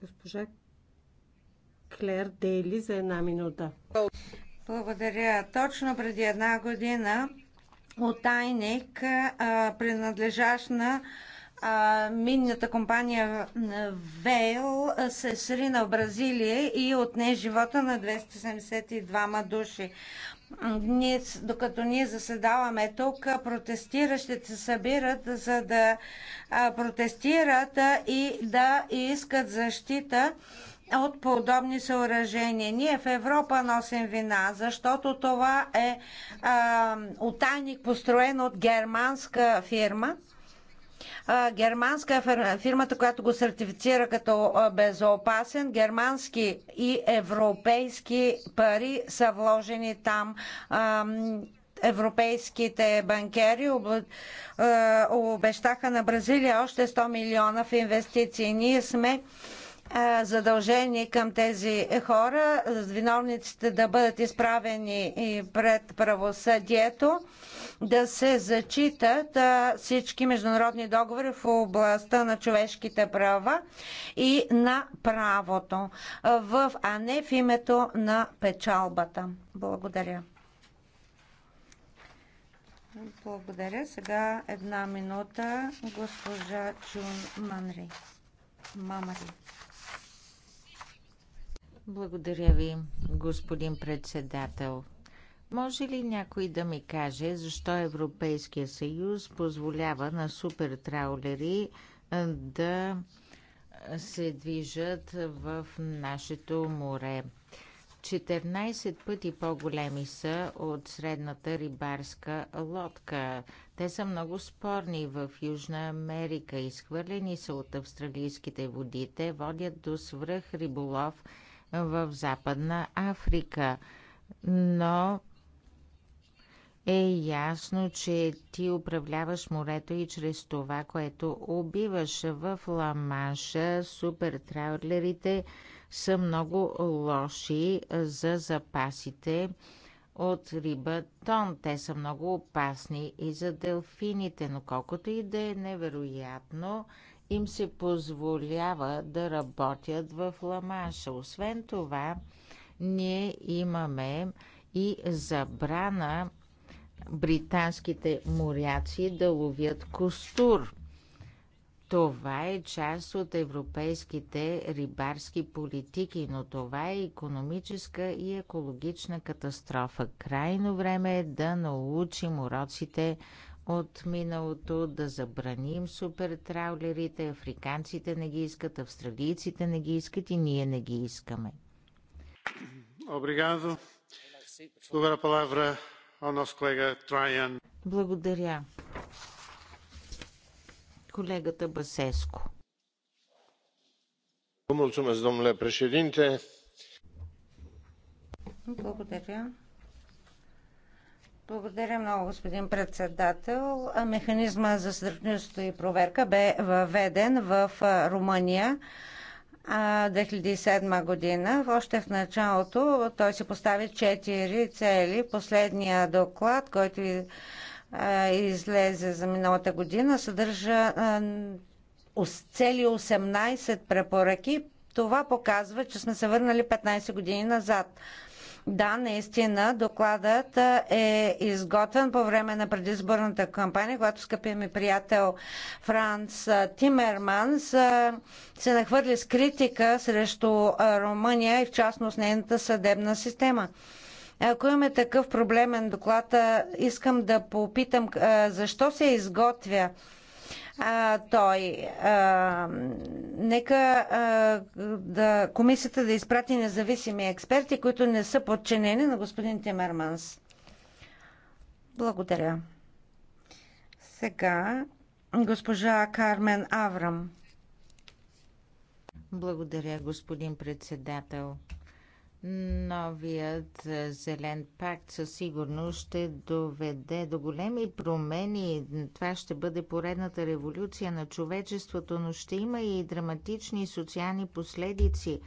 госпожа Клер Дейли за една минута. Благодаря. Точно преди една година от Тайник, принадлежащ на минната компания Вейл се срина в Бразилия и отне живота на 272 души. Ние, докато ние заседаваме тук, протестиращите се събират, за да протестират и да искат защита от подобни съоръжения. Ние в Европа носим вина, защото това е а, утайник построен от германска фирма – германска фирмата, която го сертифицира като безопасен, германски и европейски пари са вложени там европейските банкери обещаха на Бразилия още 100 милиона в инвестиции. Ние сме задължени към тези хора, виновниците да бъдат изправени пред правосъдието да се зачитат всички международни договори в областта на човешките права и на правото, в, а не в името на печалбата. Благодаря. Благодаря. Сега една минута госпожа Чун Манри. Мамари. Благодаря ви, господин председател. Може ли някой да ми каже защо Европейския съюз позволява на супертраулери да се движат в нашето море? 14 пъти по-големи са от средната рибарска лодка. Те са много спорни в Южна Америка. Изхвърлени са от австралийските води. Те водят до свръх риболов в Западна Африка. Но е ясно, че ти управляваш морето и чрез това, което убиваш в Ламанша, супертраулерите са много лоши за запасите от риба тон. Те са много опасни и за делфините, но колкото и да е невероятно, им се позволява да работят в Ламаша. Освен това, ние имаме и забрана британските моряци да ловят костур. Това е част от европейските рибарски политики, но това е економическа и екологична катастрофа. Крайно време е да научим уроците от миналото, да забраним супертраулерите, африканците не ги искат, австралийците не ги искат и ние не ги искаме. Обригадо. Добра палавра благодаря. Колегата Басеско. Благодаря. Благодаря много, господин председател. Механизма за сътрудничество и проверка бе въведен в Румъния 2007 година. Още в началото той си постави четири цели. Последния доклад, който е, излезе за миналата година, съдържа цели 18 препоръки. Това показва, че сме се върнали 15 години назад. Да, наистина, докладът е изготвен по време на предизборната кампания, когато скъпия ми приятел Франц Тимерманс се нахвърли с критика срещу Румъния и в частност нейната съдебна система. Ако имаме такъв проблемен доклад, искам да попитам защо се изготвя а, той. А, нека а, да, комисията да изпрати независими експерти, които не са подчинени на господин Тимерманс. Благодаря. Сега госпожа Кармен Аврам. Благодаря, господин председател. Новият е, зелен пакт със сигурност ще доведе до големи промени. Това ще бъде поредната революция на човечеството, но ще има и драматични социални последици.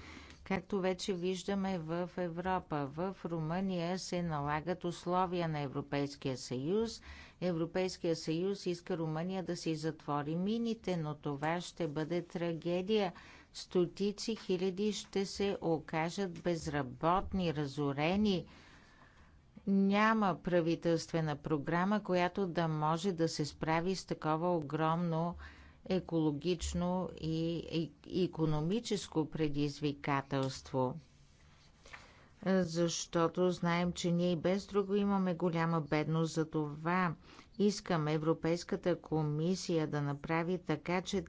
Както вече виждаме в Европа, в Румъния се налагат условия на Европейския съюз. Европейския съюз иска Румъния да си затвори мините, но това ще бъде трагедия стотици хиляди ще се окажат безработни, разорени. Няма правителствена програма, която да може да се справи с такова огромно екологично и економическо предизвикателство. Защото знаем, че ние и без друго имаме голяма бедност за това. Искам Европейската комисия да направи така, че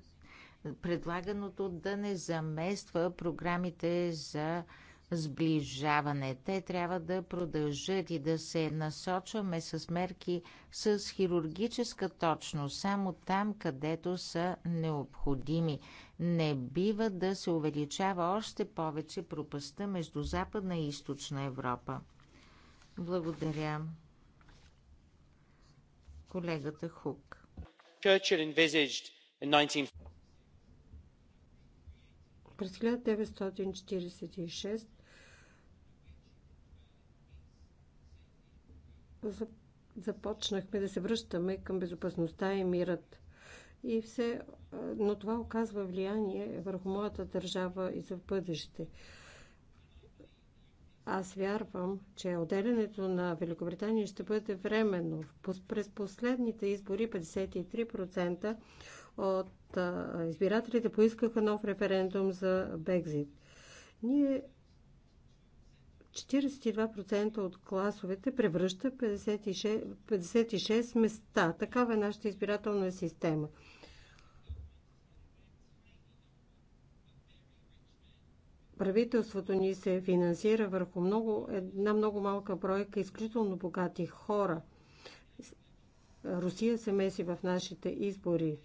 предлаганото да не замества програмите за сближаване. Те трябва да продължат и да се насочваме с мерки с хирургическа точност, само там, където са необходими. Не бива да се увеличава още повече пропаста между Западна и Източна Европа. Благодаря. Колегата Хук. 19... През 1946 започнахме да се връщаме към безопасността и мирът. И все, но това оказва влияние върху моята държава и за бъдеще. Аз вярвам, че отделянето на Великобритания ще бъде временно. През последните избори 53% от избирателите поискаха нов референдум за Бекзит. Ние 42% от класовете превръща 56, 56 места. Такава е нашата избирателна система. правителството ни се финансира върху много, една много малка бройка изключително богати хора. Русия се меси в нашите избори.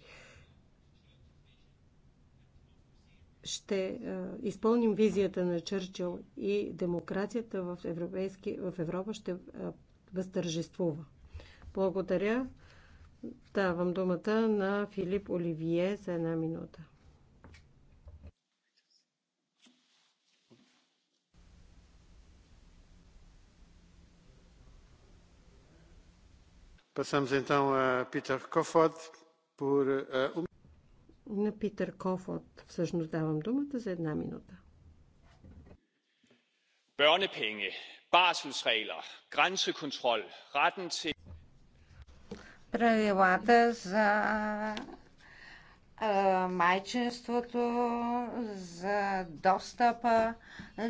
ще е, изпълним визията на Чърчил и демокрацията в, европейски, в Европа ще е, възтържествува. Благодаря. Давам думата на Филип Оливие за една минута. Passamos então a Peter por uh, на Питър Кофот. Всъщност давам думата за една минута. Børnepenge, barselsregler, grænsekontrol, retten til... Правилата за майчинството, за достъпа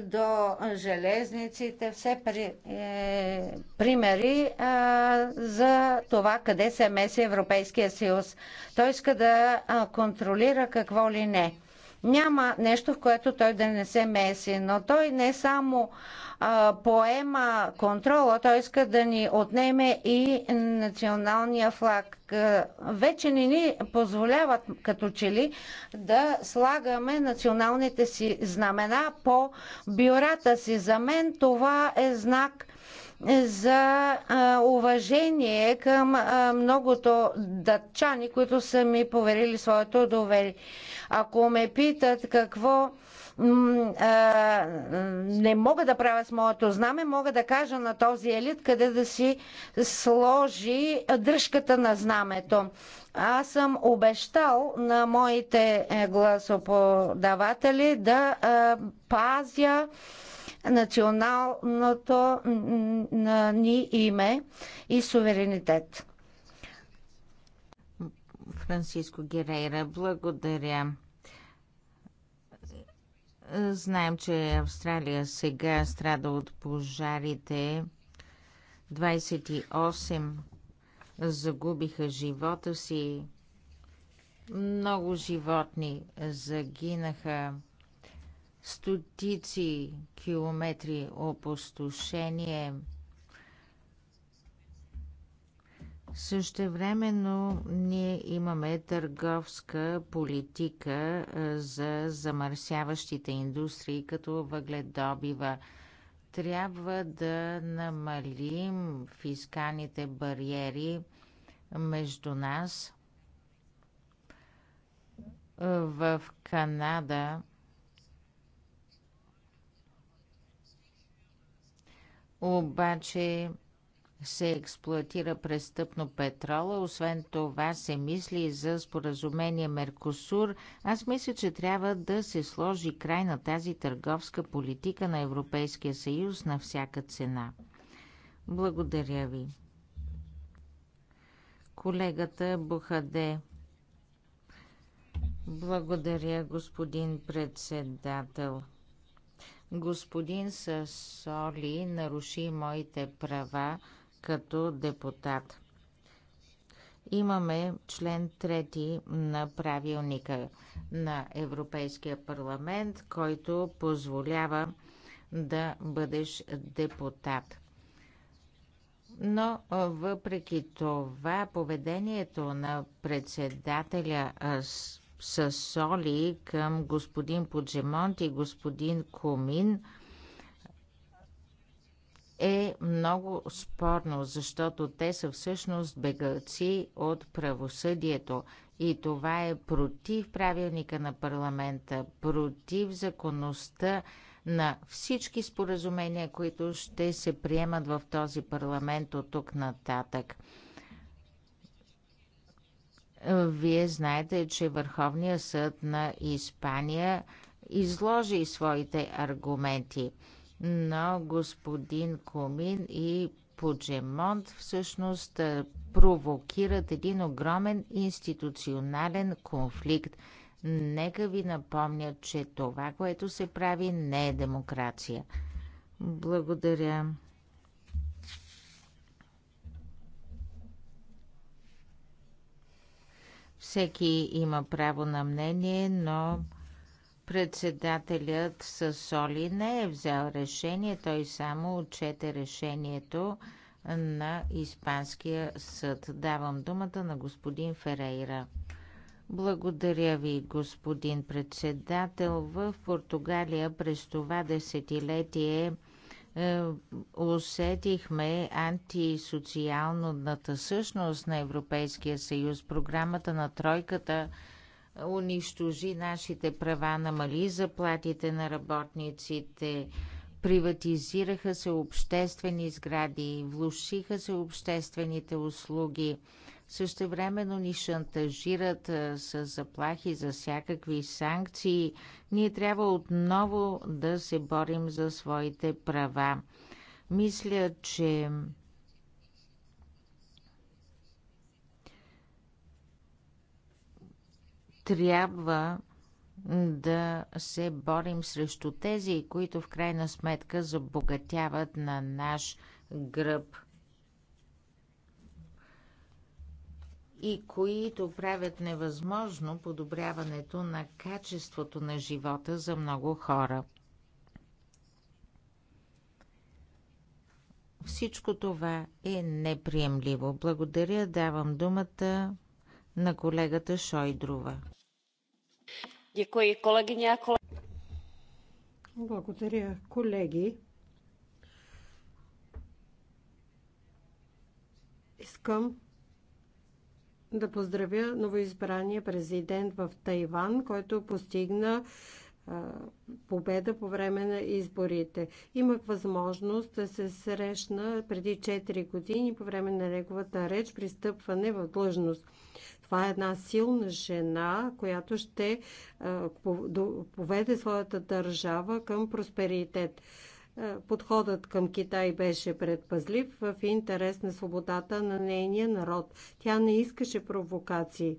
до железниците, все при, е, примери е, за това къде се меси Европейския съюз. Той иска да контролира какво ли не. Няма нещо, в което той да не се меси, но той не само поема контрола, той иска да ни отнеме и националния флаг. Е, вече не ни позволяват като че ли да слагаме националните си знамена по бюрата си. За мен това е знак за е, уважение към е, многото датчани, които са ми поверили своето доверие. Ако ме питат какво не мога да правя с моето знаме, мога да кажа на този елит къде да си сложи дръжката на знамето. Аз съм обещал на моите е, гласоподаватели да пазя националното ни име и суверенитет. Франциско Герейра, благодаря. Знаем, че Австралия сега страда от пожарите. 28 загубиха живота си. Много животни загинаха. Стотици километри опустошение – Същевременно ние имаме търговска политика за замърсяващите индустрии, като въгледобива. Трябва да намалим фискалните бариери между нас. В Канада обаче се експлуатира престъпно петрола. Освен това се мисли за споразумение Меркосур. Аз мисля, че трябва да се сложи край на тази търговска политика на Европейския съюз на всяка цена. Благодаря ви. Колегата Бухаде. Благодаря, господин председател. Господин Сасоли наруши моите права като депутат. Имаме член 3 на правилника на Европейския парламент, който позволява да бъдеш депутат. Но въпреки това поведението на председателя Сасоли към господин Поджемонт и господин Комин – е много спорно, защото те са всъщност бегълци от правосъдието. И това е против правилника на парламента, против законността на всички споразумения, които ще се приемат в този парламент от тук нататък. Вие знаете, че Върховният съд на Испания изложи своите аргументи – но господин Комин и Поджемонт всъщност провокират един огромен институционален конфликт. Нека ви напомня, че това, което се прави, не е демокрация. Благодаря. Всеки има право на мнение, но Председателят Сасоли не е взел решение, той само отчете решението на Испанския съд. Давам думата на господин Ферейра. Благодаря ви, господин председател. В Португалия през това десетилетие е, усетихме антисоциалната същност на Европейския съюз. Програмата на тройката – унищожи нашите права, намали заплатите на работниците, приватизираха се обществени сгради, влушиха се обществените услуги, същевременно ни шантажират с заплахи за всякакви санкции. Ние трябва отново да се борим за своите права. Мисля, че трябва да се борим срещу тези, които в крайна сметка забогатяват на наш гръб и които правят невъзможно подобряването на качеството на живота за много хора. Всичко това е неприемливо. Благодаря, давам думата на колегата Шойдрова. Děkuji kolegyně a Благодаря, колеги. Искам да поздравя новоизбрания президент в Тайван, който постигна победа по време на изборите. Имах възможност да се срещна преди 4 години по време на неговата реч при стъпване в длъжност. Това е една силна жена, която ще поведе своята държава към просперитет. Подходът към Китай беше предпазлив в интерес на свободата на нейния народ. Тя не искаше провокации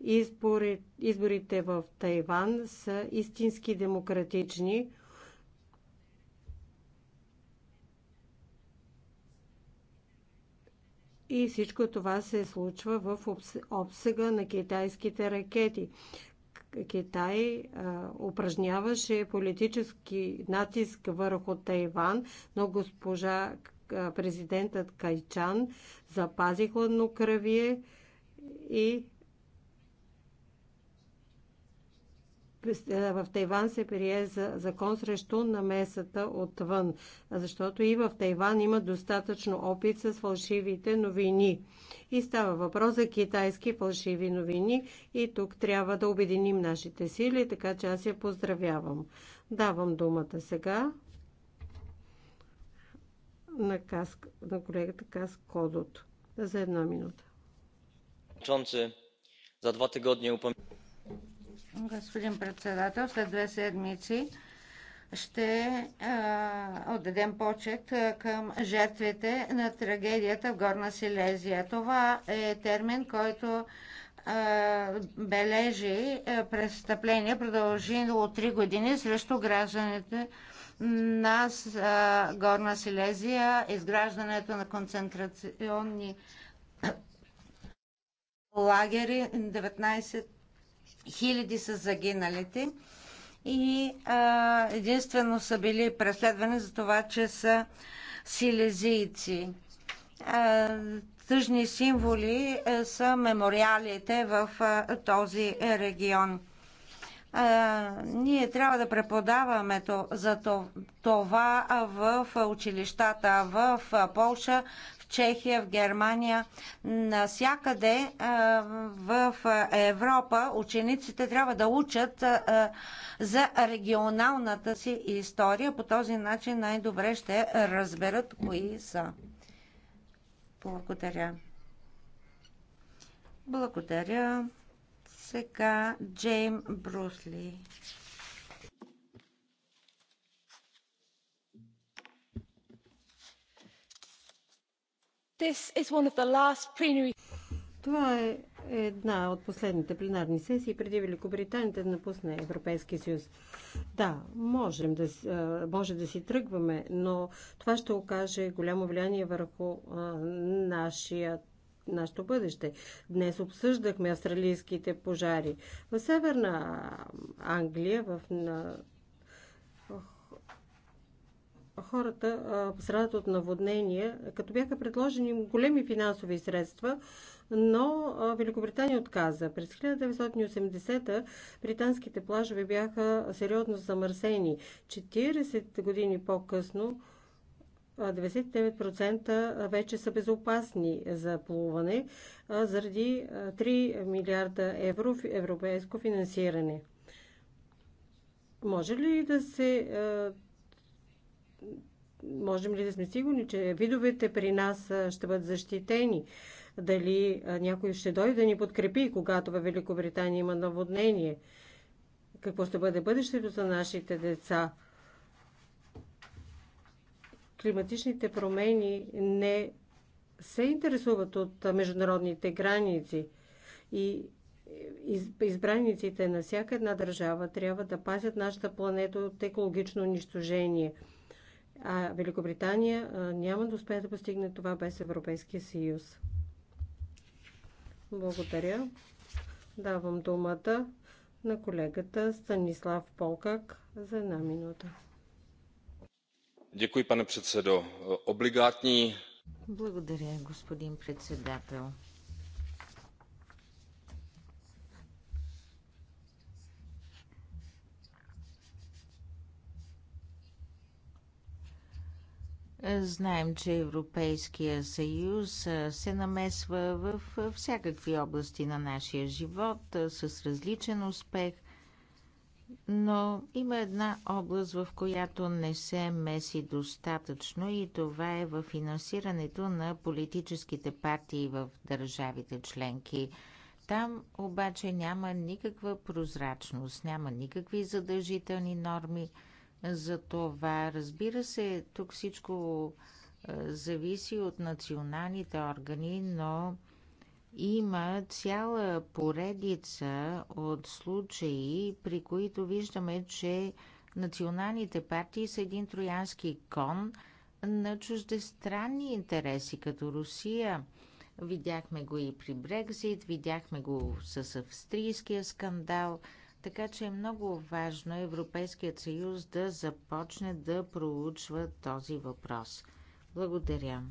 изборите в Тайван са истински демократични. И всичко това се случва в обсега на китайските ракети. Китай а, упражняваше политически натиск върху Тайван, но госпожа а, президентът Кайчан запази хладнокръвие и в Тайван се прие за закон срещу намесата отвън, защото и в Тайван има достатъчно опит с фалшивите новини. И става въпрос за китайски фалшиви новини и тук трябва да обединим нашите сили, така че аз я поздравявам. Давам думата сега на, Каск, на колегата Каск Кодот за една минута. За два тигодни упоминам господин председател. След две седмици ще а, отдадем почет а, към жертвите на трагедията в Горна Силезия. Това е термин, който а, бележи престъпление, продължило 3 години срещу гражданите на Горна Силезия, изграждането на концентрационни лагери, 19 Хиляди са загиналите и а, единствено са били преследвани за това, че са силезийци. А, тъжни символи а, са мемориалите в а, този регион. А, ние трябва да преподаваме то, за това в училищата в Полша, в Чехия, в Германия, насякъде в Европа учениците трябва да учат за регионалната си история. По този начин най-добре ще разберат кои са. Благодаря. Благодаря. Сега Джейм Брусли. Това е една от последните пленарни сесии преди Великобритания да напусне Европейския съюз. Да, можем да, може да си тръгваме, но това ще окаже голямо влияние върху а, нашия нашето бъдеще. Днес обсъждахме австралийските пожари. В Северна Англия, в на хората пострадат от наводнения, като бяха предложени големи финансови средства, но Великобритания отказа. През 1980-та британските плажове бяха сериозно замърсени. 40 години по-късно 99% вече са безопасни за плуване заради 3 милиарда евро в европейско финансиране. Може ли да се можем ли да сме сигурни, че видовете при нас ще бъдат защитени? Дали някой ще дойде да ни подкрепи, когато във Великобритания има наводнение? Какво ще бъде бъдещето за нашите деца? Климатичните промени не се интересуват от международните граници и избраниците на всяка една държава трябва да пазят нашата планета от екологично унищожение – а Великобритания няма да успее да постигне това без Европейския съюз. Благодаря. Давам думата на колегата Станислав Полкак за една минута. Děkuji, pane předsedo. Obligátní. Благодаря, господин председател. Знаем, че Европейския съюз се намесва в всякакви области на нашия живот с различен успех, но има една област, в която не се меси достатъчно и това е в финансирането на политическите партии в държавите членки. Там обаче няма никаква прозрачност, няма никакви задължителни норми – за това. Разбира се, тук всичко зависи от националните органи, но има цяла поредица от случаи, при които виждаме, че националните партии са един троянски кон на чуждестранни интереси, като Русия. Видяхме го и при Брекзит, видяхме го с австрийския скандал – така че е много важно Европейският съюз да започне да проучва този въпрос. Благодаря.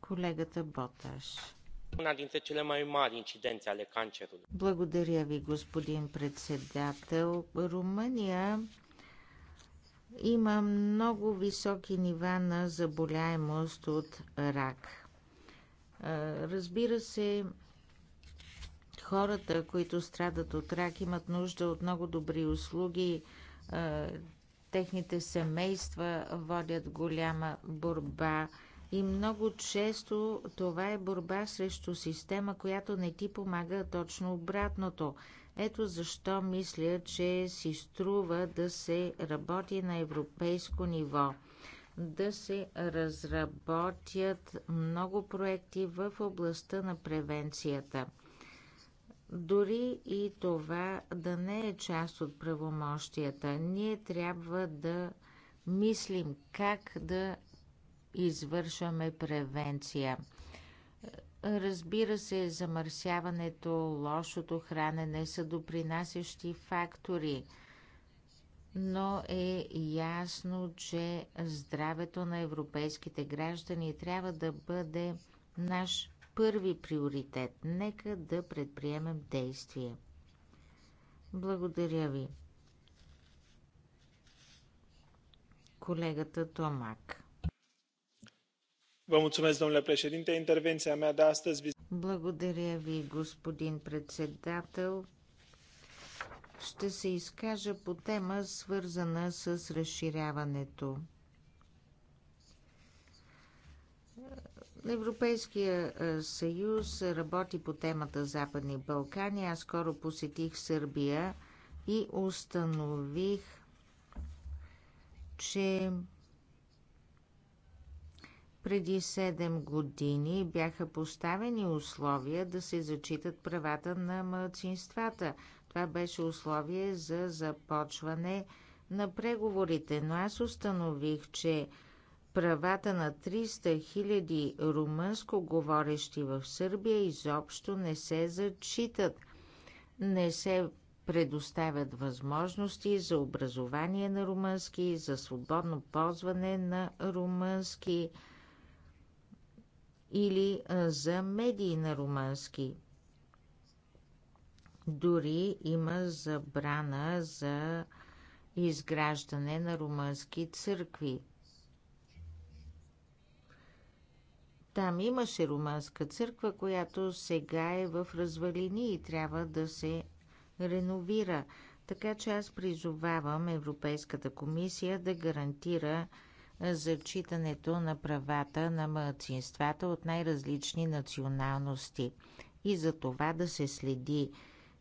колегата Боташ. Благодаря ви, господин председател. Румъния има много високи нива на заболяемост от рак. Разбира се, хората, които страдат от рак, имат нужда от много добри услуги. Техните семейства водят голяма борба. И много често това е борба срещу система, която не ти помага, точно обратното – ето защо мисля, че си струва да се работи на европейско ниво, да се разработят много проекти в областта на превенцията. Дори и това да не е част от правомощията, ние трябва да мислим как да извършваме превенция – Разбира се, замърсяването, лошото хранене са допринасящи фактори, но е ясно, че здравето на европейските граждани трябва да бъде наш първи приоритет. Нека да предприемем действие. Благодаря ви. Колегата Томак domnule președinte intervenția mea de astăzi. Благодаря ви, господин председател. Ще се изкажа по тема, свързана с разширяването. Европейския съюз работи по темата Западни Балкани. Аз скоро посетих Сърбия и установих, че преди 7 години бяха поставени условия да се зачитат правата на мълцинствата. Това беше условие за започване на преговорите, но аз установих, че правата на 300 000 румънско говорещи в Сърбия изобщо не се зачитат. Не се предоставят възможности за образование на румънски, за свободно ползване на румънски или за медии на румънски. Дори има забрана за изграждане на румънски църкви. Там имаше румънска църква, която сега е в развалини и трябва да се реновира. Така че аз призовавам Европейската комисия да гарантира за вчитането на правата на младсинствата от най-различни националности и за това да се следи.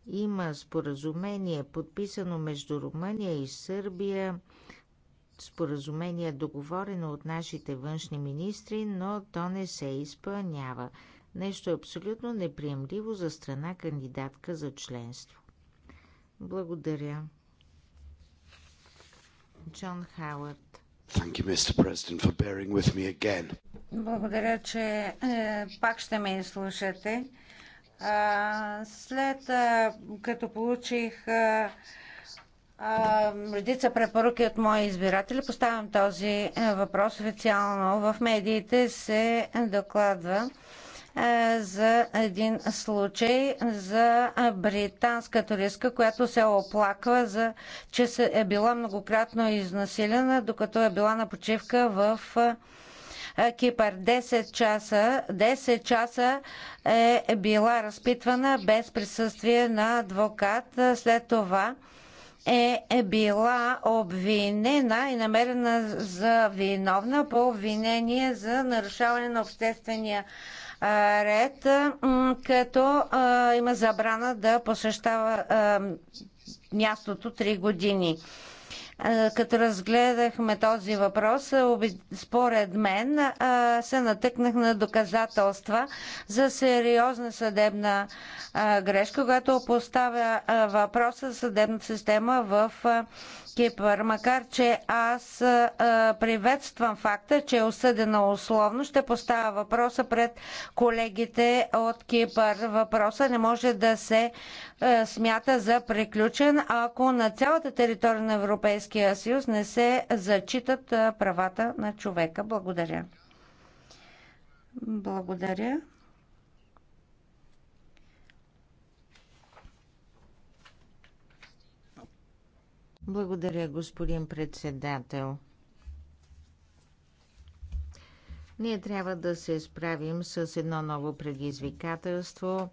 Има споразумение, подписано между Румъния и Сърбия, споразумение договорено от нашите външни министри, но то не се изпълнява. Нещо абсолютно неприемливо за страна кандидатка за членство. Благодаря. Джон Хауърд Thank you, Mr. President, for bearing with me again. Благодаря, че е, пак ще ме изслушате. А, след а, като получих а, редица препоръки от мои избиратели, поставям този е, въпрос официално. В медиите се докладва е, за един случай за британска туристка, която се оплаква, за, че е била многократно изнасилена, докато е била на почивка в е, Кипър. 10 часа, 10 часа е била разпитвана без присъствие на адвокат. След това е, е била обвинена и намерена за виновна по обвинение за нарушаване на обществения ред, като има забрана да посещава мястото 3 години като разгледахме този въпрос, според мен се натъкнах на доказателства за сериозна съдебна грешка, която поставя въпроса за съдебната система в Кипър. Макар, че аз приветствам факта, че е осъдена условно, ще поставя въпроса пред колегите от Кипър. Въпроса не може да се смята за приключен, ако на цялата територия на Европейския съюз не се зачитат правата на човека. Благодаря. Благодаря. Благодаря, господин председател. Ние трябва да се справим с едно ново предизвикателство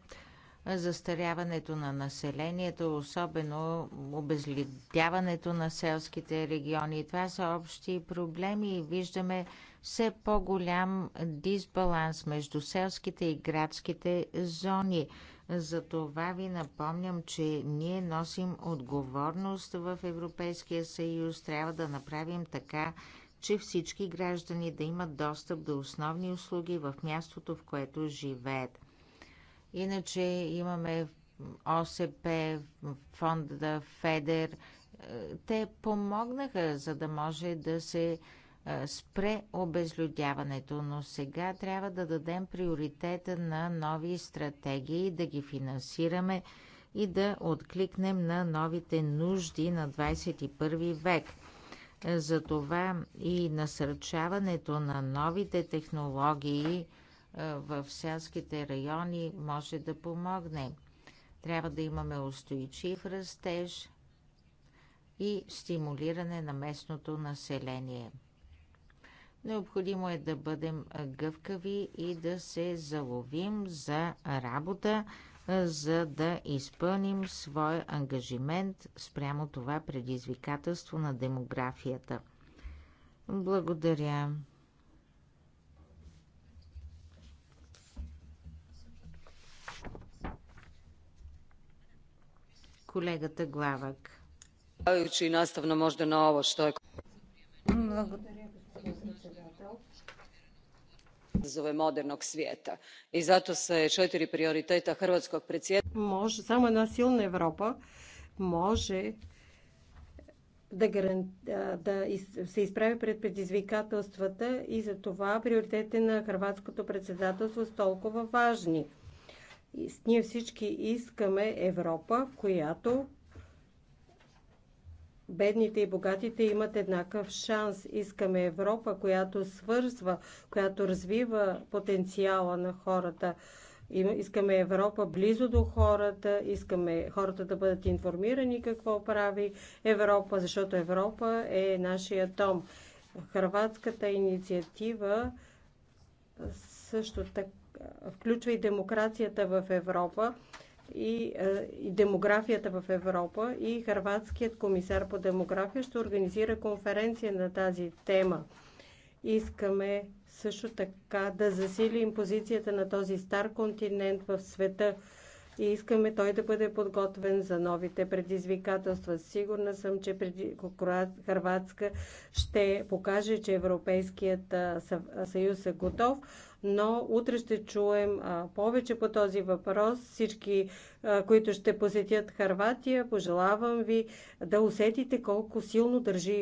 застаряването на населението, особено обезлидяването на селските региони. Това са общи проблеми и виждаме все по-голям дисбаланс между селските и градските зони. Затова ви напомням, че ние носим отговорност в Европейския съюз. Трябва да направим така, че всички граждани да имат достъп до основни услуги в мястото, в което живеят. Иначе имаме ОСП, фонда ФЕДЕР. Е, те помогнаха, за да може да се е, спре обезлюдяването, но сега трябва да дадем приоритета на нови стратегии, да ги финансираме и да откликнем на новите нужди на 21 век. Е, затова и насърчаването на новите технологии е, в селските райони може да помогне. Трябва да имаме устойчив растеж и стимулиране на местното население. Необходимо е да бъдем гъвкави и да се заловим за работа, за да изпълним своя ангажимент спрямо това предизвикателство на демографията. Благодаря. Колегата Главък. на е- Благодаря izazove modernog svijeta i zato se četiri prioriteta hrvatskog predsjedanja. samo jedna silna europa може да, да се изправи пред предизвикателствата и за това приоритетите на хрватското председателство са толкова важни. Ние всички искаме Европа, в която бедните и богатите имат еднакъв шанс. Искаме Европа, която свързва, която развива потенциала на хората. Искаме Европа близо до хората, искаме хората да бъдат информирани какво прави Европа, защото Европа е нашия дом. Хрватската инициатива също така включва и демокрацията в Европа и, е, и демографията в Европа и Харватският комисар по демография ще организира конференция на тази тема. Искаме също така да засилим позицията на този стар континент в света и искаме той да бъде подготвен за новите предизвикателства. Сигурна съм, че преди Хрватска ще покаже, че Европейският съюз е готов но утре ще чуем повече по този въпрос. Всички, които ще посетят Харватия, пожелавам ви да усетите колко силно държи